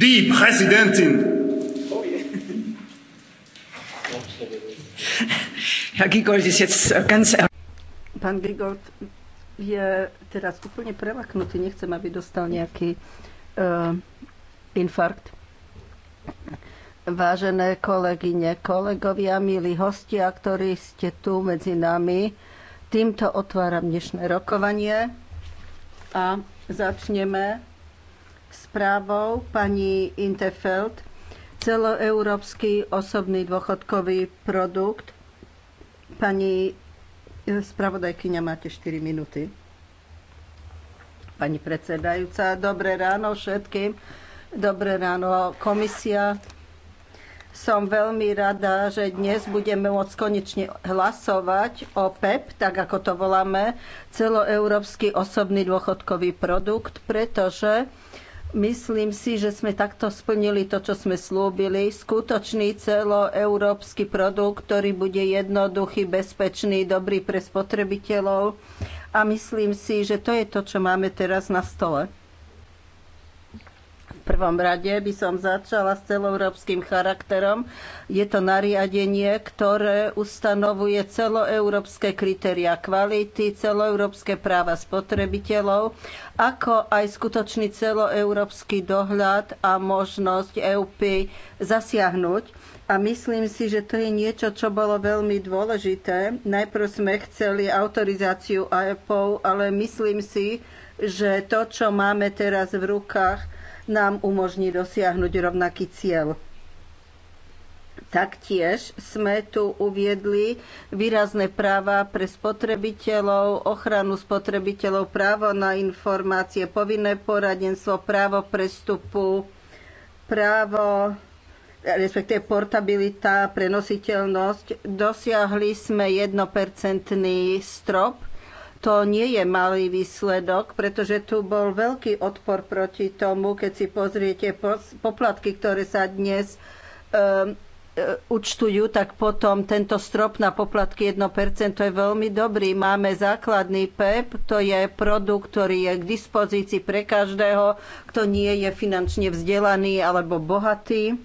die Präsidentin. Herr Giegold ist jetzt ganz... Er- Pán Grigold je teraz úplne prevaknutý, Nechcem, aby dostal nejaký uh, infarkt. Vážené kolegyne, kolegovia, milí hostia, ktorí ste tu medzi nami, týmto otváram dnešné rokovanie a začneme správou pani Intefeld celoeurópsky osobný dôchodkový produkt. Pani e, spravodajkyňa, máte 4 minúty. Pani predsedajúca, dobré ráno všetkým. Dobré ráno, komisia. Som veľmi rada, že dnes budeme môcť konečne hlasovať o PEP, e tak ako to voláme, celoeurópsky osobný dôchodkový produkt, pretože Myslím si, že sme takto splnili to, čo sme slúbili. Skutočný celoeurópsky produkt, ktorý bude jednoduchý, bezpečný, dobrý pre spotrebiteľov. A myslím si, že to je to, čo máme teraz na stole prvom rade by som začala s celoeurópskym charakterom. Je to nariadenie, ktoré ustanovuje celoeurópske kritéria kvality, celoeurópske práva spotrebiteľov, ako aj skutočný celoeurópsky dohľad a možnosť EUP zasiahnuť. A myslím si, že to je niečo, čo bolo veľmi dôležité. Najprv sme chceli autorizáciu AEPov, ale myslím si, že to, čo máme teraz v rukách, nám umožní dosiahnuť rovnaký cieľ. Taktiež sme tu uviedli výrazné práva pre spotrebiteľov, ochranu spotrebiteľov, právo na informácie, povinné poradenstvo, právo prestupu, právo respektíve portabilita, prenositeľnosť. Dosiahli sme 1% strop to nie je malý výsledok, pretože tu bol veľký odpor proti tomu, keď si pozriete poplatky, ktoré sa dnes um, účtujú, tak potom tento strop na poplatky 1% to je veľmi dobrý. Máme základný PEP, e to je produkt, ktorý je k dispozícii pre každého, kto nie je finančne vzdelaný alebo bohatý.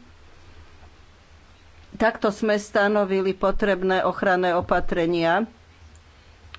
Takto sme stanovili potrebné ochranné opatrenia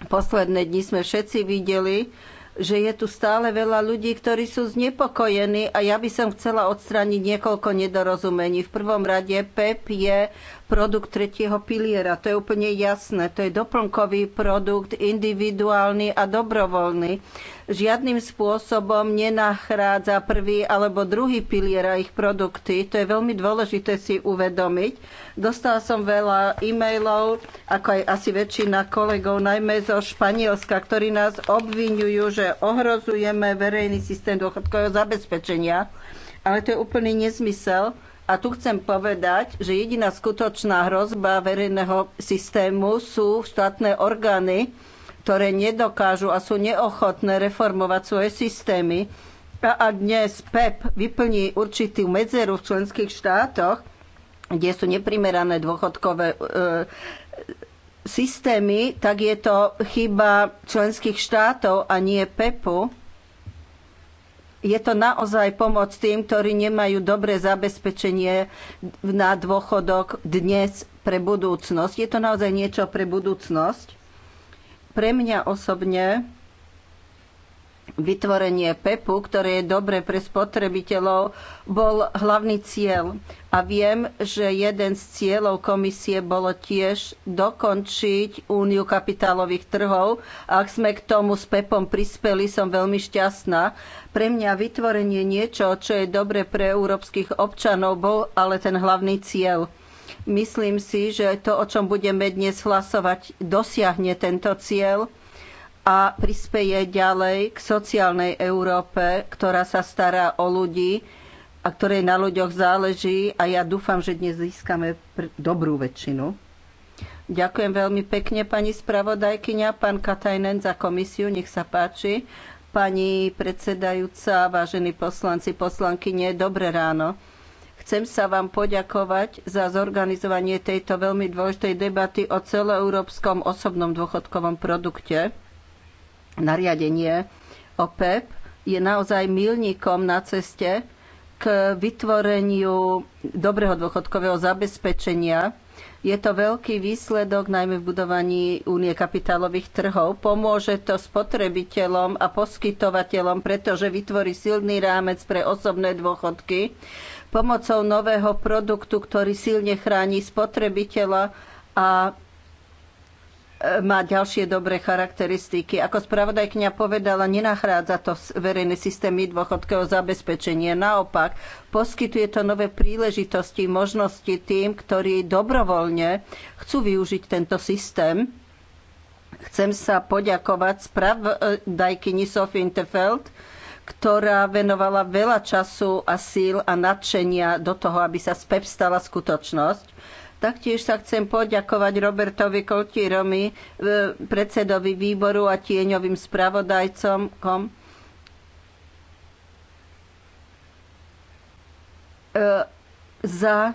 posledné dni sme všetci videli, že je tu stále veľa ľudí, ktorí sú znepokojení a ja by som chcela odstrániť niekoľko nedorozumení. V prvom rade PEP je produkt tretieho piliera. To je úplne jasné. To je doplnkový produkt, individuálny a dobrovoľný. Žiadnym spôsobom nenachrádza prvý alebo druhý pilier a ich produkty. To je veľmi dôležité si uvedomiť. Dostala som veľa e-mailov, ako aj asi väčšina kolegov, najmä zo Španielska, ktorí nás obvinujú, že ohrozujeme verejný systém dôchodkového zabezpečenia. Ale to je úplný nezmysel a tu chcem povedať, že jediná skutočná hrozba verejného systému sú štátne orgány, ktoré nedokážu a sú neochotné reformovať svoje systémy. A ak dnes PEP e vyplní určitú medzeru v členských štátoch, kde sú neprimerané dôchodkové e, systémy, tak je to chyba členských štátov a nie PEPu je to naozaj pomoc tým, ktorí nemajú dobré zabezpečenie na dôchodok dnes pre budúcnosť. Je to naozaj niečo pre budúcnosť. Pre mňa osobne vytvorenie PEPu, ktoré je dobre pre spotrebiteľov, bol hlavný cieľ. A viem, že jeden z cieľov komisie bolo tiež dokončiť úniu kapitálových trhov. Ak sme k tomu s PEPom prispeli, som veľmi šťastná. Pre mňa vytvorenie niečo, čo je dobre pre európskych občanov, bol ale ten hlavný cieľ. Myslím si, že to, o čom budeme dnes hlasovať, dosiahne tento cieľ a prispeje ďalej k sociálnej Európe, ktorá sa stará o ľudí a ktorej na ľuďoch záleží a ja dúfam, že dnes získame dobrú väčšinu. Ďakujem veľmi pekne pani spravodajkyňa, pán Katajnen za komisiu, nech sa páči. Pani predsedajúca, vážení poslanci, poslankyne, dobré ráno. Chcem sa vám poďakovať za zorganizovanie tejto veľmi dôležitej debaty o celoeurópskom osobnom dôchodkovom produkte nariadenie o PEP e je naozaj milníkom na ceste k vytvoreniu dobrého dôchodkového zabezpečenia. Je to veľký výsledok najmä v budovaní únie kapitálových trhov. Pomôže to spotrebiteľom a poskytovateľom, pretože vytvorí silný rámec pre osobné dôchodky pomocou nového produktu, ktorý silne chráni spotrebiteľa a má ďalšie dobré charakteristiky. Ako spravodajkňa povedala, nenachrádza to verejný systém dôchodkého zabezpečenia. Naopak, poskytuje to nové príležitosti, možnosti tým, ktorí dobrovoľne chcú využiť tento systém. Chcem sa poďakovať spravodajkyni Sophie Interfeld, ktorá venovala veľa času a síl a nadšenia do toho, aby sa spevstala skutočnosť Taktiež sa chcem poďakovať Robertovi Koltíromi, e, predsedovi výboru a tieňovým spravodajcom. Kom. E, za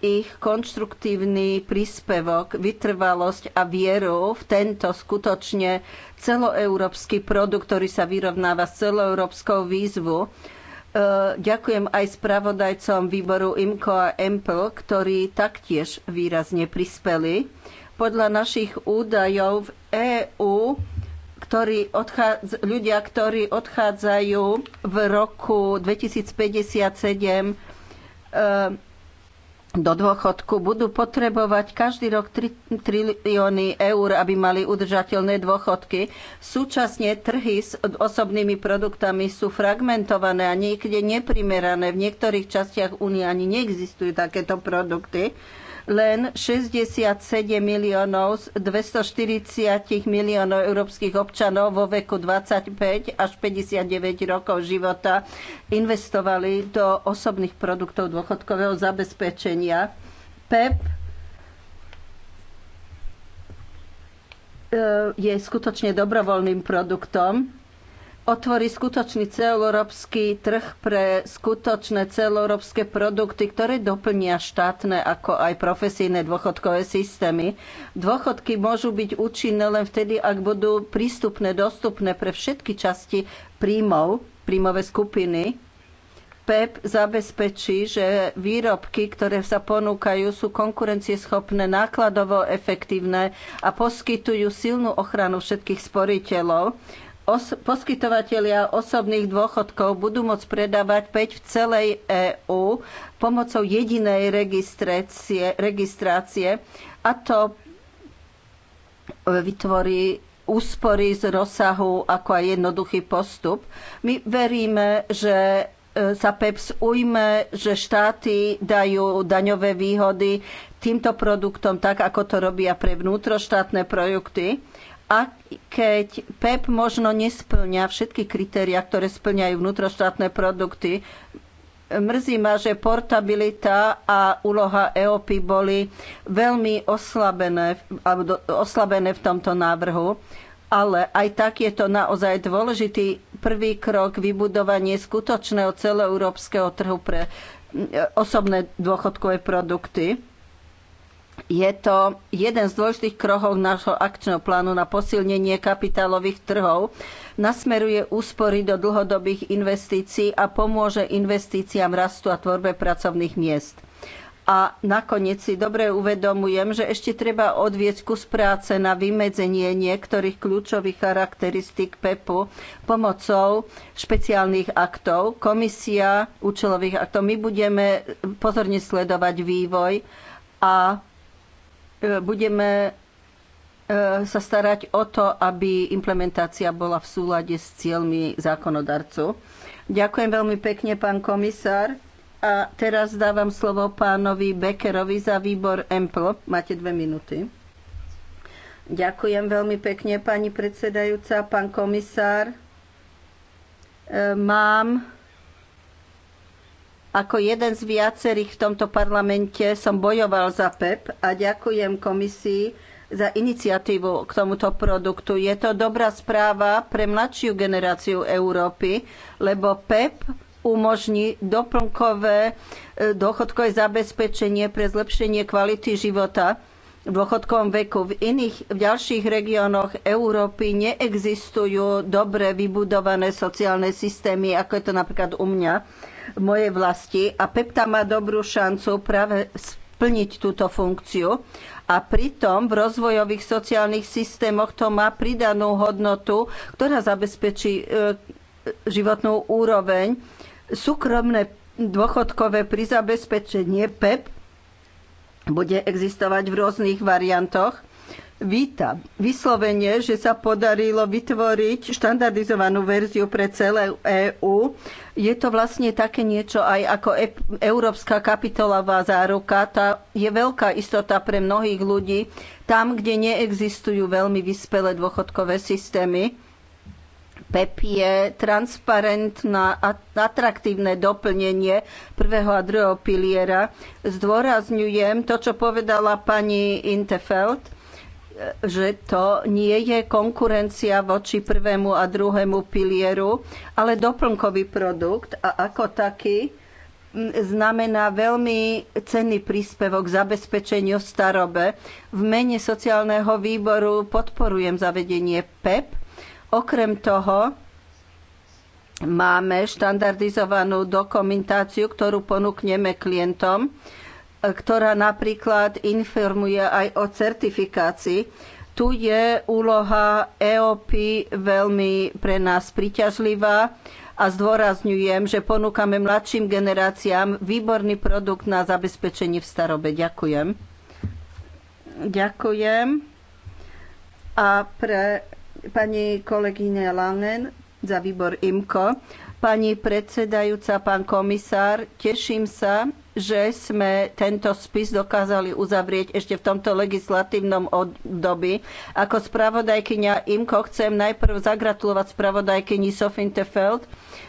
ich konštruktívny príspevok, vytrvalosť a vieru v tento skutočne celoeurópsky produkt, ktorý sa vyrovnáva s celoeurópskou výzvu. E, ďakujem aj spravodajcom výboru IMCO a EMPL, ktorí taktiež výrazne prispeli. Podľa našich údajov v EÚ ktorí odchádz- ľudia, ktorí odchádzajú v roku 2057 do dôchodku budú potrebovať každý rok 3 trilióny eur, aby mali udržateľné dôchodky. Súčasne trhy s osobnými produktami sú fragmentované a niekde neprimerané. V niektorých častiach únie ani neexistujú takéto produkty len 67 miliónov z 240 miliónov európskych občanov vo veku 25 až 59 rokov života investovali do osobných produktov dôchodkového zabezpečenia. PEP e e, je skutočne dobrovoľným produktom otvorí skutočný celoeurópsky trh pre skutočné celoeurópske produkty, ktoré doplnia štátne ako aj profesijné dôchodkové systémy. Dôchodky môžu byť účinné len vtedy, ak budú prístupné, dostupné pre všetky časti príjmov, príjmové skupiny. PEP e zabezpečí, že výrobky, ktoré sa ponúkajú, sú konkurencieschopné, nákladovo efektívne a poskytujú silnú ochranu všetkých sporiteľov os- poskytovateľia osobných dôchodkov budú môcť predávať 5 v celej EÚ pomocou jedinej registrácie, a to vytvorí úspory z rozsahu, ako aj jednoduchý postup. My veríme, že e, sa PEPS ujme, že štáty dajú daňové výhody týmto produktom tak, ako to robia pre vnútroštátne produkty a keď PEP možno nesplňa všetky kritéria, ktoré splňajú vnútroštátne produkty, mrzí ma, že portabilita a úloha EOPy boli veľmi oslabené, alebo oslabené v tomto návrhu, ale aj tak je to naozaj dôležitý prvý krok vybudovanie skutočného celoeurópskeho trhu pre osobné dôchodkové produkty. Je to jeden z dôležitých krohov nášho akčného plánu na posilnenie kapitálových trhov. Nasmeruje úspory do dlhodobých investícií a pomôže investíciám rastu a tvorbe pracovných miest. A nakoniec si dobre uvedomujem, že ešte treba odvieť kus práce na vymedzenie niektorých kľúčových charakteristík PEPu pomocou špeciálnych aktov, komisia účelových aktov. My budeme pozorne sledovať vývoj a budeme e, sa starať o to, aby implementácia bola v súlade s cieľmi zákonodarcu. Ďakujem veľmi pekne, pán komisár. A teraz dávam slovo pánovi Bekerovi za výbor EMPL. Máte dve minúty. Ďakujem veľmi pekne, pani predsedajúca, pán komisár. E, mám ako jeden z viacerých v tomto parlamente som bojoval za PEP e a ďakujem komisii za iniciatívu k tomuto produktu. Je to dobrá správa pre mladšiu generáciu Európy, lebo PEP e umožní doplnkové e, dôchodkové zabezpečenie pre zlepšenie kvality života v dôchodkovom veku. V iných, v ďalších regiónoch Európy neexistujú dobre vybudované sociálne systémy, ako je to napríklad u mňa mojej vlasti a PEPTA má dobrú šancu práve splniť túto funkciu a pritom v rozvojových sociálnych systémoch to má pridanú hodnotu, ktorá zabezpečí e, životnú úroveň. Súkromné dôchodkové prizabezpečenie PEP bude existovať v rôznych variantoch víta vyslovene, že sa podarilo vytvoriť štandardizovanú verziu pre celé EÚ. Je to vlastne také niečo aj ako e- európska kapitolová záruka. Tá je veľká istota pre mnohých ľudí tam, kde neexistujú veľmi vyspelé dôchodkové systémy. PEP je transparentná a atraktívne doplnenie prvého a druhého piliera. Zdôrazňujem to, čo povedala pani Intefeld – že to nie je konkurencia voči prvému a druhému pilieru, ale doplnkový produkt a ako taký znamená veľmi cenný príspevok k zabezpečeniu starobe. V mene sociálneho výboru podporujem zavedenie PEP. E Okrem toho máme štandardizovanú dokumentáciu, ktorú ponúkneme klientom ktorá napríklad informuje aj o certifikácii. Tu je úloha EOP veľmi pre nás priťažlivá a zdôrazňujem, že ponúkame mladším generáciám výborný produkt na zabezpečenie v starobe. Ďakujem. Ďakujem. A pre pani kolegyne Langen za výbor IMKO. Pani predsedajúca, pán komisár, teším sa, že sme tento spis dokázali uzavrieť ešte v tomto legislatívnom období. Ako spravodajkynia IMKO chcem najprv zagratulovať spravodajkyni Sofin Tefeld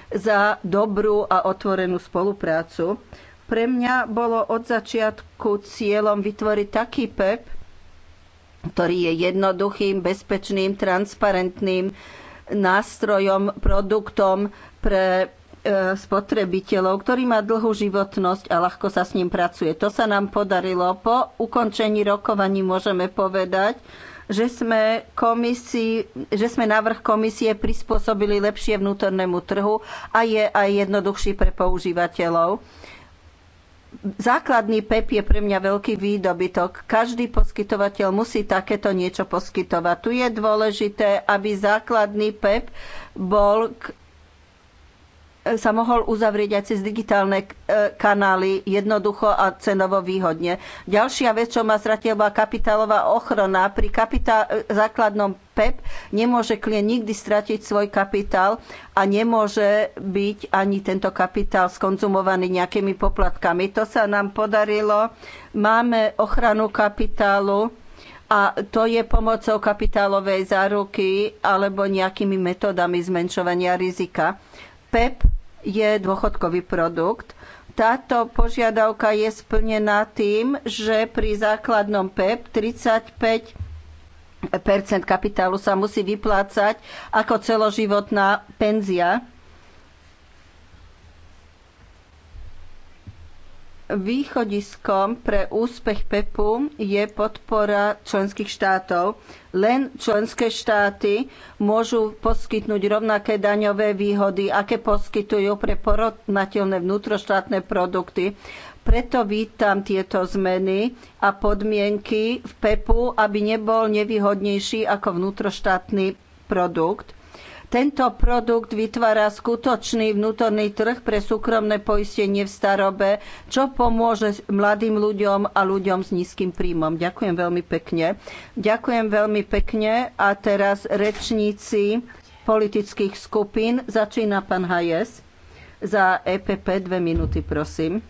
za dobrú a otvorenú spoluprácu. Pre mňa bolo od začiatku cieľom vytvoriť taký PEP, ktorý je jednoduchým, bezpečným, transparentným nástrojom, produktom pre E, spotrebiteľov, ktorý má dlhú životnosť a ľahko sa s ním pracuje. To sa nám podarilo. Po ukončení rokovaní môžeme povedať, že sme, komisii, že sme návrh komisie prispôsobili lepšie vnútornému trhu a je aj jednoduchší pre používateľov. Základný PEP je pre mňa veľký výdobytok. Každý poskytovateľ musí takéto niečo poskytovať. Tu je dôležité, aby základný PEP bol k sa mohol uzavrieť aj cez digitálne e, kanály jednoducho a cenovo výhodne. Ďalšia vec, čo má bola kapitálová ochrana, pri kapitál, e, základnom PEP e nemôže klient nikdy stratiť svoj kapitál a nemôže byť ani tento kapitál skonzumovaný nejakými poplatkami. To sa nám podarilo. Máme ochranu kapitálu a to je pomocou kapitálovej záruky alebo nejakými metodami zmenšovania rizika PEP je dôchodkový produkt. Táto požiadavka je splnená tým, že pri základnom PEP 35 percent kapitálu sa musí vyplácať ako celoživotná penzia Východiskom pre úspech PEPu je podpora členských štátov. Len členské štáty môžu poskytnúť rovnaké daňové výhody, aké poskytujú pre porovnateľné vnútroštátne produkty. Preto vítam tieto zmeny a podmienky v PEPu, aby nebol nevýhodnejší ako vnútroštátny produkt tento produkt vytvára skutočný vnútorný trh pre súkromné poistenie v starobe, čo pomôže mladým ľuďom a ľuďom s nízkym príjmom. Ďakujem veľmi pekne. Ďakujem veľmi pekne a teraz rečníci politických skupín. Začína pán Hajes za EPP. Dve minúty, prosím.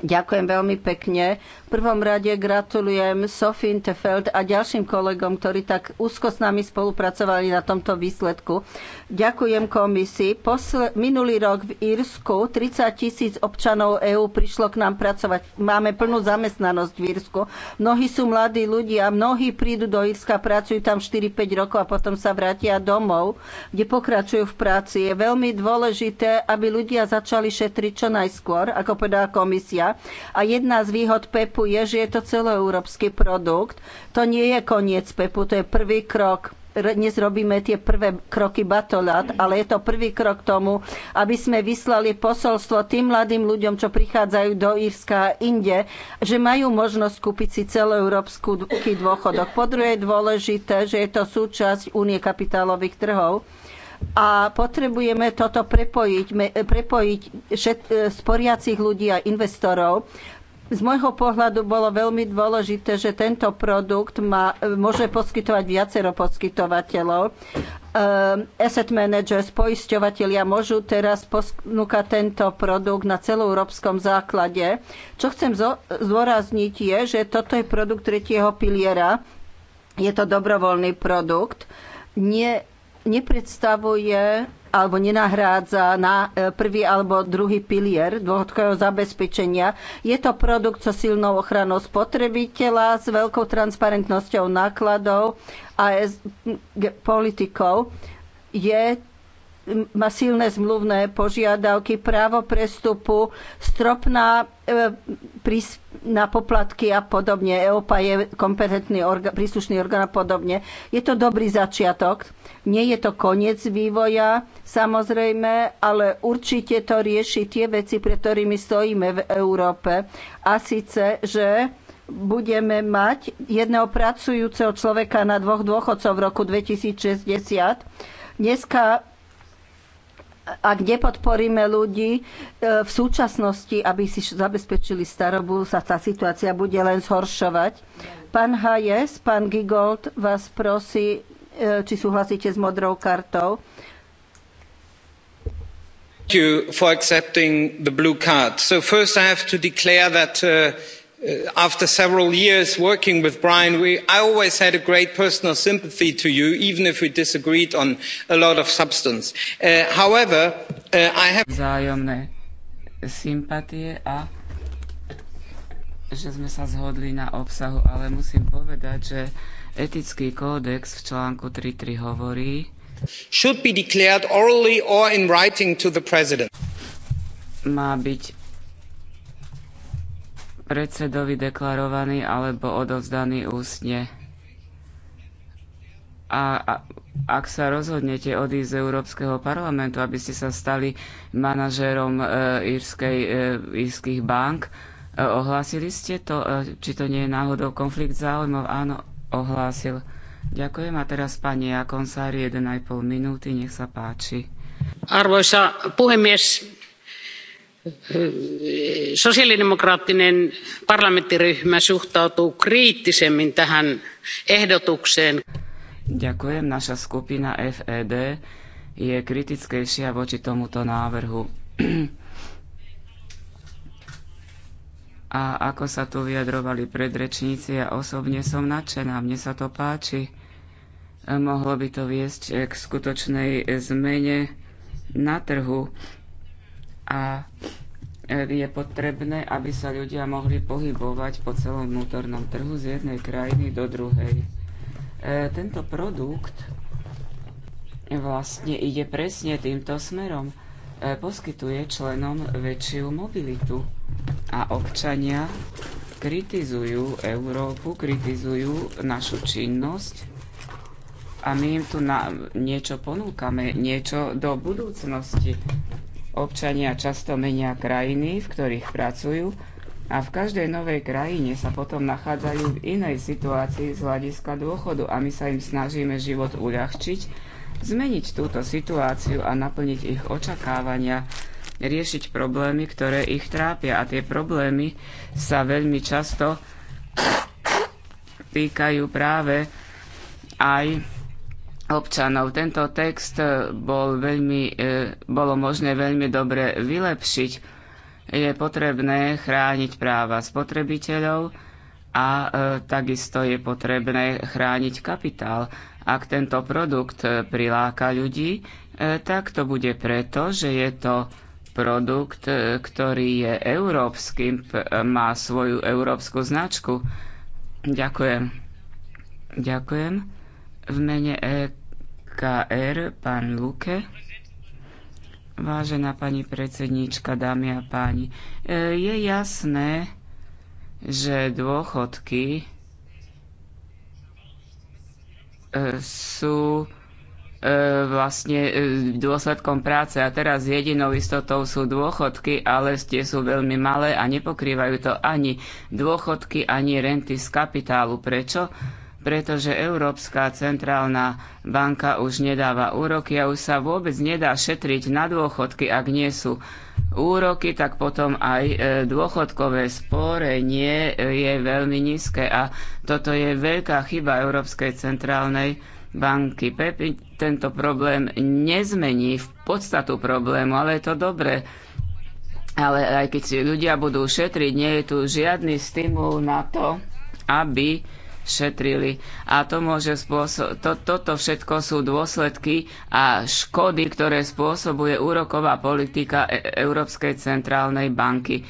Ďakujem veľmi pekne. V prvom rade gratulujem Sofie Tefeld a ďalším kolegom, ktorí tak úzko s nami spolupracovali na tomto výsledku. Ďakujem komisii. Posle, minulý rok v Írsku 30 tisíc občanov EÚ prišlo k nám pracovať. Máme plnú zamestnanosť v Írsku. Mnohí sú mladí ľudia, mnohí prídu do Írska, pracujú tam 4-5 rokov a potom sa vrátia domov, kde pokračujú v práci. Je veľmi dôležité, aby ľudia začali šetriť čo najskôr, ako povedala komisia a jedna z výhod Pepu je, že je to celoeurópsky produkt. To nie je koniec Pepu, to je prvý krok dnes robíme tie prvé kroky batolat, ale je to prvý krok k tomu, aby sme vyslali posolstvo tým mladým ľuďom, čo prichádzajú do Írska a inde, že majú možnosť kúpiť si celoeurópsky dôchodok. Po druhé je dôležité, že je to súčasť únie kapitálových trhov a potrebujeme toto prepojiť, prepojiť šet, e, sporiacich ľudí a investorov. Z môjho pohľadu bolo veľmi dôležité, že tento produkt má, e, môže poskytovať viacero poskytovateľov. E, asset managers, poisťovateľia môžu teraz posknúkať tento produkt na celoeurópskom základe. Čo chcem zdôrazniť je, že toto je produkt tretieho piliera. Je to dobrovoľný produkt. Nie nepredstavuje alebo nenahrádza na e, prvý alebo druhý pilier dôchodkového zabezpečenia. Je to produkt so silnou ochranou spotrebiteľa, s veľkou transparentnosťou nákladov a politikou. Je má silné zmluvné požiadavky, právo prestupu, stropná e, na poplatky a podobne. EOPA je kompetentný orga, príslušný orgán a podobne. Je to dobrý začiatok. Nie je to koniec vývoja, samozrejme, ale určite to rieši tie veci, pre ktorými stojíme v Európe. A síce, že budeme mať jedného pracujúceho človeka na dvoch dôchodcov v roku 2060. Dneska ak nepodporíme ľudí e, v súčasnosti, aby si zabezpečili starobu, sa tá situácia bude len zhoršovať. Pán Hayes, pán Gigold vás prosí, e, či súhlasíte s modrou kartou. Thank you for accepting the blue card. So first I have to declare that uh, Uh, after several years working with brian i always had a great personal sympathy for you even if we disagreed on a lot of substance. Uh, however uh, i have. vzájomné sympatie a že sme sa zhodli na obsahu, ale musím povedať, že etický kódex v článku three three hovorí should be declared orally or in writing to the president. Má byť predsedovi deklarovaný alebo odovzdaný ústne. A, ak sa rozhodnete odísť z Európskeho parlamentu, aby ste sa stali manažérom e, írskej, e, írskych bank, e, ohlásili ste to, e, či to nie je náhodou konflikt záujmov? Áno, ohlásil. Ďakujem a teraz pani Jakonsári 1,5 minúty, nech sa páči. Arvoisa puhemies, sosiaalidemokraattinen parlamenttiryhmä suhtautuu kriittisemmin tähän ehdotukseen. Ďakujem, naša skupina FED je kritickejšia voči tomuto návrhu. A ako sa tu vyjadrovali predrečníci, ja osobne som nadšená, mne sa to páči. Mohlo by to viesť k skutočnej zmene na trhu a e, je potrebné, aby sa ľudia mohli pohybovať po celom vnútornom trhu z jednej krajiny do druhej. E, tento produkt vlastne ide presne týmto smerom. E, poskytuje členom väčšiu mobilitu a občania kritizujú Európu, kritizujú našu činnosť a my im tu na, niečo ponúkame, niečo do budúcnosti. Občania často menia krajiny, v ktorých pracujú a v každej novej krajine sa potom nachádzajú v inej situácii z hľadiska dôchodu a my sa im snažíme život uľahčiť, zmeniť túto situáciu a naplniť ich očakávania, riešiť problémy, ktoré ich trápia. A tie problémy sa veľmi často týkajú práve aj občanov. Tento text e, bol veľmi, e, bolo možné veľmi dobre vylepšiť. Je potrebné chrániť práva spotrebiteľov a e, takisto je potrebné chrániť kapitál. Ak tento produkt priláka ľudí, tak to bude preto, že je to produkt, ktorý je európsky, má svoju európsku značku. Ďakujem. Ďakujem. V mene EK. KR, pán Luke. Vážená pani predsedníčka, dámy a páni, e, je jasné, že dôchodky e, sú e, vlastne dôsledkom práce a teraz jedinou istotou sú dôchodky, ale tie sú veľmi malé a nepokrývajú to ani dôchodky, ani renty z kapitálu. Prečo? pretože Európska centrálna banka už nedáva úroky a už sa vôbec nedá šetriť na dôchodky, ak nie sú úroky, tak potom aj e, dôchodkové nie e, je veľmi nízke a toto je veľká chyba Európskej centrálnej banky. Pepi tento problém nezmení v podstatu problému, ale je to dobré. Ale aj keď si ľudia budú šetriť, nie je tu žiadny stimul na to, aby šetrili. A to môže spôso- to, toto všetko sú dôsledky a škody, ktoré spôsobuje úroková politika e- Európskej centrálnej banky. E,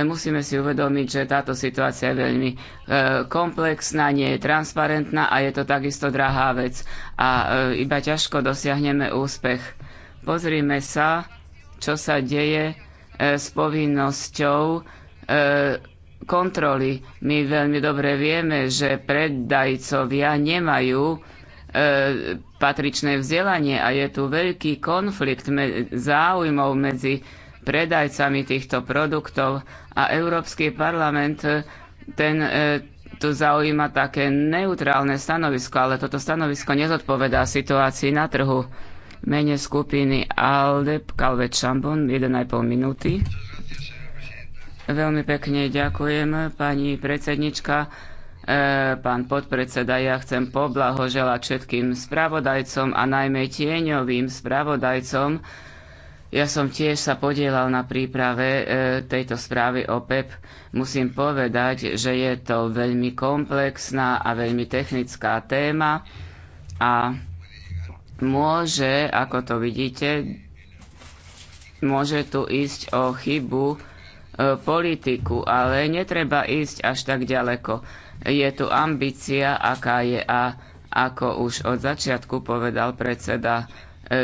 musíme si uvedomiť, že táto situácia je veľmi e, komplexná, nie je transparentná a je to takisto drahá vec. A e, iba ťažko dosiahneme úspech. Pozrime sa, čo sa deje e, s povinnosťou e, kontroly. My veľmi dobre vieme, že predajcovia nemajú e, patričné vzdelanie a je tu veľký konflikt me- záujmov medzi predajcami týchto produktov a Európsky parlament e, ten e, tu zaujíma také neutrálne stanovisko, ale toto stanovisko nezodpovedá situácii na trhu. Mene skupiny Aldep Kalvet Šambon, 1,5 minúty. Veľmi pekne ďakujem, pani predsednička. E, pán podpredseda, ja chcem poblahoželať všetkým spravodajcom a najmä tieňovým spravodajcom. Ja som tiež sa podielal na príprave e, tejto správy o PEP. E Musím povedať, že je to veľmi komplexná a veľmi technická téma a môže, ako to vidíte, môže tu ísť o chybu E, politiku, ale netreba ísť až tak ďaleko. Je tu ambícia, aká je a ako už od začiatku povedal predseda e,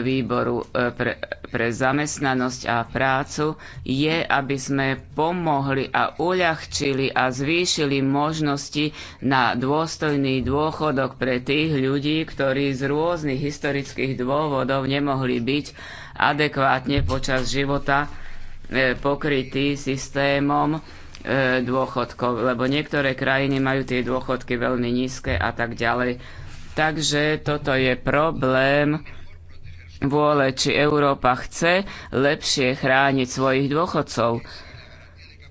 výboru e, pre, pre zamestnanosť a prácu, je, aby sme pomohli a uľahčili a zvýšili možnosti na dôstojný dôchodok pre tých ľudí, ktorí z rôznych historických dôvodov nemohli byť adekvátne počas života E, pokrytý systémom e, dôchodkov, lebo niektoré krajiny majú tie dôchodky veľmi nízke a tak ďalej. Takže toto je problém vôle, či Európa chce lepšie chrániť svojich dôchodcov.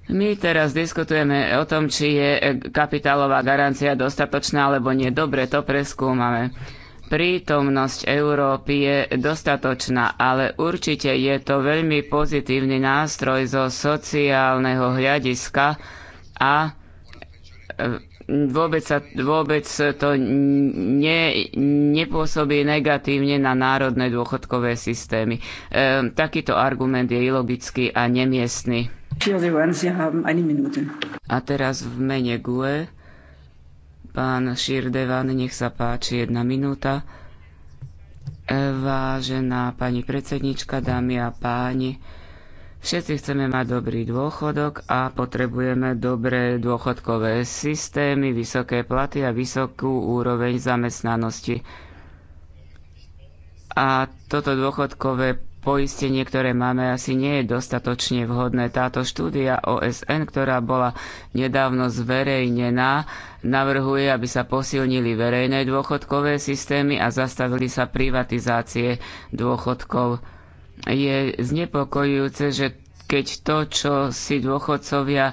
My teraz diskutujeme o tom, či je e, kapitálová garancia dostatočná alebo nie. Dobre, to preskúmame prítomnosť Európy je dostatočná, ale určite je to veľmi pozitívny nástroj zo sociálneho hľadiska a e, vôbec, sa, vôbec to ne, nepôsobí negatívne na národné dôchodkové systémy. E, takýto argument je ilogický a nemiestný. A teraz v mene GUE Pán Širdevan, nech sa páči jedna minúta. Vážená pani predsednička, dámy a páni, všetci chceme mať dobrý dôchodok a potrebujeme dobré dôchodkové systémy, vysoké platy a vysokú úroveň zamestnanosti. A toto dôchodkové poistenie, ktoré máme, asi nie je dostatočne vhodné. Táto štúdia OSN, ktorá bola nedávno zverejnená, navrhuje, aby sa posilnili verejné dôchodkové systémy a zastavili sa privatizácie dôchodkov. Je znepokojujúce, že keď to, čo si dôchodcovia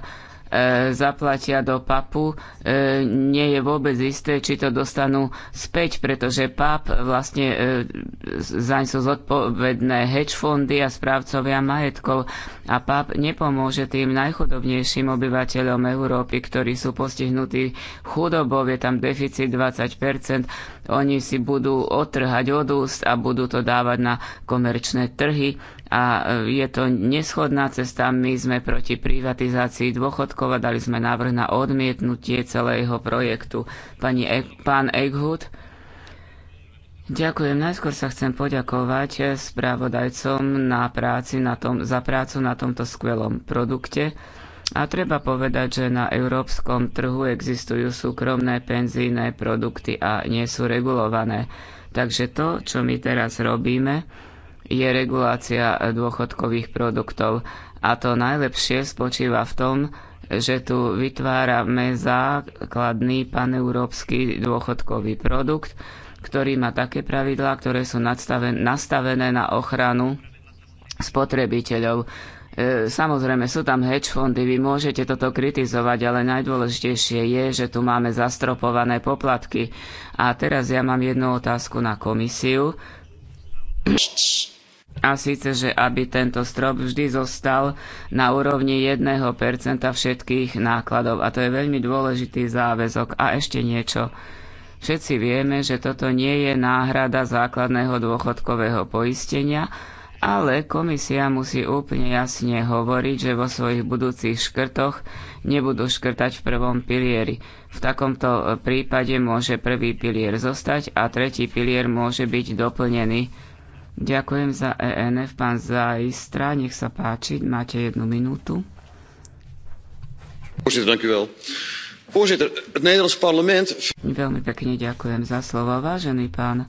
E, zaplatia do papu, e, nie je vôbec isté, či to dostanú späť, pretože pap vlastne e, zaň sú zodpovedné hedge fondy a správcovia majetkov a PAP nepomôže tým najchudobnejším obyvateľom Európy, ktorí sú postihnutí chudobou, je tam deficit 20%, oni si budú otrhať od úst a budú to dávať na komerčné trhy a e, je to neschodná cesta. My sme proti privatizácii dôchodkov a dali sme návrh na odmietnutie celého projektu. Pani, e-, pán Eghut, Ďakujem. Najskôr sa chcem poďakovať eh, správodajcom na práci na tom, za prácu na tomto skvelom produkte. A treba povedať, že na európskom trhu existujú súkromné penzíne produkty a nie sú regulované. Takže to, čo my teraz robíme, je regulácia eh, dôchodkových produktov. A to najlepšie spočíva v tom, že tu vytvárame základný paneurópsky dôchodkový produkt, ktorý má také pravidlá, ktoré sú nastavené na ochranu spotrebiteľov. E, samozrejme, sú tam hedge fondy, vy môžete toto kritizovať, ale najdôležitejšie je, že tu máme zastropované poplatky. A teraz ja mám jednu otázku na komisiu. A síce, že aby tento strop vždy zostal na úrovni 1% všetkých nákladov. A to je veľmi dôležitý záväzok. A ešte niečo. Všetci vieme, že toto nie je náhrada základného dôchodkového poistenia, ale komisia musí úplne jasne hovoriť, že vo svojich budúcich škrtoch nebudú škrtať v prvom pilieri. V takomto e, prípade môže prvý pilier zostať a tretí pilier môže byť doplnený. Ďakujem za ENF, pán Zajstra, nech sa páči, máte jednu minútu. Voorzitter, dank Voorzitter, het Nederlands parlement... Veľmi pekne ďakujem za slovo, vážený pán.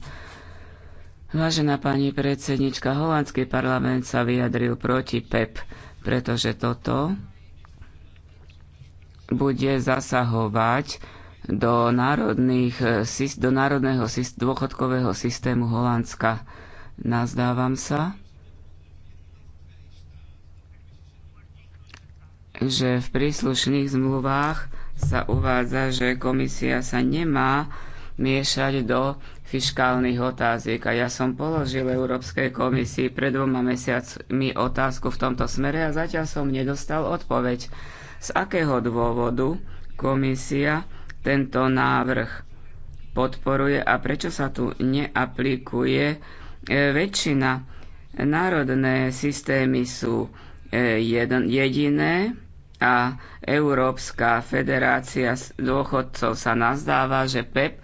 Vážená pani predsednička, holandský parlament sa vyjadril proti PEP, e pretože toto bude zasahovať do, národných, do národného dôchodkového systému Holandska. Nazdávam sa, že v príslušných zmluvách sa uvádza, že komisia sa nemá miešať do fiškálnych otázok. A ja som položil Európskej komisii pred dvoma mesiacmi otázku v tomto smere a zatiaľ som nedostal odpoveď. Z akého dôvodu komisia tento návrh podporuje a prečo sa tu neaplikuje e, väčšina. Národné systémy sú e, jediné a Európska federácia dôchodcov sa nazdáva, že PEP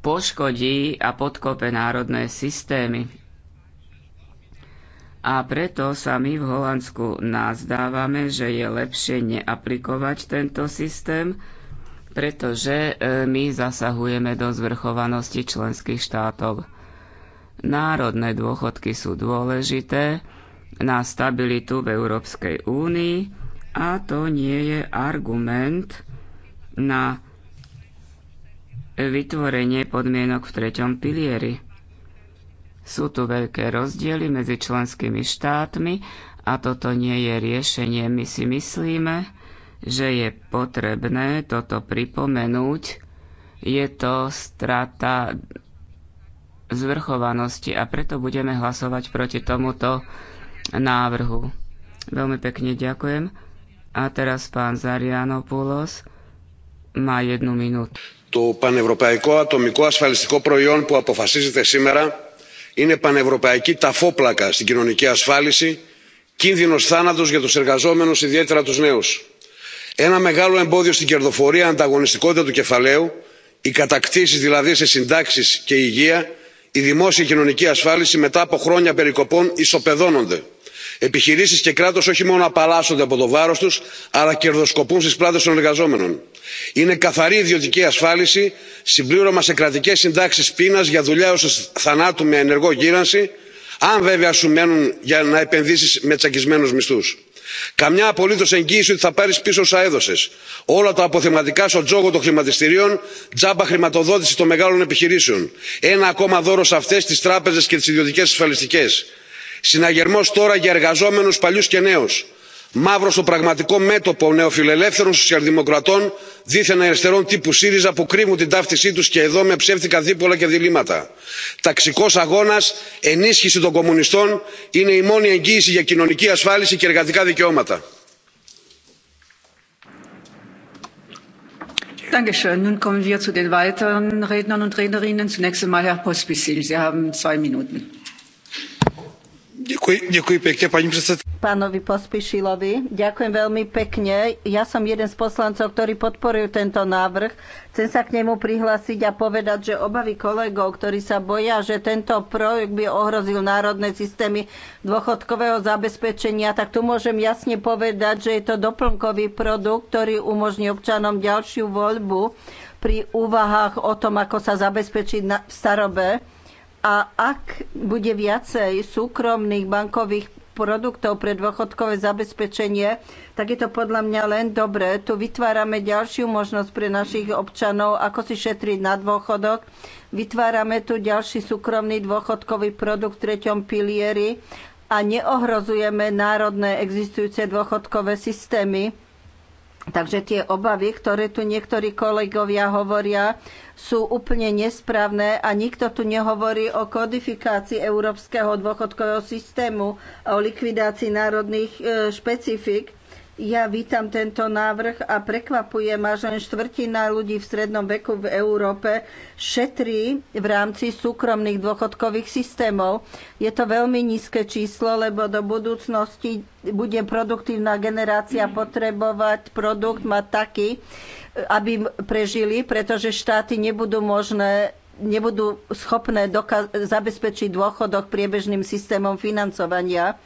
poškodí a podkope národné systémy. A preto sa my v Holandsku nazdávame, že je lepšie neaplikovať tento systém, pretože e, my zasahujeme do zvrchovanosti členských štátov. Národné dôchodky sú dôležité na stabilitu v Európskej únii, a to nie je argument na vytvorenie podmienok v treťom pilieri. Sú tu veľké rozdiely medzi členskými štátmi a toto nie je riešenie. My si myslíme, že je potrebné toto pripomenúť. Je to strata zvrchovanosti a preto budeme hlasovať proti tomuto návrhu. Veľmi pekne ďakujem. A teraz pán Zarianopoulos má jednu minútu. Το πανευρωπαϊκό ατομικό ασφαλιστικό προϊόν που αποφασίζεται σήμερα είναι πανευρωπαϊκή ταφόπλακα στην κοινωνική ασφάλιση, κίνδυνος θάνατος για τους εργαζόμενους, ιδιαίτερα τους νέους. Ένα μεγάλο εμπόδιο στην κερδοφορία, ανταγωνιστικότητα του κεφαλαίου, οι κατακτήσεις δηλαδή σε συντάξεις και υγεία, η δημόσια κοινωνική ασφάλιση μετά από χρόνια περικοπών ισοπεδώνονται επιχειρήσεις και κράτος όχι μόνο απαλλάσσονται από το βάρος τους αλλά κερδοσκοπούν στις πλάτες των εργαζόμενων. είναι καθαρή ιδιωτική ασφάλιση συμπλήρωμα σε κρατικές συντάξεις πείνας για δουλειά έως θανάτου με ενεργό γύρανση αν βέβαια σου μένουν για να επενδύσεις με τσακισμένους μισθούς. Καμιά απολύτω εγγύηση ότι θα πάρει πίσω όσα έδωσε. Όλα τα αποθεματικά στον τζόγο των χρηματιστηρίων, τζάμπα χρηματοδότηση των μεγάλων επιχειρήσεων. Ένα ακόμα δώρο σε αυτέ τι τράπεζε και τι ιδιωτικέ ασφαλιστικές συναγερμός τώρα για εργαζόμενους παλιούς και νέους μαύρο στο πραγματικό μέτωπο νεοφιλελεύθερων σοσιαλδημοκρατών δίθεν αριστερών τύπου ΣΥΡΙΖΑ που κρύβουν την ταύτισή του και εδώ με ψεύτικα δίπολα και διλήμματα. Ταξικό αγώνα, ενίσχυση των κομμουνιστών είναι η μόνη εγγύηση για κοινωνική ασφάλιση και εργατικά δικαιώματα. Dankeschön. Nun kommen wir zu den weiteren Rednern und Rednerinnen. Zunächst einmal Herr Pospisil. Sie haben zwei Minuten pani predsedajúca. Pánovi Pospišilovi, ďakujem veľmi pekne. Ja som jeden z poslancov, ktorý podporujú tento návrh. Chcem sa k nemu prihlásiť a povedať, že obavy kolegov, ktorí sa boja, že tento projekt by ohrozil národné systémy dôchodkového zabezpečenia, tak tu môžem jasne povedať, že je to doplnkový produkt, ktorý umožní občanom ďalšiu voľbu pri úvahách o tom, ako sa zabezpečiť v starobe a ak bude viacej súkromných bankových produktov pre dôchodkové zabezpečenie, tak je to podľa mňa len dobré. Tu vytvárame ďalšiu možnosť pre našich občanov, ako si šetriť na dôchodok. Vytvárame tu ďalší súkromný dôchodkový produkt v treťom pilieri a neohrozujeme národné existujúce dôchodkové systémy. Takže tie obavy, ktoré tu niektorí kolegovia hovoria, sú úplne nesprávne a nikto tu nehovorí o kodifikácii európskeho dôchodkového systému a o likvidácii národných e, špecifik. Ja vítam tento návrh a prekvapuje ma, že len štvrtina ľudí v strednom veku v Európe šetrí v rámci súkromných dôchodkových systémov. Je to veľmi nízke číslo, lebo do budúcnosti bude produktívna generácia potrebovať produkt mať taký, aby prežili, pretože štáty nebudú možné nebudú schopné zabezpečiť dôchodok priebežným systémom financovania.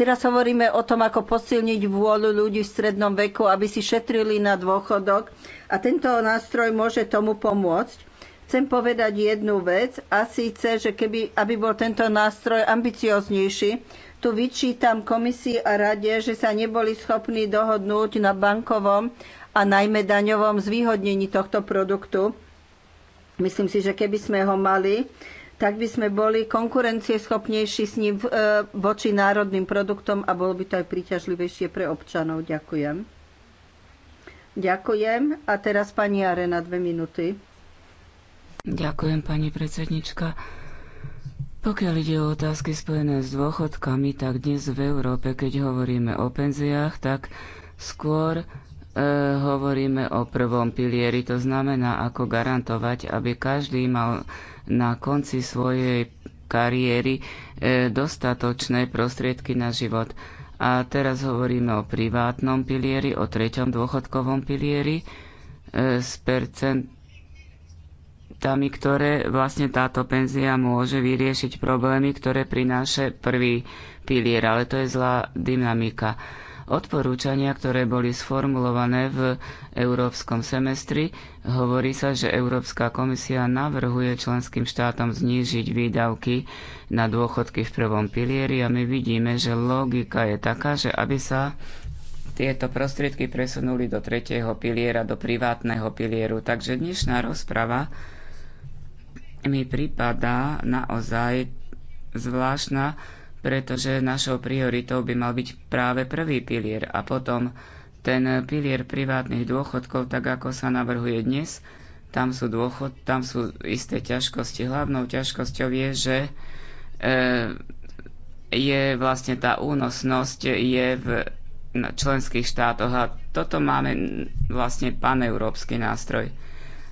Teraz hovoríme o tom, ako posilniť vôľu ľudí v strednom veku, aby si šetrili na dôchodok a tento nástroj môže tomu pomôcť. Chcem povedať jednu vec a síce, že keby, aby bol tento nástroj ambicioznejší, tu vyčítam komisii a rade, že sa neboli schopní dohodnúť na bankovom a najmä daňovom zvýhodnení tohto produktu. Myslím si, že keby sme ho mali, tak by sme boli konkurencieschopnejší s ním e, voči národným produktom a bolo by to aj príťažlivejšie pre občanov. Ďakujem. Ďakujem. A teraz pani Arena, dve minúty. Ďakujem, pani predsednička. Pokiaľ ide o otázky spojené s dôchodkami, tak dnes v Európe, keď hovoríme o penziách, tak skôr E, hovoríme o prvom pilieri, to znamená, ako garantovať, aby každý mal na konci svojej kariéry e, dostatočné prostriedky na život. A teraz hovoríme o privátnom pilieri, o treťom dôchodkovom pilieri e, s percentami, ktoré vlastne táto penzia môže vyriešiť problémy, ktoré prináša prvý pilier, ale to je zlá dynamika odporúčania, ktoré boli sformulované v európskom semestri, hovorí sa, že Európska komisia navrhuje členským štátom znížiť výdavky na dôchodky v prvom pilieri a my vidíme, že logika je taká, že aby sa tieto prostriedky presunuli do tretieho piliera, do privátneho pilieru. Takže dnešná rozprava mi pripadá naozaj zvláštna, pretože našou prioritou by mal byť práve prvý pilier a potom ten pilier privátnych dôchodkov, tak ako sa navrhuje dnes, tam sú, dôchod, tam sú isté ťažkosti. Hlavnou ťažkosťou je, že e, je vlastne tá únosnosť je v členských štátoch a toto máme vlastne paneurópsky nástroj.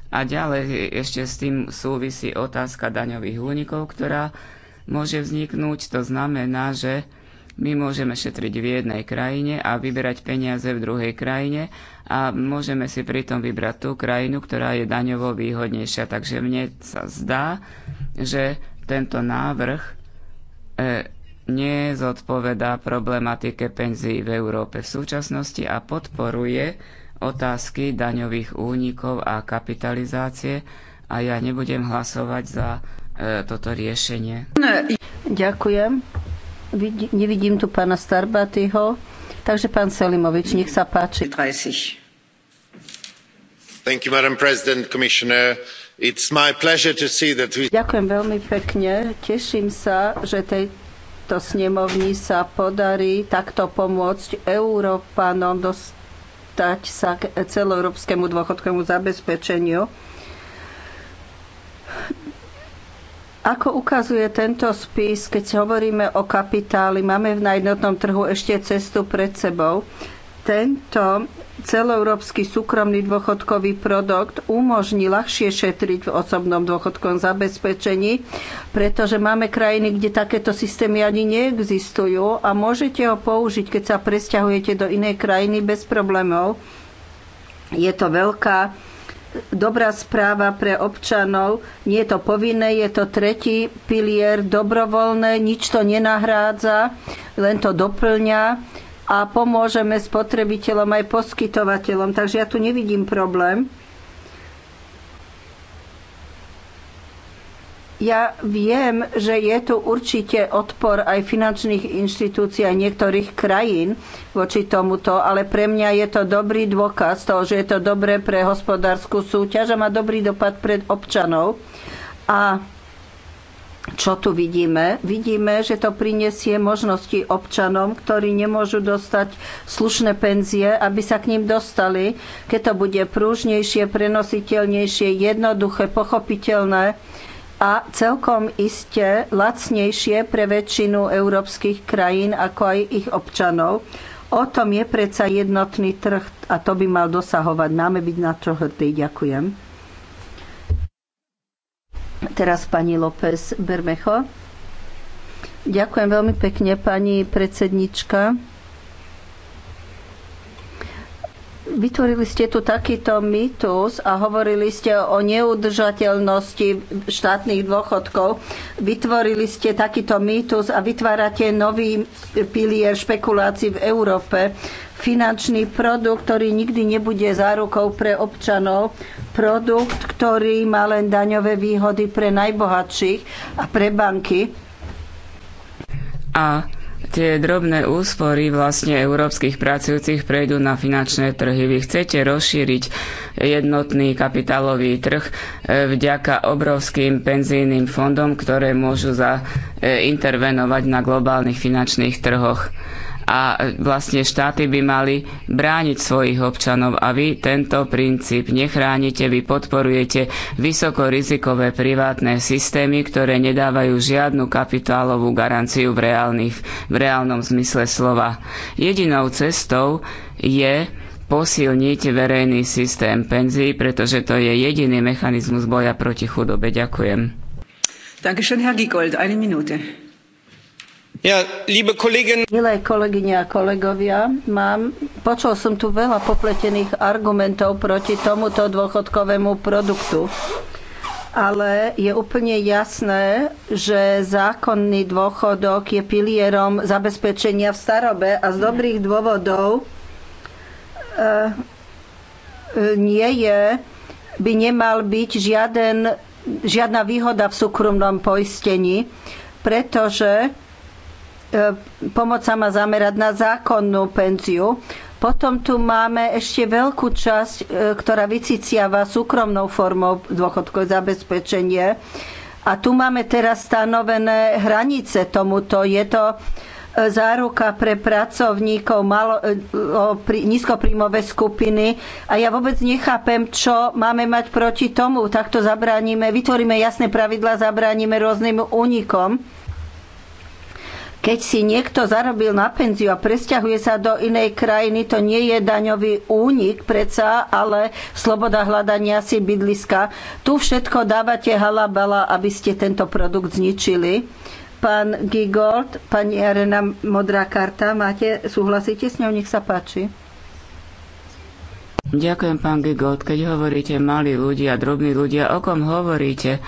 A ďalej ešte s tým súvisí otázka daňových únikov, ktorá môže vzniknúť. To znamená, že my môžeme šetriť v jednej krajine a vyberať peniaze v druhej krajine a môžeme si pritom vybrať tú krajinu, ktorá je daňovo výhodnejšia. Takže mne sa zdá, že tento návrh e, nezodpovedá problematike penzií v Európe v súčasnosti a podporuje otázky daňových únikov a kapitalizácie a ja nebudem hlasovať za E, toto riešenie. Ďakujem. Vidí, nevidím tu pána Starbatyho, takže pán Selimovič, nech sa páči. 30. Thank you, Madam President, Commissioner. It's my pleasure to see that we... Ďakujem veľmi pekne. Teším sa, že tejto snemovni sa podarí takto pomôcť Európanom dostať sa k celoeurópskemu dôchodkovému zabezpečeniu ako ukazuje tento spis, keď hovoríme o kapitáli, máme v najednotnom trhu ešte cestu pred sebou. Tento celoeurópsky súkromný dôchodkový produkt umožní ľahšie šetriť v osobnom dôchodkovom zabezpečení, pretože máme krajiny, kde takéto systémy ani neexistujú a môžete ho použiť, keď sa presťahujete do inej krajiny bez problémov. Je to veľká dobrá správa pre občanov. Nie je to povinné, je to tretí pilier, dobrovoľné, nič to nenahrádza, len to doplňa a pomôžeme spotrebiteľom aj poskytovateľom. Takže ja tu nevidím problém. Ja viem, že je tu určite odpor aj finančných inštitúcií a niektorých krajín voči tomuto, ale pre mňa je to dobrý dôkaz toho, že je to dobré pre hospodárskú súťaž a má dobrý dopad pred občanov. A čo tu vidíme? Vidíme, že to prinesie možnosti občanom, ktorí nemôžu dostať slušné penzie, aby sa k ním dostali, keď to bude prúžnejšie, prenositeľnejšie, jednoduché, pochopiteľné a celkom iste lacnejšie pre väčšinu európskych krajín, ako aj ich občanov. O tom je predsa jednotný trh a to by mal dosahovať. Máme byť na to hrdí. Ďakujem. Teraz pani López Bermecho. Ďakujem veľmi pekne, pani predsednička. Vytvorili ste tu takýto mýtus a hovorili ste o neudržateľnosti štátnych dôchodkov. Vytvorili ste takýto mýtus a vytvárate nový pilier špekulácií v Európe. Finančný produkt, ktorý nikdy nebude zárukou pre občanov, produkt, ktorý má len daňové výhody pre najbohatších a pre banky. A tie drobné úspory vlastne európskych pracujúcich prejdú na finančné trhy. Vy chcete rozšíriť jednotný kapitálový trh e, vďaka obrovským penzijným fondom, ktoré môžu zaintervenovať e, na globálnych finančných trhoch a vlastne štáty by mali brániť svojich občanov a vy tento princíp nechránite, vy podporujete vysokorizikové privátne systémy, ktoré nedávajú žiadnu kapitálovú garanciu v, reálnych, v reálnom zmysle slova. Jedinou cestou je posilniť verejný systém penzí, pretože to je jediný mechanizmus boja proti chudobe. Ďakujem. Dankeschön, Herr Giegold. Eine Minute. Milé kolegyne a kolegovia, mám, počul som tu veľa popletených argumentov proti tomuto dôchodkovému produktu. Ale je úplne jasné, že zákonný dôchodok je pilierom zabezpečenia v starobe a z dobrých dôvodov e, nie je, by nemal byť žiaden, žiadna výhoda v súkromnom poistení, pretože E, pomoc sa má zamerať na zákonnú penziu. Potom tu máme ešte veľkú časť, e, ktorá vyciciava súkromnou formou dôchodkové zabezpečenie. A tu máme teraz stanovené hranice tomuto. Je to e, záruka pre pracovníkov malo, pri, skupiny a ja vôbec nechápem, čo máme mať proti tomu. Takto zabránime, vytvoríme jasné pravidla, zabránime rôznym únikom. Keď si niekto zarobil na penziu a presťahuje sa do inej krajiny, to nie je daňový únik predsa, ale sloboda hľadania si bydliska. Tu všetko dávate halabala, aby ste tento produkt zničili. Pán Gigold, pani Arena, modrá karta, máte, súhlasíte s ňou, nech sa páči. Ďakujem, pán Gigold. Keď hovoríte malí ľudia, drobní ľudia, o kom hovoríte?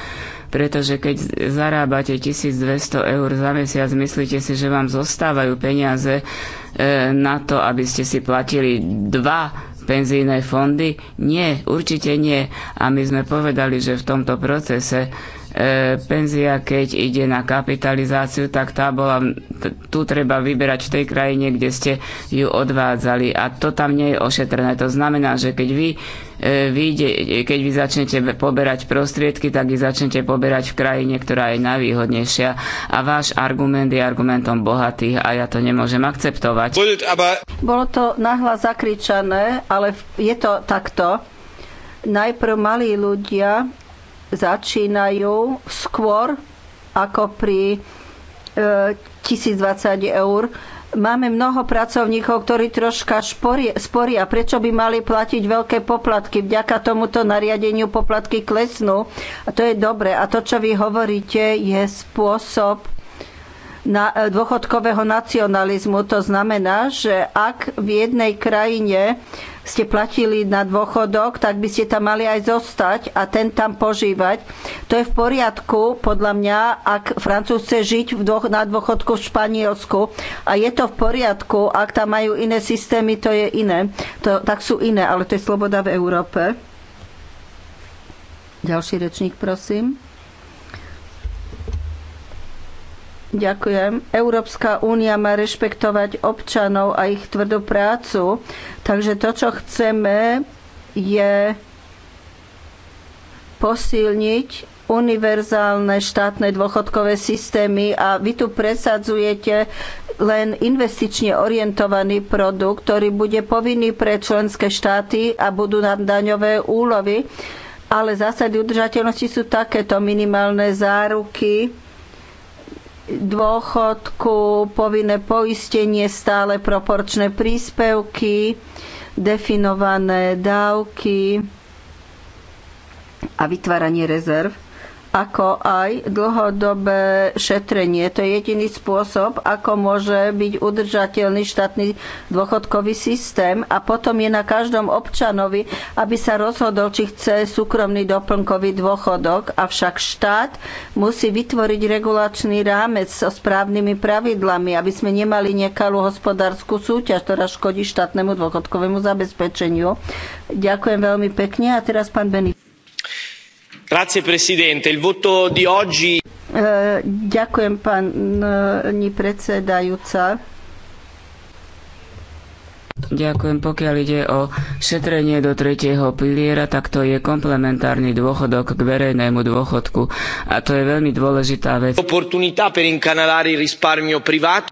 pretože keď zarábate 1200 eur za mesiac, myslíte si, že vám zostávajú peniaze e, na to, aby ste si platili dva penzijné fondy? Nie, určite nie. A my sme povedali, že v tomto procese E, penzia, keď ide na kapitalizáciu, tak tá bola, tu treba vyberať v tej krajine, kde ste ju odvádzali a to tam nie je ošetrené. To znamená, že keď vy, e, vy ide, keď vy začnete poberať prostriedky, tak ich začnete poberať v krajine, ktorá je najvýhodnejšia a váš argument je argumentom bohatých a ja to nemôžem akceptovať. Bolo to nahlas zakričané, ale je to takto. Najprv malí ľudia začínajú skôr ako pri e, 1020 eur. Máme mnoho pracovníkov, ktorí troška šporie, sporia, prečo by mali platiť veľké poplatky. Vďaka tomuto nariadeniu poplatky klesnú. A to je dobre. A to, čo vy hovoríte, je spôsob na, e, dôchodkového nacionalizmu. To znamená, že ak v jednej krajine ste platili na dôchodok, tak by ste tam mali aj zostať a ten tam požívať. To je v poriadku, podľa mňa, ak Francúz chce žiť v dôch, na dôchodku v Španielsku. A je to v poriadku, ak tam majú iné systémy, to je iné. To, tak sú iné, ale to je sloboda v Európe. Ďalší rečník, prosím. Ďakujem. Európska únia má rešpektovať občanov a ich tvrdú prácu, takže to, čo chceme, je posilniť univerzálne štátne dôchodkové systémy a vy tu presadzujete len investične orientovaný produkt, ktorý bude povinný pre členské štáty a budú nám daňové úlovy, ale zásady udržateľnosti sú takéto minimálne záruky, dôchodku, povinné poistenie, stále proporčné príspevky, definované dávky a vytváranie rezerv ako aj dlhodobé šetrenie. To je jediný spôsob, ako môže byť udržateľný štátny dôchodkový systém a potom je na každom občanovi, aby sa rozhodol, či chce súkromný doplnkový dôchodok, avšak štát musí vytvoriť regulačný rámec so správnymi pravidlami, aby sme nemali nekalú hospodárskú súťaž, ktorá škodí štátnemu dôchodkovému zabezpečeniu. Ďakujem veľmi pekne a teraz pán Benito. Grazie Presidente, il voto di oggi... Eh, ďakujem, pani eh, predsedajúca. Ďakujem. Pokiaľ ide o šetrenie do tretieho piliera, tak to je komplementárny dôchodok k verejnému dôchodku. A to je veľmi dôležitá vec. per incanalare risparmio privato.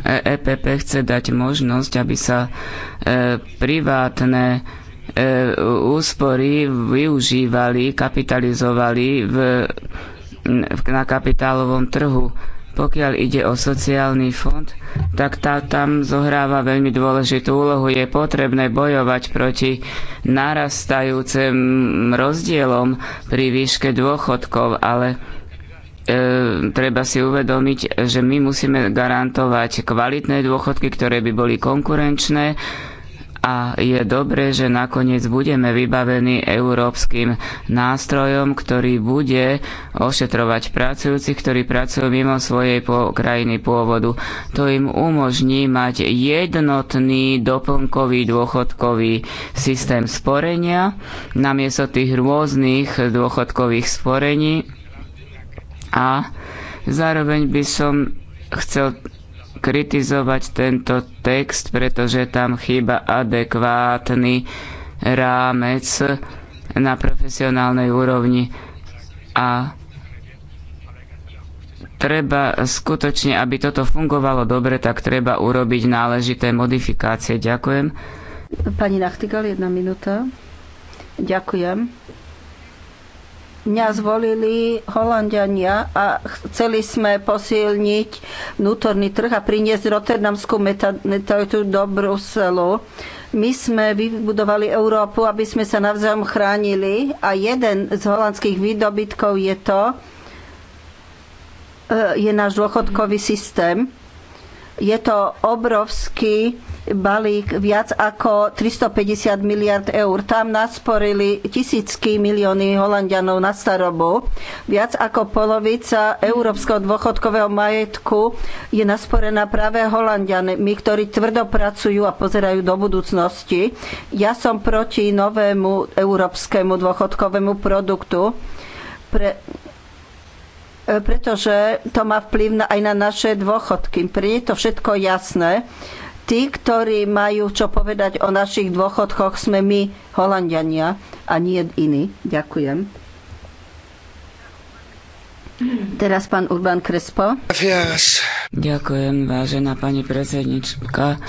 EPP e chce dať možnosť, aby sa eh, privátne E, úspory využívali, kapitalizovali v, na kapitálovom trhu. Pokiaľ ide o sociálny fond, tak tá tam zohráva veľmi dôležitú úlohu. Je potrebné bojovať proti narastajúcim rozdielom pri výške dôchodkov, ale e, treba si uvedomiť, že my musíme garantovať kvalitné dôchodky, ktoré by boli konkurenčné a je dobré, že nakoniec budeme vybavení európskym nástrojom, ktorý bude ošetrovať pracujúcich, ktorí pracujú mimo svojej krajiny pôvodu. To im umožní mať jednotný doplnkový dôchodkový systém sporenia namiesto tých rôznych dôchodkových sporení a zároveň by som chcel kritizovať tento text, pretože tam chýba adekvátny rámec na profesionálnej úrovni a treba skutočne, aby toto fungovalo dobre, tak treba urobiť náležité modifikácie. Ďakujem. Pani Nachtigal, jedna minúta. Ďakujem mňa zvolili Holandiania a chceli sme posilniť vnútorný trh a priniesť Rotterdamskú metodiku do Bruselu. My sme vybudovali Európu, aby sme sa navzájom chránili a jeden z holandských výdobytkov je to, e, je náš dôchodkový systém. Je to obrovský balík viac ako 350 miliard eur. Tam nasporili tisícky milióny Holandianov na starobu. Viac ako polovica európskeho dôchodkového majetku je nasporená práve Holandianmi, ktorí tvrdo pracujú a pozerajú do budúcnosti. Ja som proti novému európskemu dôchodkovému produktu. Pre, pretože to má vplyv aj na naše dôchodky. Pre je to všetko jasné tí, ktorí majú čo povedať o našich dôchodkoch, sme my, Holandiania, a nie iní. Ďakujem. Teraz pán Urban Krespo. Ďakujem, vážená pani predsednička.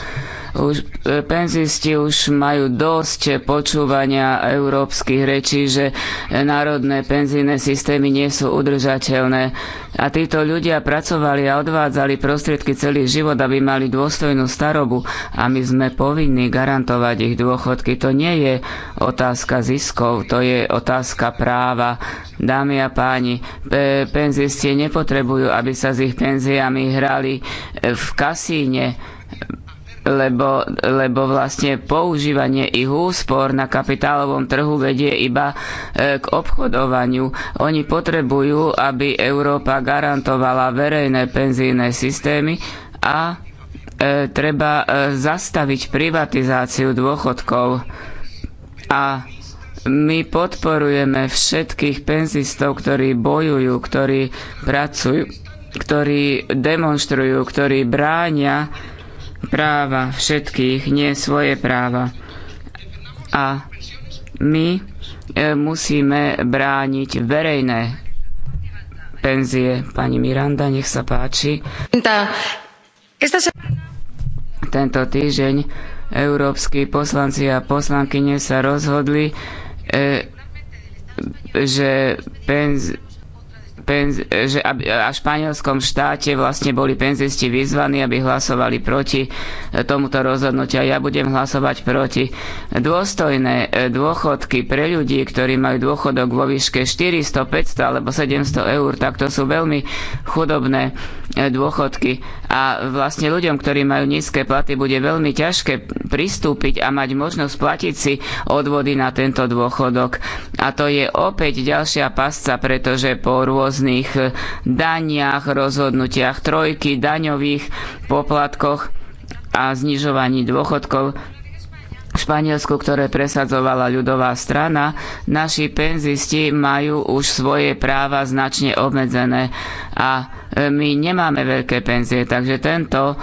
Už e, penzisti už majú dosť počúvania európskych rečí, že e, národné penzijné systémy nie sú udržateľné. A títo ľudia pracovali a odvádzali prostriedky celý život, aby mali dôstojnú starobu. A my sme povinní garantovať ich dôchodky. To nie je otázka ziskov, to je otázka práva. Dámy a páni, e, penzisti nepotrebujú, aby sa s ich penziami hrali e, v kasíne, lebo, lebo vlastne používanie ich úspor na kapitálovom trhu vedie iba e, k obchodovaniu. Oni potrebujú, aby Európa garantovala verejné penzijné systémy a e, treba e, zastaviť privatizáciu dôchodkov. A my podporujeme všetkých penzistov, ktorí bojujú, ktorí pracujú, ktorí demonstrujú, ktorí bránia práva všetkých, nie svoje práva. A my e, musíme brániť verejné penzie. Pani Miranda, nech sa páči. Tento týždeň európsky poslanci a poslankyne sa rozhodli, E, že, penz, penz, že aby, a v španielskom štáte vlastne boli penzisti vyzvaní, aby hlasovali proti e, tomuto rozhodnutiu. Ja budem hlasovať proti. Dôstojné e, dôchodky pre ľudí, ktorí majú dôchodok vo výške 400, 500 alebo 700 eur, tak to sú veľmi chudobné dôchodky a vlastne ľuďom, ktorí majú nízke platy, bude veľmi ťažké pristúpiť a mať možnosť platiť si odvody na tento dôchodok. A to je opäť ďalšia pasca, pretože po rôznych eh, daniach, rozhodnutiach trojky, daňových poplatkoch a znižovaní dôchodkov v Španielsku, ktoré presadzovala ľudová strana, naši penzisti majú už svoje práva značne obmedzené a e, my nemáme veľké penzie, takže tento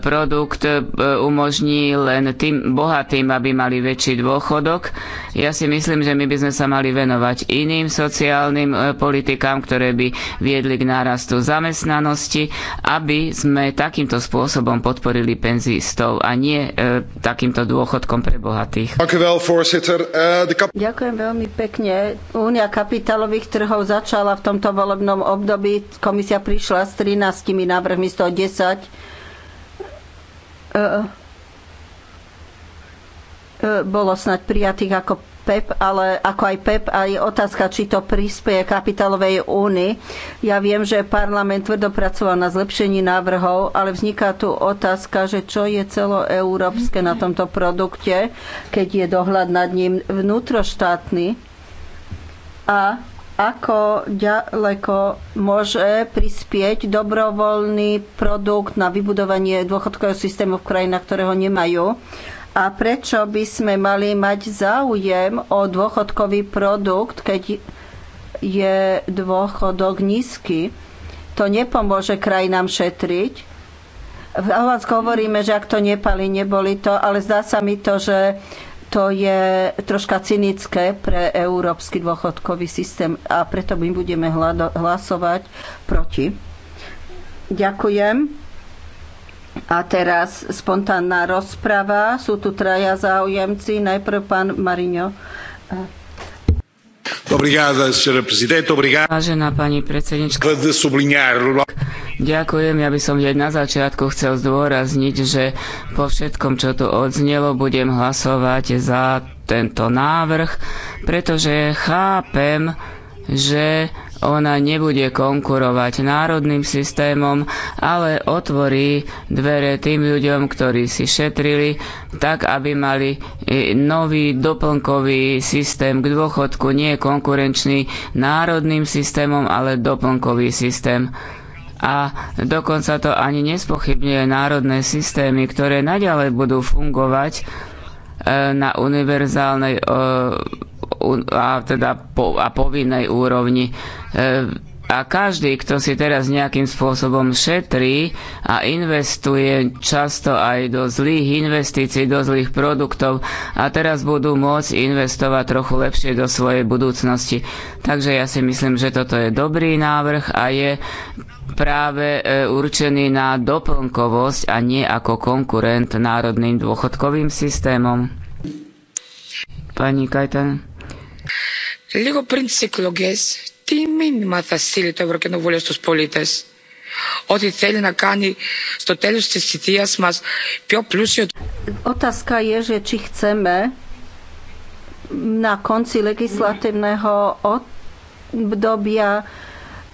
produkt e, umožní len tým bohatým, aby mali väčší dôchodok. Ja si myslím, že my by sme sa mali venovať iným sociálnym e, politikám, ktoré by viedli k nárastu zamestnanosti, aby sme takýmto spôsobom podporili penzistov a nie e, takýmto dôchodkom pre bohatých. Eh, Ďakujem veľmi pekne. Únia kapitálových trhov začala v tomto volebnom období. Komisia prišla s 13 návrhmi, z toho 10 E, e, e, bolo snad prijatých ako PEP, ale ako aj PEP, aj otázka, či to prispieje kapitálovej únii. Ja viem, že parlament tvrdo pracoval na zlepšení návrhov, ale vzniká tu otázka, že čo je celoeurópske na tomto produkte, keď je dohľad nad ním vnútroštátny a ako ďaleko môže prispieť dobrovoľný produkt na vybudovanie dôchodkového systému v krajinách, ktoré ho nemajú a prečo by sme mali mať záujem o dôchodkový produkt, keď je dôchodok nízky. To nepomôže krajinám šetriť. V Holandsku hovoríme, že ak to nepali, neboli to, ale zdá sa mi to, že to je troška cynické pre európsky dôchodkový systém a preto my budeme hlasovať proti. Ďakujem. A teraz spontánna rozprava. Sú tu traja záujemci. Najprv pán Mariňo. Vážená pani predsednička, ďakujem. Ja by som hneď na začiatku chcel zdôrazniť, že po všetkom, čo tu odznelo, budem hlasovať za tento návrh, pretože chápem, že ona nebude konkurovať národným systémom, ale otvorí dvere tým ľuďom, ktorí si šetrili, tak aby mali e, nový doplnkový systém k dôchodku, nie konkurenčný národným systémom, ale doplnkový systém a dokonca to ani nespochybňuje národné systémy, ktoré naďalej budú fungovať e, na univerzálnej e, a, teda po, a povinnej úrovni. E, a každý, kto si teraz nejakým spôsobom šetrí a investuje často aj do zlých investícií, do zlých produktov a teraz budú môcť investovať trochu lepšie do svojej budúcnosti. Takže ja si myslím, že toto je dobrý návrh a je práve e, určený na doplnkovosť a nie ako konkurent národným dôchodkovým systémom. Pani Kajtan λίγο πριν τις εκλογές τι μήνυμα θα στείλει το ευρωκοινοβούλιο στους πολίτες ότι θέλει na κάνει στο τέλος της θητείας μας πιο πλούσιο. Otázka je, že či chceme na konci legislatívneho obdobia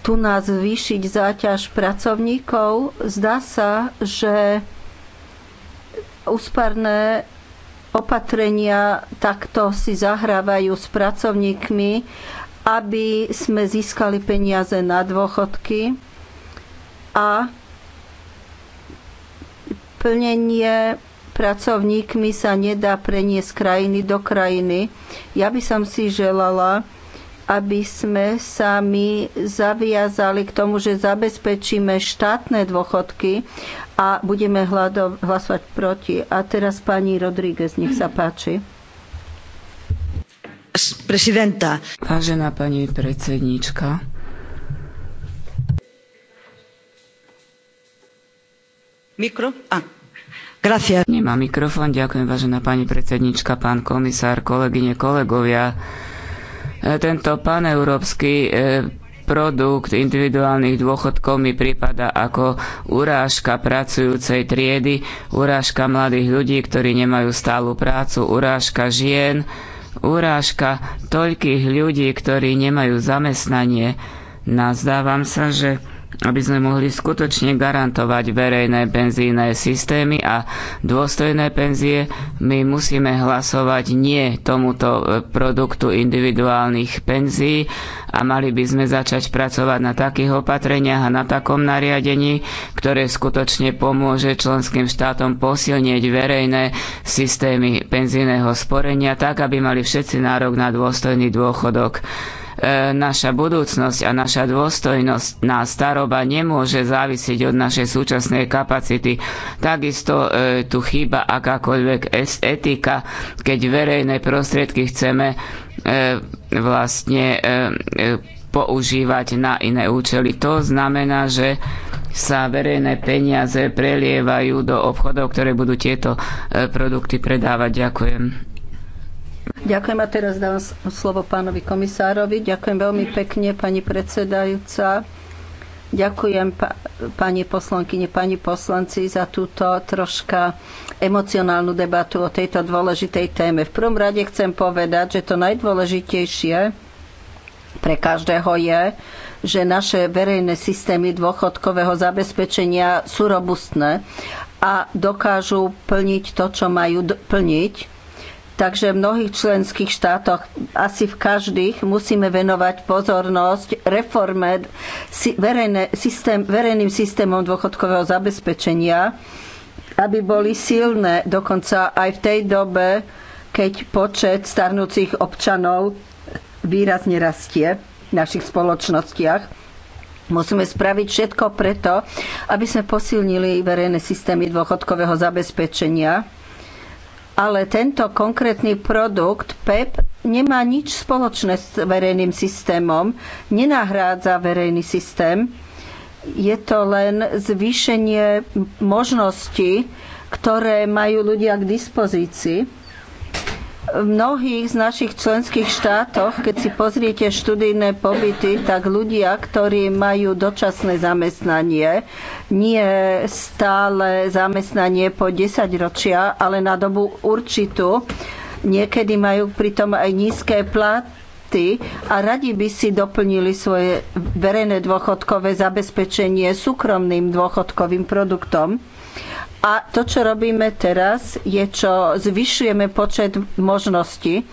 tu nás zvýšiť záťaž pracovníkov. Zdá sa, že úsparné opatrenia takto si zahrávajú s pracovníkmi, aby sme získali peniaze na dôchodky a plnenie pracovníkmi sa nedá preniesť krajiny do krajiny. Ja by som si želala, aby sme sa my zaviazali k tomu, že zabezpečíme štátne dôchodky a budeme hlasovať proti. A teraz pani Rodríguez, nech sa páči. Prezidenta. Vážená pani predsednička, Mikro? A. Gracias. Nemá mikrofón, ďakujem vážená pani predsednička, pán komisár, kolegyne, kolegovia. Tento paneurópsky e, produkt individuálnych dôchodkov mi prípada ako urážka pracujúcej triedy, urážka mladých ľudí, ktorí nemajú stálu prácu, urážka žien, urážka toľkých ľudí, ktorí nemajú zamestnanie. Nazdávam sa, že aby sme mohli skutočne garantovať verejné penzijné systémy a dôstojné penzie, my musíme hlasovať nie tomuto e, produktu individuálnych penzií a mali by sme začať pracovať na takých opatreniach a na takom nariadení, ktoré skutočne pomôže členským štátom posilniť verejné systémy penzijného sporenia tak, aby mali všetci nárok na dôstojný dôchodok. E, naša budúcnosť a naša dôstojnosť na staroba nemôže závisiť od našej súčasnej kapacity. Takisto e, tu chýba akákoľvek etika, keď verejné prostriedky chceme e, vlastne e, e, používať na iné účely. To znamená, že sa verejné peniaze prelievajú do obchodov, ktoré budú tieto e, produkty predávať. Ďakujem. Ďakujem a teraz dám slovo pánovi komisárovi. Ďakujem veľmi pekne, pani predsedajúca. Ďakujem pani poslankyne, pani poslanci za túto troška emocionálnu debatu o tejto dôležitej téme. V prvom rade chcem povedať, že to najdôležitejšie pre každého je, že naše verejné systémy dôchodkového zabezpečenia sú robustné a dokážu plniť to, čo majú plniť Takže v mnohých členských štátoch, asi v každých, musíme venovať pozornosť reforme verejné, systém, verejným systémom dôchodkového zabezpečenia, aby boli silné dokonca aj v tej dobe, keď počet starnúcich občanov výrazne rastie v našich spoločnostiach. Musíme spraviť všetko preto, aby sme posilnili verejné systémy dôchodkového zabezpečenia ale tento konkrétny produkt PEP e nemá nič spoločné s verejným systémom, nenahrádza verejný systém. Je to len zvýšenie možností, ktoré majú ľudia k dispozícii v mnohých z našich členských štátoch, keď si pozriete študijné pobyty, tak ľudia, ktorí majú dočasné zamestnanie, nie stále zamestnanie po 10 ročia, ale na dobu určitú, niekedy majú pritom aj nízke platy a radi by si doplnili svoje verejné dôchodkové zabezpečenie súkromným dôchodkovým produktom a to, čo robíme teraz, je, čo zvyšujeme počet možností.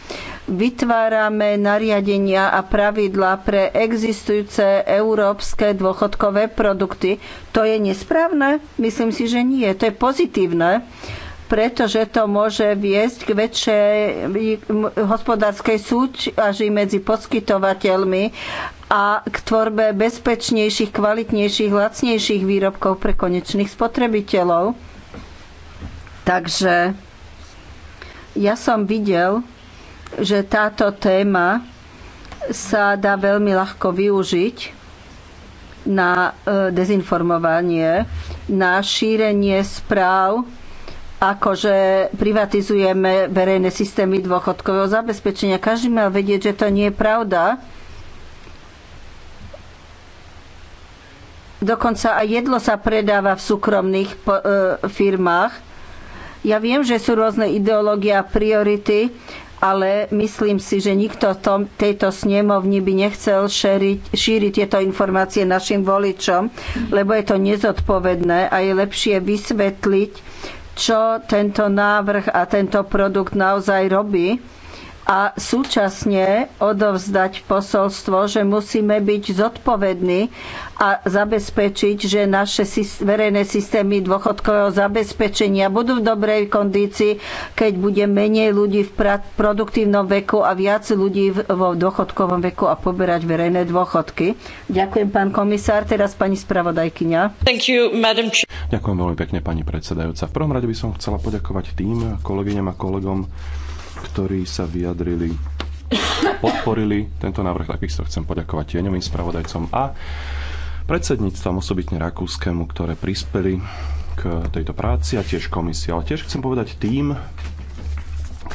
Vytvárame nariadenia a pravidlá pre existujúce európske dôchodkové produkty. To je nesprávne? Myslím si, že nie. To je pozitívne pretože to môže viesť k väčšej hospodárskej súťaži medzi poskytovateľmi a k tvorbe bezpečnejších, kvalitnejších, lacnejších výrobkov pre konečných spotrebiteľov. Takže ja som videl, že táto téma sa dá veľmi ľahko využiť na e, dezinformovanie, na šírenie správ, akože privatizujeme verejné systémy dôchodkového zabezpečenia. Každý mal vedieť, že to nie je pravda. Dokonca aj jedlo sa predáva v súkromných e, firmách ja viem, že sú rôzne ideológie a priority, ale myslím si, že nikto tom, tejto snemovni by nechcel šeriť, šíriť tieto informácie našim voličom, lebo je to nezodpovedné a je lepšie vysvetliť, čo tento návrh a tento produkt naozaj robí a súčasne odovzdať posolstvo, že musíme byť zodpovední a zabezpečiť, že naše verejné systémy dôchodkového zabezpečenia budú v dobrej kondícii, keď bude menej ľudí v produktívnom veku a viac ľudí vo dôchodkovom veku a poberať verejné dôchodky. Ďakujem, pán komisár. Teraz pani spravodajkyňa. You, Ďakujem veľmi pekne, pani predsedajúca. V prvom rade by som chcela poďakovať tým kolegyňam a kolegom, ktorí sa vyjadrili, podporili tento návrh. Takisto chcem poďakovať tieňovým spravodajcom a predsedníctvom, osobitne rakúskému, ktoré prispeli k tejto práci a tiež komisii. Ale tiež chcem povedať tým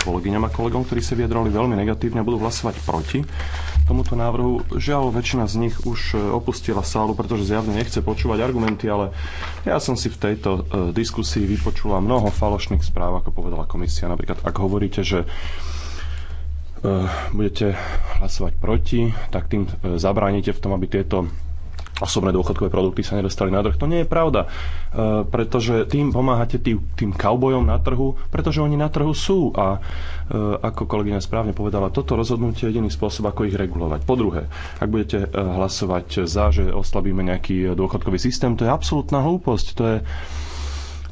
kolegyňam a kolegom, ktorí sa vyjadrali veľmi negatívne a budú hlasovať proti tomuto návrhu. Žiaľ, väčšina z nich už e, opustila sálu, pretože zjavne nechce počúvať argumenty, ale ja som si v tejto e, diskusii vypočula mnoho falošných správ, ako povedala komisia. Napríklad, ak hovoríte, že e, budete hlasovať proti, tak tým zabránite v tom, aby tieto osobné dôchodkové produkty sa nedostali na trh. To nie je pravda, e, pretože tým pomáhate tým, tým kaubojom na trhu, pretože oni na trhu sú a e, ako kolegyňa správne povedala, toto rozhodnutie je jediný spôsob, ako ich regulovať. Po druhé, ak budete e, hlasovať za, že oslabíme nejaký dôchodkový systém, to je absolútna hlúposť. To je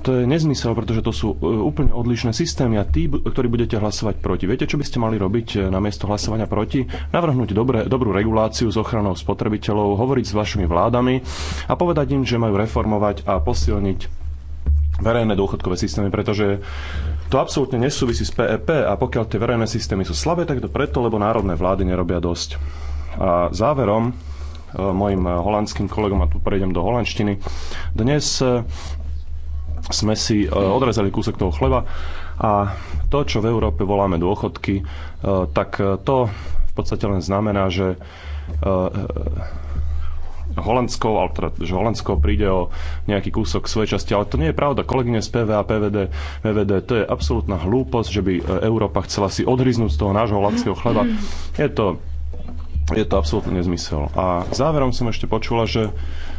to je nezmysel, pretože to sú e, úplne odlišné systémy a tí, ktorí budete hlasovať proti, viete, čo by ste mali robiť e, na miesto hlasovania proti? Navrhnúť dobré, dobrú reguláciu s ochranou spotrebiteľov, hovoriť s vašimi vládami a povedať im, že majú reformovať a posilniť verejné dôchodkové systémy, pretože to absolútne nesúvisí s PEP e a pokiaľ tie verejné systémy sú slabé, tak to preto, lebo národné vlády nerobia dosť. A záverom, mojim holandským kolegom, a tu prejdem do holandštiny, dnes sme si e, odrezali kúsok toho chleba a to, čo v Európe voláme dôchodky, e, tak e, to v podstate len znamená, že Holandsko, ale teda, že Holandsko príde o nejaký kúsok svojej časti, ale to nie je pravda. Kolegyne z PVA, PVD, PVD, to je absolútna hlúposť, že by Európa chcela si odhriznúť z toho nášho holandského chleba. Je to je to absolútne nezmysel. A záverom som ešte počula, že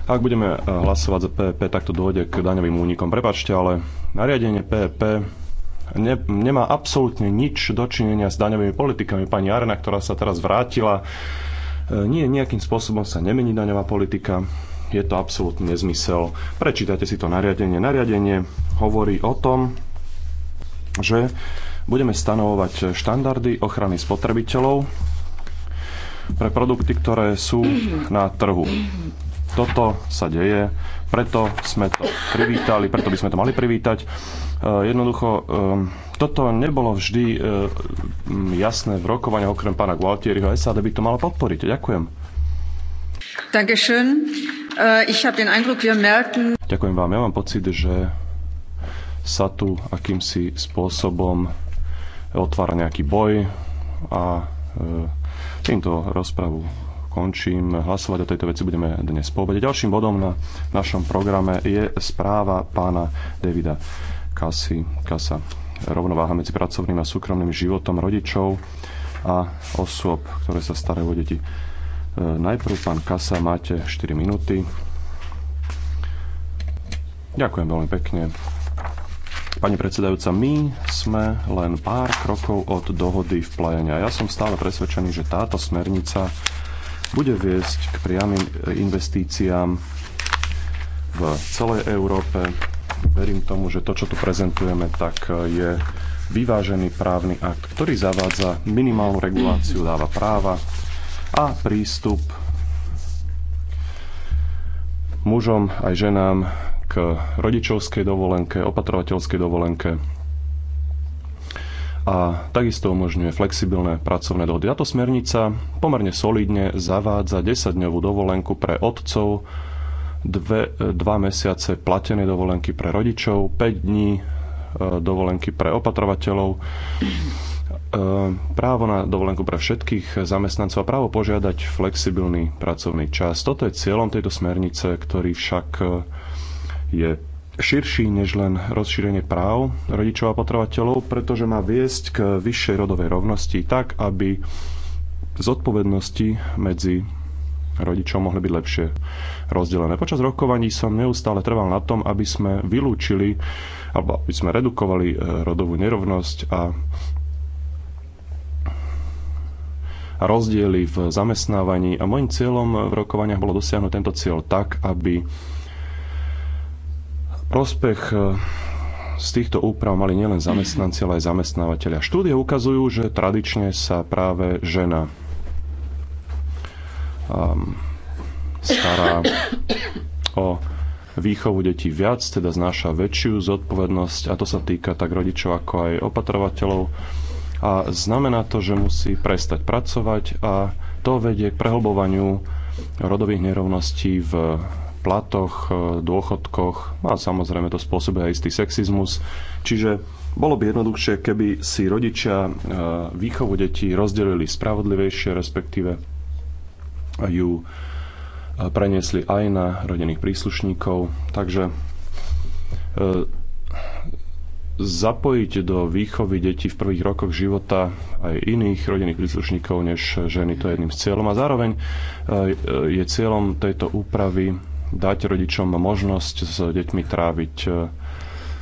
ak budeme eh, hlasovať za PEP, tak to dôjde k daňovým únikom. Prepačte, ale nariadenie PEP ne, nemá absolútne nič dočinenia s daňovými politikami. Pani Arena, ktorá sa teraz vrátila, eh, nie nejakým spôsobom sa nemení daňová politika. Je to absolútny nezmysel. Prečítajte si to nariadenie. Nariadenie hovorí o tom, že budeme stanovovať štandardy ochrany spotrebiteľov pre produkty, ktoré sú na trhu. Toto sa deje, preto sme to privítali, preto by sme to mali privítať. E, jednoducho, e, toto nebolo vždy e, jasné v rokovaniach, okrem pána Gualtieriho SAD by to malo podporiť. Ďakujem. Äh, Ďakujem vám. Ja mám pocit, že sa tu akýmsi spôsobom otvára nejaký boj a e, Týmto rozpravu končím. Hlasovať o tejto veci budeme dnes po obede. Ďalším bodom na našom programe je správa pána Davida Kasi, Kasa. Rovnováha medzi pracovným a súkromným životom rodičov a osôb, ktoré sa starajú o deti. E, najprv, pán Kasa, máte 4 minúty. Ďakujem veľmi pekne. Pani predsedajúca, my sme len pár krokov od dohody v pléne. Ja som stále presvedčený, že táto smernica bude viesť k priamým e, investíciám v celej Európe. Verím tomu, že to, čo tu prezentujeme, tak e, je vyvážený právny akt, ktorý zavádza minimálnu reguláciu, dáva práva a prístup mužom aj ženám rodičovskej dovolenke, opatrovateľskej dovolenke a takisto umožňuje flexibilné pracovné dohody. Táto smernica pomerne solidne zavádza 10-dňovú dovolenku pre otcov, 2 mesiace platené dovolenky pre rodičov, 5 dní e, dovolenky pre opatrovateľov, e, právo na dovolenku pre všetkých zamestnancov a právo požiadať flexibilný pracovný čas. Toto je cieľom tejto smernice, ktorý však e, je širší než len rozšírenie práv rodičov a potrovateľov, pretože má viesť k vyššej rodovej rovnosti tak, aby zodpovednosti medzi rodičov mohli byť lepšie rozdelené. Počas rokovaní som neustále trval na tom, aby sme vylúčili alebo aby sme redukovali e, rodovú nerovnosť a a rozdiely v zamestnávaní a môjim cieľom v rokovaniach bolo dosiahnuť tento cieľ tak, aby Prospech e, z týchto úprav mali nielen zamestnanci, ale aj zamestnávateľia. Štúdie ukazujú, že tradične sa práve žena um, stará o výchovu detí viac, teda znáša väčšiu zodpovednosť a to sa týka tak rodičov ako aj opatrovateľov. A znamená to, že musí prestať pracovať a to vedie k prehlbovaniu rodových nerovností v platoch, e, dôchodkoch a samozrejme to spôsobuje aj istý sexizmus. Čiže bolo by jednoduchšie, keby si rodičia e, výchovu detí rozdelili spravodlivejšie, respektíve ju e, preniesli aj na rodinných príslušníkov. Takže zapojiť do výchovy detí v prvých rokoch života aj iných rodinných príslušníkov než ženy, to je jedným z cieľom. A zároveň je cieľom tejto úpravy dať rodičom možnosť s deťmi tráviť e,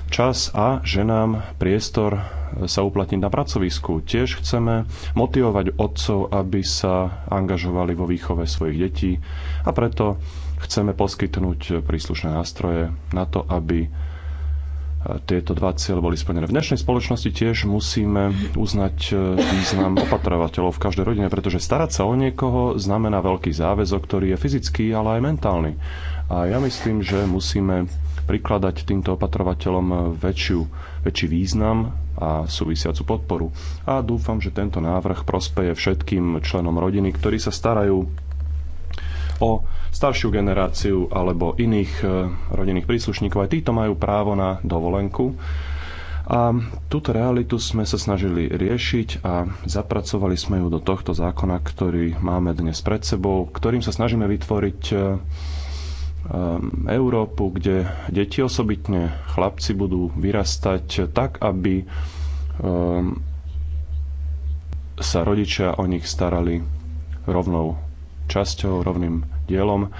čas a ženám priestor e, sa uplatniť na pracovisku. Tiež chceme motivovať otcov, aby sa angažovali vo výchove svojich detí a preto chceme poskytnúť príslušné nástroje na to, aby e, tieto dva cieľe boli splnené. V dnešnej spoločnosti tiež musíme uznať význam opatrovateľov v každej rodine, pretože starať sa o niekoho znamená veľký záväzok, ktorý je fyzický, ale aj mentálny. A ja myslím, že musíme prikladať týmto opatrovateľom väčšiu, väčší význam a súvisiacu podporu. A dúfam, že tento návrh prospeje všetkým členom rodiny, ktorí sa starajú o staršiu generáciu alebo iných eh, rodinných príslušníkov. Aj títo majú právo na dovolenku. A túto realitu sme sa snažili riešiť a zapracovali sme ju do tohto zákona, ktorý máme dnes pred sebou, ktorým sa snažíme vytvoriť eh, Ehm, Európu, kde deti osobitne, chlapci budú vyrastať tak, aby ehm, sa rodičia o nich starali rovnou časťou, rovným dielom.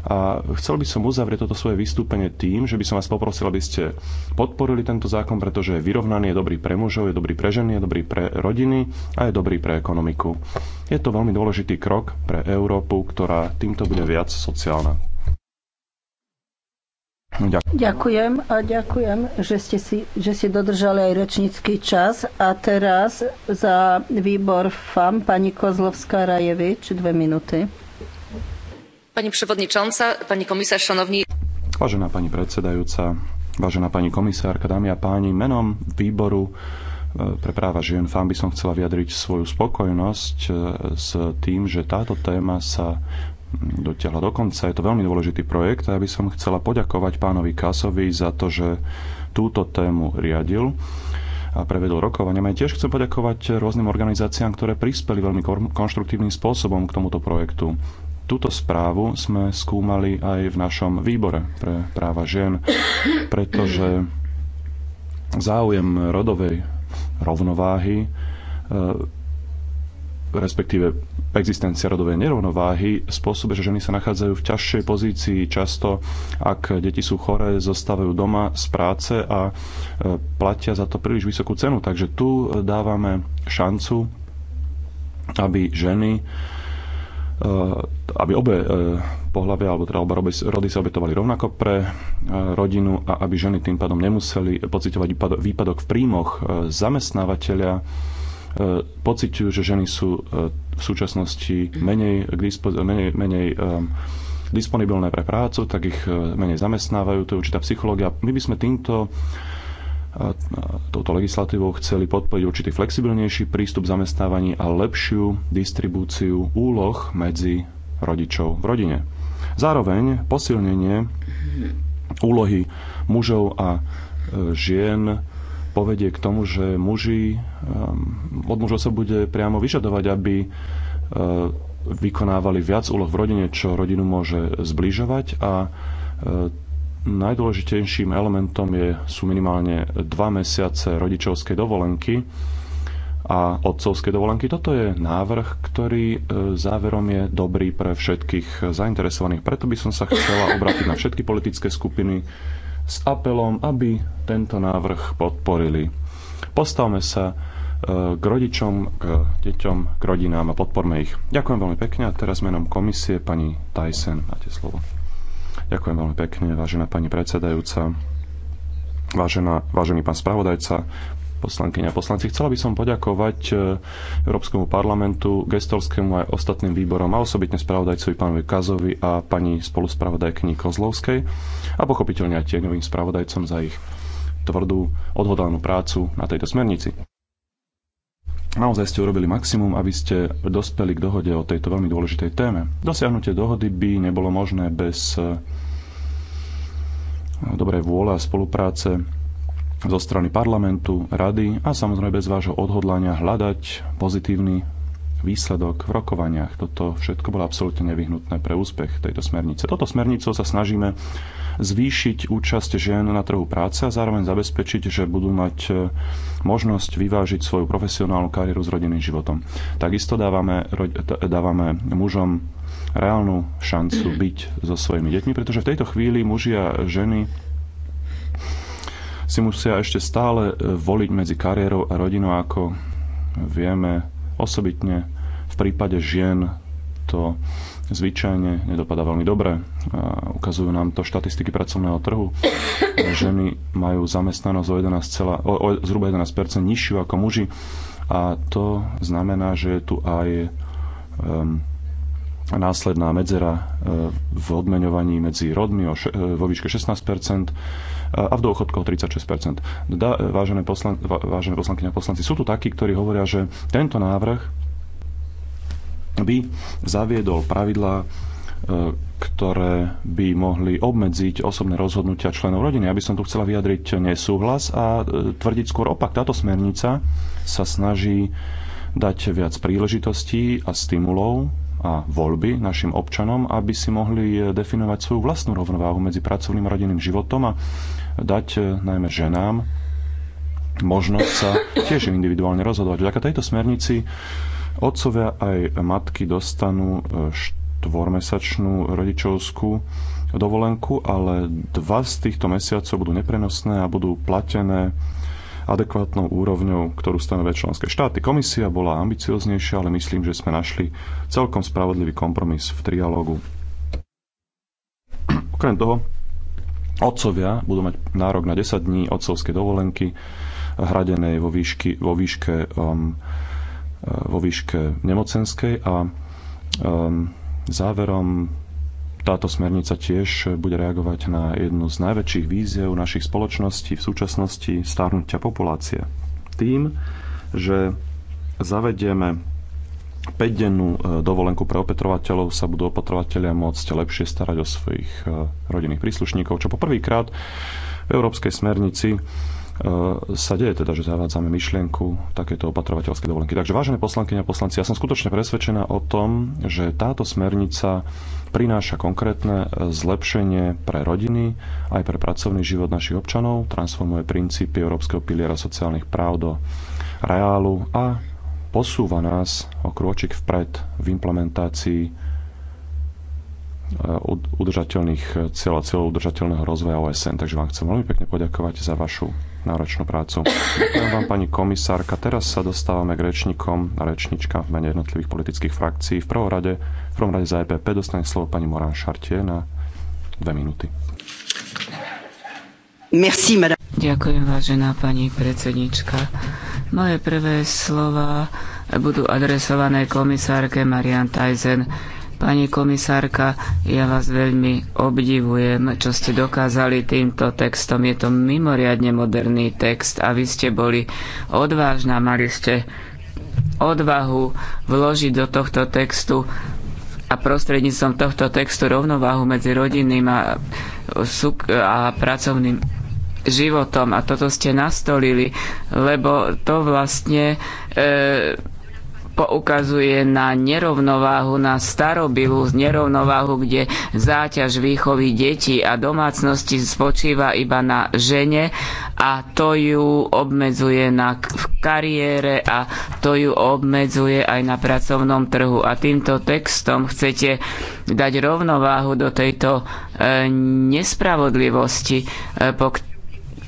A chcel by som uzavrieť toto svoje vystúpenie tým, že by som vás poprosil, aby ste podporili tento zákon, pretože je vyrovnaný, je dobrý pre mužov, je dobrý pre ženy, je dobrý pre rodiny a je dobrý pre ekonomiku. Je to veľmi dôležitý krok pre Európu, ktorá týmto bude viac sociálna. Ďakujem. a ďakujem, že ste, si, že ste dodržali aj rečnícky čas. A teraz za výbor FAM pani Kozlovská Rajevič, dve minúty. Pani prevodničonca, pani komisár, šanovní. Vážená pani predsedajúca, vážená pani komisárka, dámy a páni, menom výboru e, pre práva žien FAM by som chcela vyjadriť svoju spokojnosť e, s tým, že táto téma sa dotiahla do konca. Je to veľmi dôležitý projekt a ja by som chcela poďakovať pánovi Kasovi za to, že túto tému riadil a prevedol rokovania. Ja tiež chcem poďakovať rôznym organizáciám, ktoré prispeli veľmi konštruktívnym spôsobom k tomuto projektu. Túto správu sme skúmali aj v našom výbore pre práva žien, pretože záujem rodovej rovnováhy e, respektíve existencia rodovej nerovnováhy spôsobuje, že ženy sa nachádzajú v ťažšej pozícii. Často, ak deti sú choré, zostávajú doma z práce a e, platia za to príliš vysokú cenu. Takže tu dávame šancu, aby ženy e, aby obe e, pohľavia, alebo teda oba rody sa obetovali rovnako pre rodinu a aby ženy tým pádom nemuseli pocitovať výpadok v príjmoch zamestnávateľa E, pociťujú, že ženy sú e, v súčasnosti menej, menej, menej e, disponibilné pre prácu, tak ich menej zamestnávajú, to je určitá psychológia. My by sme týmto touto legislatívou chceli podporiť určitý flexibilnejší prístup zamestnávaní a lepšiu distribúciu úloh medzi rodičov v rodine. Zároveň posilnenie úlohy mužov a žien povedie k tomu, že muži, ehm, od mužov sa bude priamo vyžadovať, aby ehm, vykonávali viac úloh v rodine, čo rodinu môže zbližovať a ehm, najdôležitejším elementom je, sú minimálne dva mesiace rodičovskej dovolenky a otcovskej dovolenky. Toto je návrh, ktorý záverom je dobrý pre všetkých zainteresovaných. Preto by som sa chcela obrátiť na všetky politické skupiny, s apelom, aby tento návrh podporili. Postavme sa e, k rodičom, k deťom, k rodinám a podporme ich. Ďakujem veľmi pekne a teraz menom komisie pani Tyson máte slovo. Ďakujem veľmi pekne, vážená pani predsedajúca, vážená, vážený pán spravodajca, poslankyne a poslanci. Chcela by som poďakovať e, Európskemu parlamentu, gestorskému aj ostatným výborom a osobitne spravodajcovi pánovi Kazovi a pani spoluspravodajkyni Kozlovskej a pochopiteľne aj tieňovým spravodajcom za ich tvrdú, odhodlanú prácu na tejto smernici. Naozaj ste urobili maximum, aby ste dospeli k dohode o tejto veľmi dôležitej téme. Dosiahnutie dohody by nebolo možné bez e, dobrej vôle a spolupráce zo strany parlamentu, rady a samozrejme bez vášho odhodlania hľadať pozitívny výsledok v rokovaniach. Toto všetko bolo absolútne nevyhnutné pre úspech tejto smernice. Toto smernicou sa snažíme zvýšiť účasť žien na trhu práce a zároveň zabezpečiť, že budú mať e, možnosť vyvážiť svoju profesionálnu kariéru s rodinným životom. Takisto dávame, dávame mužom reálnu šancu byť so svojimi deťmi, pretože v tejto chvíli muži a ženy si musia ešte stále e, voliť medzi kariérou a rodinou, ako vieme osobitne v prípade žien to zvyčajne nedopadá veľmi dobre. Ukazujú nám to štatistiky pracovného trhu. Ženy majú zamestnanosť o 11, o, o, zhruba 11% nižšiu ako muži a to znamená, že je tu aj um, následná medzera e, v odmeňovaní medzi rodmi e, vo výške 16 e, a v dôchodkoch 36 da, vážené, poslan, vážené poslankyne a poslanci, sú tu takí, ktorí hovoria, že tento návrh by zaviedol pravidlá, ktoré by mohli obmedziť osobné rozhodnutia členov rodiny. Ja by som tu chcela vyjadriť nesúhlas a tvrdiť skôr opak. Táto smernica sa snaží dať viac príležitostí a stimulov a voľby našim občanom, aby si mohli eh, definovať svoju vlastnú rovnováhu medzi pracovným a rodinným životom a dať eh, najmä ženám možnosť sa tiež individuálne rozhodovať. Vďaka tejto smernici otcovia aj matky dostanú eh, štvormesačnú rodičovskú dovolenku, ale dva z týchto mesiacov budú neprenosné a budú platené adekvátnou úrovňou, ktorú stanovia členské štáty. Komisia bola ambicioznejšia, ale myslím, že sme našli celkom spravodlivý kompromis v trialógu. Okrem toho, otcovia budú mať nárok na 10 dní otcovskej dovolenky, hradenej vo, výšky, vo výške um, vo výške nemocenskej a um, záverom táto smernica tiež bude reagovať na jednu z najväčších víziev našich spoločností v súčasnosti starnutia populácie. Tým, že zavedieme 5-dennú e, dovolenku pre opetrovateľov sa budú opatrovateľia môcť lepšie starať o svojich e, rodinných príslušníkov, čo poprvýkrát v Európskej smernici E, sa deje, teda, že zavádzame myšlienku takéto opatrovateľské dovolenky. Takže vážené poslankyne a poslanci, ja som skutočne presvedčená o tom, že táto smernica prináša konkrétne zlepšenie pre rodiny, aj pre pracovný život našich občanov, transformuje princípy Európskeho piliera sociálnych práv do reálu a posúva nás o krôčik vpred v implementácii e, udržateľných cieľov a cieľov udržateľného rozvoja OSN. Takže vám chcem veľmi pekne poďakovať za vašu náročnú prácu. Ďakujem vám, pani komisárka. Teraz sa dostávame k rečníkom a rečničkám v mene jednotlivých politických frakcií. V prvom rade, v prvom rade za EPP dostane slovo pani Morán Šartie na dve minúty. Merci, madame. Ďakujem, vážená pani predsednička. Moje prvé slova budú adresované komisárke Marian Tajzen. Pani komisárka, ja vás veľmi obdivujem, čo ste dokázali týmto textom. Je to mimoriadne moderný text a vy ste boli odvážna, mali ste odvahu vložiť do tohto textu a prostredníctvom tohto textu rovnováhu medzi rodinným a, a pracovným životom. A toto ste nastolili, lebo to vlastne e, poukazuje na nerovnováhu, na starobilú nerovnováhu, kde záťaž výchovy detí a domácnosti spočíva iba na žene a to ju obmedzuje na, v kariére a to ju obmedzuje aj na pracovnom trhu. A týmto textom chcete dať rovnováhu do tejto e, nespravodlivosti, e, po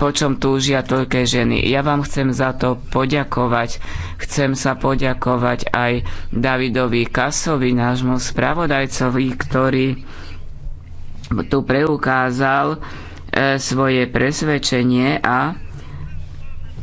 po čom túžia toľké ženy. Ja vám chcem za to poďakovať. Chcem sa poďakovať aj Davidovi Kasovi, nášmu spravodajcovi, ktorý tu preukázal e, svoje presvedčenie a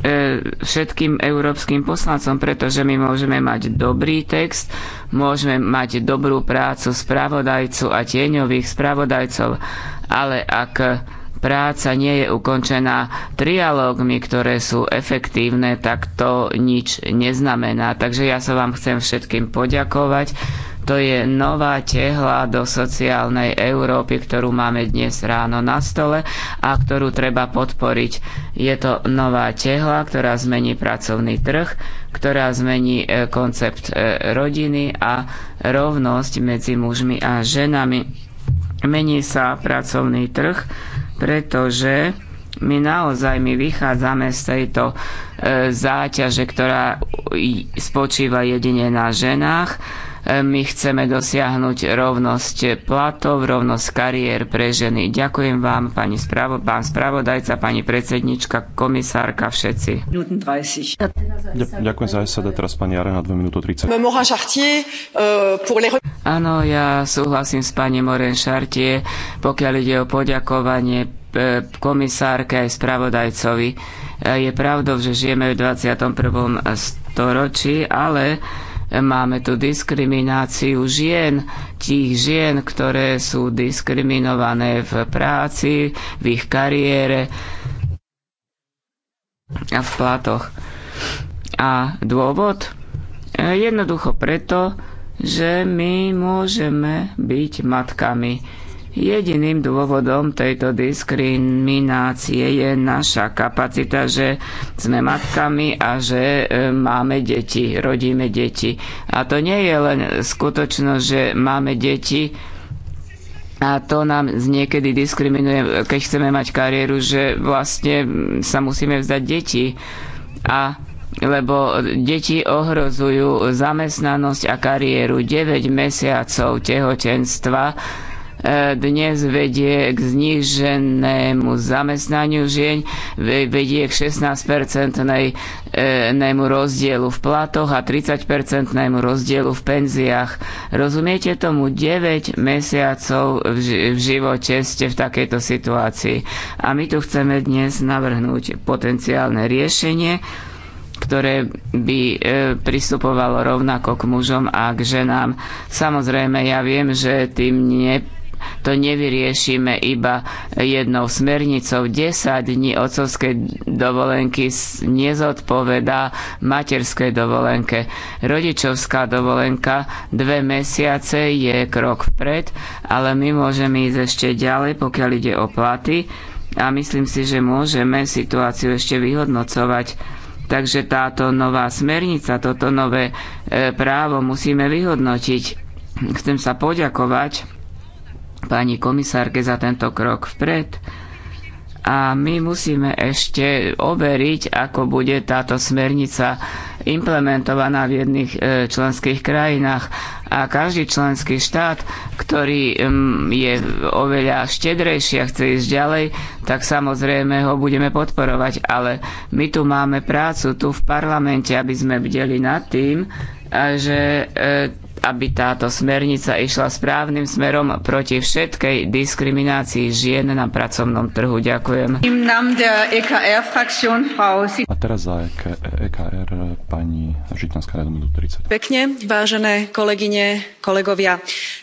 e, všetkým európskym poslancom, pretože my môžeme mať dobrý text, môžeme mať dobrú prácu spravodajcu a tieňových spravodajcov, ale ak práca nie je ukončená trialógmi, ktoré sú efektívne, tak to nič neznamená. Takže ja sa vám chcem všetkým poďakovať. To je nová tehla do sociálnej Európy, ktorú máme dnes ráno na stole a ktorú treba podporiť. Je to nová tehla, ktorá zmení pracovný trh, ktorá zmení e, koncept e, rodiny a rovnosť medzi mužmi a ženami. Mení sa pracovný trh, pretože my naozaj my vychádzame z tejto e, záťaže, ktorá spočíva jedine na ženách my chceme dosiahnuť rovnosť platov, rovnosť kariér pre ženy. Ďakujem vám, pani spravo, pán spravodajca, pani predsednička, komisárka, všetci. Ďakujem za SAD, teraz pani Arena, 2 minúty 30. Euh, Áno, ja súhlasím s pani Moren Chartier, pokiaľ ide o poďakovanie e, komisárke aj spravodajcovi. E, je pravdou, že žijeme v 21. storočí, ale Máme tu diskrimináciu žien, tých žien, ktoré sú diskriminované v práci, v ich kariére a v platoch. A dôvod? Jednoducho preto, že my môžeme byť matkami Jediným dôvodom tejto diskriminácie je naša kapacita, že sme matkami a že e, máme deti, rodíme deti. A to nie je len skutočnosť, že máme deti, a to nám niekedy diskriminuje, keď chceme mať kariéru, že vlastne sa musíme vzdať deti. A lebo deti ohrozujú zamestnanosť a kariéru 9 mesiacov tehotenstva dnes vedie k zníženému zamestnaniu žien, vedie k 16-percentnému e, rozdielu v platoch a 30-percentnému rozdielu v penziách. Rozumiete tomu? 9 mesiacov v živote ste v takejto situácii. A my tu chceme dnes navrhnúť potenciálne riešenie, ktoré by e, pristupovalo rovnako k mužom a k ženám. Samozrejme, ja viem, že tým ne to nevyriešime iba jednou smernicou. 10 dní otcovskej dovolenky nezodpovedá materskej dovolenke. Rodičovská dovolenka dve mesiace je krok vpred, ale my môžeme ísť ešte ďalej, pokiaľ ide o platy a myslím si, že môžeme situáciu ešte vyhodnocovať. Takže táto nová smernica, toto nové e, právo musíme vyhodnotiť. Chcem sa poďakovať pani komisárke za tento krok vpred. A my musíme ešte overiť, ako bude táto smernica implementovaná v jedných e, členských krajinách. A každý členský štát, ktorý je oveľa štedrejší a chce ísť ďalej, tak samozrejme ho budeme podporovať. Ale my tu máme prácu tu v parlamente, aby sme bdeli nad tým, že e, aby táto smernica išla správnym smerom proti všetkej diskriminácii žien na pracovnom trhu. Ďakujem. E A teraz za EKR e pani Žitňanská radom 30. Pekne, vážené kolegyne, kolegovia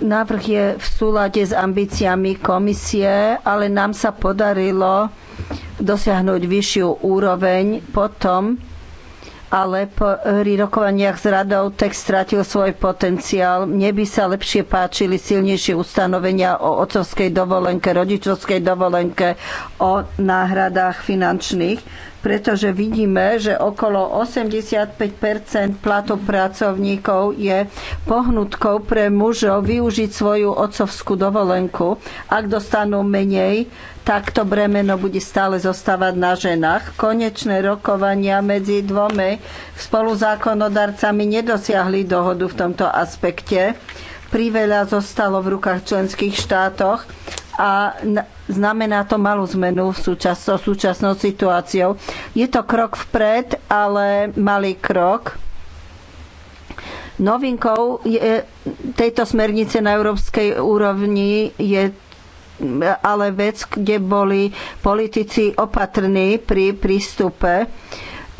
Návrh je v súlade s ambíciami komisie, ale nám sa podarilo dosiahnuť vyššiu úroveň potom, ale po rokovaniach s radou text stratil svoj potenciál. Mne by sa lepšie páčili silnejšie ustanovenia o otcovskej dovolenke, rodičovskej dovolenke, o náhradách finančných, pretože vidíme, že okolo 85 platov pracovníkov je pohnutkou pre mužov využiť svoju otcovskú dovolenku. Ak dostanú menej, tak to bremeno bude stále zostávať na ženách. Konečné rokovania medzi dvome spoluzákonodarcami nedosiahli dohodu v tomto aspekte. Priveľa zostalo v rukách členských štátoch a znamená to malú zmenu v súčas- súčasnou situáciou. Je to krok vpred, ale malý krok. Novinkou je, tejto smernice na európskej úrovni je ale vec, kde boli politici opatrní pri prístupe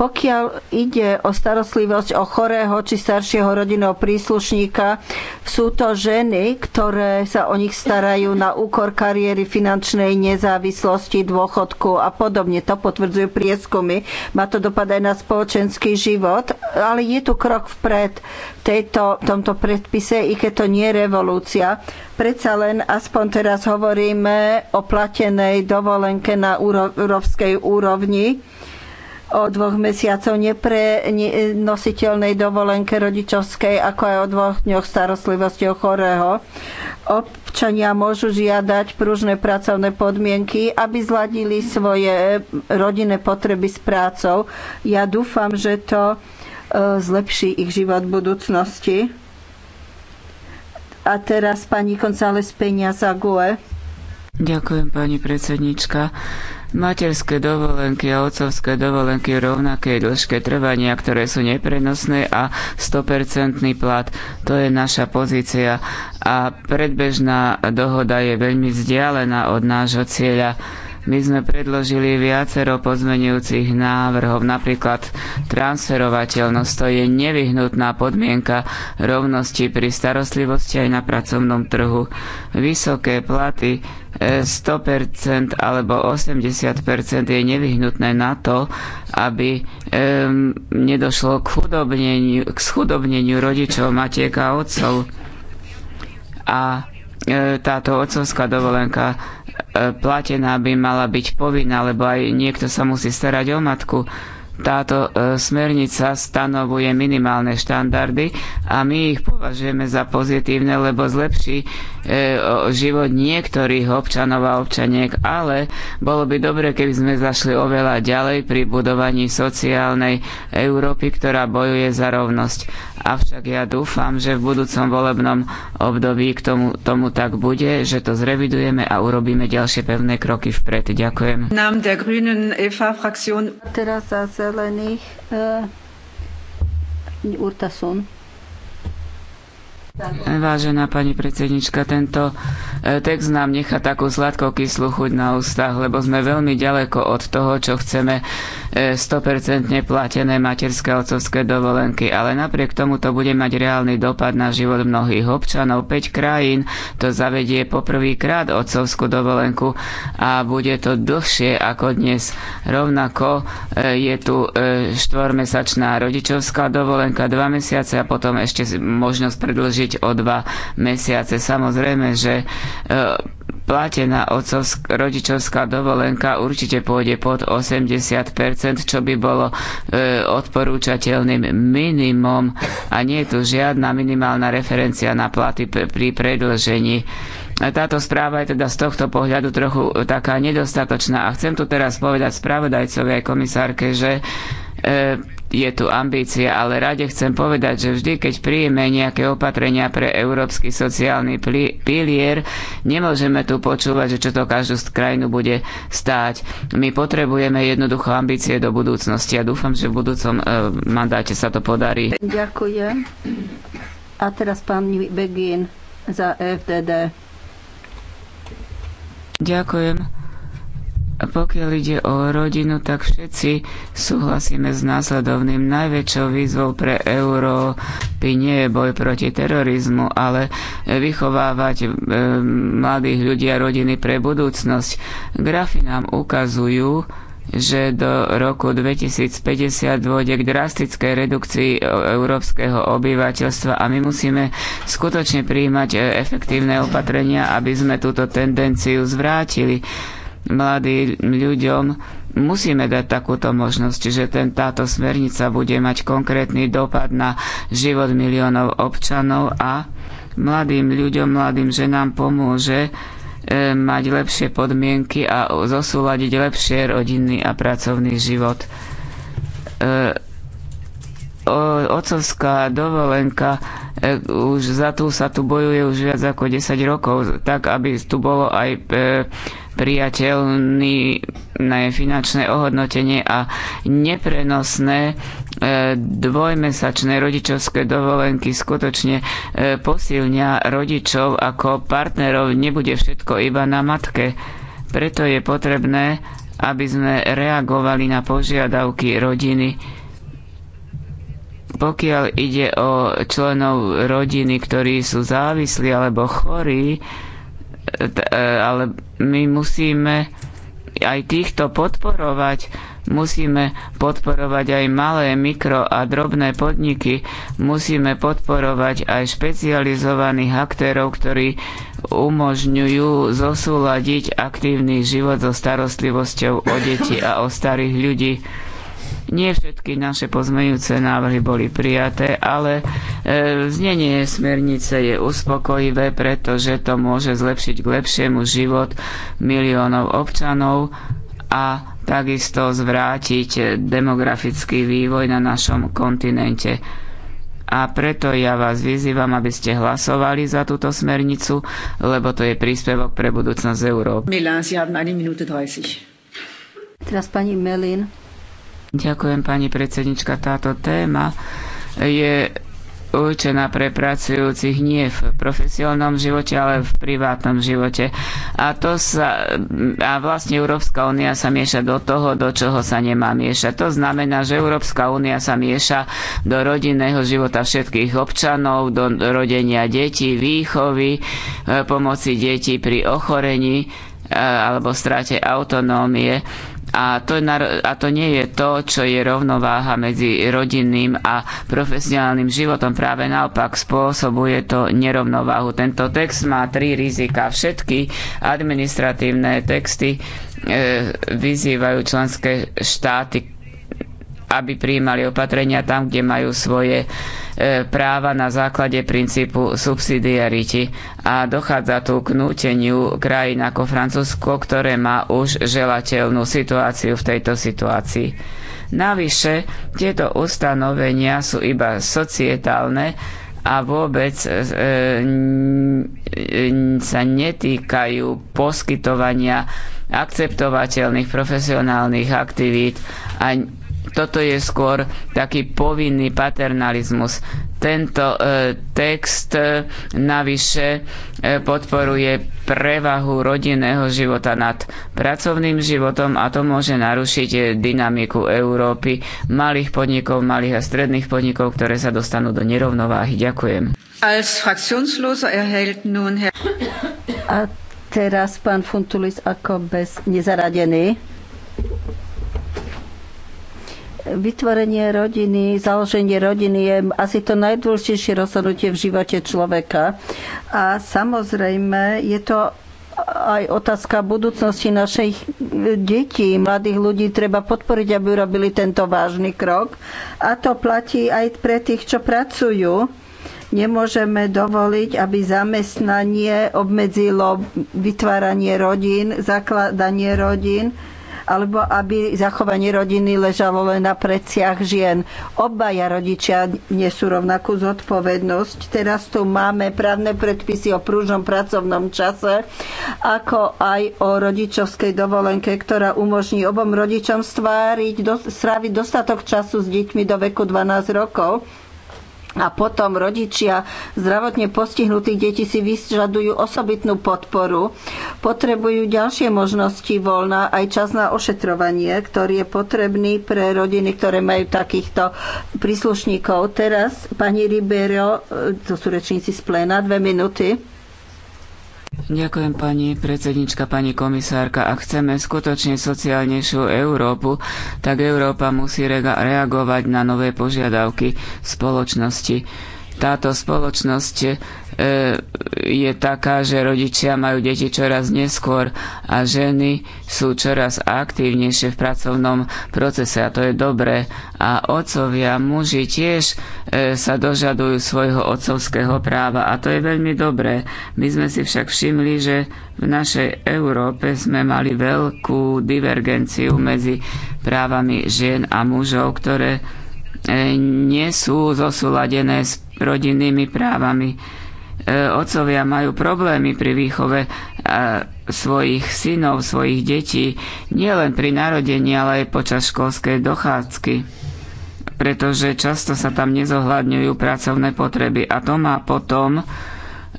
pokiaľ ide o starostlivosť o chorého či staršieho rodinného príslušníka, sú to ženy, ktoré sa o nich starajú na úkor kariéry finančnej nezávislosti, dôchodku a podobne. To potvrdzujú prieskumy. Má to dopad aj na spoločenský život, ale je tu krok vpred v tomto predpise, i keď to nie je revolúcia. Predsa len aspoň teraz hovoríme o platenej dovolenke na európskej úrovni o dvoch mesiacov neprenositeľnej dovolenke rodičovskej, ako aj o dvoch dňoch starostlivosti o chorého. Občania môžu žiadať pružné pracovné podmienky, aby zladili svoje rodinné potreby s prácou. Ja dúfam, že to e, zlepší ich život v budúcnosti. A teraz pani González Peňa Zague. Ďakujem, pani predsednička. Materské dovolenky a otcovské dovolenky v rovnakej dĺžke trvania, ktoré sú neprenosné a 100% plat. To je naša pozícia. A predbežná dohoda je veľmi vzdialená od nášho cieľa. My sme predložili viacero pozmenujúcich návrhov, napríklad transferovateľnosť, to je nevyhnutná podmienka rovnosti pri starostlivosti aj na pracovnom trhu. Vysoké platy 100% e, alebo 80% je nevyhnutné na to, aby um, nedošlo k, chudobneniu, k schudobneniu rodičov, matiek a otcov. A e, táto otcovská dovolenka platená by mala byť povinná, lebo aj niekto sa musí starať o matku. Táto e, smernica stanovuje minimálne štandardy a my ich považujeme za pozitívne, lebo zlepší e, život niektorých občanov a občaniek, ale bolo by dobre, keby sme zašli oveľa ďalej pri budovaní sociálnej Európy, ktorá bojuje za rovnosť. Avšak ja dúfam, že v budúcom volebnom období k tomu, tomu tak bude, že to zrevidujeme a urobíme ďalšie pevné kroky vpred. Ďakujem. Nám der Grünen Eva Fraktion. Teraz sa zelených eh, Urtasun. Vážená pani predsednička, tento e, text nám nechá takú kyslú chuť na ústach, lebo sme veľmi ďaleko od toho, čo chceme 100% e, platené materské otcovské dovolenky. Ale napriek tomu to bude mať reálny dopad na život mnohých občanov. 5 krajín to zavedie poprvýkrát otcovskú dovolenku a bude to dlhšie ako dnes. Rovnako e, je tu štvormesačná rodičovská dovolenka, dva mesiace a potom ešte možnosť predlžiť predlžiť o dva mesiace. Samozrejme, že e, platená otcovsk- rodičovská dovolenka určite pôjde pod 80%, čo by bolo e, odporúčateľným minimum a nie je tu žiadna minimálna referencia na platy pri predlžení. E, táto správa je teda z tohto pohľadu trochu e, taká nedostatočná a chcem tu teraz povedať spravodajcovi aj komisárke, že je tu ambícia, ale rade chcem povedať, že vždy, keď príjme nejaké opatrenia pre európsky sociálny pilier, nemôžeme tu počúvať, že čo to každú krajinu bude stáť. My potrebujeme jednoducho ambície do budúcnosti a dúfam, že v budúcom e, mandáte sa to podarí. Ďakujem. A teraz pán Begin za e FDD. Ďakujem. A pokiaľ ide o rodinu, tak všetci súhlasíme s následovným. Najväčšou výzvou pre Európy nie je boj proti terorizmu, ale vychovávať e, mladých ľudí a rodiny pre budúcnosť. Grafy nám ukazujú, že do roku 2050 dôjde k drastickej redukcii európskeho obyvateľstva a my musíme skutočne príjmať e, efektívne opatrenia, aby sme túto tendenciu zvrátili mladým ľuďom musíme dať takúto možnosť, že ten, táto smernica bude mať konkrétny dopad na život miliónov občanov a mladým ľuďom, mladým ženám pomôže e, mať lepšie podmienky a zosúľadiť lepšie rodinný a pracovný život. E, ocovská dovolenka, e, už za tú sa tu bojuje už viac ako 10 rokov, tak aby tu bolo aj e, priateľný finančné ohodnotenie a neprenosné e, dvojmesačné rodičovské dovolenky skutočne posilňa rodičov ako partnerov, nebude všetko iba na matke. Preto je potrebné, aby sme reagovali na požiadavky rodiny pokiaľ ide o členov rodiny, ktorí sú závislí alebo chorí, e, ale my musíme aj týchto podporovať, musíme podporovať aj malé, mikro a drobné podniky, musíme podporovať aj špecializovaných aktérov, ktorí umožňujú zosúľadiť aktívny život so starostlivosťou o deti a o starých ľudí. Nie všetky naše pozmejúce návrhy boli prijaté, ale e, znenie smernice je uspokojivé, pretože to môže zlepšiť k lepšiemu život miliónov občanov a takisto zvrátiť demografický vývoj na našom kontinente. A preto ja vás vyzývam, aby ste hlasovali za túto smernicu, lebo to je príspevok pre budúcnosť Európy. Teraz pani Melin. Ďakujem, pani predsednička. Táto téma je určená pre pracujúcich nie v profesionálnom živote, ale v privátnom živote. A to sa, a vlastne Európska únia sa mieša do toho, do čoho sa nemá miešať. To znamená, že Európska únia sa mieša do rodinného života všetkých občanov, do rodenia detí, výchovy, e, pomoci detí pri ochorení e, alebo strate autonómie a to, je, a to nie je to, čo je rovnováha medzi rodinným a profesionálnym životom. Práve naopak spôsobuje to nerovnováhu. Tento text má tri rizika. Všetky administratívne texty e, vyzývajú členské štáty aby prijímali opatrenia tam, kde majú svoje e, práva na základe princípu subsidiarity. A dochádza tu k núteniu krajín ako Francúzsko, ktoré má už želateľnú situáciu v tejto situácii. Navyše, tieto ustanovenia sú iba societálne, a vôbec e, sa netýkajú poskytovania akceptovateľných profesionálnych aktivít a toto je skôr taký povinný paternalizmus. Tento e, text e, navyše e, podporuje prevahu rodinného života nad pracovným životom a to môže narušiť e, dynamiku Európy, malých podnikov, malých a stredných podnikov, ktoré sa dostanú do nerovnováhy. Ďakujem. A teraz pán Funtulis ako bez nezaradený. Vytvorenie rodiny, založenie rodiny je asi to najdôležitejšie rozhodnutie v živote človeka. A samozrejme je to aj otázka budúcnosti našich detí, mladých ľudí treba podporiť, aby urobili tento vážny krok. A to platí aj pre tých, čo pracujú. Nemôžeme dovoliť, aby zamestnanie obmedzilo vytváranie rodín, zakladanie rodín alebo aby zachovanie rodiny ležalo len na preciach žien. Obaja rodičia nesú rovnakú zodpovednosť. Teraz tu máme právne predpisy o prúžnom pracovnom čase, ako aj o rodičovskej dovolenke, ktorá umožní obom rodičom stváriť, do, stráviť dostatok času s deťmi do veku 12 rokov a potom rodičia zdravotne postihnutých detí si vyžadujú osobitnú podporu. Potrebujú ďalšie možnosti voľna, aj čas na ošetrovanie, ktorý je potrebný pre rodiny, ktoré majú takýchto príslušníkov. Teraz pani Ribero, eh, to sú rečníci z pléna, dve minúty. Ďakujem pani predsednička, pani komisárka. Ak chceme skutočne sociálnejšiu Európu, tak Európa musí reagovať na nové požiadavky spoločnosti. Táto spoločnosť E, je taká, že rodičia majú deti čoraz neskôr a ženy sú čoraz aktívnejšie v pracovnom procese a to je dobré. A otcovia, muži tiež e, sa dožadujú svojho otcovského práva a to je veľmi dobré. My sme si však všimli, že v našej Európe sme mali veľkú divergenciu medzi právami žien a mužov, ktoré e, nie sú zosúladené s rodinnými právami E, otcovia majú problémy pri výchove e, svojich synov, svojich detí, nielen pri narodení, ale aj počas školskej dochádzky pretože často sa tam nezohľadňujú pracovné potreby a to má potom e,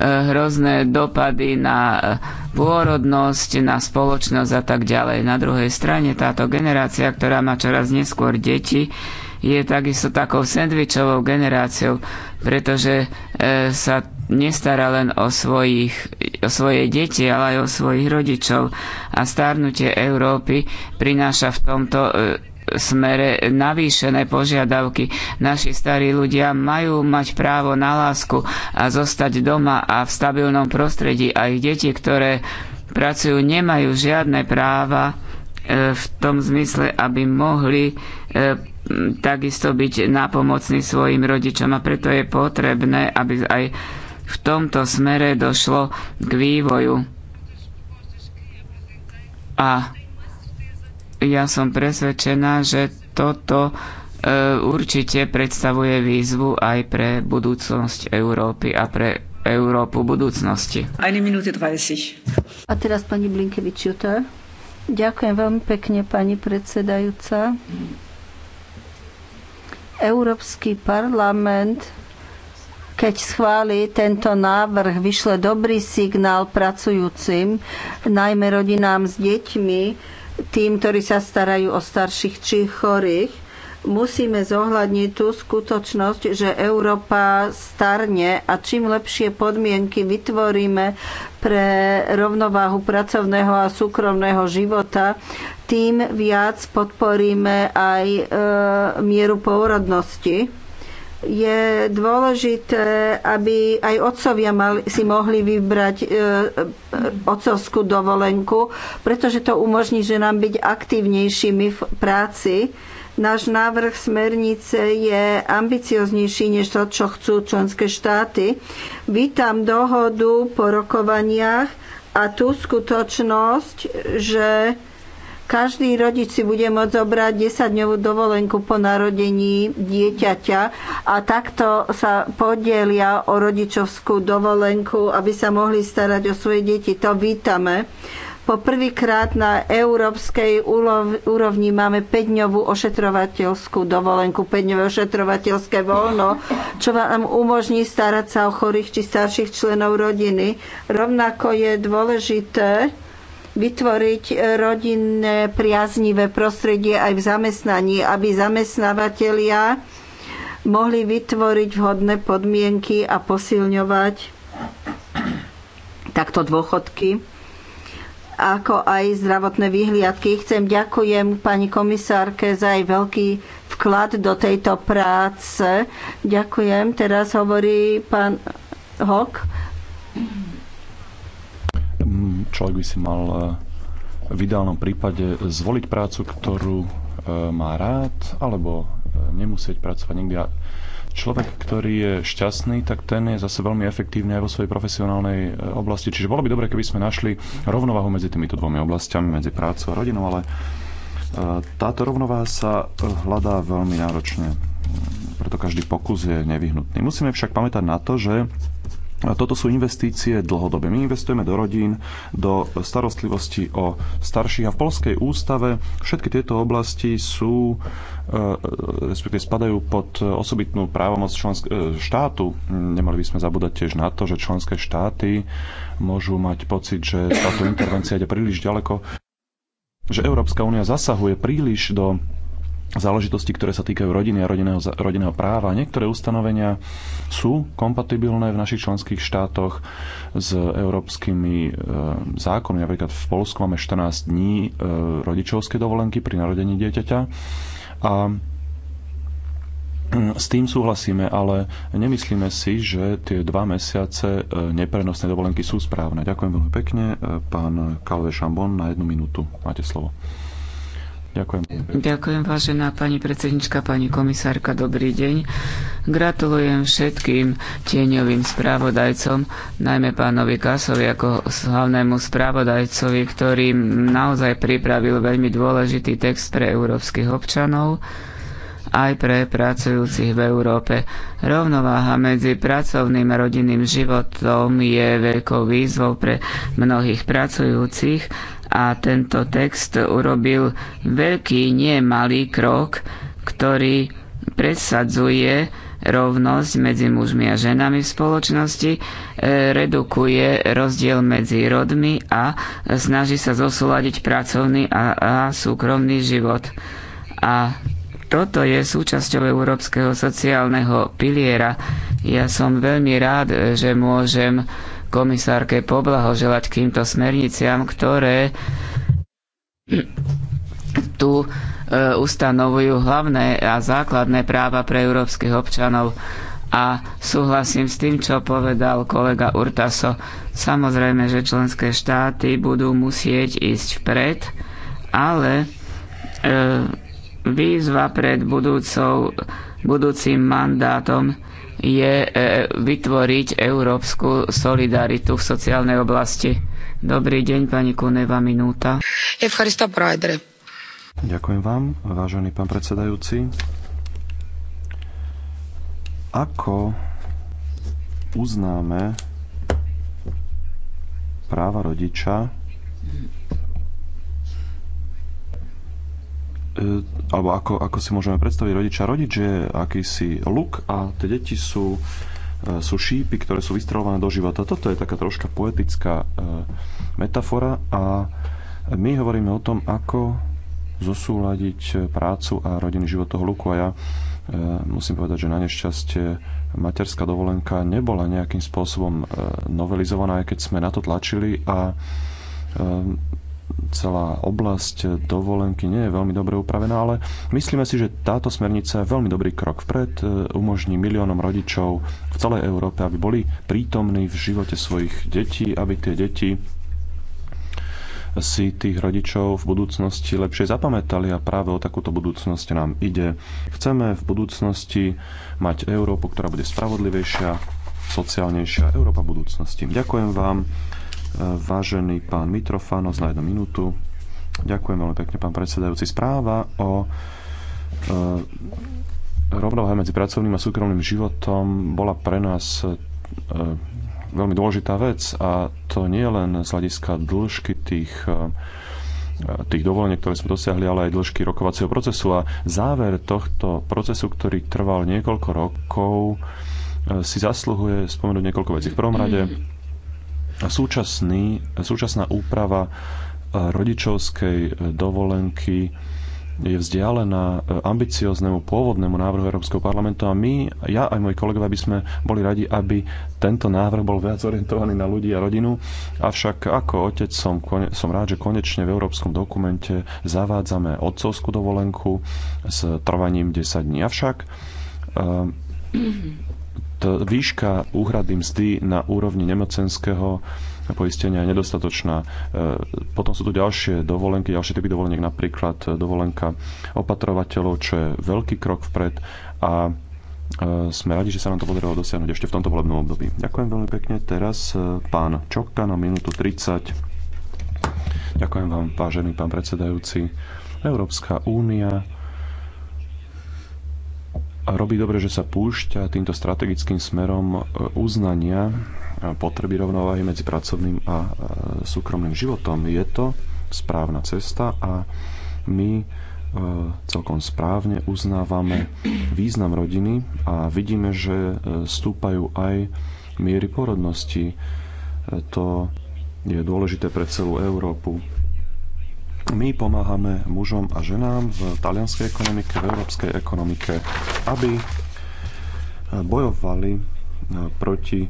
hrozné dopady na pôrodnosť, na spoločnosť a tak ďalej. Na druhej strane táto generácia, ktorá má čoraz neskôr deti, je takisto takou sendvičovou generáciou, pretože sa nestará len o, svojich, o svoje deti, ale aj o svojich rodičov. A starnutie Európy prináša v tomto e, smere navýšené požiadavky. Naši starí ľudia majú mať právo na lásku a zostať doma a v stabilnom prostredí. A ich deti, ktoré pracujú, nemajú žiadne práva e, v tom zmysle, aby mohli e, takisto byť napomocný svojim rodičom a preto je potrebné, aby aj v tomto smere došlo k vývoju. A ja som presvedčená, že toto e, určite predstavuje výzvu aj pre budúcnosť Európy a pre Európu budúcnosti. A teraz pani Blinkevičiuta. Ďakujem veľmi pekne, pani predsedajúca. Európsky parlament keď schváli tento návrh, vyšle dobrý signál pracujúcim, najmä rodinám s deťmi, tým, ktorí sa starajú o starších či chorých. Musíme zohľadniť tú skutočnosť, že Európa starne a čím lepšie podmienky vytvoríme pre rovnováhu pracovného a súkromného života, tým viac podporíme aj e, mieru pôrodnosti je dôležité, aby aj otcovia mali, si mohli vybrať e, e, otcovskú dovolenku, pretože to umožní nám byť aktívnejšími v práci. Náš návrh smernice je ambicioznejší než to, čo chcú členské štáty. Vítam dohodu po rokovaniach a tú skutočnosť, že každý rodič si bude môcť zobrať 10-dňovú dovolenku po narodení dieťaťa a takto sa podielia o rodičovskú dovolenku, aby sa mohli starať o svoje deti. To vítame. Po prvýkrát na európskej úrovni máme 5-dňovú ošetrovateľskú dovolenku, 5-dňové ošetrovateľské voľno, čo vám umožní starať sa o chorých či starších členov rodiny. Rovnako je dôležité, vytvoriť e, rodinné priaznivé prostredie aj v zamestnaní, aby zamestnávateľia mohli vytvoriť vhodné podmienky a posilňovať takto dôchodky ako aj zdravotné vyhliadky. Chcem ďakujem pani komisárke za jej veľký vklad do tejto práce. Ďakujem. Teraz hovorí pán Hok človek by si mal e, v ideálnom prípade zvoliť prácu, ktorú e, má rád, alebo e, nemusieť pracovať nikdy. A človek, ktorý je šťastný, tak ten je zase veľmi efektívny aj vo svojej profesionálnej oblasti. Čiže bolo by dobre, keby sme našli rovnovahu medzi týmito dvomi oblastiami, medzi prácou a rodinou, ale táto rovnováha sa hľadá veľmi náročne, preto každý pokus je nevyhnutný. Musíme však pamätať na to, že toto sú investície dlhodobé. My investujeme do rodín, do starostlivosti o starších a v Polskej ústave všetky tieto oblasti sú, e, respektíve spadajú pod osobitnú právomoc člensk- e, štátu. Nemali by sme zabúdať tiež na to, že členské štáty môžu mať pocit, že táto intervencia ide príliš ďaleko že Európska únia zasahuje príliš do záležitosti, ktoré sa týkajú rodiny a rodinného, rodinného práva. Niektoré ustanovenia sú kompatibilné v našich členských štátoch s európskymi e, zákonmi. Napríklad v Polsku máme 14 dní e, rodičovskej dovolenky pri narodení dieťaťa. A mm, s tým súhlasíme, ale nemyslíme si, že tie dva mesiace e, neprenosné dovolenky sú správne. Ďakujem veľmi pekne. E, pán Kalve Šambon na jednu minútu. Máte slovo. Ďakujem. Ďakujem, vážená pani predsednička, pani komisárka, dobrý deň. Gratulujem všetkým tieňovým správodajcom, najmä pánovi Kasovi ako hlavnému správodajcovi, ktorý naozaj pripravil veľmi dôležitý text pre európskych občanov aj pre pracujúcich v Európe. Rovnováha medzi pracovným a rodinným životom je veľkou výzvou pre mnohých pracujúcich a tento text urobil veľký, nie malý krok, ktorý presadzuje rovnosť medzi mužmi a ženami v spoločnosti, e, redukuje rozdiel medzi rodmi a snaží sa zosúľadiť pracovný a, a súkromný život. A toto je súčasťou európskeho sociálneho piliera. Ja som veľmi rád, že môžem komisárke poblahoželať k týmto smerniciam, ktoré tu e, ustanovujú hlavné a základné práva pre európskych občanov. A súhlasím s tým, čo povedal kolega Urtaso. Samozrejme, že členské štáty budú musieť ísť vpred, ale e, výzva pred budúcou, budúcim mandátom je e, vytvoriť európsku solidaritu v sociálnej oblasti. Dobrý deň, pani Kuneva, minúta. Ďakujem vám, vážený pán predsedajúci. Ako uznáme práva rodiča E, alebo ako, ako si môžeme predstaviť rodiča. Rodič je akýsi luk a tie deti sú, e, sú šípy, ktoré sú vystrelované do života. Toto je taká troška poetická e, metafora a my hovoríme o tom, ako zosúľadiť prácu a rodinný život toho luku a ja musím povedať, že na nešťastie materská dovolenka nebola nejakým spôsobom novelizovaná, aj keď sme na to tlačili a celá oblasť dovolenky nie je veľmi dobre upravená, ale myslíme si, že táto smernica je veľmi dobrý krok vpred, e, umožní miliónom rodičov v celej Európe, aby boli prítomní v živote svojich detí, aby tie deti si tých rodičov v budúcnosti lepšie zapamätali a práve o takúto budúcnosť nám ide. Chceme v budúcnosti mať Európu, ktorá bude spravodlivejšia, sociálnejšia Európa budúcnosti. Ďakujem vám. Vážený pán Mitrofanos na jednu minútu. Ďakujem veľmi pekne, pán predsedajúci. Správa o e, rovnováhe medzi pracovným a súkromným životom bola pre nás e, veľmi dôležitá vec a to nie len z hľadiska dĺžky tých e, tých dovolení, ktoré sme dosiahli, ale aj dĺžky rokovacieho procesu. A záver tohto procesu, ktorý trval niekoľko rokov, si zasluhuje spomenúť niekoľko vecí. V prvom rade Súčasný, súčasná úprava e, rodičovskej e, dovolenky je vzdialená e, ambicioznému pôvodnému návrhu Európskeho parlamentu a my, ja aj moji kolegovia by sme boli radi, aby tento návrh bol viac orientovaný na ľudí a rodinu. Avšak ako otec som, som rád, že konečne v Európskom dokumente zavádzame otcovskú dovolenku s trvaním 10 dní. Avšak to výška úhrady mzdy na úrovni nemocenského poistenia je nedostatočná. E, potom sú tu ďalšie dovolenky, ďalšie typy dovoleniek, napríklad e, dovolenka opatrovateľov, čo je veľký krok vpred a e, sme radi, že sa nám to podarilo dosiahnuť ešte v tomto volebnom období. Ďakujem veľmi pekne. Teraz pán Čokka na minútu 30. Ďakujem vám, vážený pán predsedajúci. Európska únia robí dobre, že sa púšťa týmto strategickým smerom e, uznania potreby rovnováhy medzi pracovným a e, súkromným životom. Je to správna cesta a my e, celkom správne uznávame význam rodiny a vidíme, že stúpajú aj miery porodnosti. To je dôležité pre celú Európu my pomáhame mužom a ženám v talianskej ekonomike, v európskej ekonomike, aby e, bojovali e, proti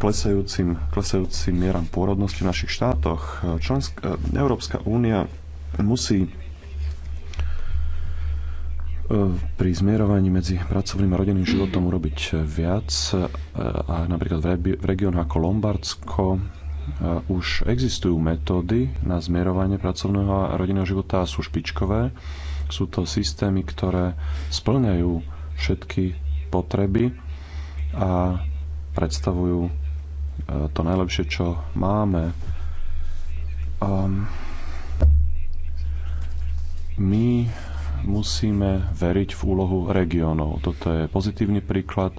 klesajúcim, klesajúcim mieram pôrodnosti v našich štátoch. Členská, e, Európska únia musí pri zmierovaní medzi pracovným a rodinným životom urobiť viac. A napríklad v, regi- v ako Lombardsko už existujú metódy na zmierovanie pracovného a rodinného života a sú špičkové. Sú to systémy, ktoré splňajú všetky potreby a predstavujú e, to najlepšie, čo máme. Ehm, my musíme veriť v úlohu regiónov. Toto je pozitívny príklad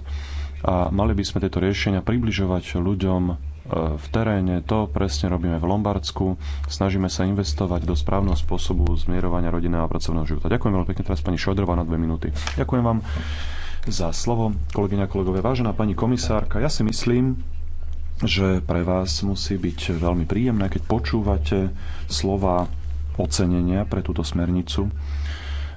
a mali by sme tieto riešenia približovať ľuďom v teréne. To presne robíme v Lombardsku. Snažíme sa investovať do správneho spôsobu zmierovania rodinného a pracovného života. Ďakujem veľmi pekne teraz pani Šodrová na dve minúty. Ďakujem vám za slovo, kolegyňa a kolegové. Vážená pani komisárka, ja si myslím, že pre vás musí byť veľmi príjemné, keď počúvate slova ocenenia pre túto smernicu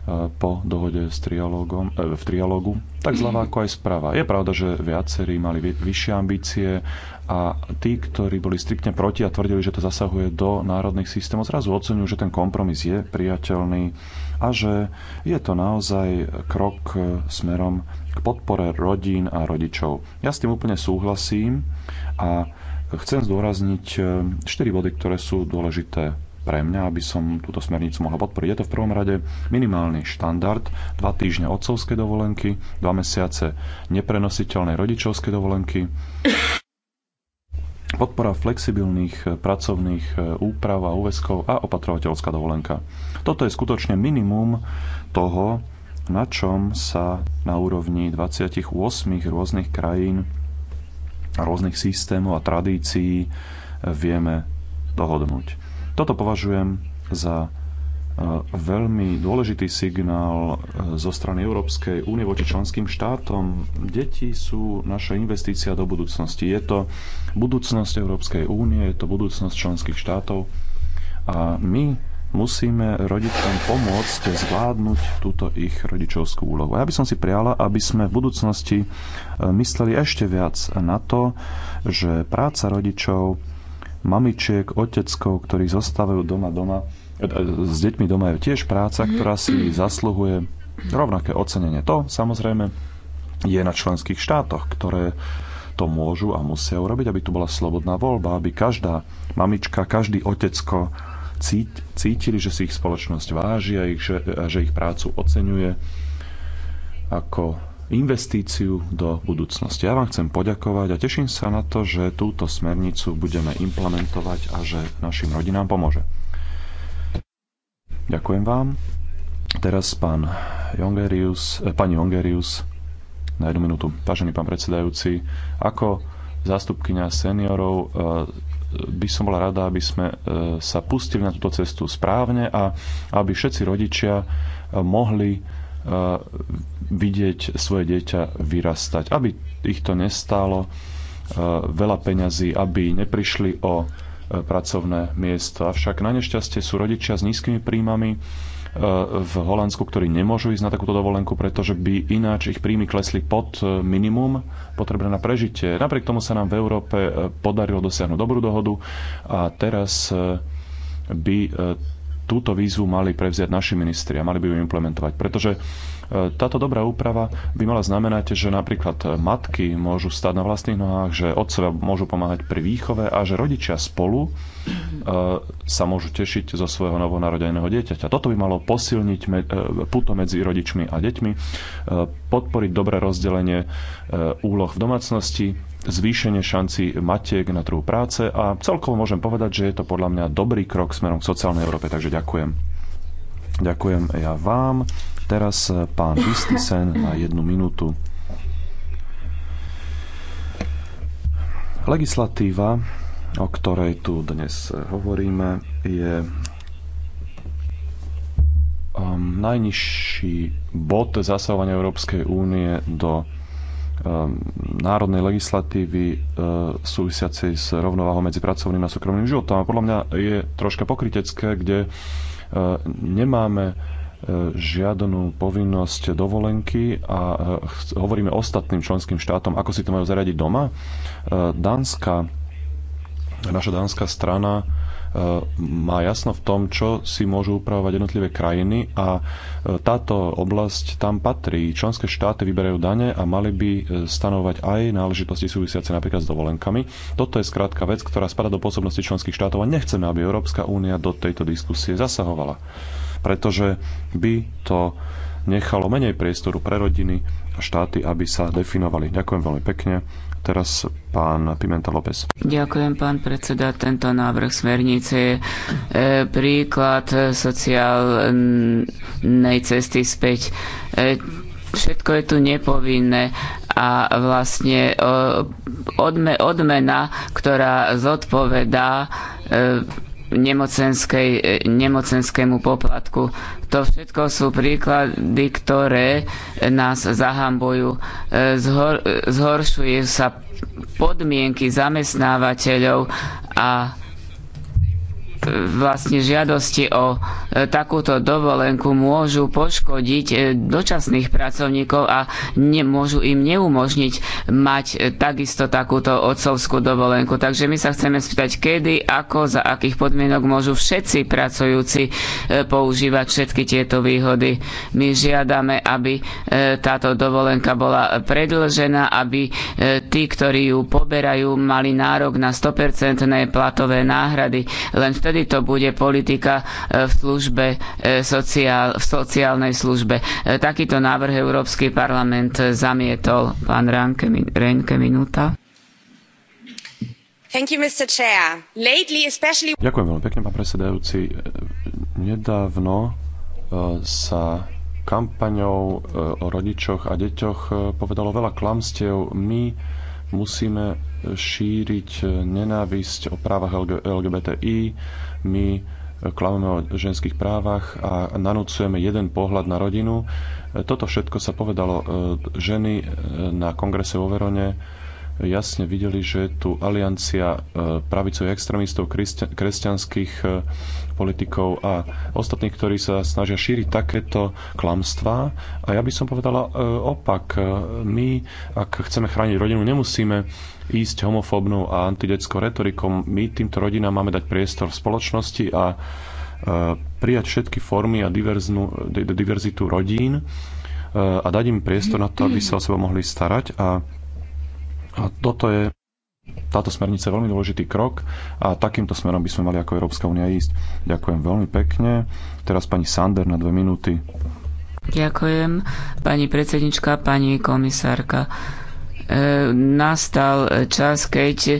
E, po dohode s trialógom, e, v trialógu, tak zľava ako aj sprava. Je pravda, že viacerí mali vyššie ambície a tí, ktorí boli striktne proti a tvrdili, že to zasahuje do národných systémov, zrazu ocenujú, že ten kompromis je priateľný a že je to naozaj krok e, smerom k podpore rodín a rodičov. Ja s tým úplne súhlasím a chcem zdôrazniť 4 body, ktoré sú dôležité pre mňa, aby som túto smernicu mohla podporiť. Je to v prvom rade minimálny štandard, dva týždne otcovské dovolenky, dva mesiace neprenositeľnej rodičovskej dovolenky, podpora flexibilných pracovných e, úprav a úväzkov a opatrovateľská dovolenka. Toto je skutočne minimum toho, na čom sa na úrovni 28 rôznych krajín a rôznych systémov a tradícií e, vieme dohodnúť. Toto považujem za e, veľmi dôležitý signál e, zo strany Európskej únie voči členským štátom. Deti sú naša investícia do budúcnosti. Je to budúcnosť Európskej únie, je to budúcnosť členských štátov a my musíme rodičom pomôcť zvládnuť túto ich rodičovskú úlohu. ja by som si priala, aby sme v budúcnosti e, mysleli ešte viac na to, že práca rodičov mamičiek, oteckov, ktorí zostávajú doma doma, e, e, s deťmi doma je tiež práca, mhm. ktorá si zasluhuje rovnaké ocenenie. To samozrejme je na členských štátoch, ktoré to môžu a musia urobiť, aby tu bola slobodná voľba, aby každá mamička, každý otecko cítili, že si ich spoločnosť váži a, ich, že, a že ich prácu oceňuje ako investíciu do budúcnosti. Ja vám chcem poďakovať a teším sa na to, že túto smernicu budeme implementovať a že našim rodinám pomôže. Ďakujem vám. Teraz pán Jongerius, eh, pani Jongerius, na jednu minútu. Vážený pán predsedajúci, ako zástupkynia seniorov eh, by som bola rada, aby sme eh, sa pustili na túto cestu správne a aby všetci rodičia eh, mohli vidieť svoje dieťa vyrastať, aby ich to nestálo veľa peňazí, aby neprišli o e, pracovné miesto. Avšak na nešťastie sú rodičia s nízkymi príjmami e, v Holandsku, ktorí nemôžu ísť na takúto dovolenku, pretože by ináč ich príjmy klesli pod e, minimum potrebné na prežitie. Napriek tomu sa nám v Európe podarilo dosiahnuť dobrú dohodu a teraz by túto výzvu mali prevziať naši ministri a mali by ju implementovať. Pretože e, táto dobrá úprava by mala znamenať, že napríklad e, matky môžu stať na vlastných nohách, že otcovia môžu pomáhať pri výchove a že rodičia spolu e, sa môžu tešiť zo svojho novonarodeného dieťaťa. Toto by malo posilniť puto medzi rodičmi a deťmi, podporiť dobré rozdelenie úloh v domácnosti, zvýšenie šanci matiek na trhu práce a celkovo môžem povedať, že je to podľa mňa dobrý krok smerom k sociálnej Európe, takže ďakujem. Ďakujem ja vám. Teraz eh, pán Vistisen na jednu minútu. Legislatíva, o ktorej tu dnes eh, hovoríme, je um, najnižší bod zasahovania Európskej únie do Ehm, národnej legislatívy e, súvisiacej s rovnováhou medzi pracovným a súkromným životom. A podľa mňa je troška pokrytecké, kde e, nemáme e, žiadnu povinnosť dovolenky a hovoríme ostatným členským štátom, ako si to majú zariadiť doma. Dánska, naša dánska strana má jasno v tom, čo si môžu upravovať jednotlivé krajiny a e, táto oblasť tam patrí. Členské štáty vyberajú dane a mali by e, stanovať aj náležitosti súvisiace napríklad s dovolenkami. Toto je skrátka vec, ktorá spada do pôsobnosti členských štátov a nechceme, aby Európska únia do tejto diskusie zasahovala, pretože by to nechalo menej priestoru pre rodiny a štáty, aby sa definovali. Ďakujem veľmi pekne teraz pán Pimenta López. Ďakujem, pán predseda. Tento návrh smernice je e, príklad sociálnej cesty späť. E, všetko je tu nepovinné a vlastne e, odme, odmena, ktorá zodpovedá E, nemocenskému poplatku. To všetko sú príklady, ktoré nás zahambujú. E, zhor, e, zhoršujú sa podmienky zamestnávateľov a vlastne žiadosti o e, takúto dovolenku môžu poškodiť e, dočasných pracovníkov a nemôžu im neumožniť mať e, takisto takúto otcovskú dovolenku. Takže my sa chceme spýtať, kedy, ako, za akých podmienok môžu všetci pracujúci používať všetky tieto výhody. My žiadame, aby táto dovolenka bola predlžená, aby tí, ktorí ju poberajú, mali nárok na 100% platové náhrady. Len vtedy vtedy to bude politika e, v službe e, sociál, v sociálnej službe. E, takýto návrh Európsky parlament zamietol. Pán Ranke, Renke, minúta. You, Lately, especially... Ďakujem veľmi pekne, pán predsedajúci. Nedávno sa kampaňou o rodičoch a deťoch povedalo veľa klamstiev. My musíme šíriť nenávisť o právach LGBTI, my e, klameme o ženských právach a nanúcujeme jeden pohľad na rodinu. E, toto všetko sa povedalo e, ženy na kongrese vo Verone jasne videli, že je tu aliancia pravicových extrémistov, kresťanských politikov a ostatných, ktorí sa snažia šíriť takéto klamstvá. A ja by som povedala e, opak. E, my, ak chceme chrániť rodinu, nemusíme ísť homofóbnou a antideckou retorikou. My týmto rodinám máme dať priestor v spoločnosti a e, prijať všetky formy a diverznú, diverzitu rodín a dať im priestor na to, aby sa o seba mohli starať. A, a toto je táto smernica je veľmi dôležitý krok a takýmto smerom by sme mali ako Európska únia ísť. Ďakujem veľmi pekne. Teraz pani Sander na dve minúty. Ďakujem, pani predsednička, pani komisárka. E, nastal čas, keď e,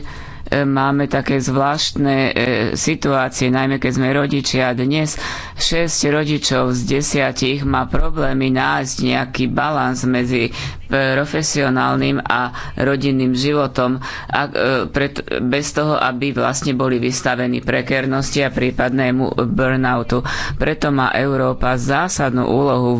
máme také zvláštne e, situácie, najmä keď sme rodičia. Dnes 6 rodičov z desiatich má problémy nájsť nejaký balans medzi profesionálnym a rodinným životom a, e, pred, bez toho, aby vlastne boli vystavení prekernosti a prípadnému burnoutu. Preto má Európa zásadnú úlohu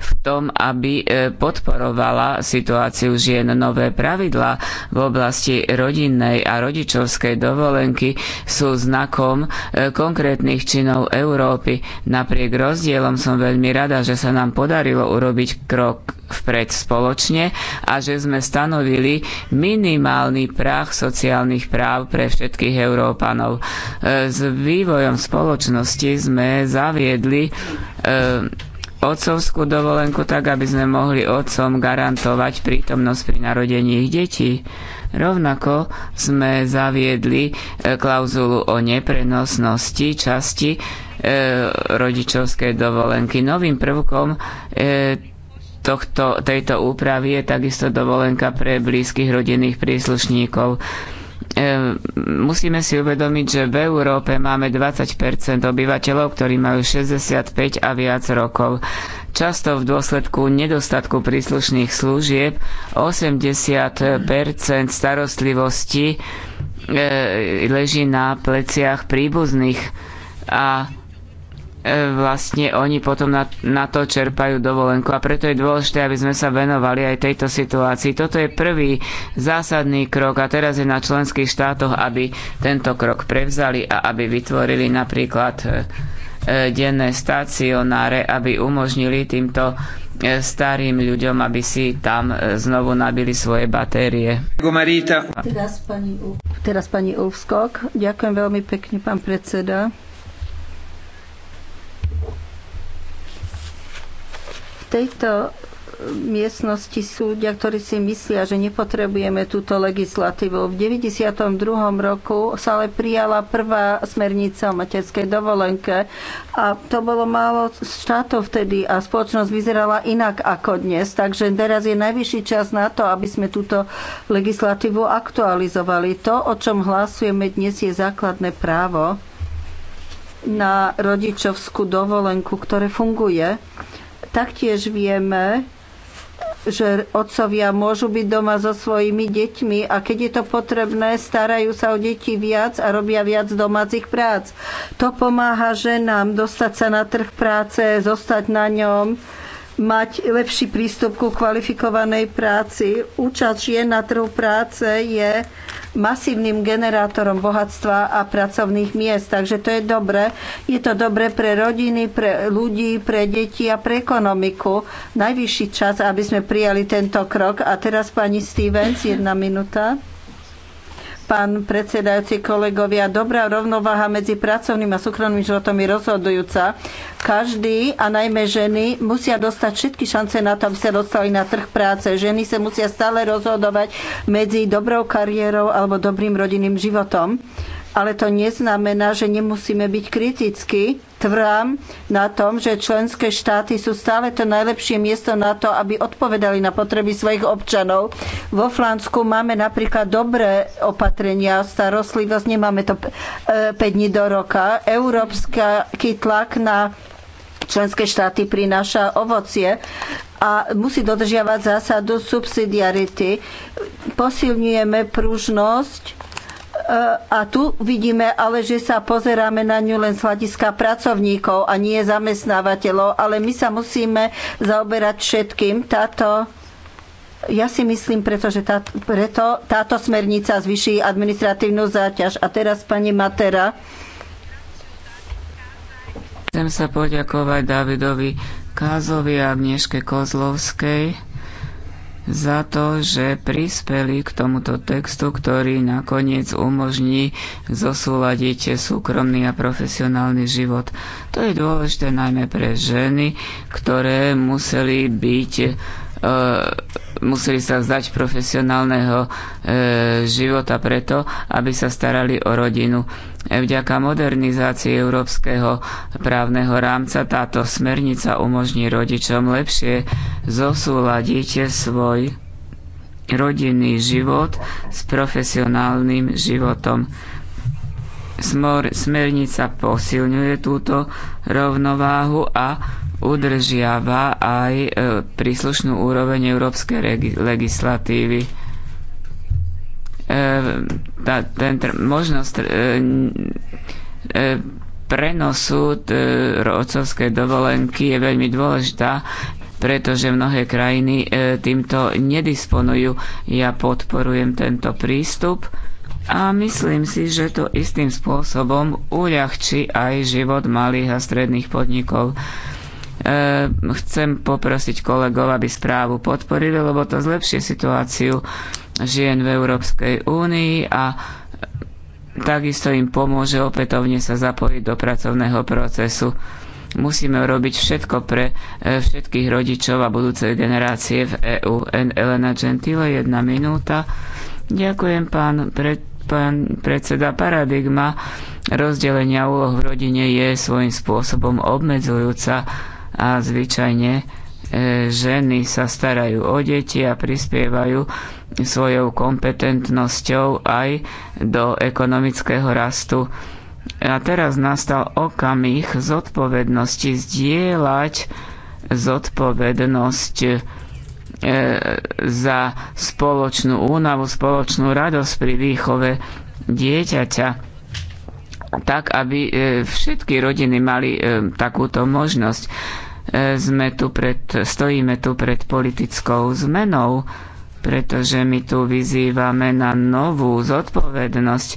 v tom, aby e, podporovala situáciu žien. Nové pravidlá v oblasti rodinnej a rodičovskej dovolenky sú znakom e, konkrétnych činov Európy. Napriek rozdielom som veľmi rada, že sa nám podarilo urobiť krok vpred spoločne a že sme stanovili minimálny práh sociálnych práv pre všetkých Európanov. E, s vývojom spoločnosti sme zaviedli e, otcovskú dovolenku tak, aby sme mohli otcom garantovať prítomnosť pri narodení ich detí. Rovnako sme zaviedli e, klauzulu o neprenosnosti časti rodičovskej dovolenky. Novým prvkom tohto, tejto úpravy je takisto dovolenka pre blízkych rodinných príslušníkov. E, musíme si uvedomiť, že v Európe máme 20 obyvateľov, ktorí majú 65 a viac rokov. Často v dôsledku nedostatku príslušných služieb 80 starostlivosti e, leží na pleciach príbuzných a E, vlastne oni potom na, na to čerpajú dovolenku. A preto je dôležité, aby sme sa venovali aj tejto situácii. Toto je prvý zásadný krok a teraz je na členských štátoch, aby tento krok prevzali a aby vytvorili napríklad e, e, denné stacionáre, aby umožnili týmto starým ľuďom, aby si tam znovu nabili svoje batérie. Teraz pani, teraz pani Ulfskok. Ďakujem veľmi pekne, pán predseda. tejto eh, miestnosti súdia, ktorí si myslia, že nepotrebujeme túto legislatívu. V 92. roku sa ale prijala prvá smernica o materskej dovolenke a to bolo málo štátov vtedy a spoločnosť vyzerala inak ako dnes. Takže teraz je najvyšší čas na to, aby sme túto legislatívu aktualizovali. To, o čom hlasujeme dnes, je základné právo na rodičovskú dovolenku, ktoré funguje Taktiež vieme, že otcovia môžu byť doma so svojimi deťmi a keď je to potrebné, starajú sa o deti viac a robia viac domácich prác. To pomáha ženám dostať sa na trh práce, zostať na ňom, mať lepší prístup ku kvalifikovanej práci. Účasť žien na trhu práce je masívnym generátorom bohatstva a pracovných miest, takže to je dobre. Je to dobre pre rodiny, pre ľudí, pre deti a pre ekonomiku. Najvyšší čas, aby sme prijali tento krok. A teraz pani Stevens, jedna minúta pán predsedajúci, kolegovia. Dobrá rovnováha medzi pracovným a súkromným životom je rozhodujúca. Každý, a najmä ženy, musia dostať všetky šance na to, aby sa dostali na trh práce. Ženy sa musia stále rozhodovať medzi dobrou kariérou alebo dobrým rodinným životom ale to neznamená, že nemusíme byť kriticky Trvám na tom, že členské štáty sú stále to najlepšie miesto na to, aby odpovedali na potreby svojich občanov. Vo Flánsku máme napríklad dobré opatrenia, starostlivosť, nemáme to 5 e, dní do roka. Európsky tlak na členské štáty prináša ovocie a musí dodržiavať zásadu subsidiarity. Posilňujeme pružnosť a tu vidíme ale, že sa pozeráme na ňu len z hľadiska pracovníkov a nie zamestnávateľov, ale my sa musíme zaoberať všetkým. Táto ja si myslím, pretože tá, preto táto smernica zvyší administratívnu záťaž. A teraz pani Matera. Chcem sa poďakovať Davidovi Kázovi a Agnieške Kozlovskej za to, že prispeli k tomuto textu, ktorý nakoniec umožní zosúľadiť súkromný a profesionálny život. To je dôležité najmä pre ženy, ktoré museli byť E, museli sa vzdať profesionálneho e, života preto, aby sa starali o rodinu. E, vďaka modernizácii európskeho právneho rámca táto smernica umožní rodičom lepšie zosúľadiť svoj rodinný život s profesionálnym životom. Smor, smernica posilňuje túto rovnováhu a udržiava aj e, príslušnú úroveň európskej legislatívy. E, tá, ten, možnosť e, prenosu rocovskej dovolenky je veľmi dôležitá, pretože mnohé krajiny týmto nedisponujú. Ja podporujem tento prístup a myslím si, že to istým spôsobom uľahčí aj život malých a stredných podnikov. Ehm, chcem poprosiť kolegov, aby správu podporili, lebo to zlepšie situáciu žien v Európskej únii a takisto im pomôže opätovne sa zapojiť do pracovného procesu. Musíme robiť všetko pre e, všetkých rodičov a budúce generácie v EÚ. Elena Gentile, jedna minúta. Ďakujem, pán, pred, pán predseda. Paradigma rozdelenia úloh v rodine je svojím spôsobom obmedzujúca a zvyčajne e, ženy sa starajú o deti a prispievajú svojou kompetentnosťou aj do ekonomického rastu. A teraz nastal okamih zodpovednosti zdieľať zodpovednosť e, za spoločnú únavu, spoločnú radosť pri výchove dieťaťa, tak aby e, všetky rodiny mali takúto možnosť sme tu pred, stojíme tu pred politickou zmenou, pretože my tu vyzývame na novú zodpovednosť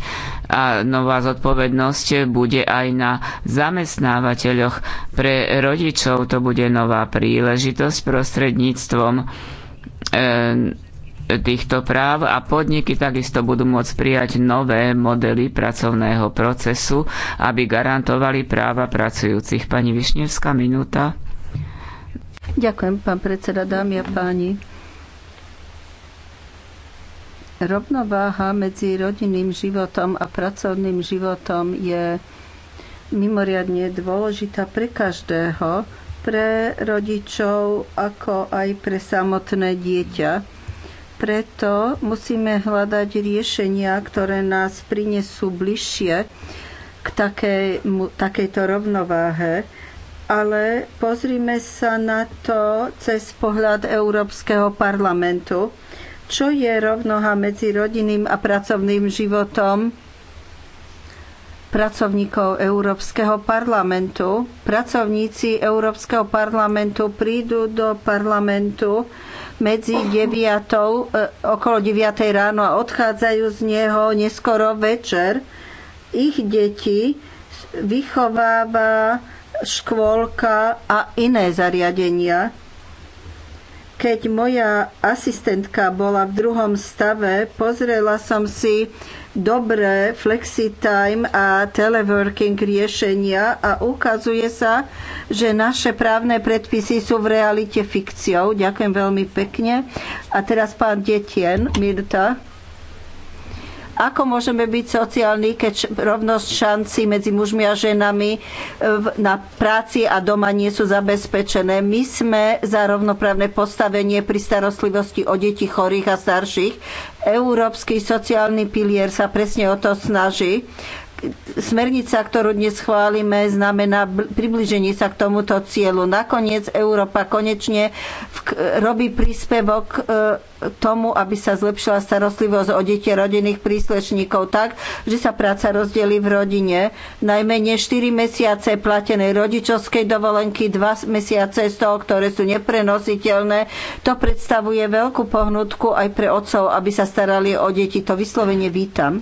a nová zodpovednosť bude aj na zamestnávateľoch. Pre rodičov to bude nová príležitosť prostredníctvom e, týchto práv a podniky takisto budú môcť prijať nové modely pracovného procesu, aby garantovali práva pracujúcich. Pani Višnevská, minúta. Ďakujem, pán predseda, dámy a páni. Rovnováha medzi rodinným životom a pracovným životom je mimoriadne dôležitá pre každého, pre rodičov, ako aj pre samotné dieťa preto musíme hľadať riešenia, ktoré nás prinesú bližšie k takej, takejto rovnováhe ale pozrime sa na to cez pohľad Európskeho parlamentu. Čo je rovnoha medzi rodinným a pracovným životom pracovníkov Európskeho parlamentu? Pracovníci Európskeho parlamentu prídu do parlamentu medzi 9, e, okolo 9 ráno a odchádzajú z neho neskoro večer. Ich deti vychováva škôlka a iné zariadenia. Keď moja asistentka bola v druhom stave, pozrela som si dobré flexitime a teleworking riešenia a ukazuje sa, že naše právne predpisy sú v realite fikciou. Ďakujem veľmi pekne. A teraz pán Detien, Mirta. Ako môžeme byť sociálni, keď rovnosť šanci medzi mužmi a ženami e, na práci a doma nie sú zabezpečené? My sme za rovnoprávne postavenie pri starostlivosti o deti chorých a starších. Európsky sociálny pilier sa presne o to snaží. Smernica, ktorú dnes chválime, znamená približenie sa k tomuto cieľu. Nakoniec Európa konečne robí príspevok k e, tomu, aby sa zlepšila starostlivosť o deti rodinných príslešníkov tak, že sa práca rozdelí v rodine. Najmenej 4 mesiace platenej rodičovskej dovolenky, 2 mesiace z toho, ktoré sú neprenositeľné. To predstavuje veľkú pohnutku aj pre otcov, aby sa starali o deti. To vyslovene vítam.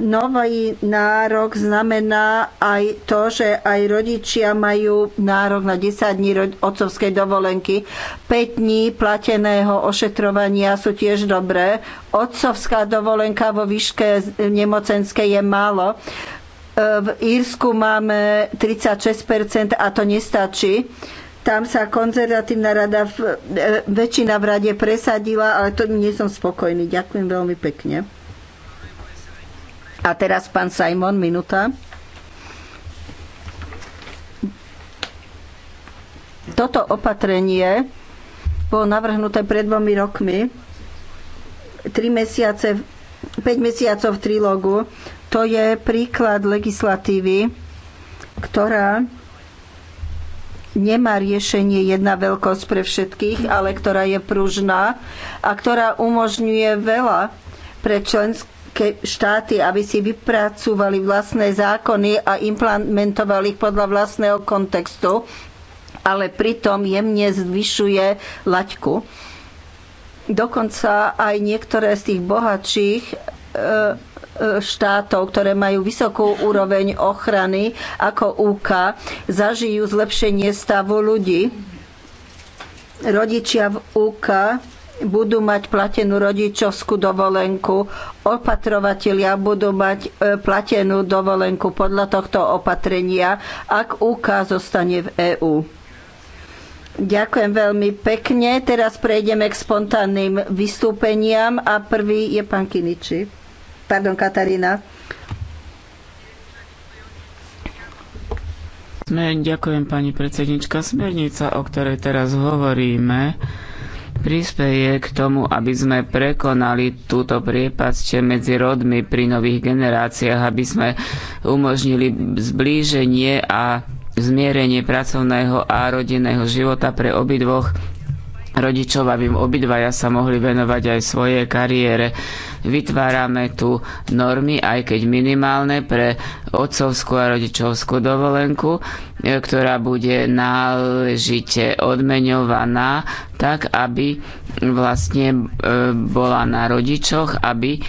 Nový nárok znamená aj to, že aj rodičia majú nárok na 10 dní otcovskej dovolenky. 5 dní plateného ošetrovania sú tiež dobré. Otcovská dovolenka vo výške nemocenskej je málo. E, v Írsku máme 36% a to nestačí. Tam sa konzervatívna rada, e, väčšina v rade presadila, ale to nie som spokojný. Ďakujem veľmi pekne. A teraz pán Simon, minúta. Toto opatrenie bolo navrhnuté pred dvomi rokmi, 3 mesiace, 5 mesiacov v trilógu. To je príklad legislatívy, ktorá nemá riešenie jedna veľkosť pre všetkých, ale ktorá je pružná a ktorá umožňuje veľa pre členské členské štáty, aby si vypracúvali vlastné zákony a implementovali ich podľa vlastného kontextu, ale pritom jemne zvyšuje laťku. Dokonca aj niektoré z tých bohatších e, e, štátov, ktoré majú vysokú úroveň ochrany ako UK, zažijú zlepšenie stavu ľudí. Rodičia v UK budú mať platenú rodičovskú dovolenku, opatrovatelia budú mať e, platenú dovolenku podľa tohto opatrenia, ak UK zostane v EÚ. Ďakujem veľmi pekne. Teraz prejdeme k spontánnym vystúpeniam a prvý je pán Kiniči. Pardon, Katarína. Ďakujem, pani predsednička. Smernica, o ktorej teraz hovoríme, prispieje k tomu, aby sme prekonali túto priepasť medzi rodmi pri nových generáciách, aby sme umožnili zblíženie a zmierenie pracovného a rodinného života pre obidvoch rodičov, aby obidvaja sa mohli venovať aj svojej kariére. Vytvárame tu normy, aj keď minimálne, pre otcovskú a rodičovskú dovolenku, e, ktorá bude náležite odmeňovaná tak, aby vlastne e, bola na rodičoch, aby e,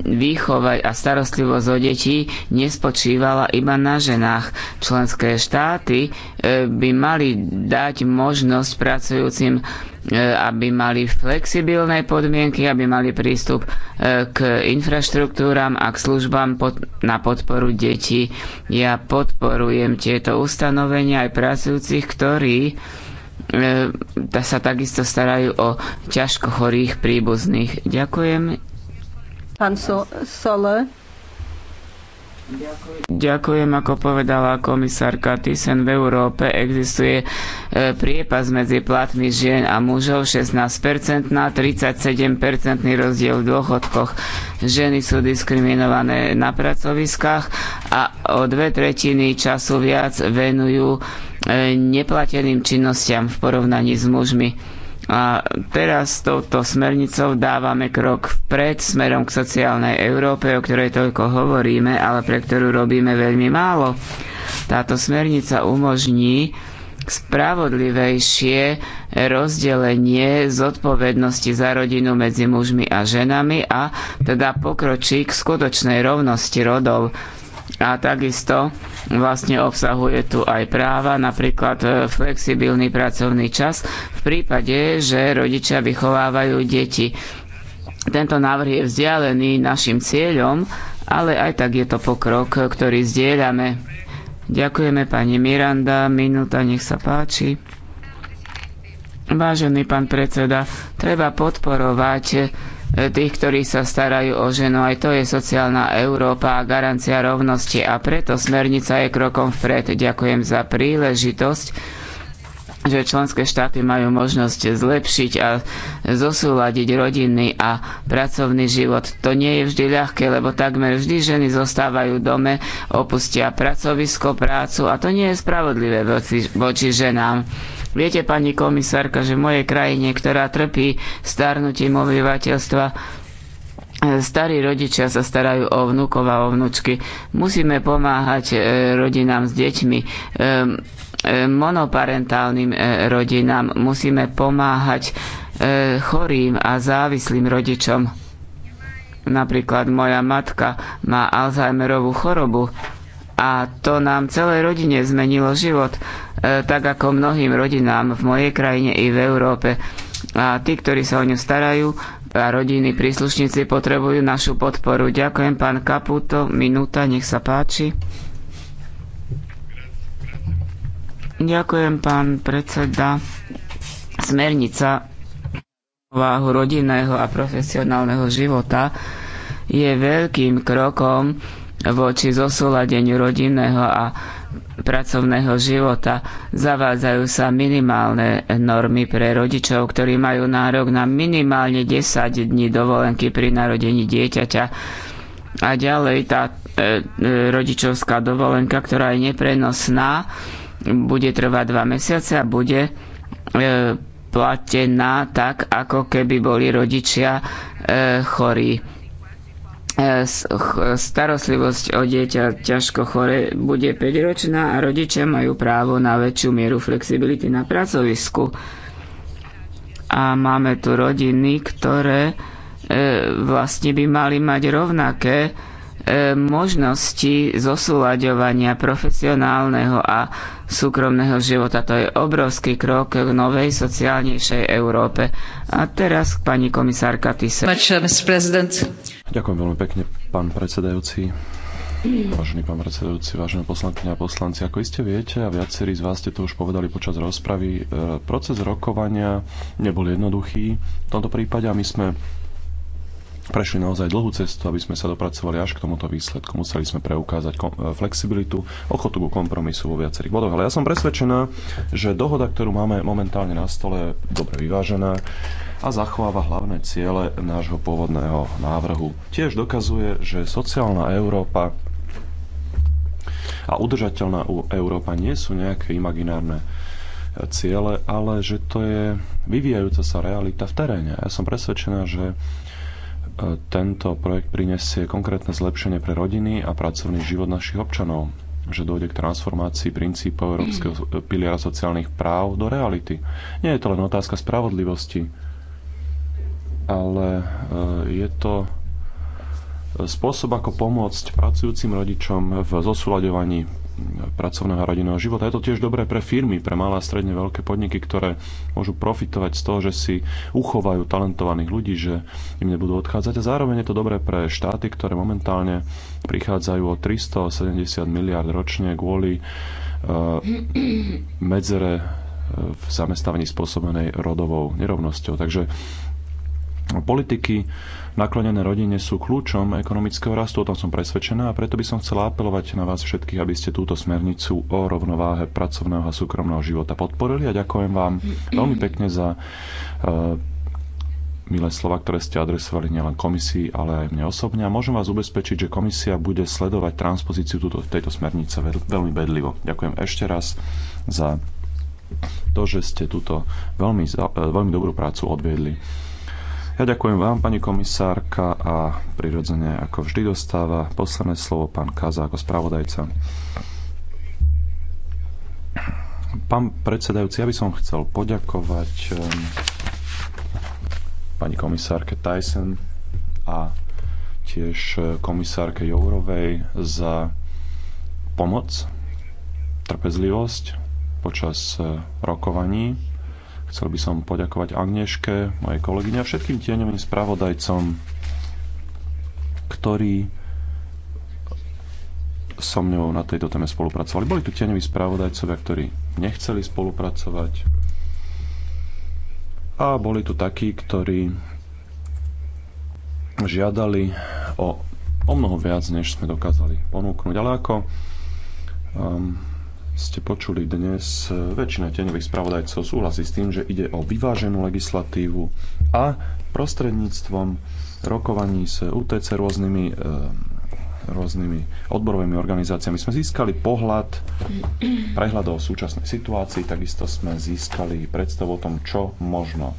výchova a starostlivosť o detí nespočívala iba na ženách. Členské štáty by mali dať možnosť pracujúcim E, aby mali flexibilné podmienky, aby mali prístup e, k infraštruktúram a k službám na podporu detí. Ja podporujem tieto ustanovenia aj pracujúcich, ktorí e, sa takisto starajú o ťažko chorých príbuzných. Ďakujem. Pán so- Sole, Ďakujem, ako povedala komisárka Thyssen, v Európe existuje e, priepas medzi platmi žien a mužov 16% na 37% rozdiel v dôchodkoch. Ženy sú diskriminované na pracoviskách a o dve tretiny času viac venujú e, neplateným činnostiam v porovnaní s mužmi a teraz touto smernicou dávame krok vpred smerom k sociálnej Európe, o ktorej toľko hovoríme, ale pre ktorú robíme veľmi málo. Táto smernica umožní spravodlivejšie rozdelenie zodpovednosti za rodinu medzi mužmi a ženami a teda pokročí k skutočnej rovnosti rodov a takisto vlastne obsahuje tu aj práva, napríklad e, flexibilný pracovný čas v prípade, že rodičia vychovávajú deti. Tento návrh je vzdialený našim cieľom, ale aj tak je to pokrok, ktorý zdieľame. Ďakujeme pani Miranda, minúta, nech sa páči. Vážený pán predseda, treba podporovať tých, ktorí sa starajú o ženu. Aj to je sociálna Európa a garancia rovnosti a preto smernica je krokom vpred. Ďakujem za príležitosť že členské štáty majú možnosť zlepšiť a zosúľadiť rodinný a pracovný život. To nie je vždy ľahké, lebo takmer vždy ženy zostávajú dome, opustia pracovisko, prácu a to nie je spravodlivé voči, voči ženám. Viete, pani komisárka, že v mojej krajine, ktorá trpí starnutím obyvateľstva, e, starí rodičia sa starajú o vnúkov a o vnúčky. Musíme pomáhať e, rodinám s deťmi e, monoparentálnym rodinám, musíme pomáhať chorým a závislým rodičom. Napríklad moja matka má Alzheimerovú chorobu a to nám celej rodine zmenilo život. E, tak ako mnohým rodinám v mojej krajine i v Európe. A tí, ktorí sa o ňu starajú, a rodiny, príslušníci potrebujú našu podporu. Ďakujem, pán Kaputo. Minúta, nech sa páči. Ďakujem, pán predseda. Smernica váhu rodinného a profesionálneho života je veľkým krokom voči zosúladeniu rodinného a pracovného života. Zavádzajú sa minimálne normy pre rodičov, ktorí majú nárok na minimálne 10 dní dovolenky pri narodení dieťaťa. A ďalej tá e, e rodičovská dovolenka, ktorá je neprenosná, bude trvať 2 mesiace a bude e, platená tak, ako keby boli rodičia e, chorí E, starostlivosť o dieťa ťažko chore bude 5-ročná a rodičia majú právo na väčšiu mieru flexibility na pracovisku. A máme tu rodiny, ktoré e, vlastne by mali mať rovnaké e, možnosti zosúľaďovania profesionálneho a súkromného života. To je obrovský krok k novej sociálnejšej Európe. A teraz pani komisárka Thyssen. Uh, Ďakujem veľmi pekne, pán predsedajúci. Vážený pán predsedajúci, vážené poslankyne a poslanci, ako iste viete a viacerí z vás ste to už povedali počas rozpravy, e, proces rokovania nebol jednoduchý. V tomto prípade a my sme prešli naozaj dlhú cestu, aby sme sa dopracovali až k tomuto výsledku. Museli sme preukázať e, flexibilitu, ochotu ku kompromisu vo viacerých bodoch. Ale ja som presvedčená, že dohoda, ktorú máme momentálne na stole, je dobre vyvážená a zachováva hlavné ciele nášho pôvodného návrhu. Tiež dokazuje, že sociálna Európa a udržateľná Európa nie sú nejaké imaginárne ciele, ale že to je vyvíjajúca sa realita v teréne. Ja som presvedčená, že e, tento projekt prinesie konkrétne zlepšenie pre rodiny a pracovný život našich občanov, že dojde k transformácii princípov Európskeho e, piliera sociálnych práv do reality. Nie je to len otázka spravodlivosti, ale e, je to spôsob, ako pomôcť pracujúcim rodičom v zosúľadovaní pracovného a rodinného života. Je to tiež dobré pre firmy, pre malé a stredne veľké podniky, ktoré môžu profitovať z toho, že si uchovajú talentovaných ľudí, že im nebudú odchádzať. A zároveň je to dobré pre štáty, ktoré momentálne prichádzajú o 370 miliard ročne kvôli uh, medzere v zamestnávaní spôsobenej rodovou nerovnosťou. Takže Politiky naklonené rodine sú kľúčom ekonomického rastu, o tom som presvedčená a preto by som chcela apelovať na vás všetkých, aby ste túto smernicu o rovnováhe pracovného a súkromného života podporili a ďakujem vám veľmi pekne za uh, milé slova, ktoré ste adresovali nielen komisii, ale aj mne osobne. A môžem vás ubezpečiť, že komisia bude sledovať transpozíciu túto, tejto smernice veľmi bedlivo. Ďakujem ešte raz za to, že ste túto veľmi, eh, veľmi dobrú prácu odviedli. Ja ďakujem vám, pani komisárka, a prirodzene, ako vždy, dostáva posledné slovo pán Kaza ako spravodajca. Pán predsedajúci, ja by som chcel poďakovať ehm, pani komisárke Tyson a tiež e, komisárke Jourovej za pomoc, trpezlivosť počas e, rokovaní Chcel by som poďakovať Agneške, mojej kolegyne a všetkým tieňovým spravodajcom, ktorí so mnou na tejto téme spolupracovali. Boli tu tieňoví spravodajcovia, ktorí nechceli spolupracovať. A boli tu takí, ktorí žiadali o, o mnoho viac, než sme dokázali ponúknuť. Ale ako um, ste počuli dnes, e, väčšina tieňových spravodajcov súhlasí s tým, že ide o vyváženú legislatívu a prostredníctvom rokovaní s UTC rôznymi, e, rôznymi odborovými organizáciami sme získali pohľad, prehľad o súčasnej situácii, takisto sme získali predstavu o tom, čo možno e,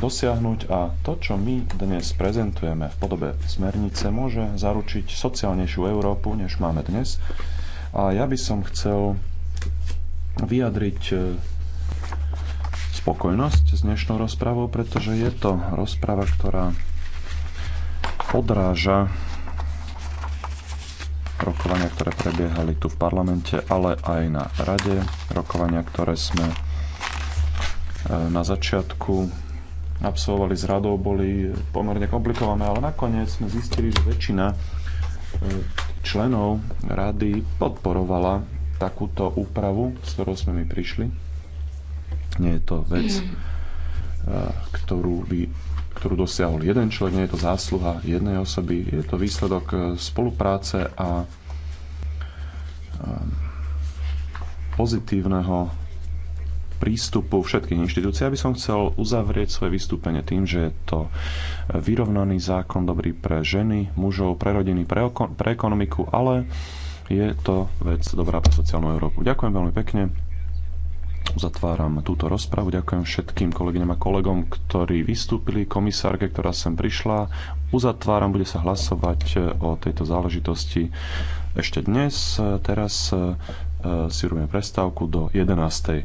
dosiahnuť a to, čo my dnes prezentujeme v podobe smernice, môže zaručiť sociálnejšiu Európu, než máme dnes a ja by som chcel vyjadriť e, spokojnosť s dnešnou rozpravou, pretože je to rozprava, ktorá odráža rokovania, ktoré prebiehali tu v parlamente, ale aj na rade, rokovania, ktoré sme e, na začiatku absolvovali s radou, boli pomerne komplikované, ale nakoniec sme zistili, že väčšina členov rady podporovala takúto úpravu, s ktorou sme my prišli. Nie je to vec, mhm. ktorú by ktorú dosiahol jeden človek, nie je to zásluha jednej osoby, je to výsledok e, spolupráce a pozitívneho prístupu všetkých inštitúcií. Ja by som chcel uzavrieť svoje vystúpenie tým, že je to e, vyrovnaný zákon dobrý pre ženy, mužov, pre rodiny, pre, oko- pre ekonomiku, ale je to vec dobrá pre sociálnu Európu. Ďakujem veľmi pekne. Uzatváram túto rozpravu. Ďakujem všetkým kolegyňam a kolegom, ktorí vystúpili, komisárke, ktorá sem prišla. Uzatváram, bude sa hlasovať e, o tejto záležitosti ešte dnes. E, teraz si robíme prestávku do 11.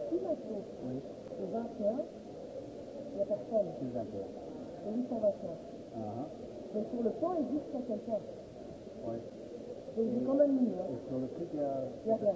personne. Plus un peu. C'est 820 heures. Uh -huh. Mais sur le temps, il dit que ça quelqu'un. Oui. Donc j'ai quand même mis. Hein. Et sur le truc, il y a... Il y a rien.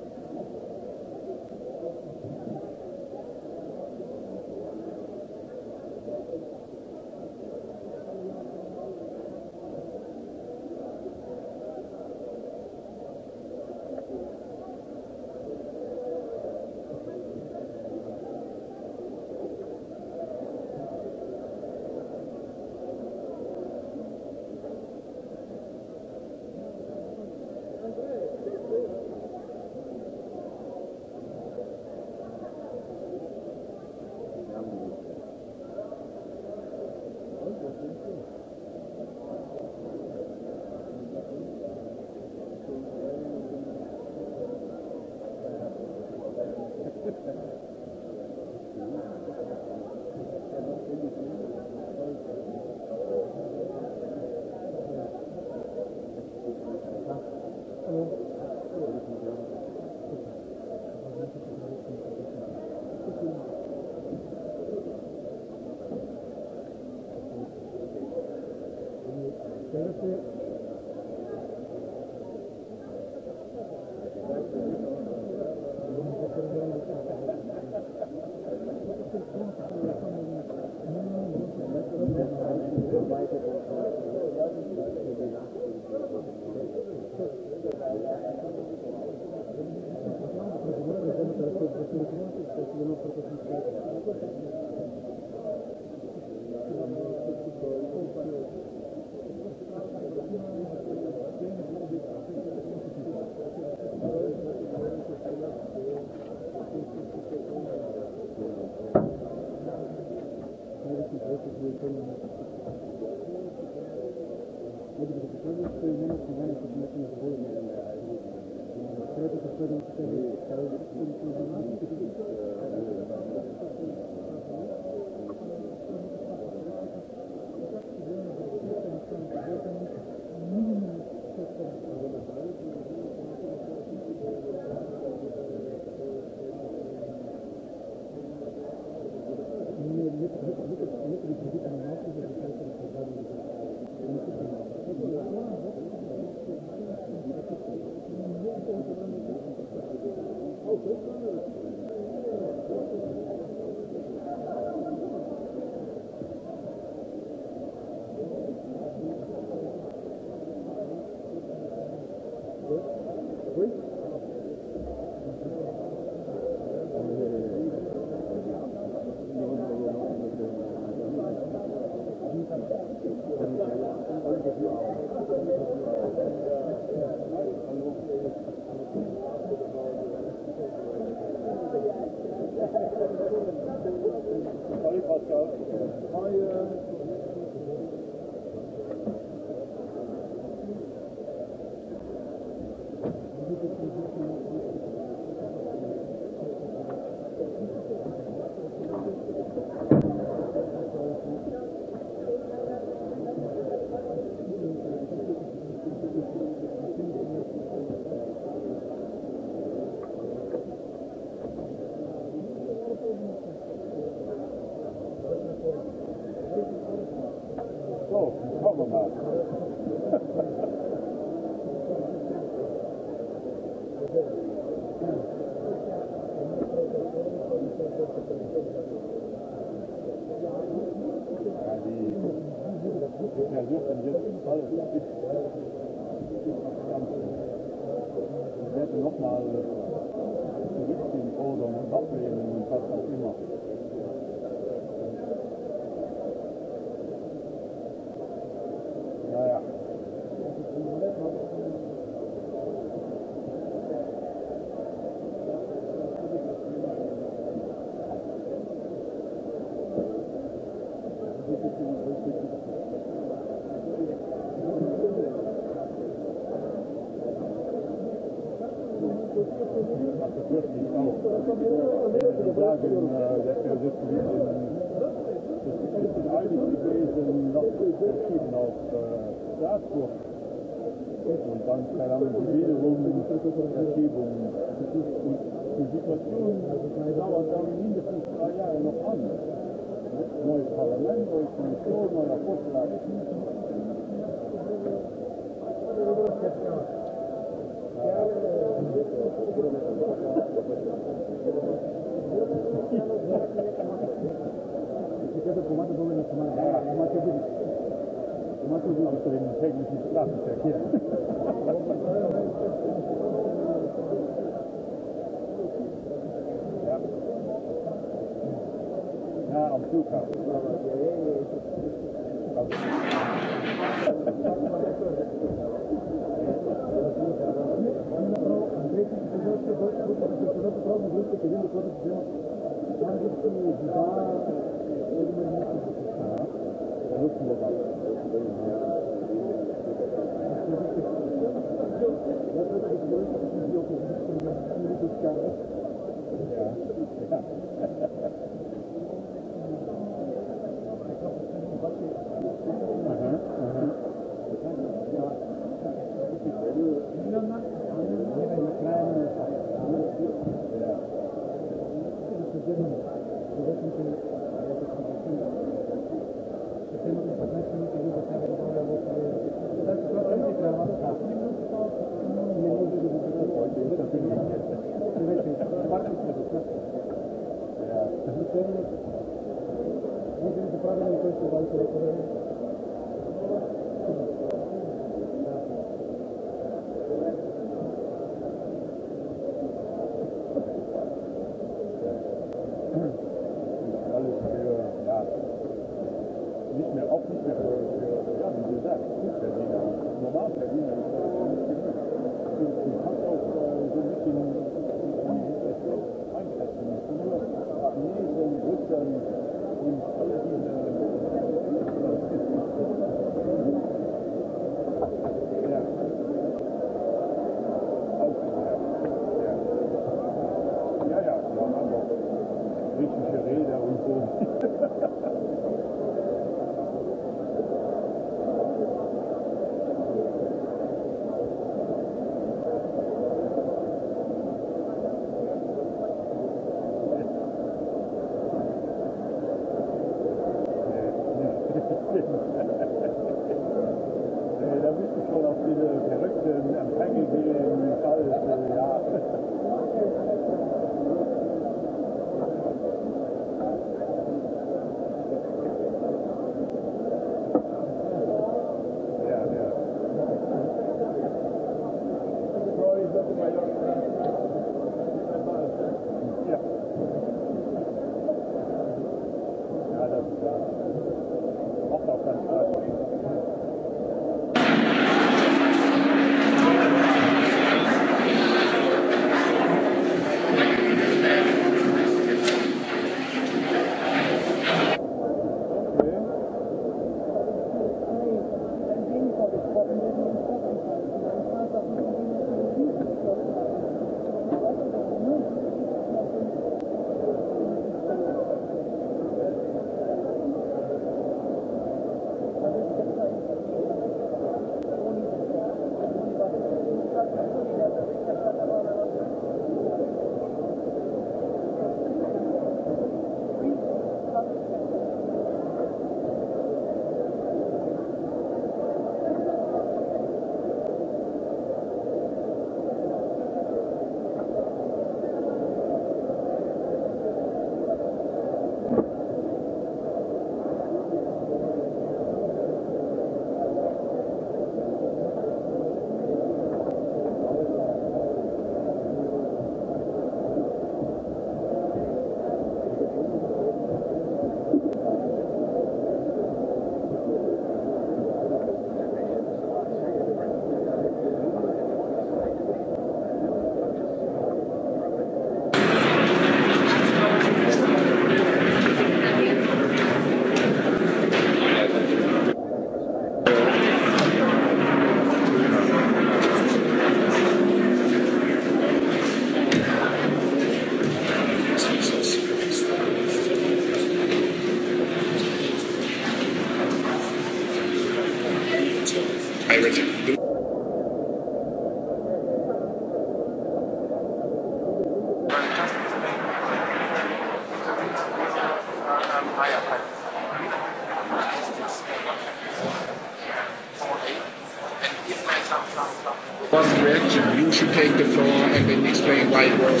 take the floor and then explain why it was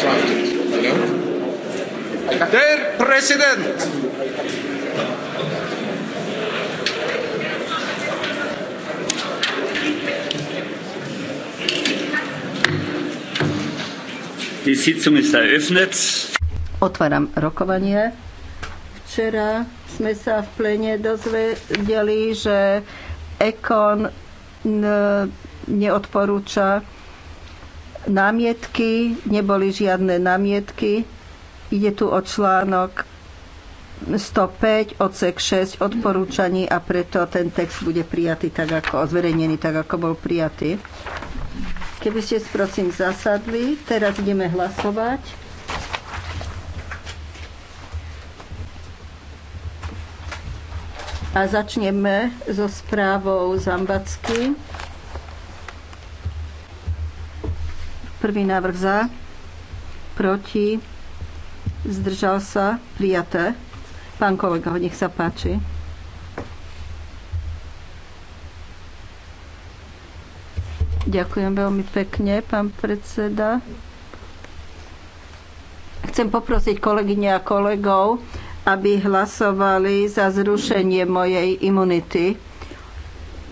drafted, you know? Der Präsident! Die Sitzung ist eröffnet. Otváram rokovanie. Včera sme sa v plene dozvedeli, že Ekon neodporúča námietky, neboli žiadne námietky. Ide tu o článok 105, odsek 6 odporúčaní a preto ten text bude prijatý tak, ako ozverejnený, tak, ako bol prijatý. Keby ste prosím zasadli, teraz ideme hlasovať. A začneme so správou Zambacky. Prvý návrh za, proti, zdržal sa, prijaté. Pán kolega, nech sa páči. Ďakujem veľmi pekne, pán predseda. Chcem poprosiť kolegyne a kolegov, aby hlasovali za zrušenie mojej imunity,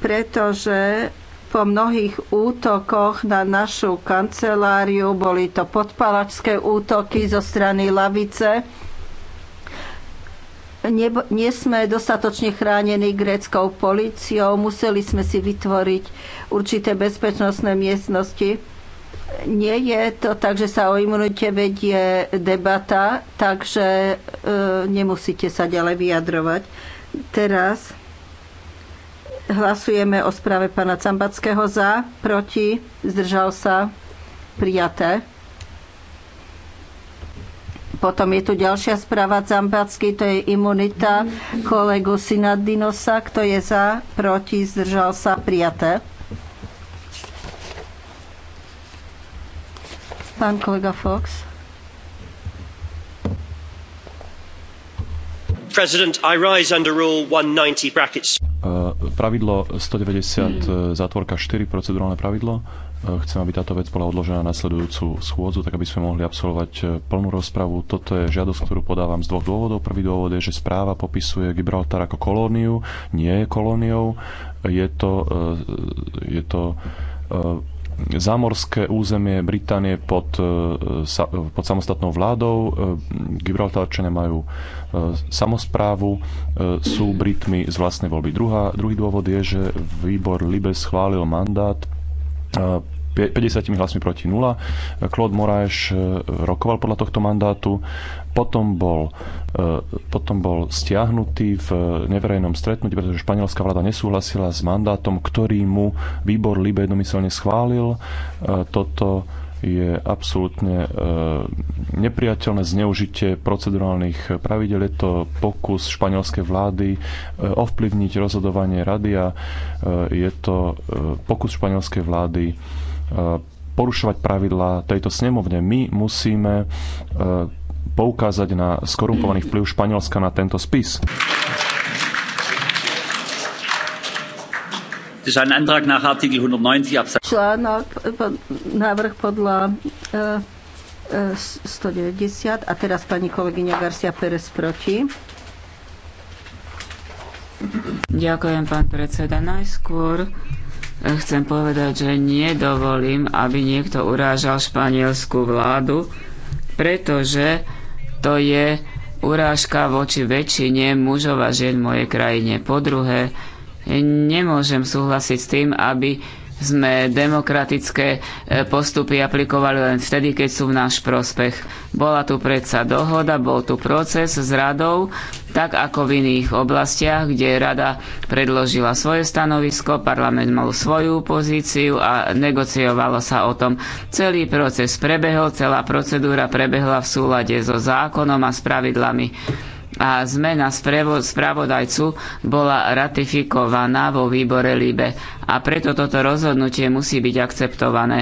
pretože po mnohých útokoch na našu kanceláriu, boli to podpalačské útoky zo strany lavice, nie, nie sme dostatočne chránení gréckou policiou, museli sme si vytvoriť určité bezpečnostné miestnosti. Nie je to tak, že sa o imunite vedie debata, takže e, nemusíte sa ďalej vyjadrovať. Teraz Hlasujeme o správe pána Cambackého za, proti, zdržal sa, prijaté. Potom je tu ďalšia správa Zambacky, to je imunita kolegu Sinadinosa, kto je za, proti, zdržal sa, prijaté. Pán kolega Fox. President, I rise under rule 190 brackets. Uh, pravidlo 190 hmm. uh, zátvorka 4, procedurálne pravidlo. Uh, chcem, aby táto vec bola odložená na nasledujúcu schôdzu, tak aby sme mohli absolvovať plnú rozpravu. Toto je žiadosť, ktorú podávam z dvoch dôvodov. Prvý dôvod je, že správa popisuje Gibraltar ako kolóniu. Nie je kolóniou. Je to, je to zámorské územie Británie pod, e, pod samostatnou vládou. E, Gibraltarčania majú e, samosprávu, sú Britmi z vlastnej voľby. Druhá, druhý dôvod je, že výbor Libe schválil mandát 50 hlasmi proti 0. Claude Moraes rokoval podľa tohto mandátu potom bol, e, potom bol stiahnutý v neverejnom stretnutí, pretože španielská vláda nesúhlasila s mandátom, ktorý mu výbor Libe jednomyselne schválil. E, toto je absolútne e, nepriateľné zneužitie procedurálnych pravidel. Je to pokus španielskej vlády ovplyvniť rozhodovanie rady a je to pokus španielskej vlády porušovať pravidlá tejto snemovne. My musíme poukázať na skorumpovaný vplyv Španielska na tento spis. Článok, návrh podľa 190 e, e, a teraz pani kolegyňa Garcia Pérez proti. Ďakujem, pán predseda. Najskôr e, chcem povedať, že nedovolím, aby niekto urážal španielskú vládu, pretože to je urážka voči väčšine mužov a žien v mojej krajine. Po druhé, nemôžem súhlasiť s tým, aby sme demokratické e, postupy aplikovali len vtedy, keď sú v náš prospech. Bola tu predsa dohoda, bol tu proces s radou, tak ako v iných oblastiach, kde rada predložila svoje stanovisko, parlament mal svoju pozíciu a negociovalo sa o tom. Celý proces prebehol, celá procedúra prebehla v súlade so zákonom a s pravidlami a zmena spravodajcu bola ratifikovaná vo výbore LIBE a preto toto rozhodnutie musí byť akceptované.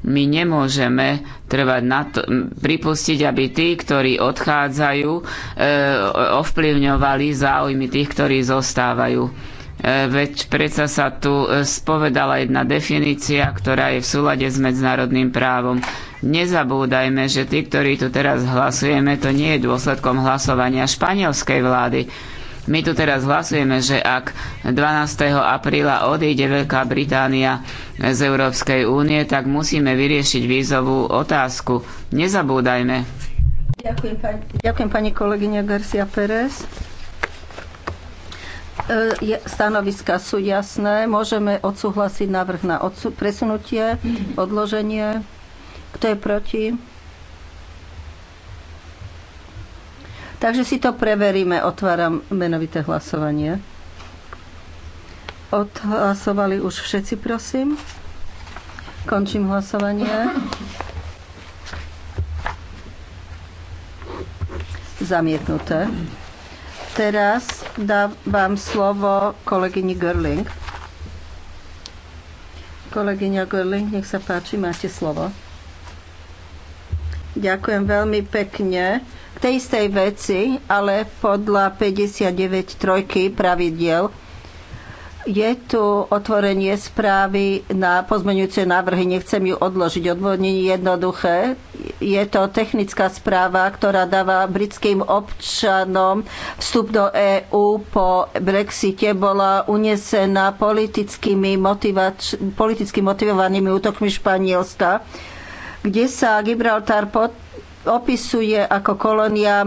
My nemôžeme trvať na to, pripustiť, aby tí, ktorí odchádzajú, e, ovplyvňovali záujmy tých, ktorí zostávajú E, veď predsa sa tu e, spovedala jedna definícia, ktorá je v súlade s medzinárodným právom. Nezabúdajme, že tí, ktorí tu teraz hlasujeme, to nie je dôsledkom hlasovania španielskej vlády. My tu teraz hlasujeme, že ak 12. apríla odíde Veľká Británia z Európskej únie, tak musíme vyriešiť vízovú otázku. Nezabúdajme. Ďakujem, pani, ďakujem pani kolegyňa Garcia Pérez. E, stanoviska sú jasné. Môžeme odsúhlasiť návrh na presunutie, odloženie. Kto je proti? Takže si to preveríme. Otváram menovité hlasovanie. Odhlasovali už všetci, prosím. Končím hlasovanie. Zamietnuté teraz dávam slovo kolegyni Görling. Kolegyňa Görling, nech sa páči, máte slovo. Ďakujem veľmi pekne. K tej istej veci, ale podľa 59 trojky pravidiel je tu otvorenie správy na pozmeňujúce návrhy, nechcem ju odložiť, odvodnenie jednoduché. Je to technická správa, ktorá dáva britským občanom vstup do EÚ po Brexite. Bola unesená politickými motivač- politicky motivovanými útokmi Španielska, kde sa Gibraltar pod opisuje ako kolónia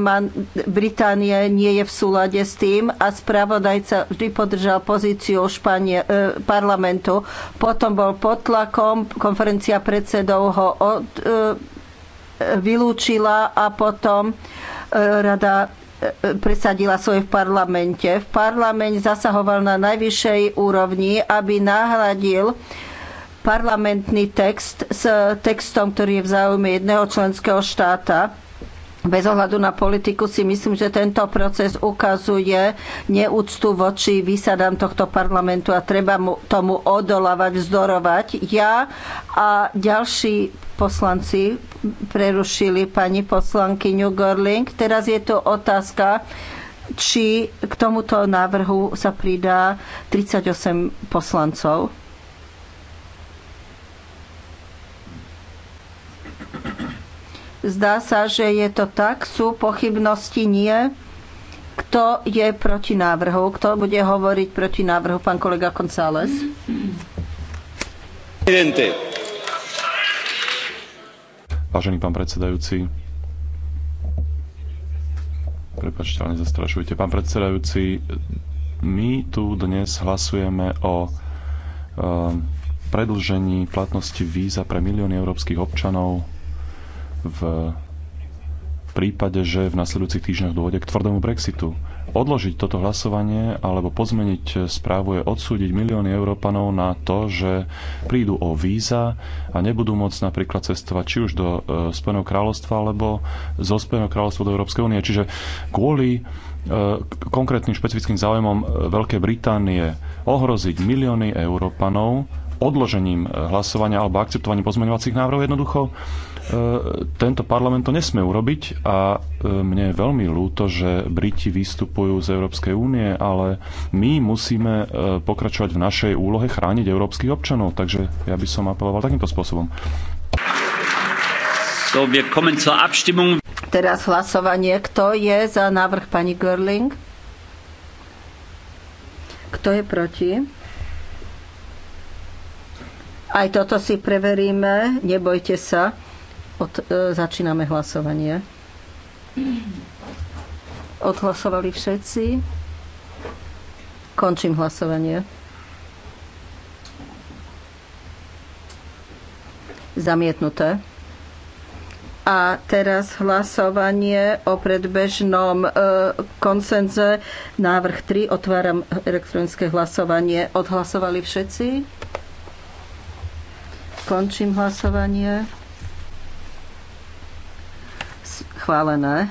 Británie nie je v súlade s tým a spravodajca vždy podržal pozíciu Španie, e, parlamentu. Potom bol pod tlakom, konferencia predsedov ho od, e, vylúčila a potom e, rada e, presadila svoje v parlamente. V parlament zasahoval na najvyššej úrovni, aby nahradil e, parlamentný text s e, textom, ktorý je v záujme jedného členského štáta. Bez ohľadu na politiku si myslím, že tento proces ukazuje neúctu voči výsadám tohto parlamentu a treba mu, tomu odolávať, vzdorovať. Ja a ďalší poslanci prerušili pani poslankyňu Gorling. Teraz je to otázka, či k tomuto návrhu sa pridá 38 poslancov. Zdá sa, že je to tak. Sú pochybnosti? Nie. Kto je proti návrhu? Kto bude hovoriť proti návrhu? Pán kolega González. Vážený pán predsedajúci, prepačte, ale nezastrašujte. Pán predsedajúci, my tu dnes hlasujeme o eh, predlžení platnosti víza pre milióny európskych občanov v prípade, že v nasledujúcich týždňoch dôjde k tvrdému Brexitu. Odložiť toto hlasovanie alebo pozmeniť správu je odsúdiť milióny Európanov na to, že prídu o víza a nebudú môcť napríklad cestovať či už do e, Spojeného kráľovstva alebo zo Spojeného kráľovstva do Európskej únie. Čiže kvôli e, konkrétnym špecifickým záujmom e, Veľkej Británie ohroziť milióny Európanov odložením hlasovania alebo akceptovaním pozmeňovacích návrhov jednoducho E, tento parlament to nesmie urobiť a e, mne je veľmi ľúto, že Briti vystupujú z Európskej únie, ale my musíme e, pokračovať v našej úlohe chrániť európskych občanov. Takže ja by som apeloval takýmto spôsobom. So, wir kommen zur Abstimmung. Teraz hlasovanie. Kto je za návrh pani Görling? Kto je proti? Aj toto si preveríme, nebojte sa. Od, e, začíname hlasovanie. Odhlasovali všetci. Končím hlasovanie. Zamietnuté. A teraz hlasovanie o predbežnom e, konsenze. Návrh 3. Otváram elektronické hlasovanie. Odhlasovali všetci? Končím hlasovanie schválené.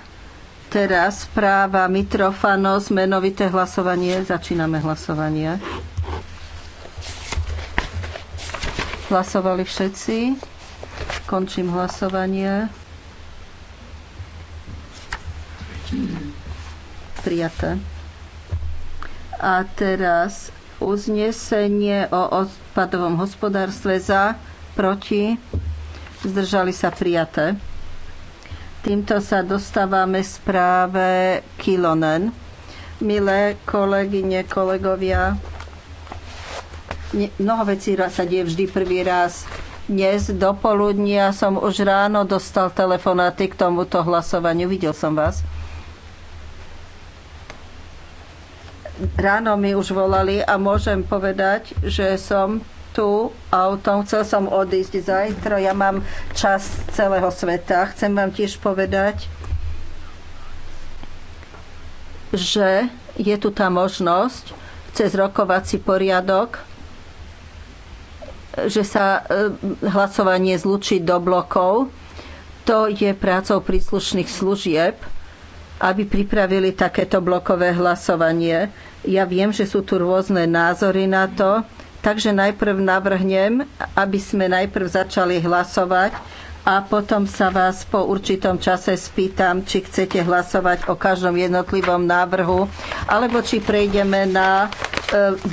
Teraz práva Mitrofanos, menovité hlasovanie. Začíname hlasovanie. Hlasovali všetci. Končím hlasovanie. Prijaté. A teraz uznesenie o odpadovom hospodárstve za, proti, zdržali sa prijaté. Týmto sa dostávame správe Kilonen. Milé kolegyne, kolegovia, mnoho vecí sa deje vždy prvý raz. Dnes do poludnia som už ráno dostal telefonáty k tomuto hlasovaniu. Videl som vás. Ráno mi už volali a môžem povedať, že som tu autom, chcel som odísť zajtra, ja mám čas celého sveta. Chcem vám tiež povedať, že je tu tá možnosť cez rokovací poriadok, že sa e, hlasovanie zlučí do blokov. To je prácou príslušných služieb, aby pripravili takéto blokové hlasovanie. Ja viem, že sú tu rôzne názory na to, Takže najprv navrhnem, aby sme najprv začali hlasovať a potom sa vás po určitom čase spýtam, či chcete hlasovať o každom jednotlivom návrhu, alebo či prejdeme na e,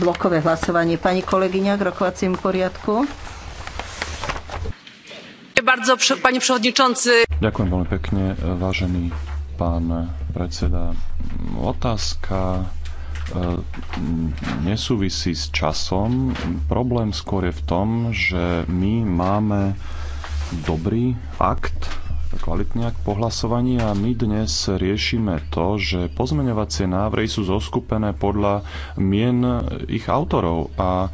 blokové hlasovanie. Pani kolegyňa k rokovaciemu poriadku. Ďakujem veľmi pekne, e, vážený pán predseda. Otázka E, nesúvisí s časom. Problém skôr je v tom, že my máme dobrý akt, kvalitný akt po a my dnes riešime to, že pozmeňovacie návrhy sú zoskupené podľa mien ich autorov a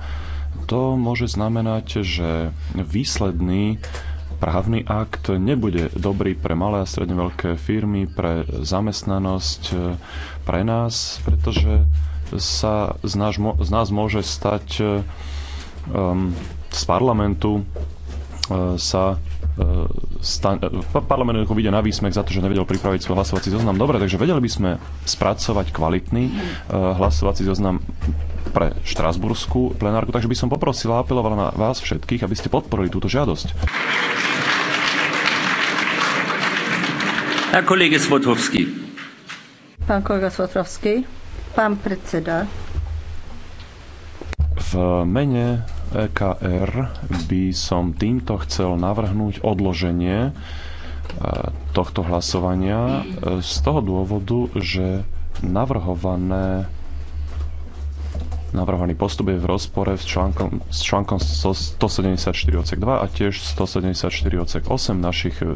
to môže znamenať, že výsledný právny akt nebude dobrý pre malé a stredne veľké firmy, pre zamestnanosť, pre nás, pretože sa z, náš, z nás môže stať e, um, z parlamentu uh, sa uh, parlament vyjde na výsmek za to, že nevedel pripraviť svoj hlasovací zoznam. Dobre, takže vedeli by sme spracovať kvalitný uh, hlasovací zoznam pre štrasburskú plenárku, takže by som poprosil a apeloval na vás všetkých, aby ste podporili túto žiadosť. Herr Kollege Svotowski, Pán kolega Svotrovský, pán predseda. V mene EKR by som týmto chcel navrhnúť odloženie e, tohto hlasovania e, z toho dôvodu, že navrhované navrhovaný postup je v rozpore s článkom, s článkom 174 odsek 2 a tiež 174 odsek 8 našich, e,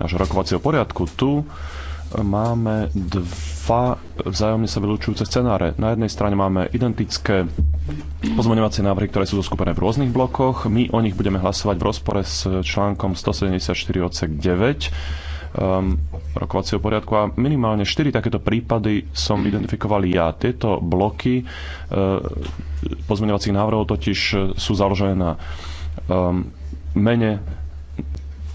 našho rokovacieho poriadku. Tu máme dva vzájomne sa vylúčujúce scenáre. Na jednej strane máme identické pozmeňovacie návrhy, ktoré sú zoskupené v rôznych blokoch. My o nich budeme hlasovať v rozpore s článkom 174 odsek 9 um, rokovacieho poriadku a minimálne 4 takéto prípady som identifikoval ja. Tieto bloky uh, pozmeňovacích návrhov totiž sú založené na um, mene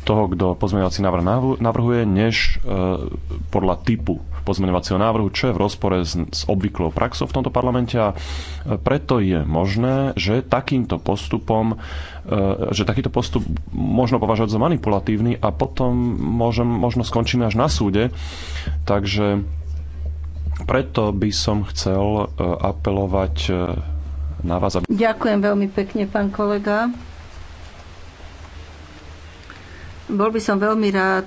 toho, kto pozmeňovací návrh navrhuje, než e, podľa typu pozmeňovacieho návrhu, čo je v rozpore s, obvyklou praxou v tomto parlamente a e, preto je možné, že takýmto postupom, e, že takýto postup možno považovať za manipulatívny a potom môžem, možno skončíme až na súde. Takže preto by som chcel apelovať na vás. Aby... Ďakujem veľmi pekne, pán kolega. Bol by som veľmi rád,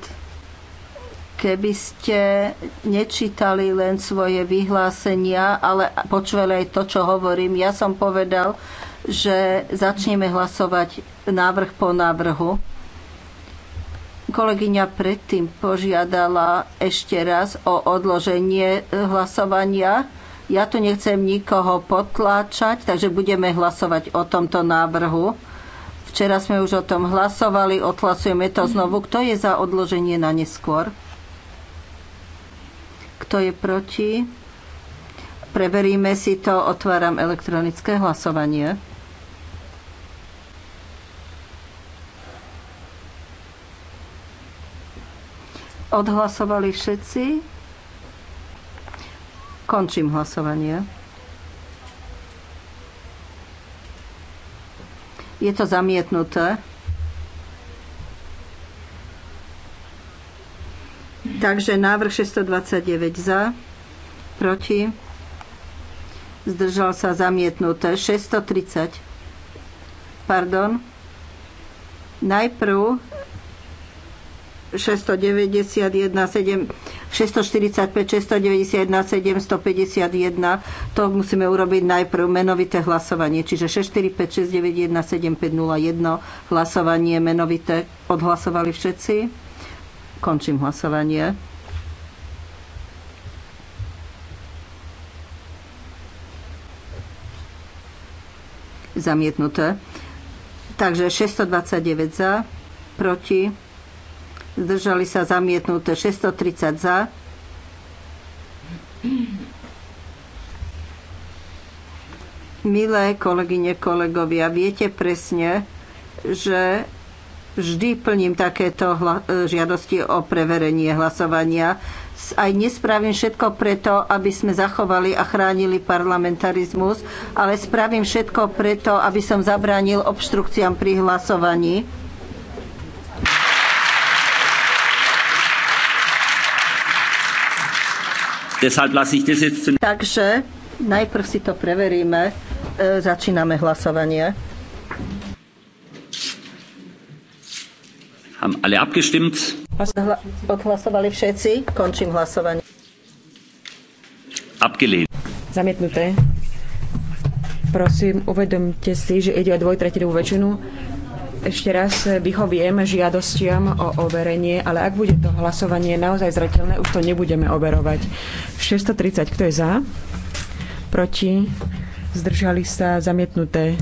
keby ste nečítali len svoje vyhlásenia, ale počúvali aj to, čo hovorím. Ja som povedal, že začneme hlasovať návrh po návrhu. Kolegyňa predtým požiadala ešte raz o odloženie hlasovania. Ja tu nechcem nikoho potláčať, takže budeme hlasovať o tomto návrhu. Včera sme už o tom hlasovali, odhlasujeme to znovu. Kto je za odloženie na neskôr? Kto je proti? Preveríme si to. Otváram elektronické hlasovanie. Odhlasovali všetci? Končím hlasovanie. Je to zamietnuté. Takže návrh 629 za, proti, zdržal sa zamietnuté 630. Pardon. Najprv 691, 7, 645, 691, 751. To musíme urobiť najprv menovité hlasovanie. Čiže 645, 691, 7501 hlasovanie menovité. Odhlasovali všetci? Končím hlasovanie. Zamietnuté. Takže 629 za, proti zdržali sa zamietnuté 630 za. Milé kolegyne, kolegovia, viete presne, že vždy plním takéto žiadosti o preverenie hlasovania. Aj nespravím všetko preto, aby sme zachovali a chránili parlamentarizmus, ale spravím všetko preto, aby som zabránil obštrukciám pri hlasovaní. Takže najprv si to preveríme. E, začíname hlasovanie. Haben alle abgestimmt? Odhlasovali všetci. Končím hlasovanie. Abgelehnt. Zamietnuté. Prosím, uvedomte si, že ide o dvojtretinovú väčšinu ešte raz vyhoviem žiadostiam o overenie, ale ak bude to hlasovanie naozaj zretelné, už to nebudeme overovať. 630, kto je za? Proti? Zdržali sa zamietnuté.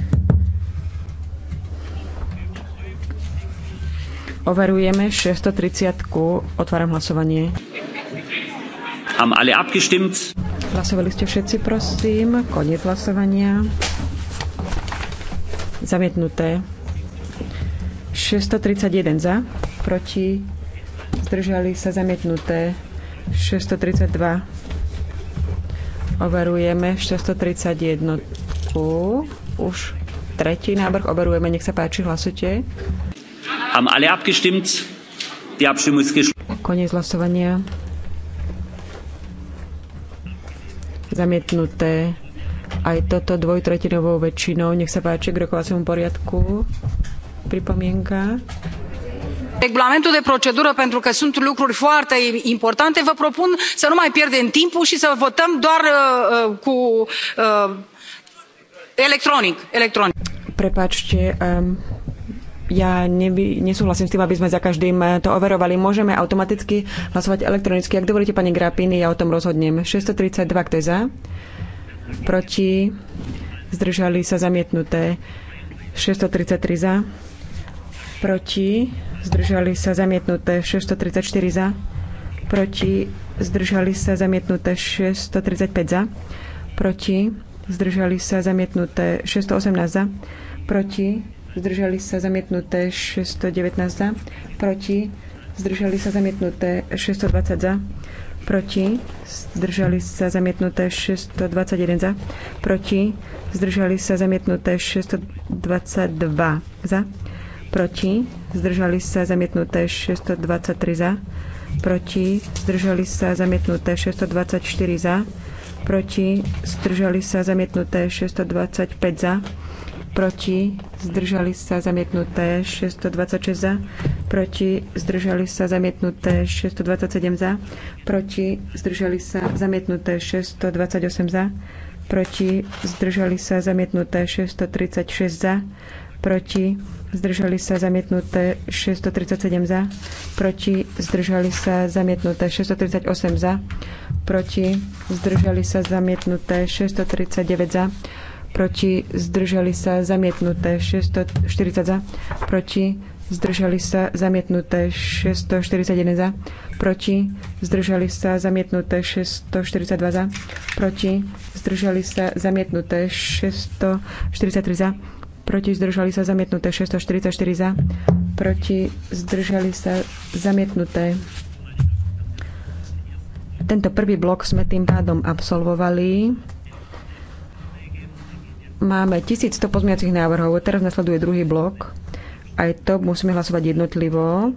Overujeme 630. Otváram hlasovanie. Haben alle abgestimmt? Hlasovali ste všetci, prosím. Koniec hlasovania. Zamietnuté. 631 za, proti, zdržali sa zamietnuté 632. Overujeme 631. Už tretí návrh overujeme, nech sa páči, hlasujte. Haben alle abgestimmt? Die Abstimmung ist geschlossen. Koniec hlasovania. Zamietnuté aj toto dvojtretinovou väčšinou. Nech sa páči k rokovaciemu poriadku pripomienka. Regulamentul de procedură, pentru că sunt lucruri foarte importante, vă propun să nu mai pierdem timpul și să votăm doar uh, uh cu uh, elektronik. Prepačte, um, ja nesúhlasím s tým, aby sme za každým uh, to overovali. Môžeme automaticky hlasovať elektronicky. Ak dovolíte, pani Grapini, ja o tom rozhodnem. 632, kto je za? Proti? Zdržali sa zamietnuté. 633 za proti, zdržali sa zamietnuté 634 za, proti, zdržali sa zamietnuté 635 za, proti, zdržali sa zamietnuté 618 za, proti, zdržali sa zamietnuté 619 za, proti, zdržali sa zamietnuté 620 za, proti, zdržali sa zamietnuté 621 za, proti, zdržali sa zamietnuté 622 za, proti, zdržali sa zamietnuté 623 za, proti, zdržali sa zamietnuté 624 za, proti, zdržali sa zamietnuté 625 za, proti, zdržali sa zamietnuté 626 za, proti, zdržali sa zamietnuté 627 za, proti, zdržali sa zamietnuté 628 za, proti, zdržali sa zamietnuté 636 za, proti, zdržali sa zamietnuté 637 za, proti zdržali sa zamietnuté 638 za, proti zdržali sa zamietnuté 639 za, proti zdržali sa zamietnuté 640 za, proti zdržali sa zamietnuté 641 za, proti zdržali sa zamietnuté 642 za, proti zdržali sa zamietnuté 643 za, proti zdržali sa zamietnuté 644 za, proti zdržali sa zamietnuté. Tento prvý blok sme tým pádom absolvovali. Máme 1100 pozmiacich návrhov, teraz nasleduje druhý blok. Aj to musíme hlasovať jednotlivo,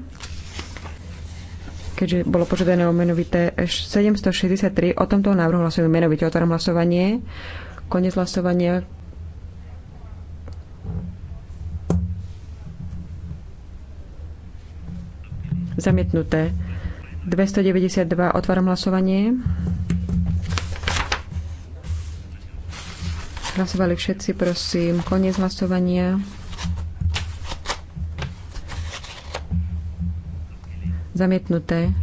keďže bolo požiadané o menovité 763. O tomto návrhu hlasujeme menovite. Otváram hlasovanie. Konec hlasovania Zamietnuté. 292. Otváram hlasovanie. Hlasovali všetci, prosím. Koniec hlasovania. Zamietnuté.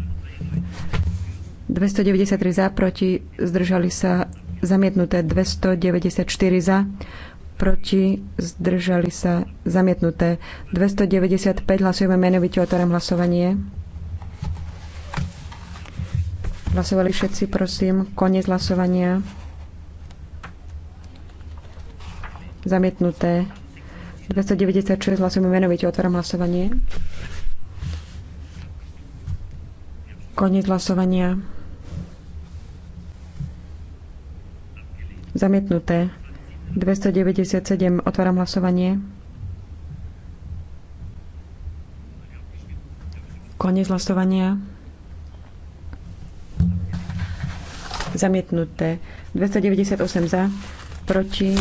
293 za, proti, zdržali sa zamietnuté 294 za, proti, zdržali sa, zamietnuté. 295, hlasujeme menovite, otváram hlasovanie. Hlasovali všetci, prosím, koniec hlasovania. Zamietnuté. 296, hlasujeme menovite, otváram hlasovanie. Koniec hlasovania. Zamietnuté. 297. Otváram hlasovanie. Koniec hlasovania. Zamietnuté. 298 za, proti,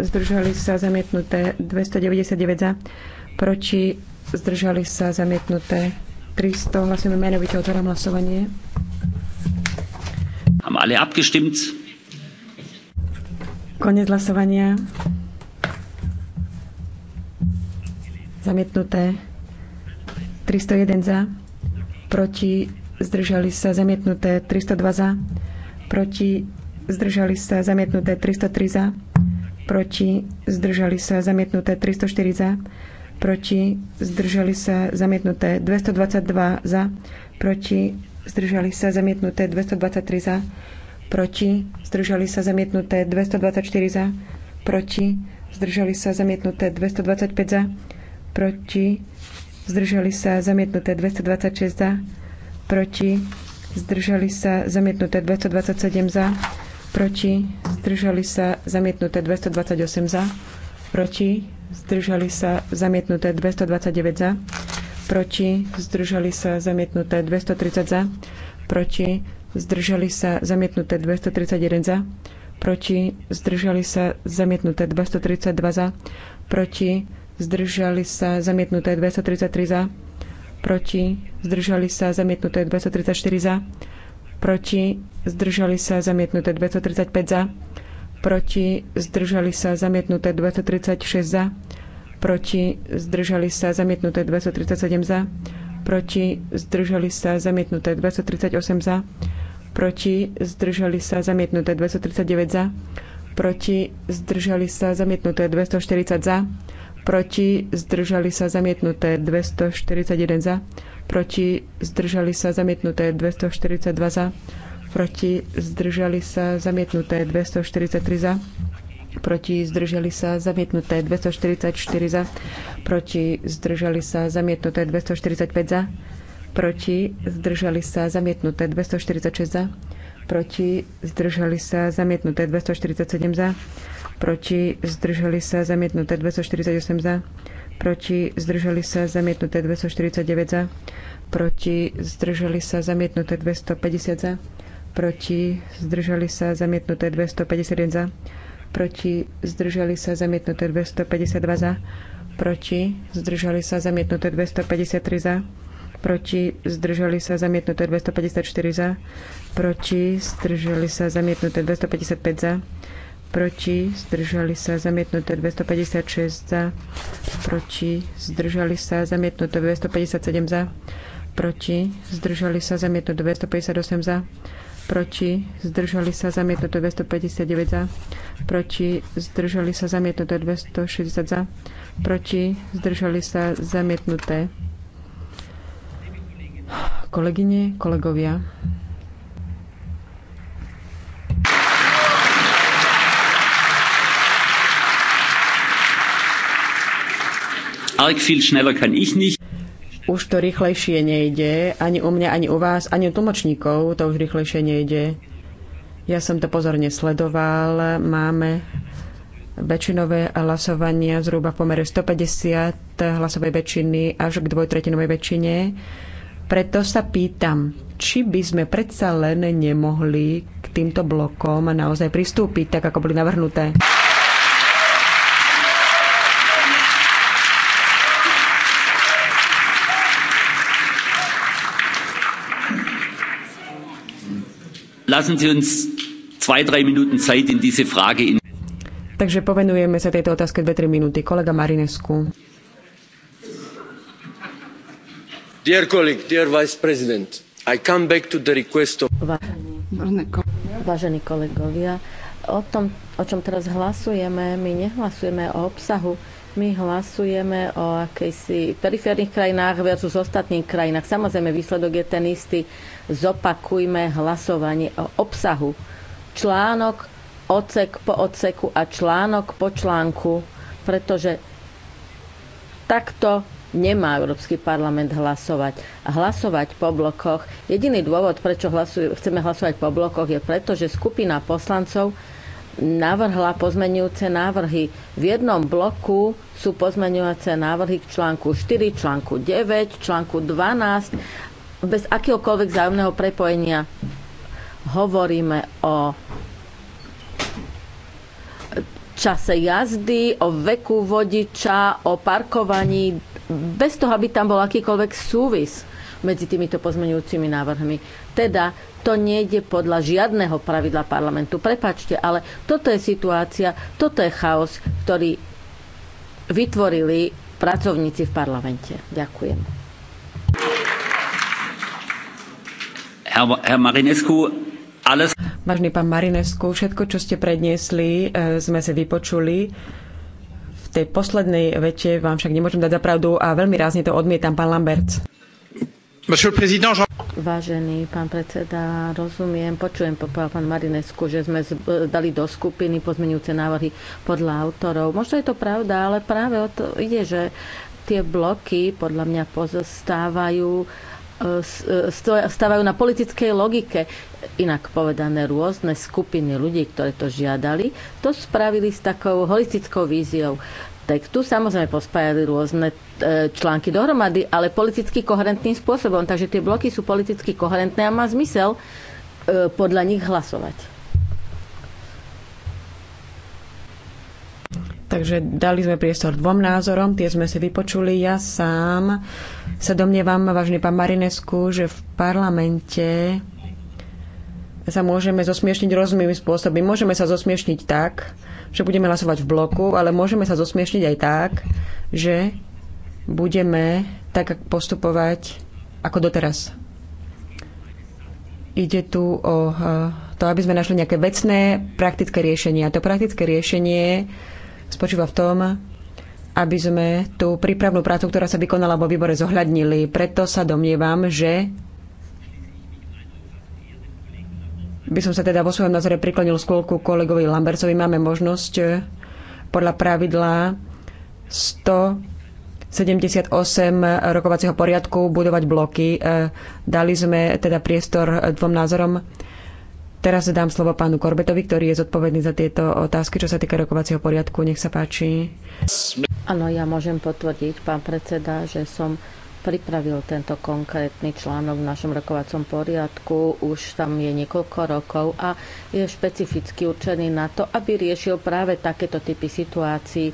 zdržali sa zamietnuté 299 za, proti, zdržali sa zamietnuté 300. Hlasujeme menovite, otváram hlasovanie. Haben alle abgestimmt? Konec hlasovania. Zamietnuté. 301 za. Proti. Zdržali sa. Zamietnuté. 302 za. Proti. Zdržali sa. Zamietnuté. 303 za. Proti. Zdržali sa. Zamietnuté. 304 za. Proti. Zdržali sa. Zamietnuté. 222 za. Proti. Zdržali sa. Zamietnuté. 223 za proti, zdržali sa zamietnuté 224 za, proti, zdržali sa zamietnuté 225 za, proti, zdržali sa zamietnuté 226 za, proti, zdržali sa zamietnuté 227 za, proti, zdržali sa zamietnuté 228 za, proti, zdržali sa zamietnuté 229 za, proti, zdržali sa zamietnuté 230 za, proti, zdržali sa zamietnuté 231 za, proti zdržali sa zamietnuté 232 za, proti zdržali sa zamietnuté 233 za, proti zdržali sa zamietnuté 234 za, proti zdržali sa zamietnuté 235 za, proti zdržali sa zamietnuté 236 za, proti zdržali sa zamietnuté 237 za, proti zdržali sa zamietnuté 238 za, proti zdržali sa zamietnuté 239 za, proti zdržali sa zamietnuté 240 za, proti zdržali sa zamietnuté 241 za, proti zdržali sa zamietnuté 242 za, proti zdržali sa zamietnuté 243 za, proti zdržali sa zamietnuté 244 za, proti zdržali sa zamietnuté 245 za, proti, zdržali sa zamietnuté 246 za, proti, zdržali sa zamietnuté 247 za, proti, zdržali sa zamietnuté 248 za, proti, zdržali sa zamietnuté 249 za, proti, zdržali sa zamietnuté 250 za, proti, zdržali sa zamietnuté 251 za, proti, zdržali sa zamietnuté 252 za, proti, zdržali sa zamietnuté 253 za, proti, zdržali sa zamietnuté 254 za, proti, zdržali sa zamietnuté 255 za, proti, zdržali sa zamietnuté 256 za, proti, zdržali sa zamietnuté 257 za, proti, zdržali sa zamietnuté 258 za, proti, zdržali sa zamietnuté 259 za, proti, zdržali sa zamietnuté 260 za, proti, zdržali sa zamietnuté Kolegyne, kolegovia. Arg viel schneller kann ich nicht. Už to rýchlejšie nejde, ani u mňa, ani u vás, ani u tlmočníkov to už rýchlejšie nejde. Ja som to pozorne sledoval, máme väčšinové hlasovania zhruba v pomere 150 hlasovej väčšiny až k dvojtretinovej väčšine. Preto sa pýtam, či by sme predsa len nemohli k týmto blokom naozaj pristúpiť, tak ako boli navrhnuté. Lassen Sie uns zwei, drei Minuten Zeit in diese Frage. In Takže povenujeme sa tejto otázke 2-3 minúty. Kolega Marinescu. Dear colleague, dear vice president, I come back to the request of... Vážení kolegovia, o tom, o čom teraz hlasujeme, my nehlasujeme o obsahu, my hlasujeme o akejsi periférnych krajinách versus ostatných krajinách. Samozrejme, výsledok je ten istý. Zopakujme hlasovanie o obsahu. Článok, ocek po oceku a článok po článku, pretože takto nemá Európsky parlament hlasovať. A hlasovať po blokoch, jediný dôvod, prečo hlasujú, chceme hlasovať po blokoch, je preto, že skupina poslancov navrhla pozmenujúce návrhy. V jednom bloku sú pozmenujúce návrhy k článku 4, článku 9, článku 12, bez akéhokoľvek zájomného prepojenia. Hovoríme o čase jazdy, o veku vodiča, o parkovaní bez toho, aby tam bol akýkoľvek súvis medzi týmito pozmeňujúcimi návrhmi. Teda to nejde podľa žiadneho pravidla parlamentu. Prepačte, ale toto je situácia, toto je chaos, ktorý vytvorili pracovníci v parlamente. Ďakujem. Herr, Herr Marinescu, alles... Vážny pán Marinescu, všetko, čo ste predniesli, e, sme si vypočuli tej poslednej vete vám však nemôžem dať zapravdu a veľmi rázne to odmietam, pán Lambert. Vážený pán predseda, rozumiem, počujem po pán Marinesku, že sme dali do skupiny pozmenujúce návrhy podľa autorov. Možno je to pravda, ale práve o to ide, že tie bloky podľa mňa pozostávajú uh, E, e, stavajú na politickej logike. Inak povedané, rôzne skupiny ľudí, ktoré to žiadali, to spravili s takou holistickou víziou tu Samozrejme pospájali rôzne e, články dohromady, ale politicky koherentným spôsobom. Takže tie bloky sú politicky koherentné a má zmysel podľa nich hlasovať. Takže dali sme priestor dvom názorom, tie sme si vypočuli. Ja sám sa domnievam, vážny pán Marinesku, že v parlamente sa môžeme zosmiešniť rôznymi spôsobmi. Môžeme sa zosmiešniť tak, že budeme hlasovať v bloku, ale môžeme sa zosmiešniť aj tak, že budeme tak postupovať ako doteraz. Ide tu o e, to, aby sme našli nejaké vecné, praktické riešenie. A to praktické riešenie spočíva v tom, aby sme tú prípravnú prácu, ktorá sa vykonala vo výbore, zohľadnili. Preto sa domnievam, že by som sa teda vo svojom názore priklonil skôr ku kolegovi Lambertsovi. Máme možnosť podľa pravidla 178 rokovacieho poriadku budovať bloky. E, dali sme teda priestor dvom názorom Teraz dám slovo pánu Korbetovi, ktorý je zodpovedný za tieto otázky, čo sa týka rokovacieho poriadku. Nech sa páči. Áno, ja môžem potvrdiť, pán predseda, že som pripravil tento konkrétny článok v našom rokovacom poriadku. Už tam je niekoľko rokov a je špecificky určený na to, aby riešil práve takéto typy situácií,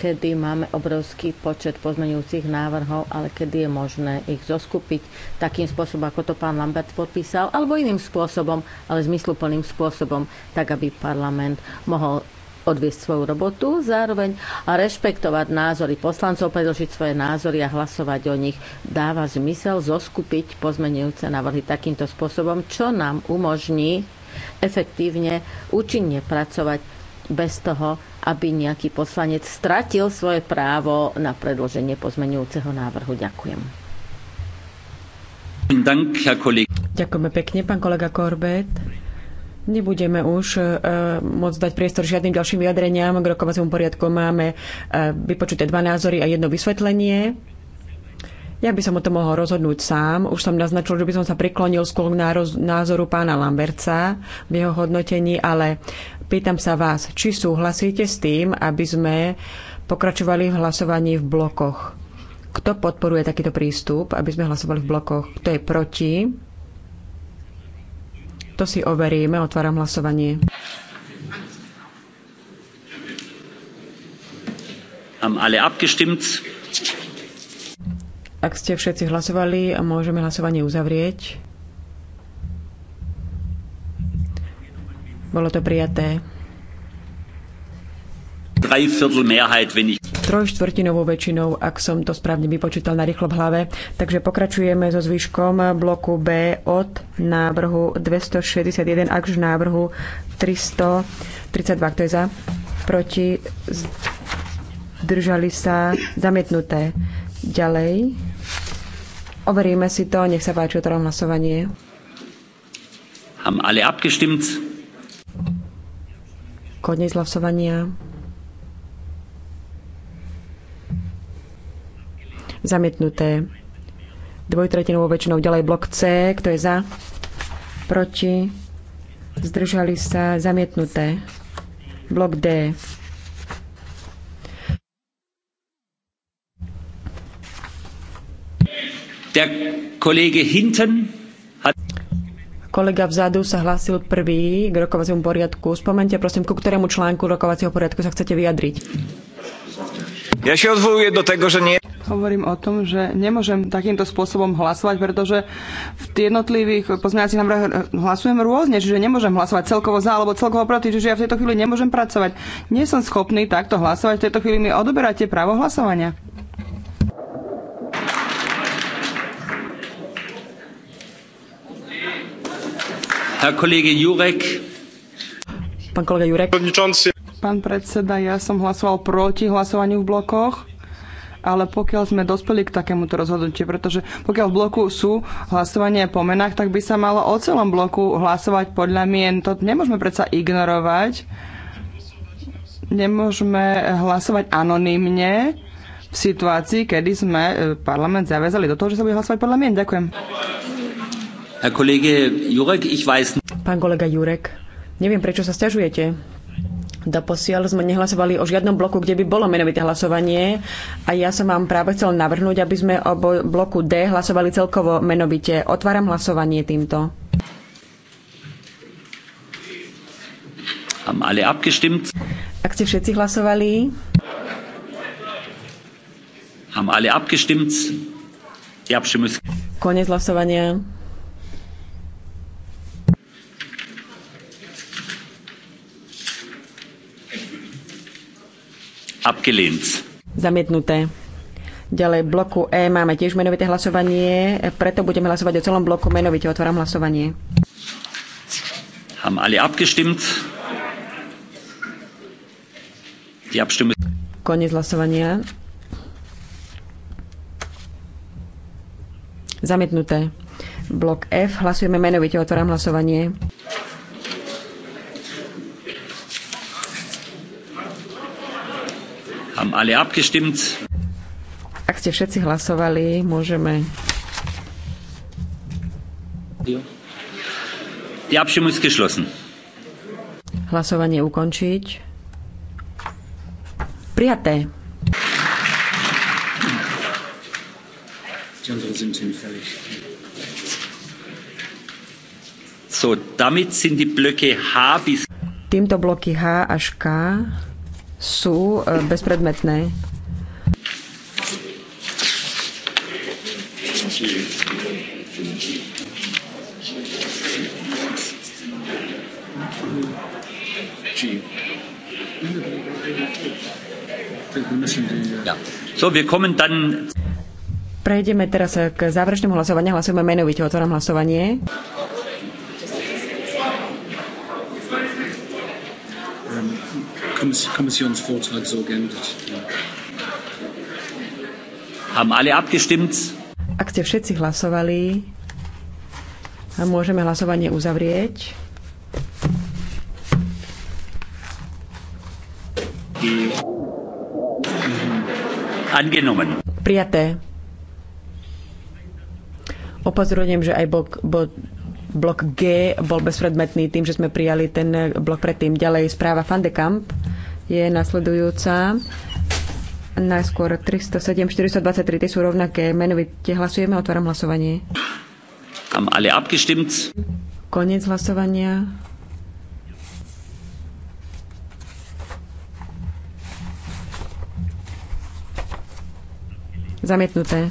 kedy máme obrovský počet pozmenujúcich návrhov, ale kedy je možné ich zoskupiť takým spôsobom, ako to pán Lambert podpísal, alebo iným spôsobom, ale zmysluplným spôsobom, tak aby parlament mohol odviesť svoju robotu, zároveň a rešpektovať názory poslancov, predložiť svoje názory a hlasovať o nich. Dáva zmysel zoskupiť pozmenujúce návrhy takýmto spôsobom, čo nám umožní efektívne, účinne pracovať bez toho, aby nejaký poslanec stratil svoje právo na predloženie pozmenujúceho návrhu. Ďakujem. Ďakujeme pekne, pán kolega Korbet. Nebudeme už uh, môcť dať priestor žiadnym ďalším vyjadreniam. K rokovaciemu poriadku máme uh, vypočuté dva názory a jedno vysvetlenie. Ja by som o tom mohol rozhodnúť sám. Už som naznačil, že by som sa priklonil skôr k názoru pána Lamberca v jeho hodnotení, ale Pýtam sa vás, či súhlasíte s tým, aby sme pokračovali v hlasovaní v blokoch. Kto podporuje takýto prístup, aby sme hlasovali v blokoch? Kto je proti? To si overíme. Otváram hlasovanie. alle abgestimmt? Ak ste všetci hlasovali, môžeme hlasovanie uzavrieť. Bolo to prijaté. Trojštvrtinovou väčšinou, ak som to správne vypočítal na rýchlo v hlave. Takže pokračujeme so zvyškom bloku B od návrhu 261 až návrhu 332. Kto je za? Proti? Držali sa zamietnuté. Ďalej. Overíme si to. Nech sa páči otvorom hlasovanie. Haben alle abgestimmt? Koniec hlasovania. Zamietnuté. Dvojtretinovou väčšinou ďalej blok C. Kto je za? Proti? Zdržali sa? Zamietnuté. Blok D. Der Kollege hinten Kolega vzadu sa hlásil prvý k rokovaciemu poriadku. Spomente prosím, ku ktorému článku rokovacieho poriadku sa chcete vyjadriť. Ja si odvoluje do tego, že nie... Hovorím o tom, že nemôžem takýmto spôsobom hlasovať, pretože v jednotlivých pozmeňovacích návrhoch eh, hlasujem rôzne, čiže nemôžem hlasovať celkovo za alebo celkovo proti, čiže ja v tejto chvíli nemôžem pracovať. Nie som schopný takto hlasovať, v tejto chvíli mi odoberáte právo hlasovania. Pán kolega Jurek. Pán predseda, ja som hlasoval proti hlasovaniu v blokoch ale pokiaľ sme dospeli k takémuto rozhodnutiu, pretože pokiaľ v bloku sú hlasovanie po menách, tak by sa malo o celom bloku hlasovať podľa mien. To nemôžeme predsa ignorovať. Nemôžeme hlasovať anonymne v situácii, kedy sme e, parlament zaviazali do toho, že sa bude hlasovať podľa mien. Ďakujem. Pán kolega Jurek, neviem, prečo sa stiažujete. Doposiaľ sme nehlasovali o žiadnom bloku, kde by bolo menovité hlasovanie a ja som vám práve chcel navrhnúť, aby sme o bloku D hlasovali celkovo menovite. Otváram hlasovanie týmto. Ak ste všetci hlasovali? Haben alle abgestimmt? Die Abstimmung ist... Konec hlasovania. Abgelehnt. Zamietnuté. Ďalej bloku E máme tiež menovité hlasovanie, preto budeme hlasovať o celom bloku menovite. Otváram hlasovanie. Haben alle abgestimmt? Die Abstimmung... Koniec hlasovania. Zamietnuté. Blok F. Hlasujeme menovite. Otváram hlasovanie. Haben alle abgestimmt? Ak ste všetci hlasovali, môžeme. Die Abstimmung ist geschlossen. Hlasovanie ukončiť. Prijaté. So, damit sind die Blöcke H bis... Týmto bloky H až K sú e, bezpredmetné. Prejdeme teraz k záverečnému hlasovaniu. Hlasujeme menovite. Otváram hlasovanie. Kommissionsvortrag so geändert. Haben alle abgestimmt? Ak ste všetci hlasovali, môžeme hlasovanie uzavrieť. Angenommen. Prijaté. Opozorujem, že aj blok, blok G bol bezpredmetný tým, že sme prijali ten blok predtým. Ďalej správa Van de Kamp je nasledujúca. Najskôr 307, 423, tie sú rovnaké. Menovite hlasujeme, otváram hlasovanie. Am alle abgestimmt? Konec hlasovania. Zamietnuté.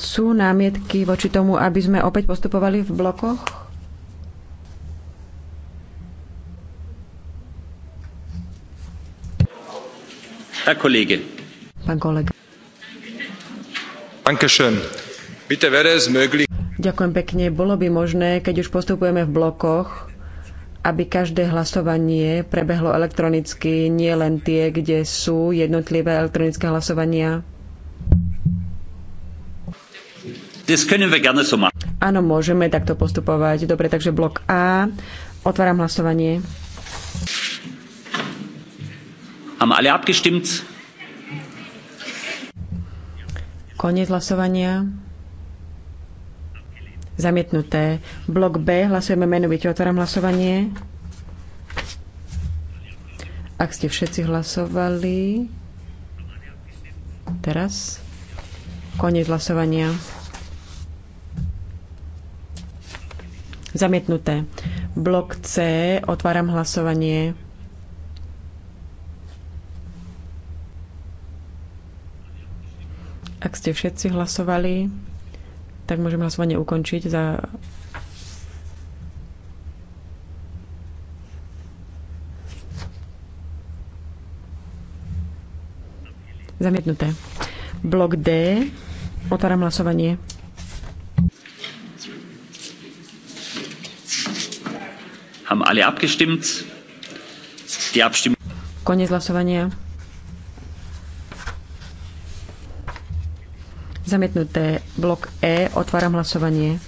Sú námietky voči tomu, aby sme opäť postupovali v blokoch? Herr Kollege. Ďakujem pekne. Bolo by možné, keď už postupujeme v blokoch, aby každé hlasovanie prebehlo elektronicky, nie len tie, kde sú jednotlivé elektronické hlasovania? Áno, môžeme takto postupovať. Dobre, takže blok A. Otváram hlasovanie. Haben alle abgestimmt? Koniec hlasovania. Zamietnuté. Blok B. Hlasujeme menovite. Otváram hlasovanie. Ak ste všetci hlasovali, teraz koniec hlasovania. Zamietnuté. Blok C. Otváram hlasovanie. Ak ste všetci hlasovali, tak môžeme hlasovanie ukončiť za Zamietnuté. Blok D. Otváram hlasovanie. Haben alle abgestimmt? Die Abstimmung. Konec hlasovania. Zamietnuté blok E. Otváram hlasovanie.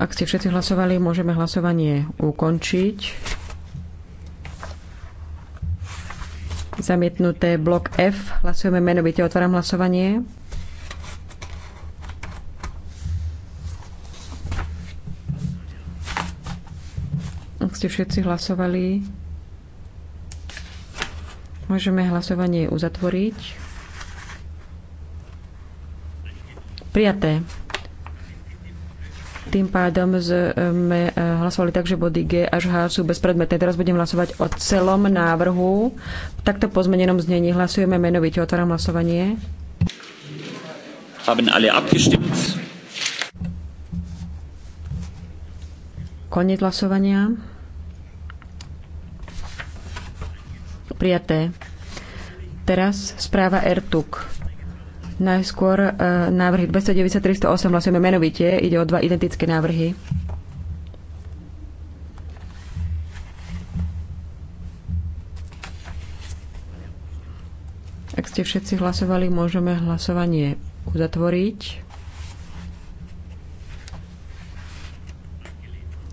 Ak ste všetci hlasovali, môžeme hlasovanie ukončiť. Zamietnuté blok F. Hlasujeme menovite. Otváram hlasovanie. Ak ste všetci hlasovali, môžeme hlasovanie uzatvoriť. Prijaté. Tým pádom sme e, hlasovali tak, že body G až H sú bezpredmetné. Teraz budem hlasovať o celom návrhu. V takto pozmenenom znení hlasujeme menovite. Otváram hlasovanie. Haben alle abgestimmt. Koniec hlasovania. Prijaté. Teraz správa RTUK. Najskôr e, návrhy 290-308 hlasujeme menovite. Ide o dva identické návrhy. Ak ste všetci hlasovali, môžeme hlasovanie uzatvoriť.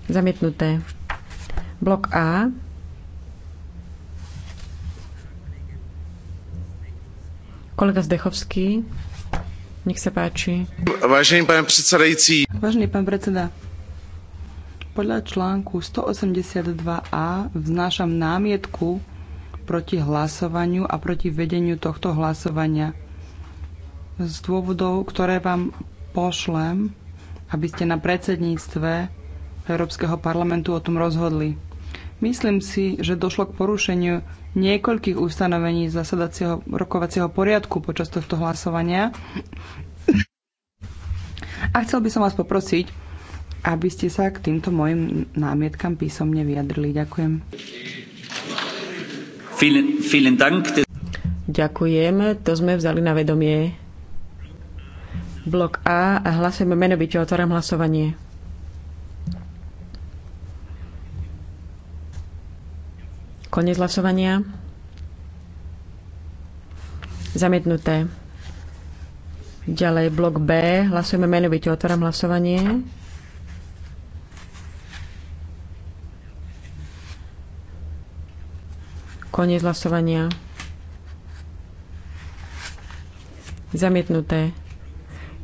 Zamietnuté. Blok A. Kolega Zdechovský, nech sa páči. Vážený pán predsedajúci. Vážený pán predseda, podľa článku 182a vznášam námietku proti hlasovaniu a proti vedeniu tohto hlasovania z dôvodov, ktoré vám pošlem, aby ste na predsedníctve Európskeho parlamentu o tom rozhodli. Myslím si, že došlo k porušeniu niekoľkých ustanovení zasadacieho rokovacieho poriadku počas tohto hlasovania. A chcel by som vás poprosiť, aby ste sa k týmto mojim námietkam písomne vyjadrili. Ďakujem. Ďakujem, to sme vzali na vedomie. Blok A a hlasujeme menovite, otváram hlasovanie. Koniec hlasovania. Zamietnuté. Ďalej blok B. Hlasujeme menovite. Otváram hlasovanie. Koniec hlasovania. Zamietnuté.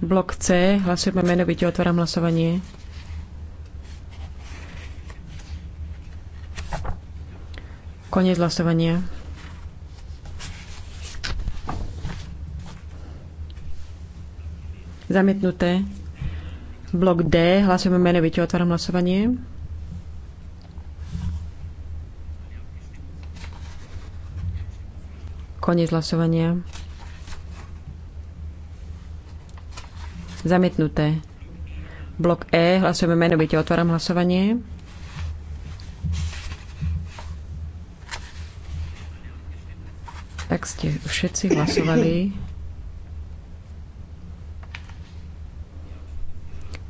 Blok C. Hlasujeme menovite. Otváram hlasovanie. Konec hlasovania. Zamietnuté. Blok D. Hlasujeme menovite. Otváram hlasovanie. Koniec hlasovania. Zamietnuté. Blok E. Hlasujeme menovite. Otváram hlasovanie. Ak ste všetci hlasovali,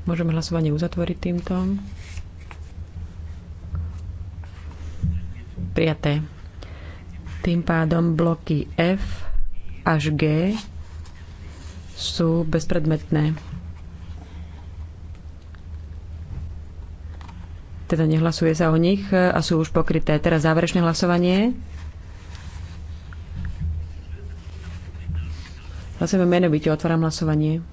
môžeme hlasovanie uzatvoriť týmto. Prijaté. Tým pádom bloky F až G sú bezpredmetné. Teda nehlasuje sa o nich a sú už pokryté. Teraz záverečné hlasovanie. Hlasujeme menovite. Otváram hlasovanie.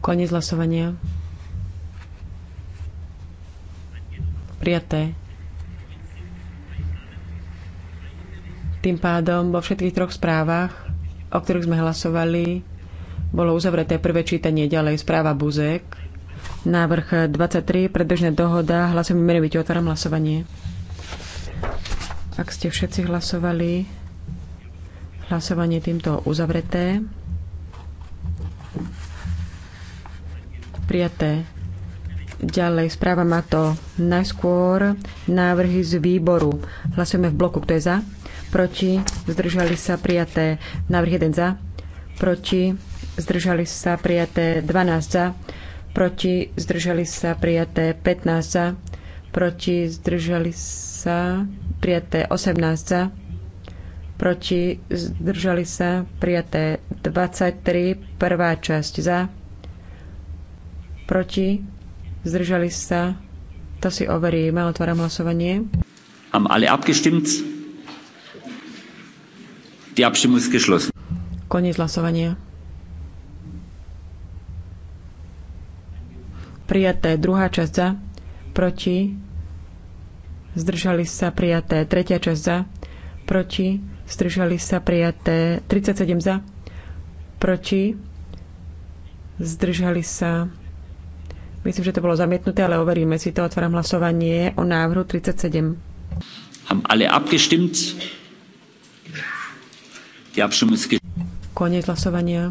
Koniec hlasovania. Prijaté. Tým pádom vo všetkých troch správach, o ktorých sme hlasovali, bolo uzavreté prvé čítanie ďalej správa Buzek. Návrh 23, predbežná dohoda, hlasujem menovite, otváram hlasovanie. Ak ste všetci hlasovali, hlasovanie týmto uzavreté. Prijaté. Ďalej, správa má to najskôr návrhy z výboru. Hlasujeme v bloku, kto je za, proti, zdržali sa prijaté. Návrh 1 za, proti, zdržali sa prijaté 12 za, proti zdržali sa prijaté 15 za, proti zdržali sa prijaté 18 za, proti zdržali sa prijaté 23, prvá časť za, proti zdržali sa, to si overíme, otváram hlasovanie. Am alle abgestimmt? Die Abstimmung ist geschlossen. Koniec hlasovania. prijaté. Druhá časť za, proti, zdržali sa prijaté. Tretia časť za, proti, zdržali sa prijaté. 37 za, proti, zdržali sa. Myslím, že to bolo zamietnuté, ale overíme si to. Otváram hlasovanie o návrhu 37. Haben alle abgestimmt? Die Abstimmung ist Koniec hlasovania.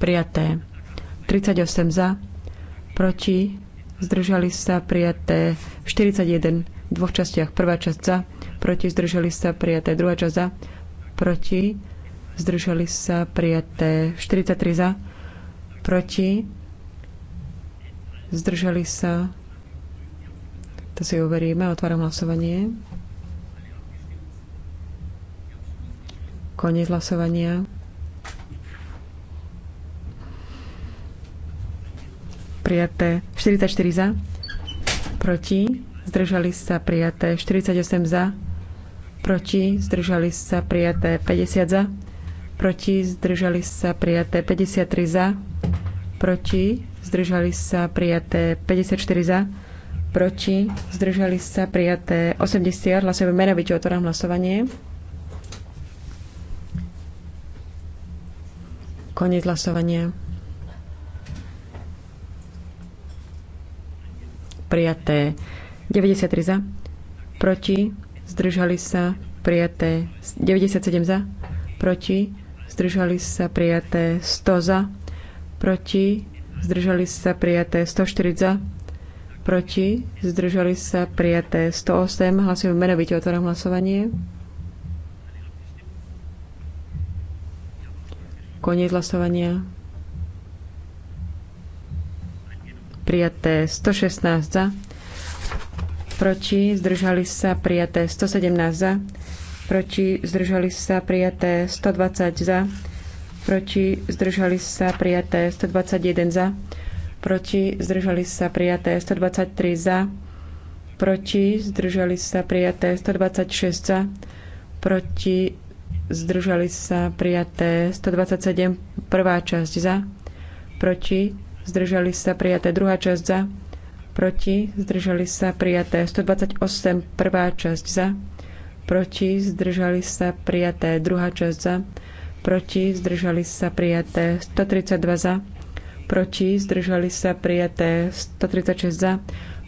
Prijaté. 38 za, proti, zdržali sa prijaté 41 v dvoch častiach. Prvá časť za, proti, zdržali sa prijaté druhá časť za, proti, zdržali sa prijaté 43 za, proti, zdržali sa, to si overíme, otváram hlasovanie. Koniec hlasovania. prijaté 44 za, proti, zdržali sa prijaté 48 za, proti, zdržali sa prijaté 50 za, proti, zdržali sa prijaté 53 za, proti, zdržali sa prijaté 54 za, proti, zdržali sa prijaté 80, hlasujeme menovite, otváram hlasovanie. Koniec hlasovania. prijaté. 93 za, proti, zdržali sa, prijaté. 97 za, proti, zdržali sa, prijaté. 100 za, proti, zdržali sa, prijaté. 104 za, proti, zdržali sa, prijaté. 108, hlasujeme menovite, otváram hlasovanie. Koniec hlasovania. prijaté 116 za, proti zdržali sa prijaté 117 za, proti zdržali sa prijaté 120 za, proti zdržali sa prijaté 121 za, proti zdržali sa prijaté 123 za, proti zdržali sa prijaté 126 za, proti zdržali sa prijaté 127 prvá časť za, proti zdržali sa prijaté. Druhá časť za, proti, zdržali sa prijaté. 128, prvá časť za, proti, zdržali sa prijaté. Druhá časť za, proti, zdržali sa prijaté. 132 za, proti, zdržali sa prijaté. 136 za,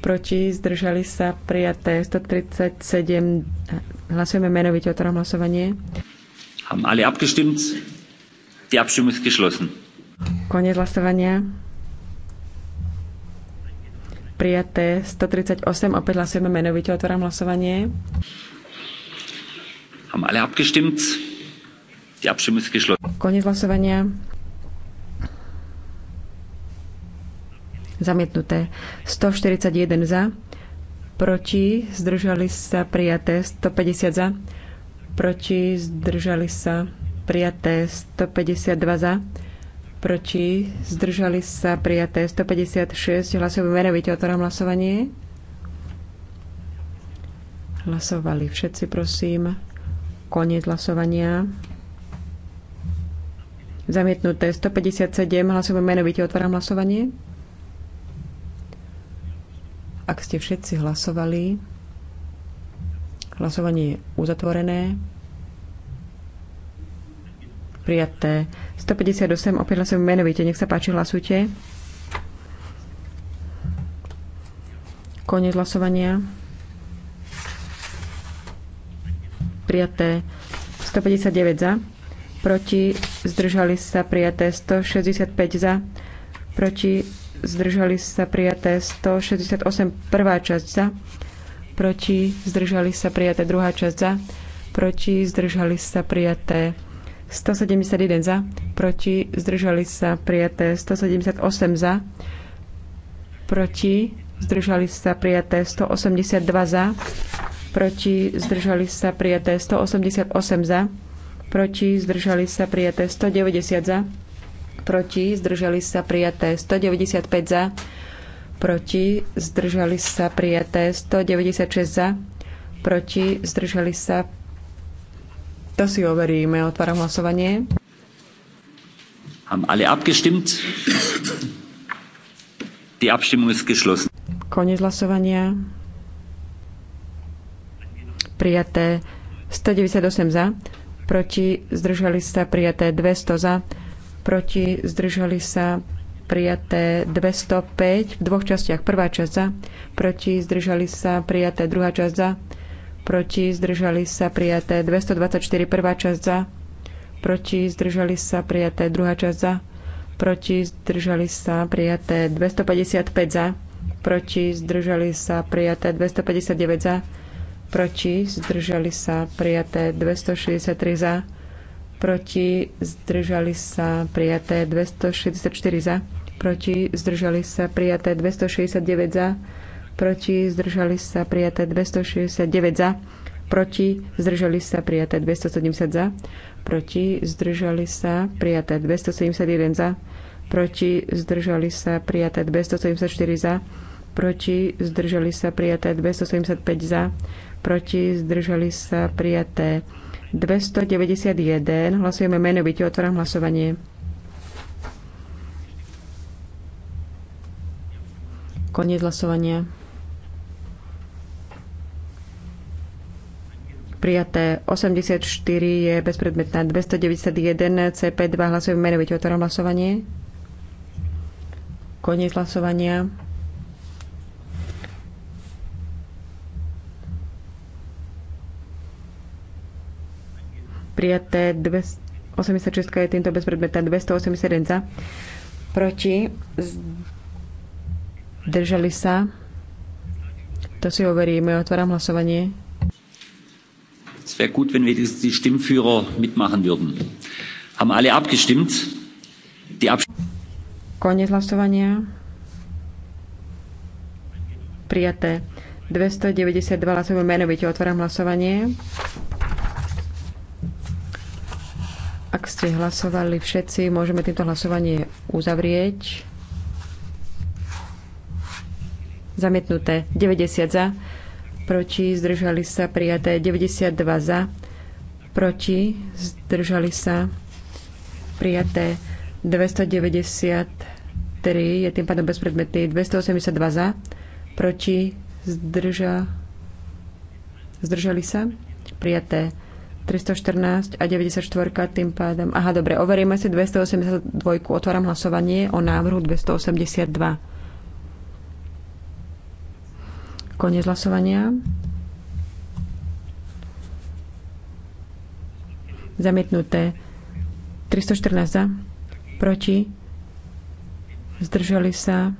proti, zdržali sa prijaté. 137, hlasujeme menovite o tom hlasovanie. Haben alle abgestimmt? Die Abstimmung ist geschlossen. Koniec hlasovania prijaté 138. Opäť hlasujeme menovite. Otváram hlasovanie. Haben alle abgestimmt? Die Abstimmung ist geschlossen. Konec hlasovania. Zamietnuté. 141 za. Proti zdržali sa prijaté 150 za. Proti zdržali sa prijaté 152 za proti, zdržali sa prijaté 156 hlasov o ktorom hlasovanie. Hlasovali všetci, prosím. Koniec hlasovania. Zamietnuté 157 hlasov menovite. Otváram hlasovanie. Ak ste všetci hlasovali, hlasovanie je uzatvorené. Prijaté 158, opäť hlasujem menovite. Nech sa páči, hlasujte. Koniec hlasovania. Prijaté 159 za. Proti zdržali sa prijaté 165 za. Proti zdržali sa prijaté 168 prvá časť za. Proti zdržali sa prijaté druhá časť za. Proti zdržali sa prijaté 171 za, proti, zdržali sa prijaté 178 za, proti, zdržali sa prijaté 182 za, proti, zdržali sa prijaté 188 za, proti, zdržali sa prijaté 190 za, proti, zdržali sa prijaté 195 za, proti, zdržali sa prijaté 196 za, proti, zdržali sa to si overíme. Otváram hlasovanie. Haben alle abgestimmt? Die Abstimmung ist geschlossen. Koniec hlasovania. Prijaté 198 za, proti zdržali sa prijaté 200 za, proti zdržali sa prijaté 205 v dvoch častiach. Prvá časť za, proti zdržali sa prijaté druhá časť za, proti zdržali sa prijaté 224 prvá časť za, proti zdržali sa prijaté druhá časť za, proti zdržali sa prijaté 255 za, proti zdržali sa prijaté 259 za, proti zdržali sa prijaté 263 za, proti zdržali sa prijaté 264 za, proti zdržali sa prijaté 269 za, proti, zdržali sa prijaté 269 za, proti, zdržali sa prijaté 270 za, proti, zdržali sa prijaté 271 za, proti, zdržali sa prijaté 274 za, proti, zdržali sa prijaté 275 za, proti, zdržali sa prijaté 291. Hlasujeme menovite, otváram hlasovanie. Koniec hlasovania. prijaté. 84 je bezpredmetná. 291 CP2 hlasujeme menovite. Otváram hlasovanie. Koniec hlasovania. Prijaté 86 je týmto bezpredmetná. 281 za. Proti. Držali sa. To si overíme. Otváram hlasovanie es wäre gut wenn wenigstens die stimmführer mitmachen würden. haben alle abgestimmt? Die Abst hlasovania. Prijaté. 292 menovite. Otváram hlasovanie. Ak ste hlasovali všetci, môžeme týmto hlasovanie uzavrieť. Zamietnuté 90 za, proti, zdržali sa prijaté 92 za, proti, zdržali sa prijaté 293, je tým pádom bezpredmetný 282 za, proti, zdrža, zdržali sa prijaté 314 a 94 tým pádom. Aha, dobre, overíme si 282. Otváram hlasovanie o návrhu 282. Koniec hlasovania. Zamietnuté. 314 za. Proti. Zdržali sa.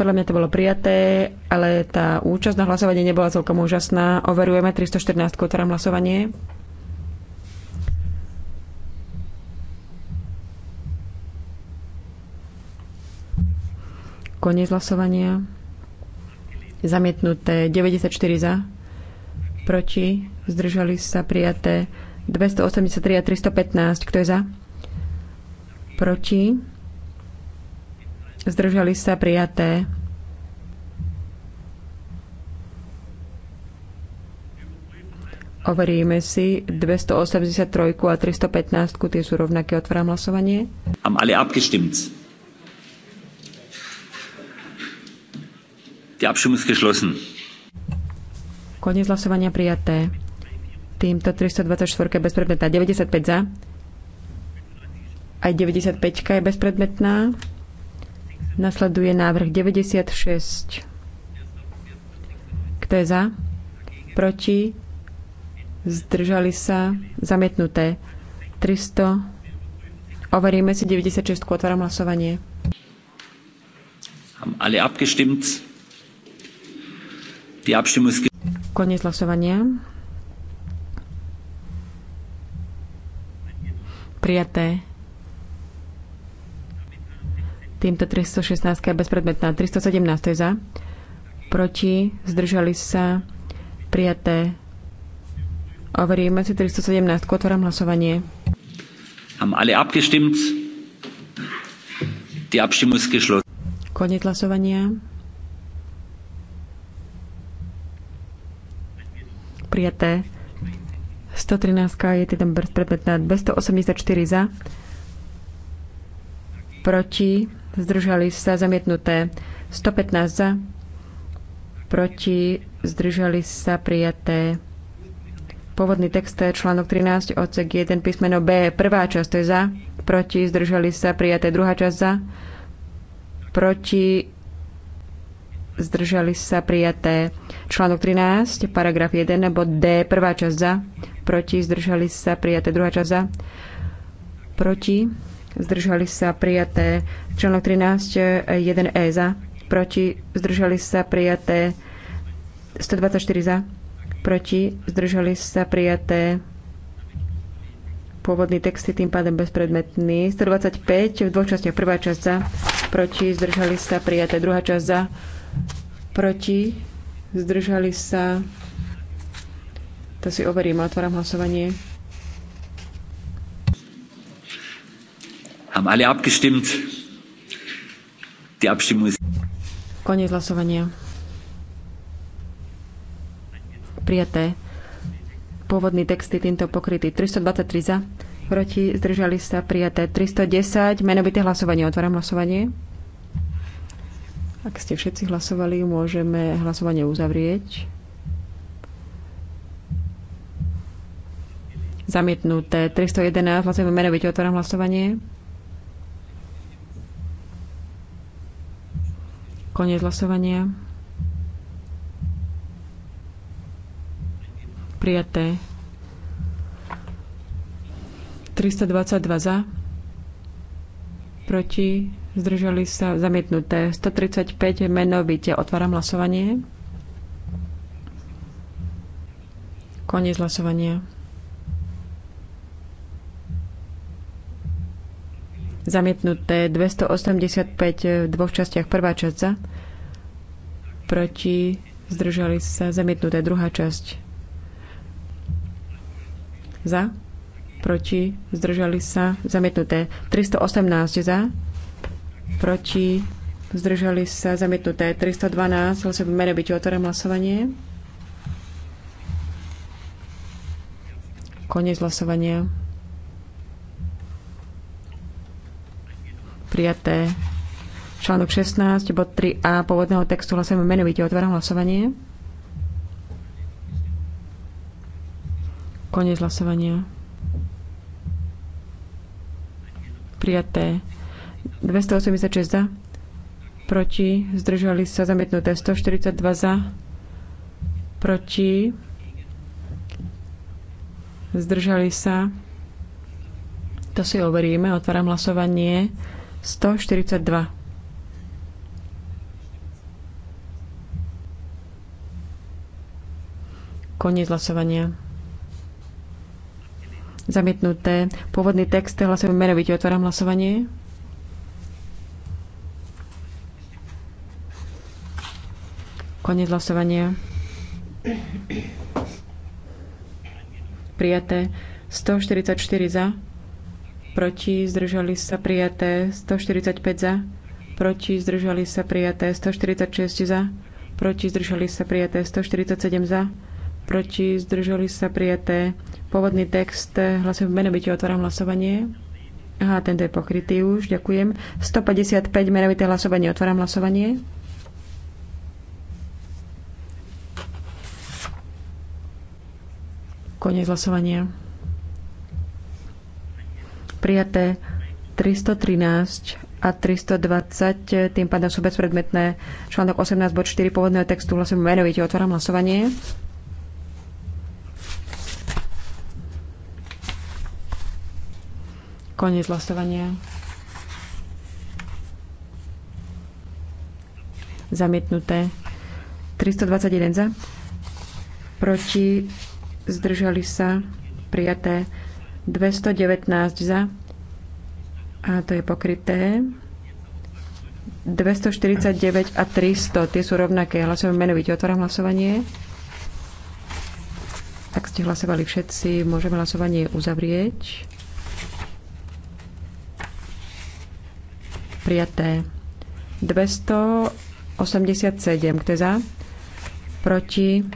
Podľa mňa to bolo prijaté, ale tá účasť na hlasovanie nebola celkom úžasná. Overujeme 314, otváram hlasovanie. Koniec hlasovania zamietnuté 94 za, proti, zdržali sa prijaté 283 a 315. Kto je za? Proti, zdržali sa prijaté Overíme si 283 a 315, tie sú rovnaké. Otváram hlasovanie. Am alle abgestimmt. Die Abstimmung ist geschlossen. Koniec hlasovania prijaté. Týmto 324 je bezpredmetná. 95 za. Aj 95 je bezpredmetná. Nasleduje návrh 96. Kto je za? Proti? Zdržali sa? Zamietnuté. 300. Overíme si 96. Otváram hlasovanie. Haben alle abgestimmt? Die Abstimmung Koniec hlasovania. Prijaté. Týmto 316 je bezpredmetná. 317 je za. Proti. Zdržali sa. Prijaté. Overíme si 317. Otváram hlasovanie. Am alle abgestimmt? Die Abstimmung ist geschlossen. Koniec hlasovania. Prijaté. 113 je teda bezpredmetná. 284 za. Proti. Zdržali sa zamietnuté. 115 za. Proti. Zdržali sa prijaté. Pôvodný text článok 13 odsek 1 písmeno B. Prvá časť to je za. Proti. Zdržali sa prijaté. Druhá časť za. Proti zdržali sa prijaté. Článok 13, paragraf 1, bod D, prvá časť za, proti, zdržali sa prijaté, druhá časť za, proti, zdržali sa prijaté. Článok 13, 1E za, proti, zdržali sa prijaté. 124 za, proti, zdržali sa prijaté. Pôvodný text tým pádem bezpredmetný. 125 v dvoch častiach. Prvá časť za, proti, zdržali sa prijaté. Druhá časť za, Proti? Zdržali sa? To si overím. Otváram hlasovanie. Haben alle abgestimmt? Die Abstimmung ist... Koniec hlasovania. Prijaté. Pôvodný text je týmto pokrytý. 323 za. Proti zdržali sa prijaté 310. Menovité hlasovanie. Otváram hlasovanie. Ak ste všetci hlasovali, môžeme hlasovanie uzavrieť. Zamietnuté 311, hlasujeme menovite, otváram hlasovanie. Koniec hlasovania. Prijaté. 322 za. Proti Zdržali sa zamietnuté 135 menovite. Otváram hlasovanie. Koniec hlasovania. Zamietnuté 285 v dvoch častiach. Prvá časť za. Proti. Zdržali sa. Zamietnuté druhá časť. Za. Proti. Zdržali sa. Zamietnuté 318 za proti, zdržali sa zamietnuté 312, hlasujeme v mene byť otvorím hlasovanie. Koniec hlasovania. Prijaté. Článok 16, bod 3a pôvodného textu hlasujeme menovite. Otváram hlasovanie. Koniec hlasovania. Prijaté. 286 za, proti, zdržali sa zamietnuté 142 za, proti, zdržali sa. To si overíme, otváram hlasovanie 142. Koniec hlasovania. Zamietnuté. Pôvodný text hlasujem menovite. Otváram hlasovanie. Konec hlasovania. Prijaté 144 za, proti zdržali sa prijaté 145 za, proti zdržali sa prijaté 146 za, proti zdržali sa prijaté 147 za, proti zdržali sa prijaté pôvodný text eh, hlasujem v menovite, otváram hlasovanie. Aha, tento je pokrytý už, ďakujem. 155 menovité hlasovanie, otváram hlasovanie. Koniec hlasovania. Prijaté 313 a 320, tým pádom sú bezpredmetné. Článok 18 bod 4 pôvodného textu hlasujem menovite. Otváram hlasovanie. Koniec hlasovania. Zamietnuté. 321 za. Proti zdržali sa, prijaté 219 za, a to je pokryté, 249 a 300, tie sú rovnaké. hlasujem menovite. Otváram hlasovanie. Tak ste hlasovali všetci, môžeme hlasovanie uzavrieť. Prijaté. 287, kto je za? Proti?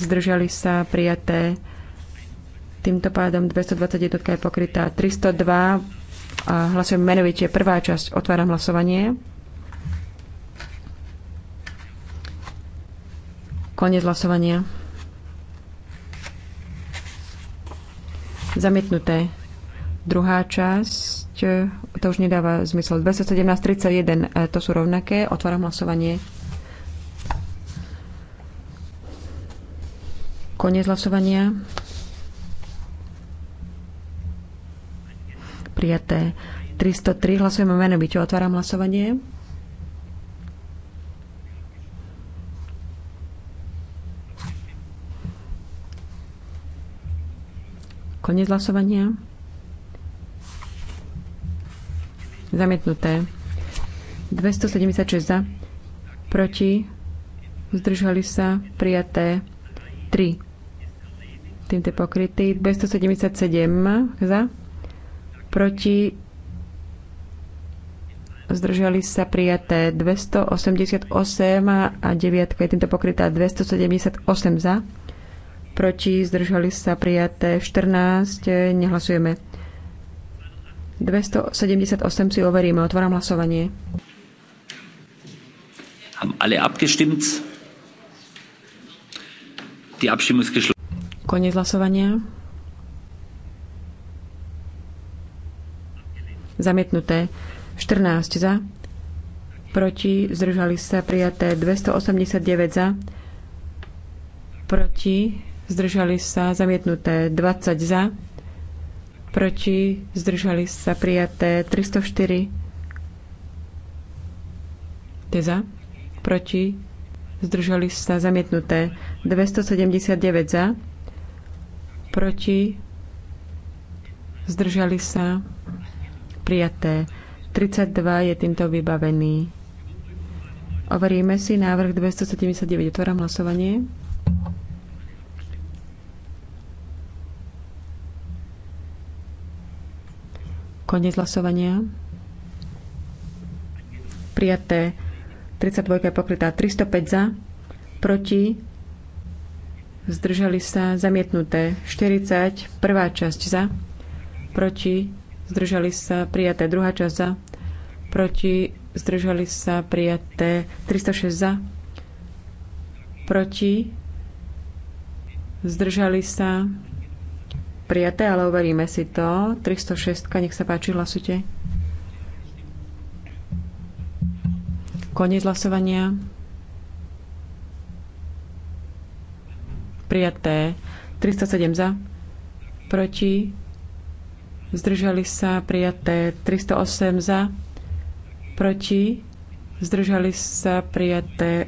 zdržali sa prijaté. Týmto pádom 221 je pokrytá. 302 a hlasujem menovite. Prvá časť. Otváram hlasovanie. Konec hlasovania. Zamietnuté. Druhá časť, to už nedáva zmysel. 217, 31, e, to sú rovnaké. Otváram hlasovanie. Koniec hlasovania. Prijaté. 303. Hlasujeme byť. Otváram hlasovanie. Koniec hlasovania. Zamietnuté. 276 za. Proti. Zdržali sa. Prijaté. 3. Týmto je pokrytý. 277 za. Proti. Zdržali sa prijaté 288 a 9 je týmto pokrytá 278 za. Proti zdržali sa prijaté 14. Nehlasujeme. 278 si overíme. Otváram hlasovanie. Haben alle abgestimmt? Die Abstimmung ist geschlossen. hlasovania. Zamietnuté. 14 za. Proti. Zdržali sa prijaté 289 za. Proti. Zdržali sa zamietnuté 20 za. Proti. Zdržali sa prijaté 304. Te za. Proti. Zdržali sa zamietnuté 279 za, proti, zdržali sa, prijaté. 32 je týmto vybavený. Overíme si návrh 279. Otváram hlasovanie. Koniec hlasovania. Prijaté 32 je pokrytá 305 za, proti zdržali sa zamietnuté 40, prvá časť za, proti, zdržali sa prijaté druhá časť za, proti, zdržali sa prijaté 306 za, proti, zdržali sa prijaté, ale overíme si to. 306, nech sa páči, hlasujte. Koniec hlasovania. prijaté 307 za, proti, zdržali sa prijaté 308 za, proti, zdržali sa prijaté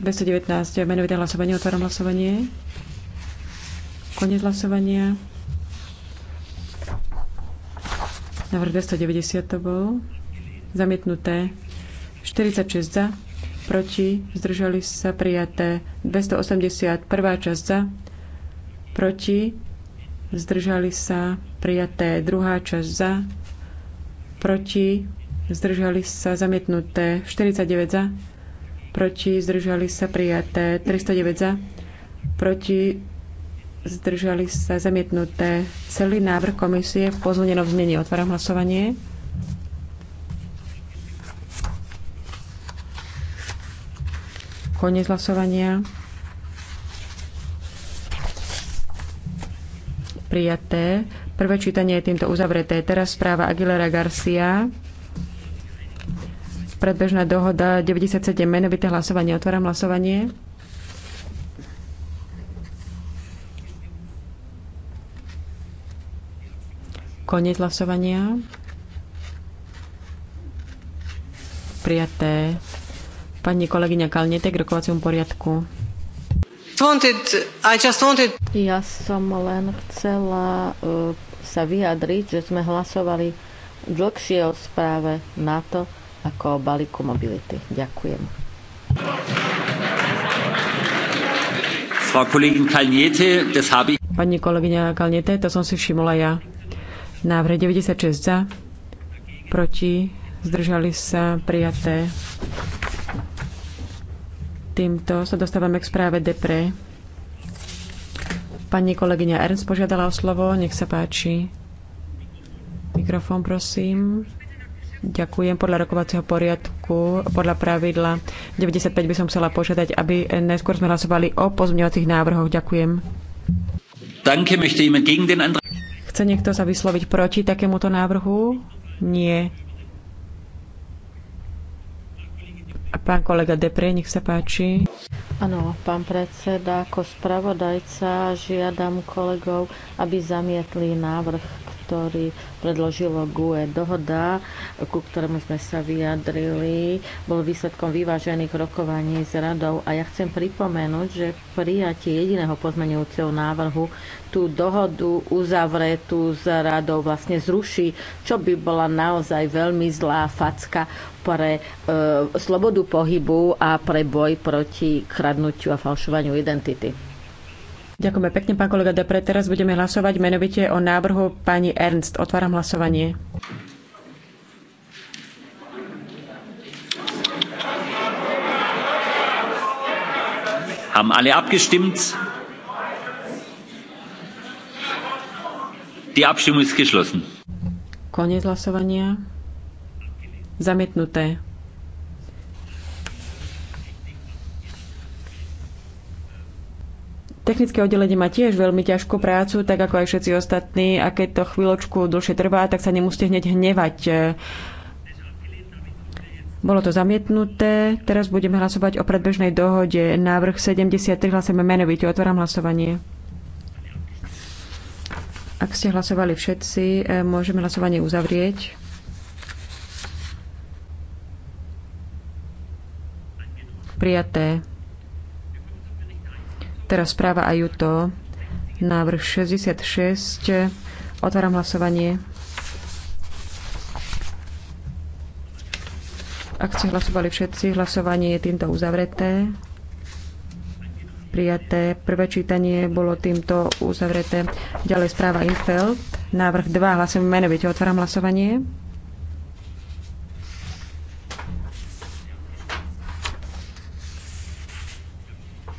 219 menovité hlasovanie, otváram hlasovanie. Konec hlasovania. Návrh 290 to bol. Zamietnuté. 46 za proti, zdržali sa prijaté 280, prvá časť za, proti, zdržali sa prijaté druhá časť za, proti, zdržali sa zamietnuté 49 za, proti, zdržali sa prijaté 309 za, proti, zdržali sa zamietnuté celý návrh komisie v pozvonenom znení. Otváram hlasovanie. Konec hlasovania. Prijaté. Prvé čítanie je týmto uzavreté. Teraz správa Aguilera Garcia. Predbežná dohoda 97. Menovité hlasovanie. Otváram hlasovanie. Koniec hlasovania. Prijaté. Pani kolegyňa Kalnete k rokovaciemu poriadku. Ja som len chcela e, sa vyjadriť, že sme hlasovali dlhšie o správe NATO ako o balíku mobility. Ďakujem. Pani kolegyňa Kalniete, to som si všimla ja. Návrh 96 za, proti, zdržali sa prijaté. Týmto sa dostávame k správe Depre. Pani kolegyňa Ernst požiadala o slovo, nech sa páči. Mikrofón, prosím. Ďakujem. Podľa rokovacieho poriadku, podľa pravidla 95 by som chcela požiadať, aby najskôr sme hlasovali o pozmeňovacích návrhoch. Ďakujem. Chce niekto sa vysloviť proti takémuto návrhu? Nie. Pán kolega Depre, nech sa páči. Áno, pán predseda, ako spravodajca žiadam kolegov, aby zamietli návrh ktorý predložilo GUE. Dohoda, ku ktorému sme sa vyjadrili, bol výsledkom vyvážených rokovaní s radou a ja chcem pripomenúť, že prijatie jediného pozmenujúceho návrhu tú dohodu uzavretú s radou vlastne zruší, čo by bola naozaj veľmi zlá facka pre e, slobodu pohybu a pre boj proti kradnutiu a falšovaniu identity. Ďakujeme pekne, pán kolega Depre. Teraz budeme hlasovať menovite o návrhu pani Ernst. Otváram hlasovanie. Haben alle abgestimmt? Die Abstimmung ist geschlossen. Koniec hlasovania. Zamietnuté. Technické oddelenie má tiež veľmi ťažkú prácu, tak ako aj všetci ostatní. A keď to chvíľočku dlhšie trvá, tak sa nemusíte hneď hnevať. Bolo to zamietnuté. Teraz budeme hlasovať o predbežnej dohode. Návrh 73 hlasujeme menovite. Otváram hlasovanie. Ak ste hlasovali všetci, eh, môžeme hlasovanie uzavrieť. Prijaté. Teraz správa aj to. Návrh 66. Otváram hlasovanie. Ak ste hlasovali všetci, hlasovanie je týmto uzavreté. Prijaté. Prvé čítanie bolo týmto uzavreté. Ďalej správa Infeld. Návrh 2. Hlasujem menovite. Otváram hlasovanie.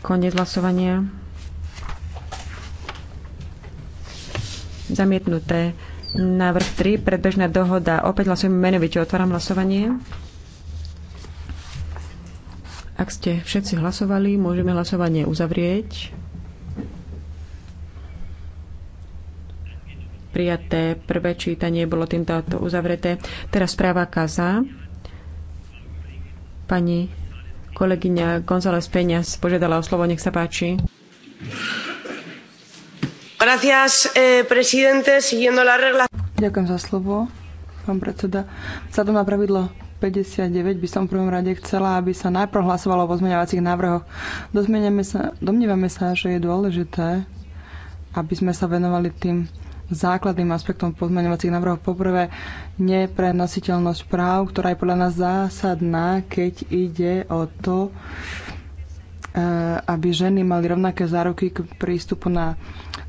Koniec hlasovania. Zamietnuté. Návrh 3, predbežná dohoda. Opäť hlasujeme menovite. Otváram hlasovanie. Ak ste všetci hlasovali, môžeme hlasovanie uzavrieť. Prijaté prvé čítanie bolo týmto uzavreté. Teraz správa Kaza. Pani Kolegyňa González Peňas požiadala o slovo, nech sa páči. Gracias, eh, presidente, siguiendo la regla. Ďakujem za slovo, pán predseda. Vzhľadom na pravidlo 59 by som v prvom rade chcela, aby sa najprv hlasovalo o pozmeňovacích návrhoch. Sa, domnívame sa, že je dôležité, aby sme sa venovali tým základným aspektom pozmeňovacích návrhov. Poprvé, neprenositeľnosť práv, ktorá je podľa nás zásadná, keď ide o to, eh, aby ženy mali rovnaké záruky k prístupu na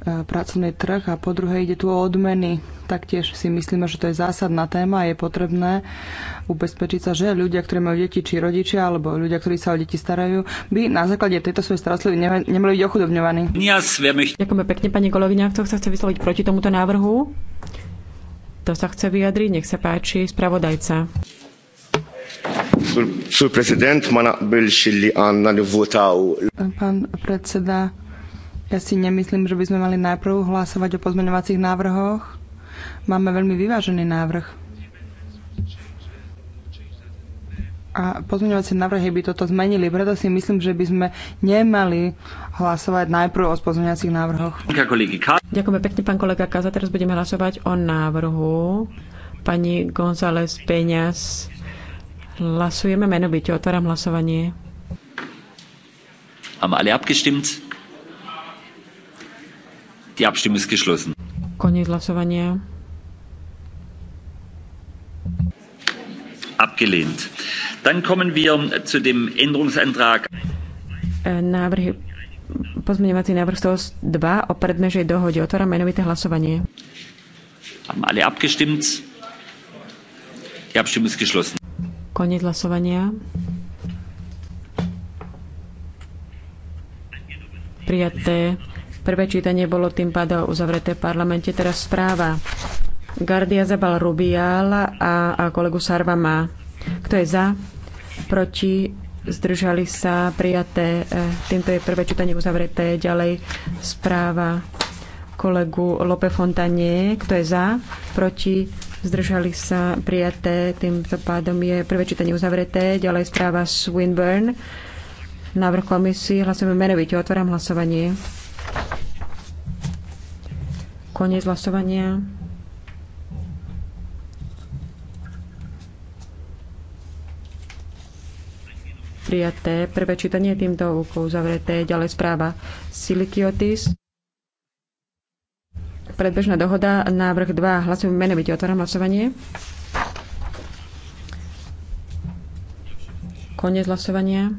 pracovný trh a po druhé ide tu o odmeny. Taktiež si myslíme, že to je zásadná téma a je potrebné ubezpečiť sa, že ľudia, ktorí majú deti, či rodičia, alebo ľudia, ktorí sa o deti starajú, by na základe tejto svojej starostlivosti nemali byť ochudobňovaní. Ďakujeme pekne, pani kolegyňa. Kto sa chce vysloviť proti tomuto návrhu? To sa chce vyjadriť. Nech sa páči, spravodajca. Pán predseda, ja si nemyslím, že by sme mali najprv hlasovať o pozmeňovacích návrhoch. Máme veľmi vyvážený návrh. A pozmeňovacie návrhy by toto zmenili, preto si myslím, že by sme nemali hlasovať najprv o pozmeňovacích návrhoch. Ďakujeme pekne, pán kolega Kaza. Teraz budeme hlasovať o návrhu pani González Peňas. Hlasujeme menovite. Otváram hlasovanie. Haben alle abgestimmt? Die Abstimmung ist geschlossen. Koniec hlasovania. Abgelehnt. Dann kommen wir zu dem Änderungsantrag. Äh, Návrhy, pozmeňovací návrh 102 o predmežej dohode. Otváram menovité hlasovanie. Haben alle abgestimmt? Die Abstimmung ist geschlossen. Koniec hlasovania. Prijaté Prvé čítanie bolo tým pádom uzavreté v parlamente. Teraz správa Gardia Zabal Rubial a, a kolegu Sarvama. Kto je za? Proti? Zdržali sa? Prijaté? E, týmto je prvé čítanie uzavreté. Ďalej správa kolegu Lope Fontanie. Kto je za? Proti? Zdržali sa? Prijaté? Týmto pádom je prvé čítanie uzavreté. Ďalej správa Swinburne. Návrh komisie. Hlasujeme menovite. Otváram hlasovanie. Koniec hlasovania. Prijaté. Prvé čítanie týmto úkou zavreté. Ďalej správa Silikiotis. Predbežná dohoda, návrh 2. Hlasujem menovite. Otváram hlasovanie. Koniec hlasovania.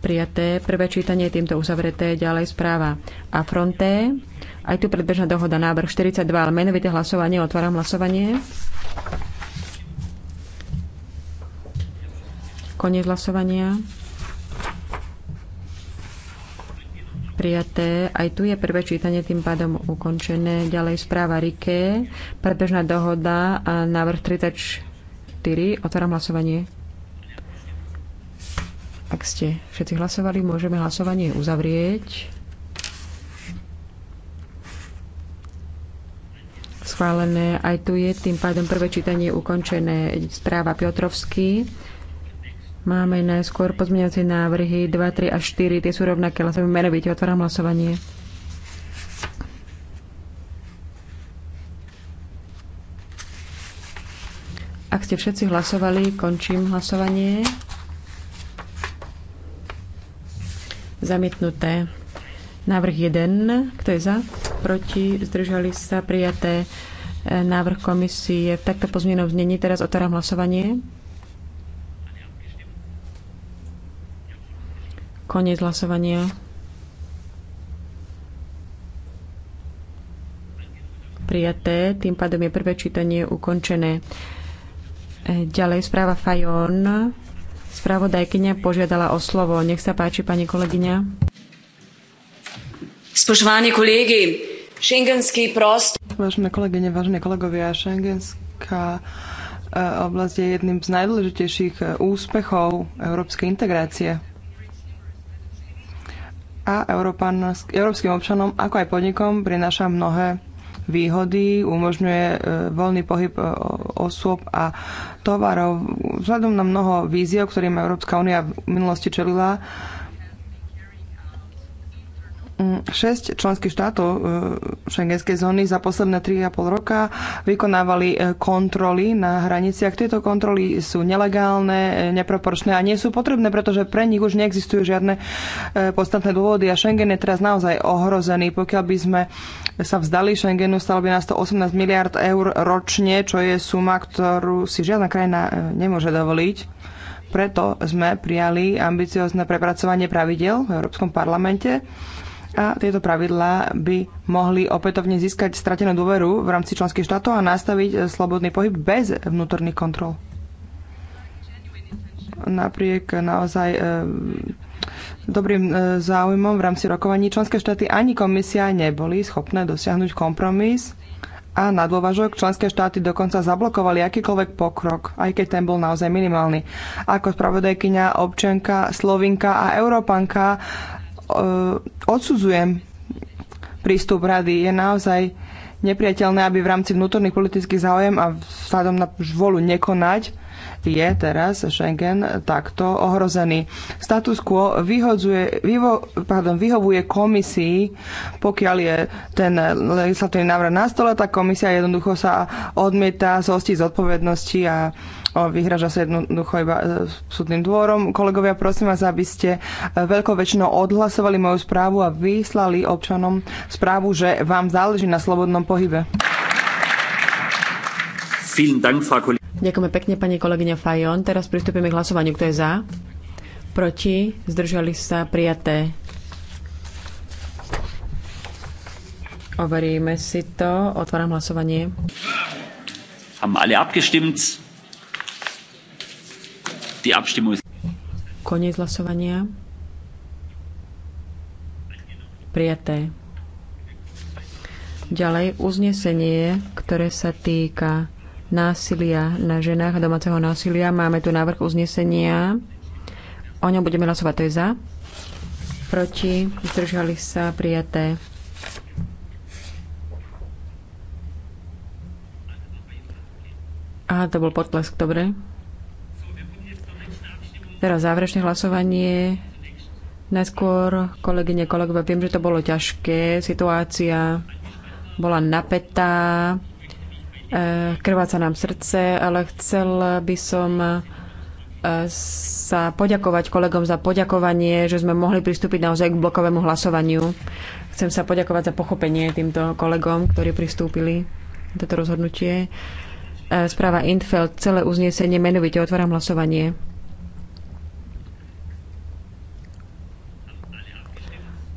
prijaté. Prvé čítanie je týmto uzavreté. Ďalej správa a fronté. Aj tu predbežná dohoda návrh 42, ale menovité hlasovanie. Otváram hlasovanie. Koniec hlasovania. prijaté. Aj tu je prvé čítanie tým pádom ukončené. Ďalej správa Rike, predbežná dohoda a návrh 34. Otváram hlasovanie. Ak ste všetci hlasovali, môžeme hlasovanie uzavrieť. Schválené aj tu je, tým pádom prvé čítanie je ukončené správa Piotrovský. Máme najskôr pozmeňovacie návrhy 2, 3 a 4. Tie sú rovnaké, len sa menovite. Otváram hlasovanie. Ak ste všetci hlasovali, končím hlasovanie. zamietnuté. Návrh 1, kto je za, proti, zdržali sa, prijaté. E, návrh komisie v takto pozmienom znení. Teraz otváram hlasovanie. Koniec hlasovania. Prijaté. Tým pádom je prvé čítanie ukončené. E, ďalej správa Fajon. Spravodajkyňa požiadala o slovo. Nech sa páči, pani kolegyňa. Spoštovaní kolegy, šengenský prost. Vážené kolegyne, vážení kolegovia, šengenská e, oblasť je jedným z najdôležitejších e, úspechov európskej integrácie a európskym občanom, ako aj podnikom, prináša mnohé výhody, umožňuje e, voľný pohyb e, osôb a tovarov. Vzhľadom na mnoho víziev, ktorým Európska únia v minulosti čelila, mm, Šesť členských štátov e, šengenskej zóny za posledné 3,5 roka vykonávali kontroly na hraniciach. Tieto kontroly sú nelegálne, neproporčné a nie sú potrebné, pretože pre nich už neexistujú žiadne podstatné dôvody a Schengen je teraz naozaj ohrozený. Pokiaľ by sme sa vzdali Schengenu, stalo by nás to 18 miliard eur ročne, čo je suma, ktorú si žiadna krajina e, nemôže dovoliť. Preto sme prijali ambiciozne prepracovanie pravidel v Európskom parlamente a tieto pravidlá by mohli opätovne získať stratenú dôveru v rámci členských štátov a nastaviť e, slobodný pohyb bez vnútorných kontrol. Napriek naozaj e, dobrým e, záujmom v rámci rokovaní členské štáty ani komisia neboli schopné dosiahnuť kompromis a na dôvažok členské štáty dokonca zablokovali akýkoľvek pokrok, aj keď ten bol naozaj minimálny. Ako spravodajkyňa, občanka, slovinka a európanka e, odsudzujem prístup rady. Je naozaj nepriateľné, aby v rámci vnútorných politických záujem a vzhľadom na vôľu nekonať je teraz Schengen takto ohrozený. Status quo vyhodzuje, vyvo, pardon, vyhovuje komisii, pokiaľ je ten legislatívny návrh na stole, tak komisia jednoducho sa odmieta zostiť z odpovednosti a vyhraža sa jednoducho iba e, súdnym dvorom. Kolegovia, prosím vás, aby ste veľkou väčšinou odhlasovali moju správu a vyslali občanom správu, že vám záleží na slobodnom pohybe. Ďakujeme pekne, pani kolegyňa Fajon. Teraz pristúpime k hlasovaniu. Kto je za? Proti? Zdržali sa prijaté. Overíme si to. Otváram hlasovanie. Haben alle abgestimmt? Die Abstimmung ist... Koniec hlasovania. Prijaté. Ďalej uznesenie, ktoré sa týka násilia na ženách a domáceho násilia. Máme tu návrh uznesenia. O ňom budeme hlasovať. To je za. Proti. Zdržali sa. Prijaté. Aha, to bol potlesk. Dobre. Teraz záverečné hlasovanie. Najskôr, kolegyne, kolegové viem, že to bolo ťažké. Situácia bola napätá. Eh, krváca nám srdce, ale chcel by som eh, sa poďakovať kolegom za poďakovanie, že sme mohli pristúpiť naozaj k blokovému hlasovaniu. Chcem sa poďakovať za pochopenie týmto kolegom, ktorí pristúpili na toto rozhodnutie. Eh, správa Intfeld, celé uznesenie, menovite otváram hlasovanie.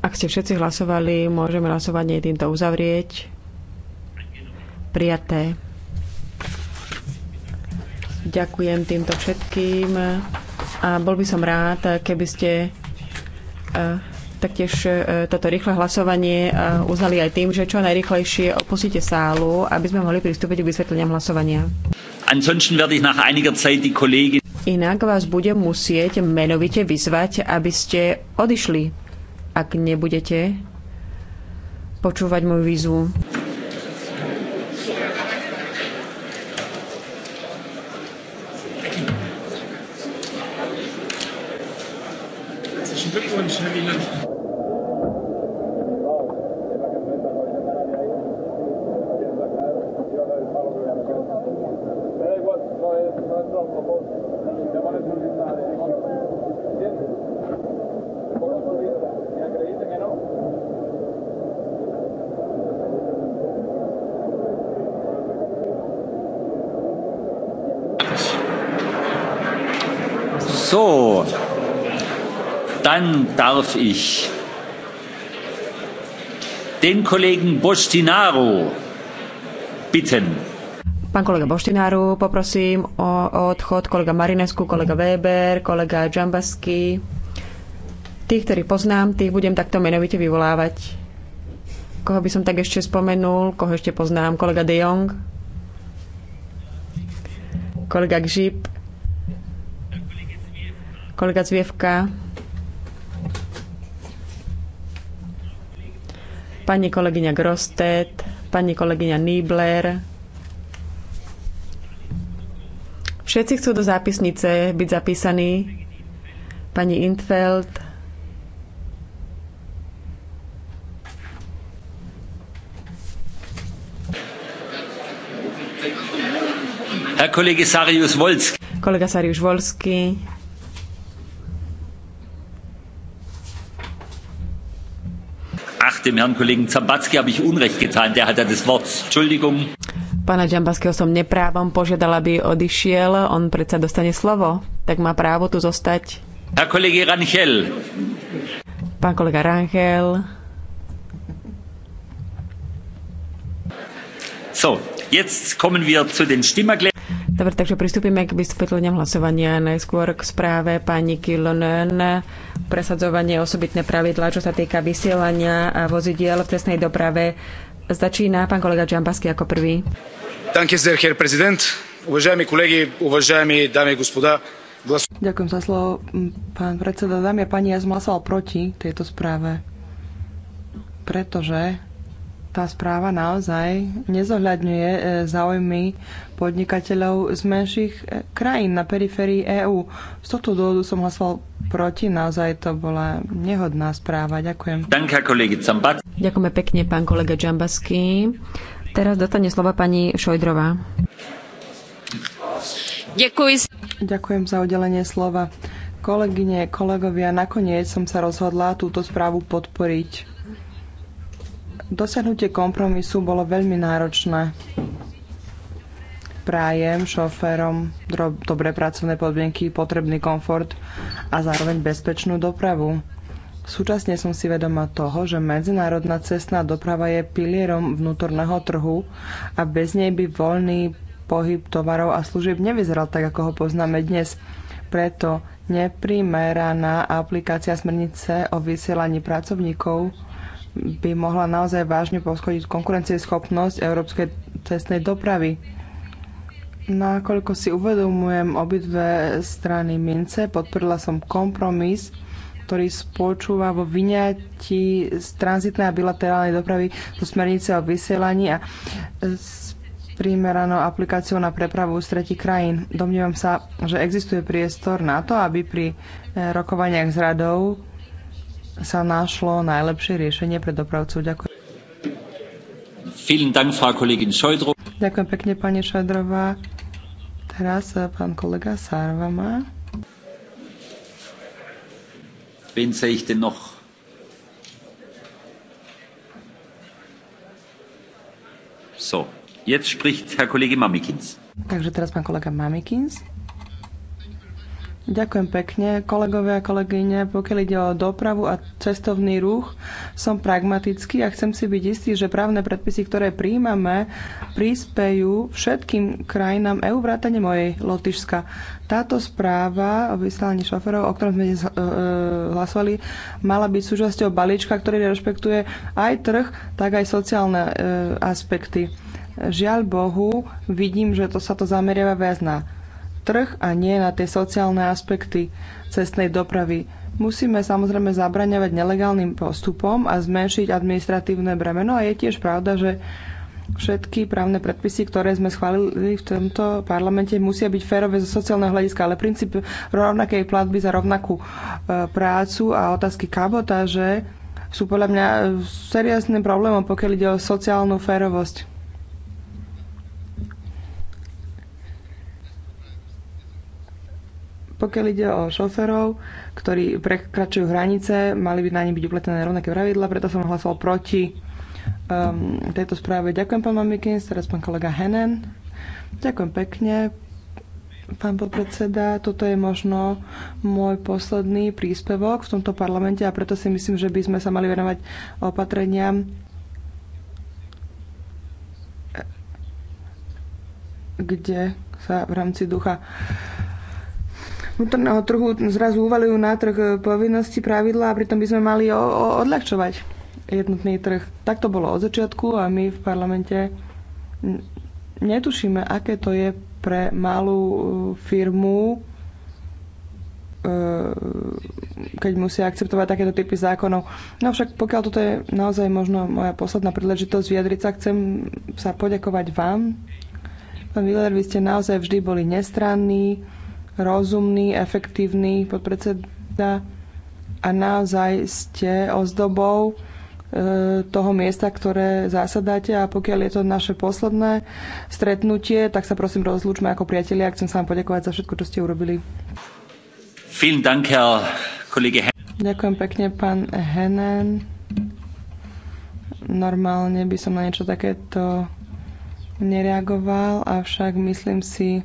Ak ste všetci hlasovali, môžeme hlasovanie týmto uzavrieť. Prijaté. Ďakujem týmto všetkým a bol by som rád, keby ste e, taktiež e, toto rýchle hlasovanie e, uznali aj tým, že čo najrychlejšie opustíte sálu, aby sme mohli pristúpiť k vysvetleniam hlasovania. Inak vás budem musieť menovite vyzvať, aby ste odišli, ak nebudete počúvať moju výzvu. darf ich den Kollegen Bostinaro bitten. Pán kolega Boštináru, poprosím o odchod kolega Marinesku, kolega Weber, kolega Džambasky. Tých, ktorých poznám, tých budem takto menovite vyvolávať. Koho by som tak ešte spomenul, koho ešte poznám? Kolega De Jong, kolega Gžip, kolega Cvievka, pani kolegyňa Grostet, pani kolegyňa Niebler. Všetci chcú do zápisnice byť zapísaní. Pani Intfeld. Herr Kollege Sarius Wolski. Kollege Sarius Wolski. Dem Herrn Kollegen Zambatsky habe ich Unrecht getan, der hat ja das Wort. Entschuldigung. Pána Džambaského som neprávom požiadala, aby odišiel. On predsa dostane slovo. Tak má právo tu zostať. Herr Kollege Rangel. Pán kolega Rangel. So, Dobre, takže pristúpime k vysvetleniam hlasovania. Najskôr k správe pani Kilonen. Presadzovanie osobitné pravidlá, čo sa týka vysielania a vozidiel v cestnej doprave. Začína pán kolega Čampasky ako prvý. Ďakujem za slovo, pán predseda. Dámy a pani, ja som hlasoval proti tejto správe, pretože tá správa naozaj nezohľadňuje e, záujmy podnikateľov z menších e, krajín na periférii EÚ. Z tohto dôvodu som hlasoval proti, naozaj to bola nehodná správa. Ďakujem. Ďakujeme pekne, pán kolega Džambasky. Teraz dostane slova pani Šojdrová. Ďakujem. Ďakujem za udelenie slova. Kolegyne, kolegovia, nakoniec som sa rozhodla túto správu podporiť Dosiahnutie kompromisu bolo veľmi náročné. Prájem šoférom dobre pracovné podmienky, potrebný komfort a zároveň bezpečnú dopravu. Súčasne som si vedoma toho, že medzinárodná cestná doprava je pilierom vnútorného trhu a bez nej by voľný pohyb tovarov a služieb nevyzeral tak, ako ho poznáme dnes. Preto neprimeraná aplikácia smernice o vysielaní pracovníkov by mohla naozaj vážne poschodiť konkurencieschopnosť európskej cestnej dopravy. Nakoľko no si uvedomujem obidve strany mince, podporila som kompromis, ktorý spočúva vo vyňatí z tranzitnej a bilaterálnej dopravy do smernice o vysielaní a s primeranou aplikáciou na prepravu z tretí krajín. Domnievam sa, že existuje priestor na to, aby pri rokovaniach s radou sa našlo najlepšie riešenie pre dopravcov. Ďakujem. Dank, Ďakujem pekne, pani Šojdrová. Teraz eh, pán kolega Sárva má. Wen sehe ich denn noch? So, jetzt spricht Herr Kollege Mamikins. Takže teraz pán kolega Mamikins. Ďakujem pekne. Kolegovia a kolegyne, pokiaľ ide o dopravu a cestovný ruch, som pragmatický a chcem si byť istý, že právne predpisy, ktoré príjmame, prispejú všetkým krajinám EU vrátane mojej Lotyšska. Táto správa o vyslaní šoferov, o ktorom sme dnes e, e, hlasovali, mala byť súčasťou balíčka, ktorý rešpektuje aj trh, tak aj sociálne e, aspekty. Žiaľ Bohu, vidím, že to sa to zameriava viac na trh a nie na tie sociálne aspekty cestnej dopravy. Musíme samozrejme zabraňovať nelegálnym postupom a zmenšiť administratívne bremeno a je tiež pravda, že všetky právne predpisy, ktoré sme schválili v tomto parlamente, musia byť férové zo sociálneho hľadiska, ale princíp rovnakej platby za rovnakú e, prácu a otázky kabotáže sú podľa mňa serióznym problémom, pokiaľ ide o sociálnu férovosť. Pokiaľ ide o šoferov, ktorí prekračujú hranice, mali by na nich byť upletené rovnaké pravidla, preto som hlasoval proti um, tejto správe. Ďakujem pán Mamikins, teraz pán kolega Henen. Ďakujem pekne. Pán podpredseda, toto je možno môj posledný príspevok v tomto parlamente a preto si myslím, že by sme sa mali venovať opatreniam kde sa v rámci ducha vnútorného trhu zrazu uvalujú na trh eh, povinnosti, pravidla a pritom by sme mali o, o, odľahčovať jednotný trh. Tak to bolo od začiatku a my v parlamente netušíme, aké to je pre malú eh, firmu, eh, keď musia akceptovať takéto typy zákonov. No však pokiaľ toto je naozaj možno moja posledná príležitosť vyjadriť sa, chcem sa poďakovať vám. Pán Viller, vy ste naozaj vždy boli nestranní, rozumný, efektívny podpredseda a naozaj ste ozdobou e, toho miesta, ktoré zásadáte a pokiaľ je to naše posledné stretnutie, tak sa prosím rozlúčme ako priatelia. Chcem sa vám poďakovať za všetko, čo ste urobili. Ďakujem pekne, pán Henen. Normálne by som na niečo takéto nereagoval, avšak myslím si,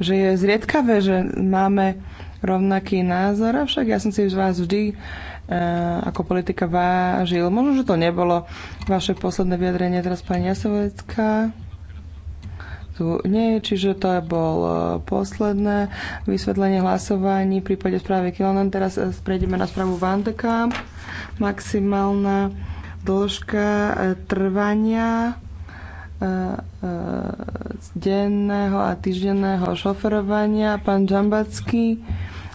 že je zriedkavé, že máme rovnaký názor, avšak ja som si z vás vždy e, ako politika vážil. Možno, že to nebolo vaše posledné vyjadrenie teraz pani Jasovecká. Tu nie, čiže to bol e, posledné vysvetlenie hlasovaní v prípade správy Kilonen. Teraz e, prejdeme na správu Van Maximálna dĺžka e, trvania denného a týždenného šoferovania. Pán Džambacký,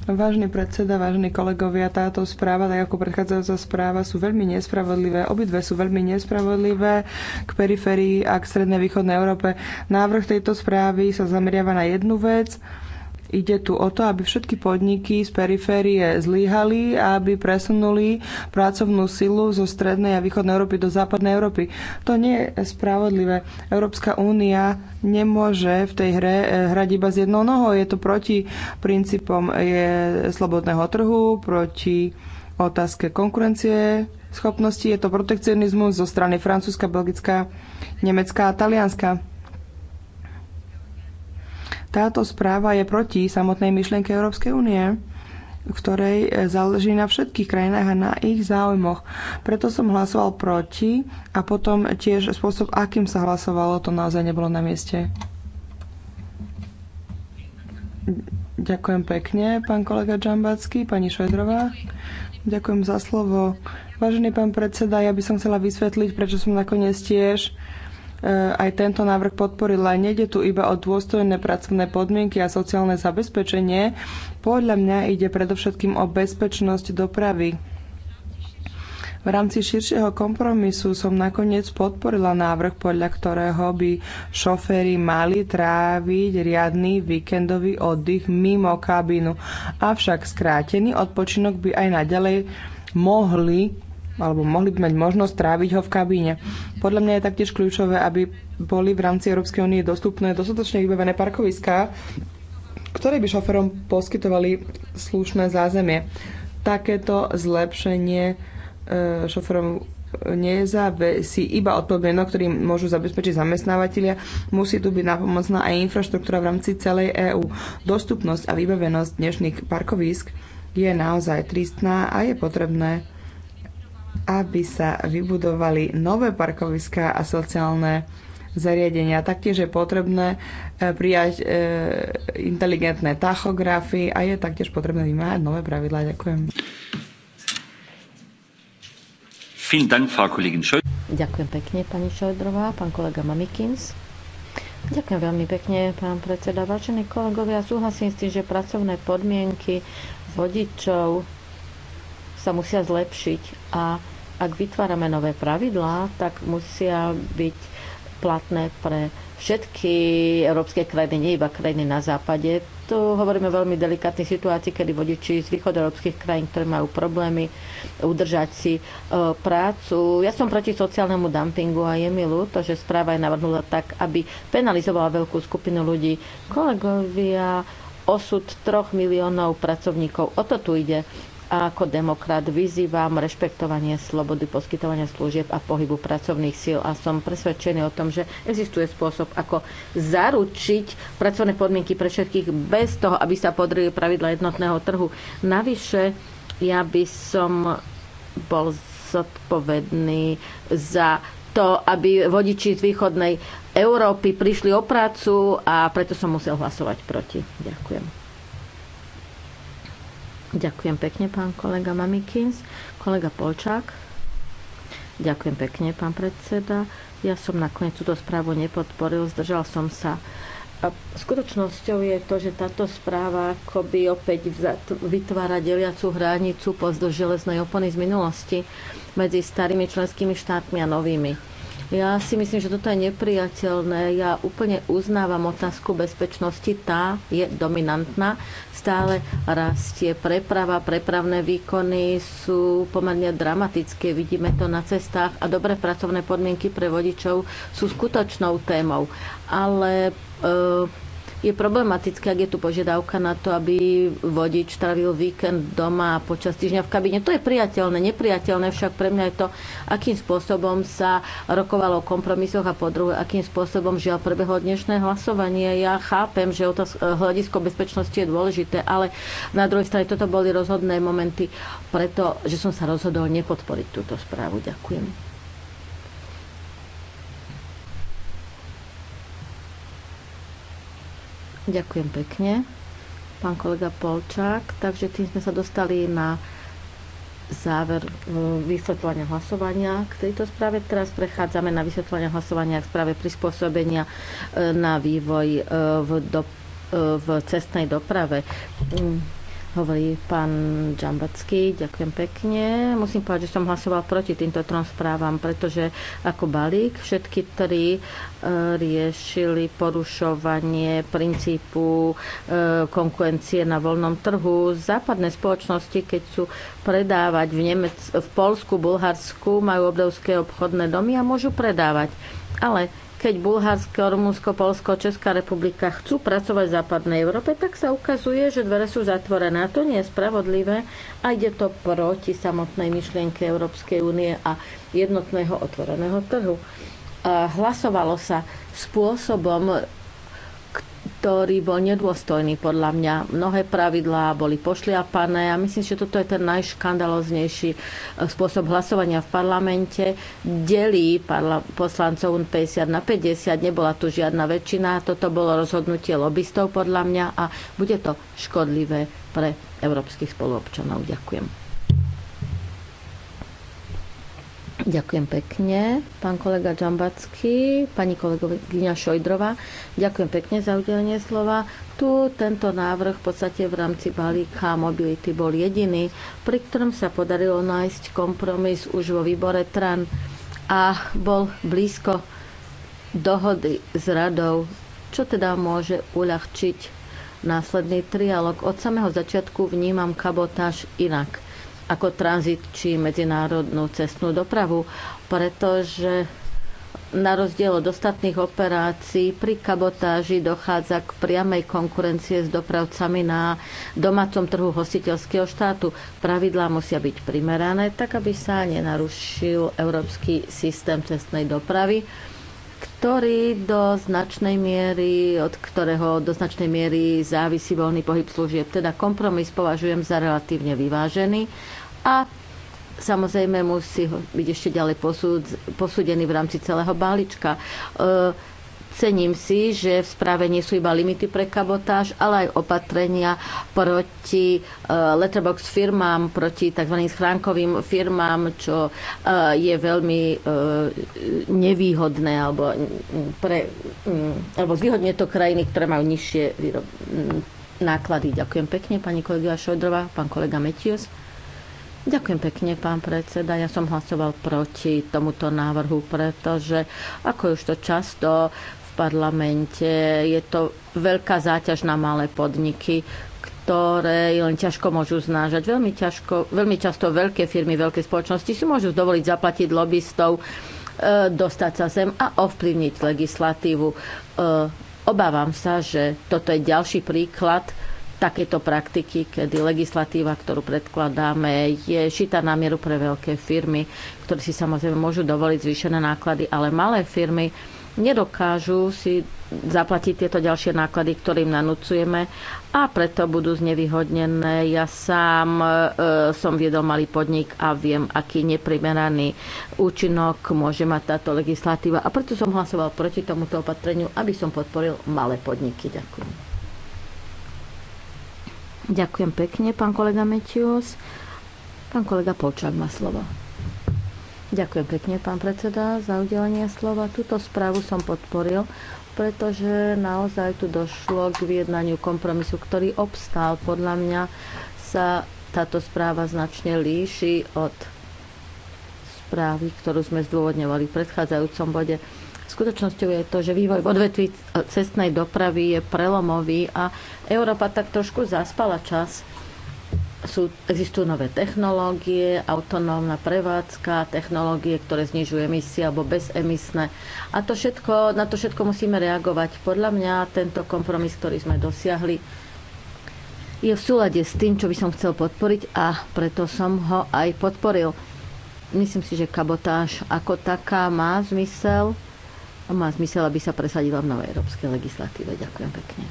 vážny predseda, vážni kolegovia, táto správa, tak ako predchádzajúca správa, sú veľmi nespravodlivé. Obidve sú veľmi nespravodlivé k periférii a k strednej východnej Európe. Návrh tejto správy sa zameriava na jednu vec, Ide tu o to, aby všetky podniky z periférie zlíhali a aby presunuli pracovnú silu zo strednej a východnej Európy do západnej Európy. To nie je spravodlivé. Európska únia nemôže v tej hre eh, hrať iba z jednou nohou. Je to proti princípom je eh, slobodného trhu, proti otázke konkurencie schopnosti. Je to protekcionizmus zo strany Francúzska, Belgická, Nemecká a Talianska táto správa je proti samotnej myšlienke Európskej únie v ktorej e, záleží na všetkých krajinách a na ich záujmoch. Preto som hlasoval proti a potom tiež spôsob, akým sa hlasovalo, to naozaj nebolo na mieste. Ďakujem pekne, pán kolega Džambacký, pani Švedrová. Ďakujem za slovo. Vážený pán predseda, ja by som chcela vysvetliť, prečo som nakoniec tiež aj tento návrh podporila. Nede tu iba o dôstojné pracovné podmienky a sociálne zabezpečenie. Podľa mňa ide predovšetkým o bezpečnosť dopravy. V rámci širšieho kompromisu som nakoniec podporila návrh, podľa ktorého by šoféry mali tráviť riadny víkendový oddych mimo kabínu. Avšak skrátený odpočinok by aj naďalej mohli alebo mohli by mať možnosť tráviť ho v kabíne. Podľa mňa je taktiež kľúčové, aby boli v rámci Európskej únie dostupné dostatočne vybavené parkoviská, ktoré by šoferom poskytovali slušné zázemie. Takéto zlepšenie e, šoferom nezávisí iba od podmienok, ktorým môžu zabezpečiť zamestnávateľia, musí tu byť napomocná aj infraštruktúra v rámci celej EÚ. Dostupnosť a vybavenosť dnešných parkovísk je naozaj tristná a je potrebné aby sa vybudovali nové parkoviská a sociálne zariadenia. Taktiež je potrebné e, prijať e, inteligentné tachografy a je taktiež potrebné vymáhať nové pravidlá. Ďakujem. Ďakujem pekne, pani Šojdrová, pán kolega Mamikins. Ďakujem veľmi pekne, pán predseda. Vážení kolegovia, súhlasím s tým, že pracovné podmienky vodičov sa musia zlepšiť a ak vytvárame nové pravidlá, tak musia byť platné pre všetky európske krajiny, nie iba krajiny na západe. Tu hovoríme o veľmi delikátnej situácii, kedy vodiči z východoeurópskych krajín, ktoré majú problémy udržať si e, prácu. Ja som proti sociálnemu dumpingu a je mi ľúto, že správa je navrhnula tak, aby penalizovala veľkú skupinu ľudí. Kolegovia, osud troch miliónov pracovníkov. O to tu ide a ako demokrat vyzývam rešpektovanie slobody poskytovania služieb a pohybu pracovných síl a som presvedčený o tom, že existuje spôsob, ako zaručiť pracovné podmienky pre všetkých bez toho, aby sa podrili pravidla jednotného trhu. Navyše, ja by som bol zodpovedný za to, aby vodiči z východnej Európy prišli o prácu a preto som musel hlasovať proti. Ďakujem. Ďakujem pekne, pán kolega Mamikins. Kolega Polčák. Ďakujem pekne, pán predseda. Ja som nakoniec túto správu nepodporil, zdržal som sa. A skutočnosťou je to, že táto správa akoby opäť vytvára deliacu hranicu pozdĺž železnej opony z minulosti medzi starými členskými štátmi a novými. Ja si myslím, že toto je nepriateľné. Ja úplne uznávam otázku bezpečnosti, tá je dominantná stále rastie preprava, prepravné výkony sú pomerne dramatické, vidíme to na cestách a dobré pracovné podmienky pre vodičov sú skutočnou témou. Ale e, je problematické, ak je tu požiadavka na to, aby vodič trávil víkend doma a počas týždňa v kabíne. To je priateľné, nepriateľné, však pre mňa je to, akým spôsobom sa rokovalo o kompromisoch a podruhé, akým spôsobom žiaľ prebehlo dnešné hlasovanie. Ja chápem, že otázka, eh, hľadisko bezpečnosti je dôležité, ale na druhej strane toto boli rozhodné momenty, preto, že som sa rozhodol nepodporiť túto správu. Ďakujem. Ďakujem pekne, pán kolega Polčák. Takže tým sme sa dostali na záver e, vysvetľovania hlasovania k tejto správe. Teraz prechádzame na vysvetľovanie hlasovania k správe prispôsobenia e, na vývoj e, v, do, v cestnej doprave hovorí pán Džambacký. Ďakujem pekne. Musím povedať, že som hlasoval proti týmto trom správam, pretože ako balík všetky tri e, riešili porušovanie princípu e, konkurencie na voľnom trhu. Západné spoločnosti, keď sú predávať v, Nemec- v Polsku, Bulharsku, majú obrovské obchodné domy a môžu predávať. Ale keď Bulharsko, Rumunsko, Polsko, Česká republika chcú pracovať v západnej Európe, tak sa ukazuje, že dvere sú zatvorené. A to nie je spravodlivé a ide to proti samotnej myšlienke Európskej únie a jednotného otvoreného trhu. Hlasovalo sa spôsobom ktorý bol nedôstojný podľa mňa. Mnohé pravidlá boli pošliapané a myslím, že toto je ten najškandaloznejší e, spôsob hlasovania v parlamente. Delí parla- poslancov 50 na 50, nebola tu žiadna väčšina, toto bolo rozhodnutie lobbystov podľa mňa a bude to škodlivé pre európskych spoluobčanov. Ďakujem. Ďakujem pekne, pán kolega Džambacký, pani kolegyňa Šojdrova. Ďakujem pekne za udelenie slova. Tu tento návrh v podstate v rámci balíka mobility bol jediný, pri ktorom sa podarilo nájsť kompromis už vo výbore TRAN a bol blízko dohody s radou, čo teda môže uľahčiť následný trialog. Od samého začiatku vnímam kabotáž inak – ako tranzit či medzinárodnú cestnú dopravu, pretože na rozdiel od ostatných operácií pri kabotáži dochádza k priamej konkurencie s dopravcami na domácom trhu hostiteľského štátu. Pravidlá musia byť primerané, tak aby sa nenarušil európsky systém cestnej dopravy ktorý do značnej miery, od ktorého do značnej miery závisí voľný pohyb služieb. Teda kompromis považujem za relatívne vyvážený a samozrejme musí byť ešte ďalej posúd, posúdený v rámci celého balíčka. E, Cením si, že v správe nie sú iba limity pre kabotáž, ale aj opatrenia proti e, letterbox firmám, proti tzv. schránkovým firmám, čo e, je veľmi e, nevýhodné alebo, pre, alebo zvýhodne to krajiny, ktoré majú nižšie náklady. Ďakujem pekne, pani kolega Šodrova, pán kolega Metius. Ďakujem pekne, pán predseda. Ja som hlasoval proti tomuto návrhu, pretože ako už to často v parlamente, je to veľká záťaž na malé podniky, ktoré len ťažko môžu znážať. Veľmi, ťažko, veľmi často veľké firmy, veľké spoločnosti si môžu dovoliť zaplatiť lobbystov, e, dostať sa zem a ovplyvniť legislatívu. E, obávam sa, že toto je ďalší príklad takéto praktiky, kedy legislatíva, ktorú predkladáme, je šita na mieru pre veľké firmy, ktoré si samozrejme môžu dovoliť zvýšené náklady, ale malé firmy nedokážu si zaplatiť tieto ďalšie náklady, ktorým nanúcujeme a preto budú znevýhodnené. Ja sám e, som viedol malý podnik a viem, aký neprimeraný účinok môže mať táto legislatíva a preto som hlasoval proti tomuto opatreniu, aby som podporil malé podniky. Ďakujem. Ďakujem pekne, pán kolega Metius. Pán kolega Polčák má slovo. Ďakujem pekne, pán predseda, za udelenie slova. Túto správu som podporil, pretože naozaj tu došlo k vyjednaniu kompromisu, ktorý obstál. Podľa mňa sa táto správa značne líši od správy, ktorú sme zdôvodňovali v predchádzajúcom bode. Skutočnosťou je to, že vývoj v odvetví cestnej dopravy je prelomový a Európa tak trošku zaspala čas. Sú, existujú nové technológie, autonómna prevádzka, technológie, ktoré znižujú emisie alebo bezemisné. A to všetko, na to všetko musíme reagovať. Podľa mňa tento kompromis, ktorý sme dosiahli, je v súlade s tým, čo by som chcel podporiť a preto som ho aj podporil myslím si, že kabotáž ako taká má zmysel má zmysel, aby sa presadila v novej európskej legislatíve. Ďakujem pekne.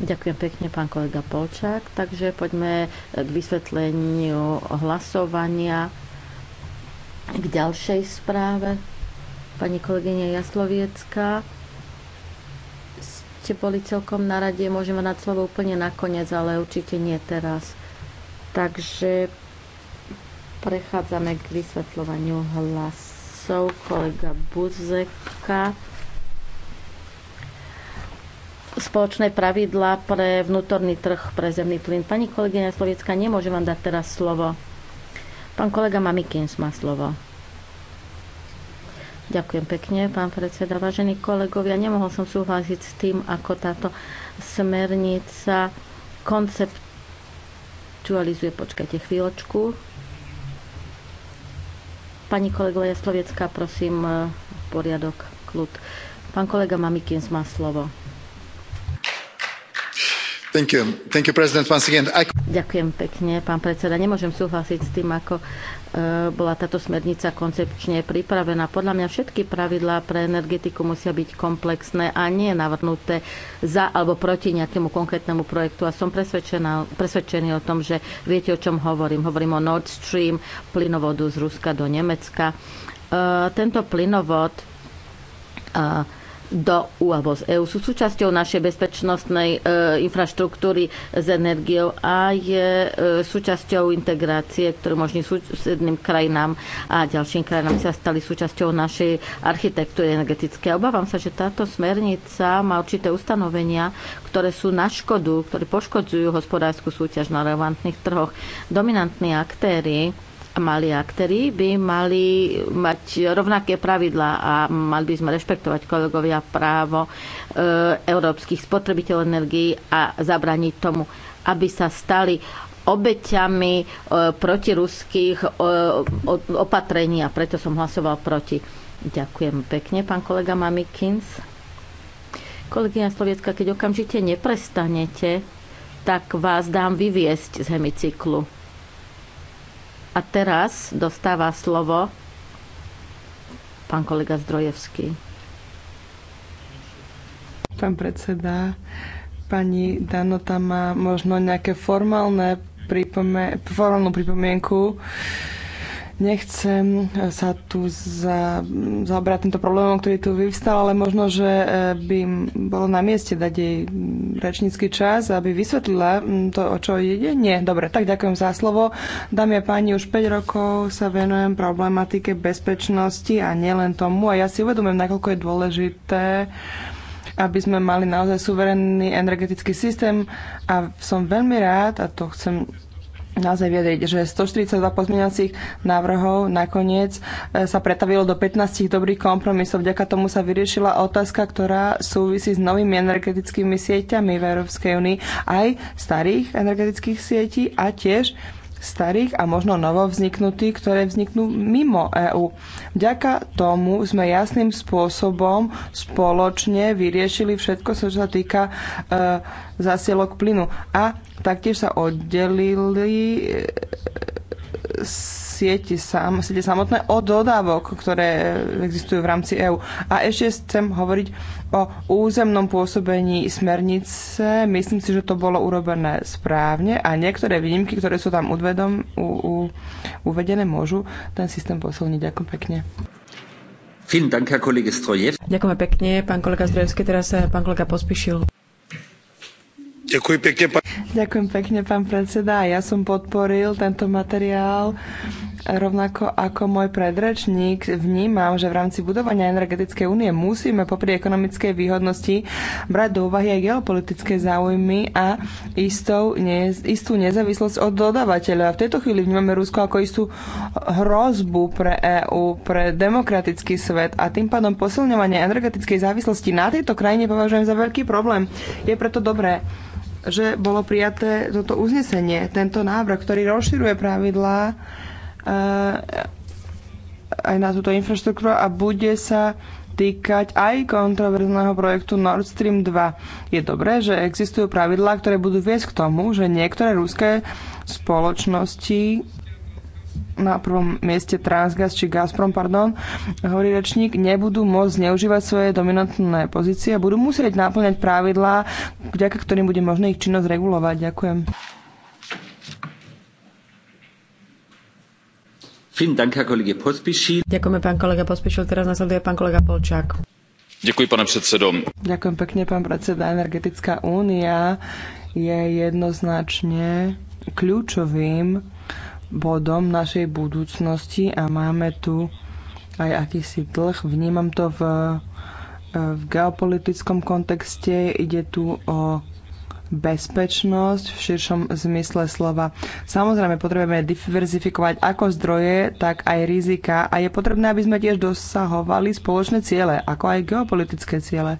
Ďakujem pekne, pán kolega Polčák. Takže poďme k vysvetleniu hlasovania k ďalšej správe. Pani kolegyňa Jasloviecka, ste boli celkom na rade, môžeme dať slovo úplne nakoniec, ale určite nie teraz. Takže Prechádzame k vysvetľovaniu hlasov kolega Buzeka spoločné pravidlá pre vnútorný trh pre zemný plyn. Pani kolegyňa Slovická, nemôžem vám dať teraz slovo. Pán kolega Mamikins má slovo. Ďakujem pekne, pán predseda. Vážení kolegovia, nemohol som súhlasiť s tým, ako táto smernica konceptualizuje. Počkajte chvíľočku. Pani kolego Jaslovecká, prosím, e, poriadok, kľud. Pán kolega Mamikins má slovo. Thank you. Thank you, I... Ďakujem pekne, pán predseda. Nemôžem súhlasiť s tým, ako E, bola táto smernica koncepčne pripravená. Podľa mňa všetky pravidlá pre energetiku musia byť komplexné a nie navrhnuté za alebo proti nejakému konkrétnemu projektu. A som presvedčená, presvedčený o tom, že viete, o čom hovorím. Hovorím o Nord Stream, plynovodu z Ruska do Nemecka. E, tento plynovod e, do EU alebo z EU. Sú súčasťou našej bezpečnostnej e, infraštruktúry s energiou a je e, súčasťou integrácie, ktoré možní susedným krajinám a ďalším krajinám sa stali súčasťou našej architektúry energetické. Obávam sa, že táto smernica má určité ustanovenia, ktoré sú na škodu, ktoré poškodzujú hospodárskú súťaž na relevantných trhoch. Dominantní aktéry malí ktorí by mali mať rovnaké pravidlá a mali by sme rešpektovať kolegovia právo e, európskych spotrebiteľov energií a zabraniť tomu, aby sa stali obeťami e, protiruských e, opatrení a preto som hlasoval proti. Ďakujem pekne, pán kolega Mamikins. Kolegyňa Sloviecka, keď okamžite neprestanete, tak vás dám vyviesť z hemicyklu. A teraz dostáva slovo pán kolega Zdrojevský. Pán predseda, pani Danota má možno nejaké formálne pripome- formálnu pripomienku. Uh, Nechcem e, sa tu za, zaobrať týmto problémom, ktorý tu vyvstal, ale možno, že e, by bolo na mieste dať jej rečnícky čas, aby vysvetlila to, o čo ide. Nie, dobre, tak ďakujem za slovo. Dámy a páni, už 5 rokov sa venujem problematike bezpečnosti a nielen tomu. A ja si uvedomujem, nakoľko je dôležité aby sme mali naozaj suverénny energetický systém a som veľmi rád, a to chcem naozaj vedieť, že 142 pozmeňovacích návrhov nakoniec e, sa pretavilo do 15 dobrých kompromisov. Vďaka tomu sa vyriešila otázka, ktorá súvisí s novými energetickými sieťami v Európskej únii, aj starých energetických sietí a tiež starých a možno novovzniknutých, ktoré vzniknú mimo EÚ. Vďaka tomu sme jasným spôsobom spoločne vyriešili všetko, čo sa týka e, zasielok plynu. A taktiež sa oddelili e, s siete, sám, siete samotné o dodávok, ktoré existujú v rámci EÚ. A ešte chcem hovoriť o územnom pôsobení smernice. Myslím si, že to bolo urobené správne a niektoré výnimky, ktoré sú tam uvedom, u, u, uvedené, môžu ten systém posilniť. Ďakujem pekne. Ďakujeme pekne, pán kolega Zdrojevský. Teraz eh, pán kolega pospíšil. Ďakujem pekne, pán... Ďakujem pekne, pán predseda. Ja som podporil tento materiál. Rovnako ako môj predrečník vnímam, že v rámci budovania energetickej únie musíme popri ekonomickej výhodnosti brať do úvahy aj geopolitické záujmy a istou, ne, istú nezávislosť od dodávateľa. V tejto chvíli vnímame Rusko ako istú hrozbu pre EÚ, pre demokratický svet a tým pádom posilňovanie energetickej závislosti na tejto krajine považujem za veľký problém. Je preto dobré, že bolo prijaté toto uznesenie, tento návrh, ktorý rozširuje pravidlá e, aj na túto infraštruktúru a bude sa týkať aj kontroverzného projektu Nord Stream 2. Je dobré, že existujú pravidlá, ktoré budú viesť k tomu, že niektoré ruské spoločnosti na prvom mieste Transgas či Gazprom, pardon, hovorí rečník, nebudú môcť zneužívať svoje dominantné pozície a budú musieť náplňať pravidlá, vďaka ktorým bude možné ich činnosť regulovať. Ďakujem. Ďakujeme, pán kolega Pospišil. Teraz nasleduje pán kolega Polčák. Ďakujem, pane predsedo. Ďakujem pekne, pán predseda. Energetická únia je jednoznačne kľúčovým bodom našej budúcnosti a máme tu aj akýsi dlh. Vnímam to v, v geopolitickom kontexte. Ide tu o bezpečnosť v širšom zmysle slova. Samozrejme, potrebujeme diverzifikovať ako zdroje, tak aj rizika a je potrebné, aby sme tiež dosahovali spoločné ciele, ako aj geopolitické ciele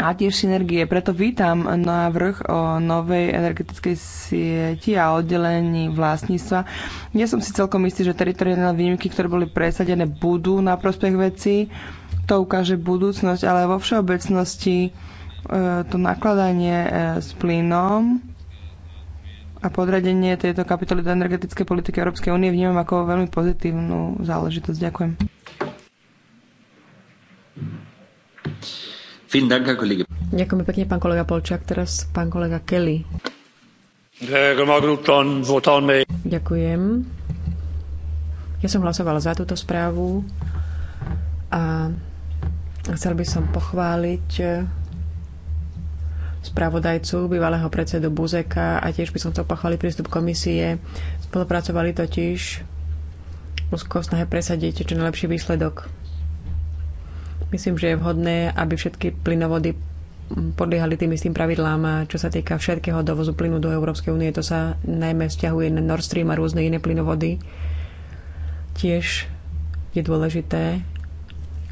a tiež synergie. Preto vítam návrh o novej energetickej sieti a oddelení vlastníctva. Nie som si celkom istý, že teritoriálne výnimky, ktoré boli presadené, budú na prospech veci. To ukáže budúcnosť, ale vo všeobecnosti e, to nakladanie e, s plynom a podradenie tejto kapitoly do energetickej politiky Európskej únie vnímam ako veľmi pozitívnu záležitosť. Ďakujem. Ďakujem pekne, pán kolega Polčák. Teraz pán kolega Kelly. Ďakujem. Ja som hlasovala za túto správu a chcel by som pochváliť spravodajcu, bývalého predsedu Buzeka a tiež by som chcel pochváliť prístup komisie. Spolupracovali totiž úzko snahe presadiť čo najlepší výsledok. Myslím, že je vhodné, aby všetky plynovody podliehali tým istým pravidlám, čo sa týka všetkého dovozu plynu do Európskej únie. To sa najmä vzťahuje na Nord Stream a rôzne iné plynovody. Tiež je dôležité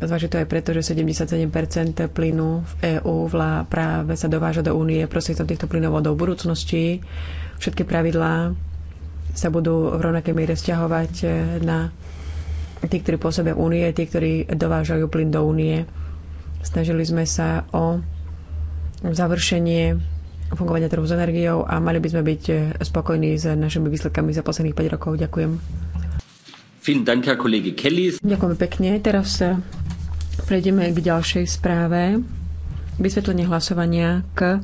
zvažiť to aj preto, že 77% plynu v EÚ práve sa dováža do únie prostredstvom týchto plynovodov v budúcnosti. Všetky pravidlá sa budú v rovnakej miere vzťahovať na tí, ktorí pôsobia únie, tí, ktorí dovážajú plyn do únie. Snažili sme sa o završenie fungovania trhu s energiou a mali by sme byť eh, spokojní s našimi výsledkami za posledných 5 rokov. Ďakujem. Ďakujem pekne. Teraz eh, prejdeme k ďalšej správe. Vysvetlenie hlasovania k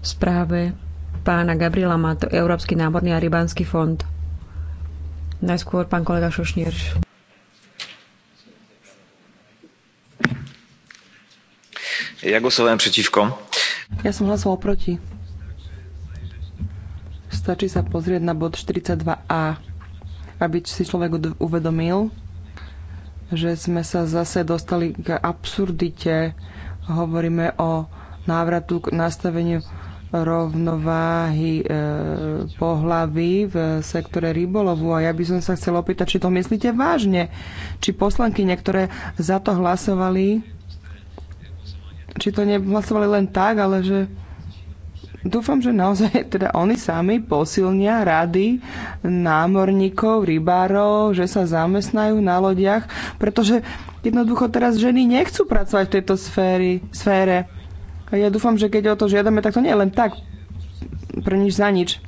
správe pána Gabriela Mato, Európsky námorný a rybánsky fond. Najskôr pán kolega Šošnírš. Ja głosowałem przeciwko. Ja som hlasoval proti. Stačí sa pozrieť na bod 42a, aby si človek uvedomil, že sme sa zase dostali k absurdite. Hovoríme o návratu k nastaveniu rovnováhy e, pohlavy v sektore rybolovu. A ja by som sa chcela opýtať, či to myslíte vážne? Či poslanky niektoré za to hlasovali? Či to nehlasovali len tak, ale že... Dúfam, že naozaj teda oni sami posilnia rady námorníkov, rybárov, že sa zamestnajú na lodiach, pretože jednoducho teraz ženy nechcú pracovať v tejto sféry, sfére a Ja dúfam, že keď o to žiadame, tak to nie je len tak, pre nič za nič.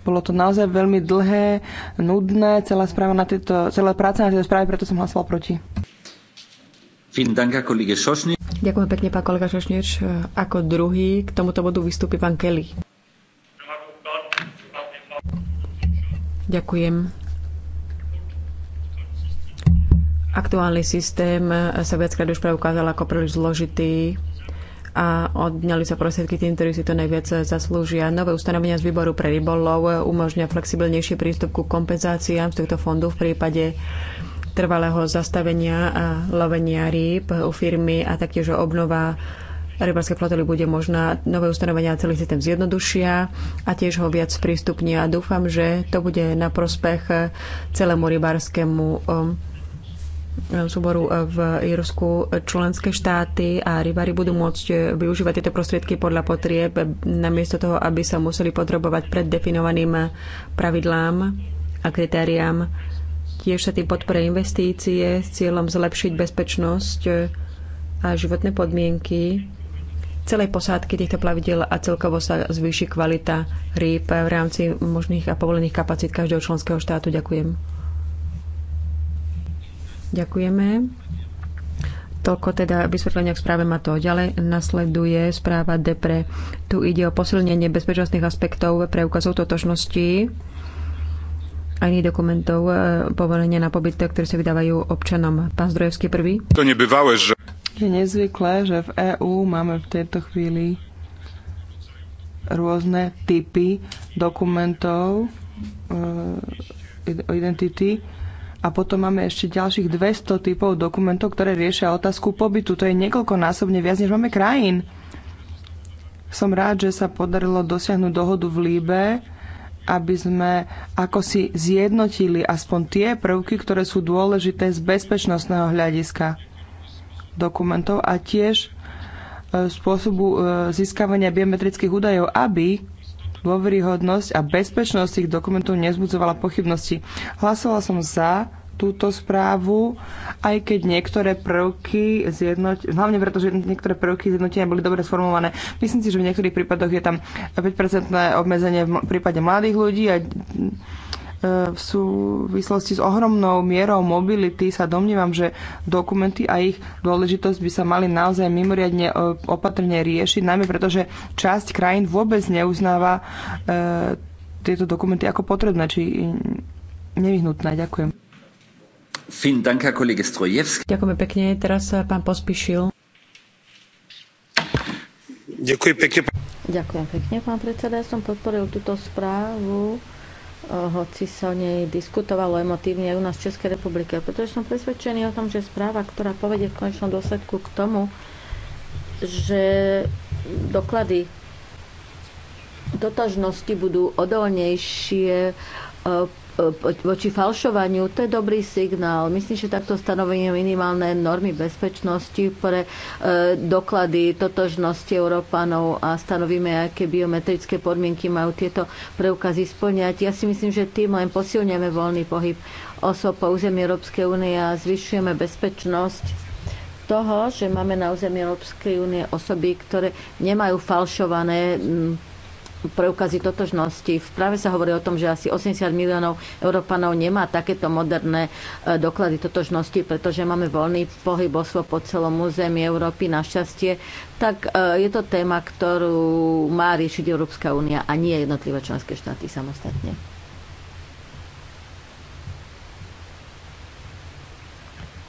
Bolo to naozaj veľmi dlhé, nudné, celá, správa na tieto, celá práca na tejto správe, preto som hlasoval proti. Ďakujem pekne, pán kolega Šošnič. Ako druhý k tomuto bodu vystúpi pán Kelly. Ďakujem. Aktuálny systém sa viackrát už preukázal ako príliš zložitý a odňali sa prostriedky tým, ktorí si to najviac zaslúžia. Nové ustanovenia z výboru pre rybolov umožňuje flexibilnejší prístup ku kompenzáciám z tohto fondu v prípade trvalého zastavenia a lovenia rýb u firmy a taktiež obnova rybárskej flotily bude možná. Nové ustanovenia celý systém zjednodušia a tiež ho viac prístupnia. Dúfam, že to bude na prospech celému rybárskému um, súboru eh, v Irsku Členské štáty a rybári budú môcť eh, využívať tieto prostriedky podľa potrieb, eh, namiesto toho, aby sa museli podrobovať preddefinovaným pravidlám a kritériám. Tiež sa tým podpore investície s cieľom zlepšiť bezpečnosť a životné podmienky celej posádky týchto plavidel a celkovo sa zvýši kvalita rýb v rámci možných a povolených kapacít každého členského štátu. Ďakujem. Ďakujeme. Toľko teda vysvetlenia k správe má to. Ďalej nasleduje správa DEPRE. Tu ide o posilnenie bezpečnostných aspektov preukazov totožnosti a iných dokumentov e, povolenia na pobyt, ktoré sa vydávajú občanom. Pán Zdrojevský prvý. To nebývalé, že... Je nezvyklé, že v EÚ máme v tejto chvíli rôzne typy dokumentov e, identity a potom máme ešte ďalších 200 typov dokumentov, ktoré riešia otázku pobytu. To je niekoľkonásobne viac, než máme krajín. Som rád, že sa podarilo dosiahnuť dohodu v Líbe, aby sme ako si zjednotili aspoň tie prvky, ktoré sú dôležité z bezpečnostného hľadiska dokumentov a tiež e, spôsobu e, získavania biometrických údajov, aby dôveryhodnosť a bezpečnosť tých dokumentov nezbudzovala pochybnosti. Hlasovala som za túto správu, aj keď niektoré prvky zjednotenia, hlavne preto, že niektoré prvky zjednotenia boli dobre sformované. Myslím si, že v niektorých prípadoch je tam 5 obmedzenie v prípade mladých ľudí a E, v súvislosti s ohromnou mierou mobility sa domnívam, že dokumenty a ich dôležitosť by sa mali naozaj mimoriadne e, opatrne riešiť, najmä pretože časť krajín vôbec neuznáva e, tieto dokumenty ako potrebné, či nevyhnutné. Ďakujem. Ďakujeme pekne. Teraz pán pospíšil. Ďakujem pekne. Ďakujem pekne, pán predseda. Ja som podporil túto správu E, hoci sa o nej diskutovalo emotívne aj u nás v Českej republike, pretože som presvedčený o tom, že správa, ktorá povedie v konečnom dôsledku k tomu, že doklady totožnosti budú odolnejšie e, E, voči falšovaniu, to je dobrý signál. Myslím, že takto stanovenie minimálne normy bezpečnosti pre e, doklady totožnosti Európanov a stanovíme, aké biometrické podmienky majú tieto preukazy splňať. Ja si myslím, že tým len posilňujeme voľný pohyb osob po území Európskej únie a zvyšujeme bezpečnosť toho, že máme na území Európskej únie osoby, ktoré nemajú falšované preukazy totožnosti. V práve sa hovorí o tom, že asi 80 miliónov Európanov nemá takéto moderné e, doklady totožnosti, pretože máme voľný pohyb osôb po celom území Európy našťastie. Tak e, je to téma, ktorú má riešiť Európska únia a nie jednotlivé členské štáty samostatne.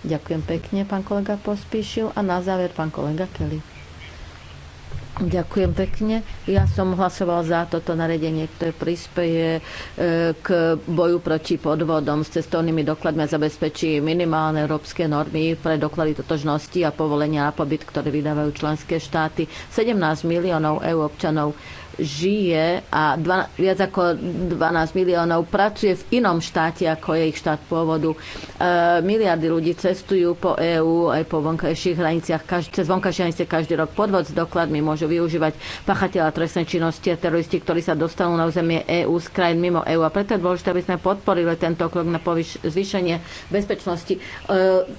Ďakujem pekne, pán kolega Pospíšil. A na záver, pán kolega Kelly. Ďakujem pekne. Ja som hlasoval za toto naredenie, ktoré prispieje e, k boju proti podvodom s cestovnými dokladmi a zabezpečí minimálne európske normy pre doklady totožnosti a povolenia na pobyt, ktoré vydávajú členské štáty. 17 miliónov EU občanov žije a dva, viac ako 12 miliónov pracuje v inom štáte, ako je ich štát pôvodu. E, miliardy ľudí cestujú po EÚ aj po vonkajších hraniciach, každý, cez vonkajšie hranice každý rok podvod s dokladmi môžu využívať pachateľa trestnej činnosti a teroristi, ktorí sa dostanú na územie EÚ z krajín mimo EÚ. A preto je dôležité, aby sme podporili tento krok na povyš- zvýšenie bezpečnosti, e,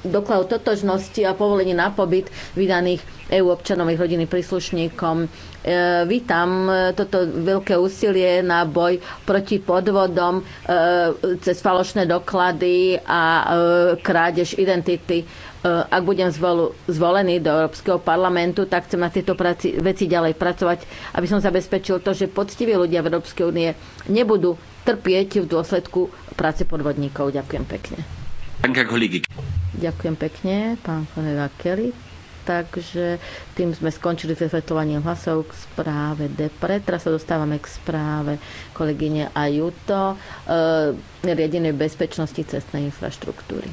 dokladu totožnosti a povolenie na pobyt vydaných EÚ občanom ich rodiny príslušníkom E, vítam e, toto veľké úsilie na boj proti podvodom e, cez falošné doklady a krádež identity ak budem zvol, zvolený do Európskeho parlamentu, tak chcem na tieto práci, veci ďalej pracovať, aby som zabezpečil to, že poctiví ľudia v Európskej únie nebudú trpieť v dôsledku práce podvodníkov. Ďakujem pekne. Ďakujem pekne, pán kolega Kelly takže tým sme skončili s vysvetľovaním hlasov k správe DEPRE. Teraz sa dostávame k správe kolegyne Ajuto, e, riadenej bezpečnosti cestnej infraštruktúry.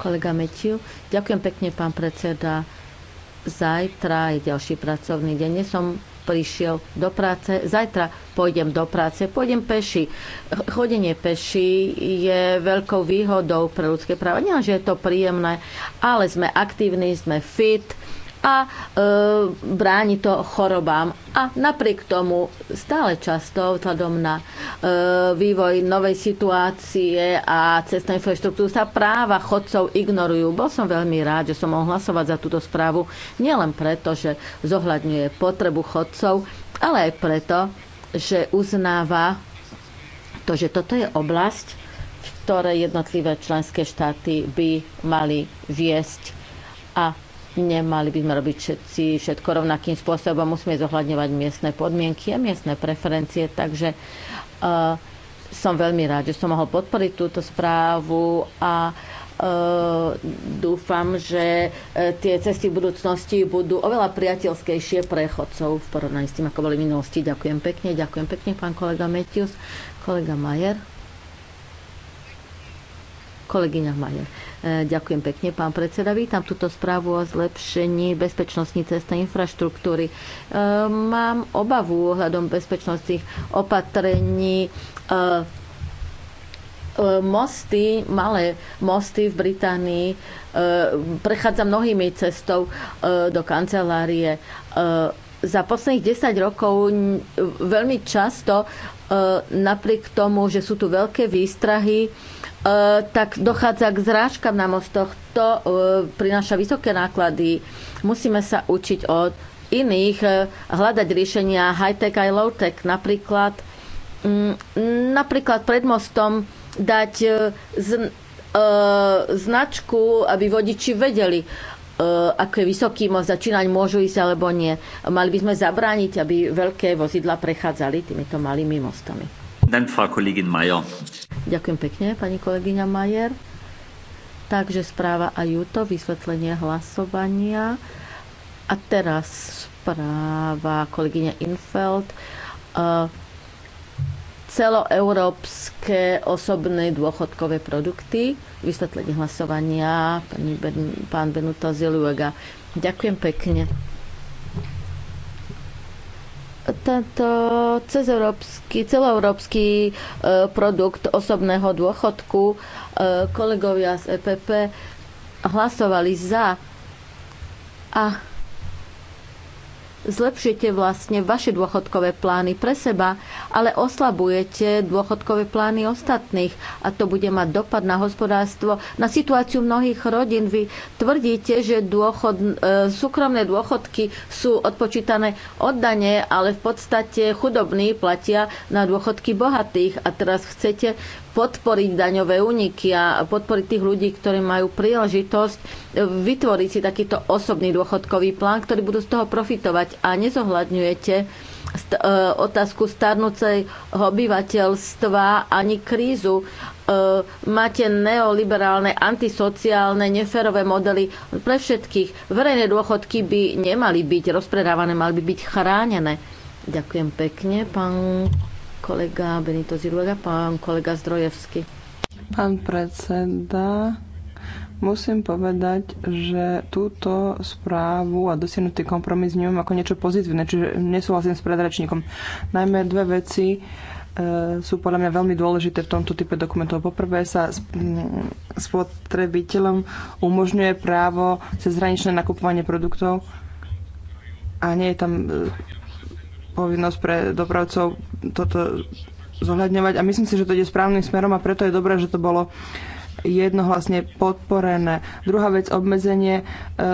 Kolega Metiu, ďakujem pekne, pán predseda. Zajtra je ďalší pracovný deň. Nie som prišiel do práce, zajtra pôjdem do práce, pôjdem peši. Chodenie peši je veľkou výhodou pre ľudské práva. Nie, že je to príjemné, ale sme aktívni, sme fit, a e, bráni to chorobám. A napriek tomu stále často vzhľadom na e, vývoj novej situácie a cestnej infraštruktúry, sa práva chodcov ignorujú. Bol som veľmi rád, že som mohol hlasovať za túto správu, nielen preto, že zohľadňuje potrebu chodcov, ale aj preto, že uznáva to, že toto je oblasť, v ktorej jednotlivé členské štáty by mali viesť a Nemali by sme robiť všetci všetko rovnakým spôsobom, musíme zohľadňovať miestne podmienky a miestne preferencie, takže uh, som veľmi rád, že som mohol podporiť túto správu a Uh, dúfam, že uh, tie cesty v budúcnosti budú oveľa priateľskejšie pre chodcov v porovnaní s tým, ako boli v minulosti. Ďakujem pekne, ďakujem pekne, pán kolega Metius, kolega Majer. Kolegyňa Majer. Eh, ďakujem pekne, pán predseda. Vítam túto správu o zlepšení bezpečnostní cestnej infraštruktúry. Eh, mám obavu ohľadom bezpečnostných opatrení eh, mosty, malé mosty v Británii, prechádza mnohými cestou do kancelárie. Za posledných 10 rokov veľmi často E, napriek tomu, že sú tu veľké výstrahy, e, tak dochádza k zrážkam na mostoch. To e, prináša vysoké náklady. Musíme sa učiť od iných, hľadať riešenia high-tech aj low-tech. Napríklad, mm, napríklad pred mostom dať značku, aby vodiči vedeli, Eh, ako je vysoký most začínať môžu ísť alebo nie. Mali by sme zabrániť, aby veľké vozidla prechádzali týmito malými mostami. Ďakujem pekne, pani kolegyňa Majer. Takže správa a Juto, vysvetlenie hlasovania. A teraz správa kolegyňa Infeld. Uh, celoeurópske osobné dôchodkové produkty. Vysvetlenie hlasovania ben, pán Benuto Ziluega. Ďakujem pekne. Tento cezeurópsky, celoeurópsky e, produkt osobného dôchodku e, kolegovia z EPP hlasovali za a zlepšujete vlastne vaše dôchodkové plány pre seba, ale oslabujete dôchodkové plány ostatných a to bude mať dopad na hospodárstvo, na situáciu mnohých rodín. Vy tvrdíte, že dôchod, e, súkromné dôchodky sú odpočítané oddane, ale v podstate chudobní platia na dôchodky bohatých a teraz chcete podporiť daňové úniky a podporiť tých ľudí, ktorí majú príležitosť e, vytvoriť si takýto osobný dôchodkový plán, ktorý budú z toho profitovať a nezohľadňujete st- e, otázku starnúcej obyvateľstva ani krízu. E, máte neoliberálne, antisociálne, neférové modely pre všetkých. Verejné dôchodky by nemali byť rozpredávané, mali by byť chránené. Ďakujem pekne, pán kolega Benito Ziruega, pán kolega Zdrojevsky. Pán predseda, musím povedať, že túto správu a dosiahnutý kompromis vnímam ako niečo pozitívne, čiže nesúhlasím s predračníkom. Najmä dve veci e, sú podľa mňa veľmi dôležité v tomto type dokumentov. Poprvé sa mm, spotrebiteľom umožňuje právo cezhraničné nakupovanie produktov a nie je tam e, povinnosť pre dopravcov toto zohľadňovať a myslím si, že to ide správnym smerom a preto je dobré, že to bolo jednohlasne podporené. Druhá vec, obmedzenie e,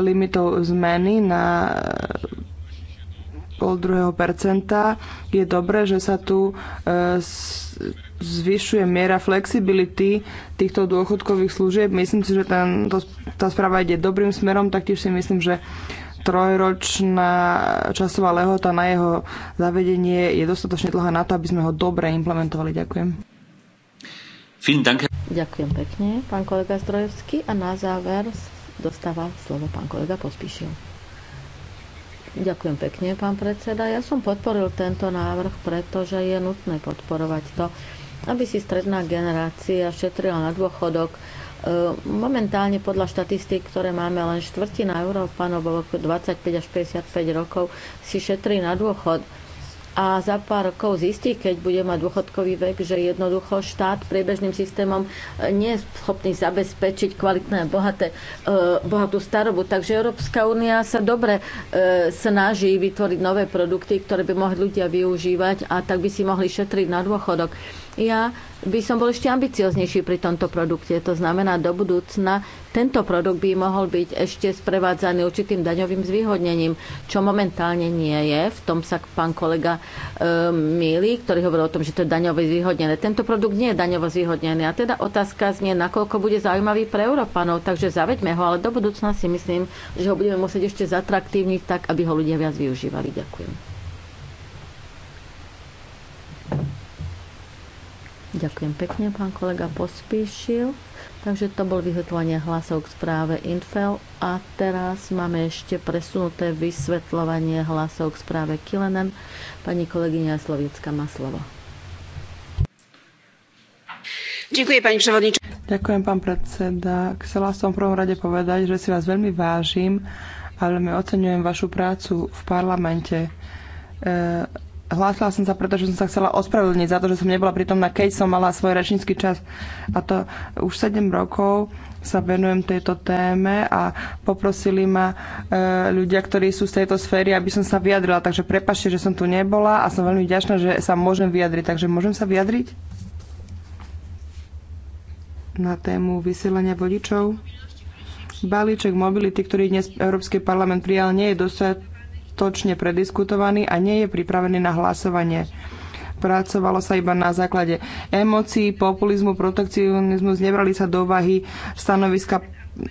limitov zmeny na e, pol druhého percenta. Je dobré, že sa tu e, zvyšuje miera flexibility týchto dôchodkových služieb. Myslím si, že ten, to, tá správa ide dobrým smerom, taktiež si myslím, že trojročná časová lehota na jeho zavedenie je dostatočne dlhá na to, aby sme ho dobre implementovali. Ďakujem. Ďakujem pekne, pán kolega Zdrojevský. A na záver dostáva slovo pán kolega Pospíšil. Ďakujem pekne, pán predseda. Ja som podporil tento návrh, pretože je nutné podporovať to, aby si stredná generácia šetrila na dôchodok Ehm, momentálne podľa štatistík, ktoré máme, len štvrtina Európanov bolo 25 až 55 rokov si šetrí na dôchod a za pár rokov zistí, keď bude mať dôchodkový vek, že jednoducho štát priebežným systémom nie je schopný zabezpečiť kvalitné, bohaté, e, bohatú starobu. Takže Európska únia sa dobre e, snaží vytvoriť nové produkty, ktoré by mohli ľudia využívať a tak by si mohli šetriť na dôchodok. Ja by som bol ešte ambicioznejší pri tomto produkte. To znamená do budúcna tento produkt by mohol byť ešte sprevádzaný určitým daňovým zvýhodnením, čo momentálne nie je. V tom sa pán kolega e, Mili, ktorý hovoril o tom, že to je daňové zvýhodnené. Tento produkt nie je daňovo zvýhodnený. A teda otázka znie, nakoľko bude zaujímavý pre Európanov. Takže zaveďme ho, ale do budúcna si myslím, že ho budeme musieť ešte zatraktívniť tak, aby ho ľudia viac využívali. Ďakujem. Ďakujem pekne, pán kolega Pospíšil. Takže to bol vysvetlenie hlasov k správe Infel. A teraz máme ešte presunuté vysvetľovanie hlasov k správe Kilenen. Pani kolegyňa Slovická má slovo. Ďakujem, pani przewodnicząca. Ďakujem, pán predseda. Chcela som v prvom rade povedať, že si vás veľmi vážim a veľmi oceňujem vašu prácu v parlamente. E, Hlásila som sa, pretože som sa chcela ospravedlniť za to, že som nebola pritomná, keď som mala svoj rečnícky čas. A to už 7 rokov sa venujem tejto téme a poprosili ma e, ľudia, ktorí sú z tejto sféry, aby som sa vyjadrila. Takže prepašte, že som tu nebola a som veľmi vďačná, že sa môžem vyjadriť. Takže môžem sa vyjadriť? Na tému vysielania vodičov. Balíček mobility, ktorý dnes Európsky parlament prijal, nie je dostatočný dostatočne prediskutovaný a nie je pripravený na hlasovanie. Pracovalo sa iba na základe emócií, populizmu, protekcionizmu, znebrali sa do vahy stanoviska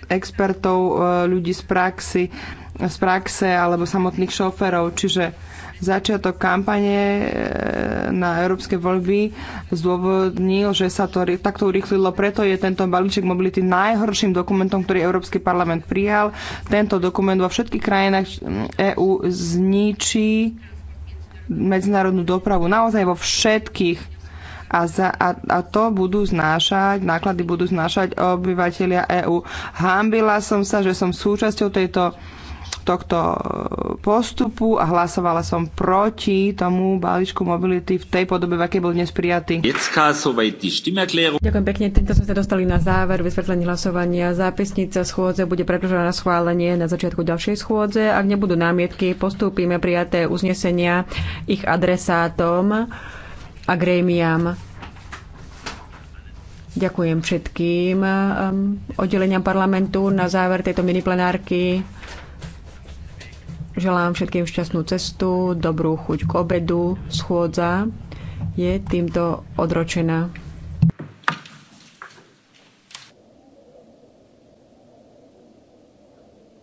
expertov, e, ľudí z praxi, z praxe alebo samotných šoferov. Čiže začiatok kampane e, na európske voľby zdôvodnil, že sa to takto urýchlilo. Preto je tento balíček mobility najhorším dokumentom, ktorý Európsky parlament prijal. Tento dokument vo všetkých krajinách mm, EÚ zničí medzinárodnú dopravu. Naozaj vo všetkých a, za, a, a to budú znášať, náklady budú znášať obyvateľia EÚ. Hambila som sa, že som súčasťou tejto tohto e, postupu a hlasovala som proti tomu balíčku mobility v tej podobe, v akej bol dnes prijatý. Ďakujem pekne. Týmto sme sa dostali na záver vysvetlení hlasovania. Zápisnica schôdze bude predložená na schválenie na začiatku ďalšej schôdze. Ak nebudú námietky, postúpime prijaté uznesenia ich adresátom a grémiam. Ďakujem všetkým um, oddeleniam parlamentu na záver tejto miniplenárky. Želám všetkým šťastnú cestu, dobrú chuť k obedu, schôdza je týmto odročená.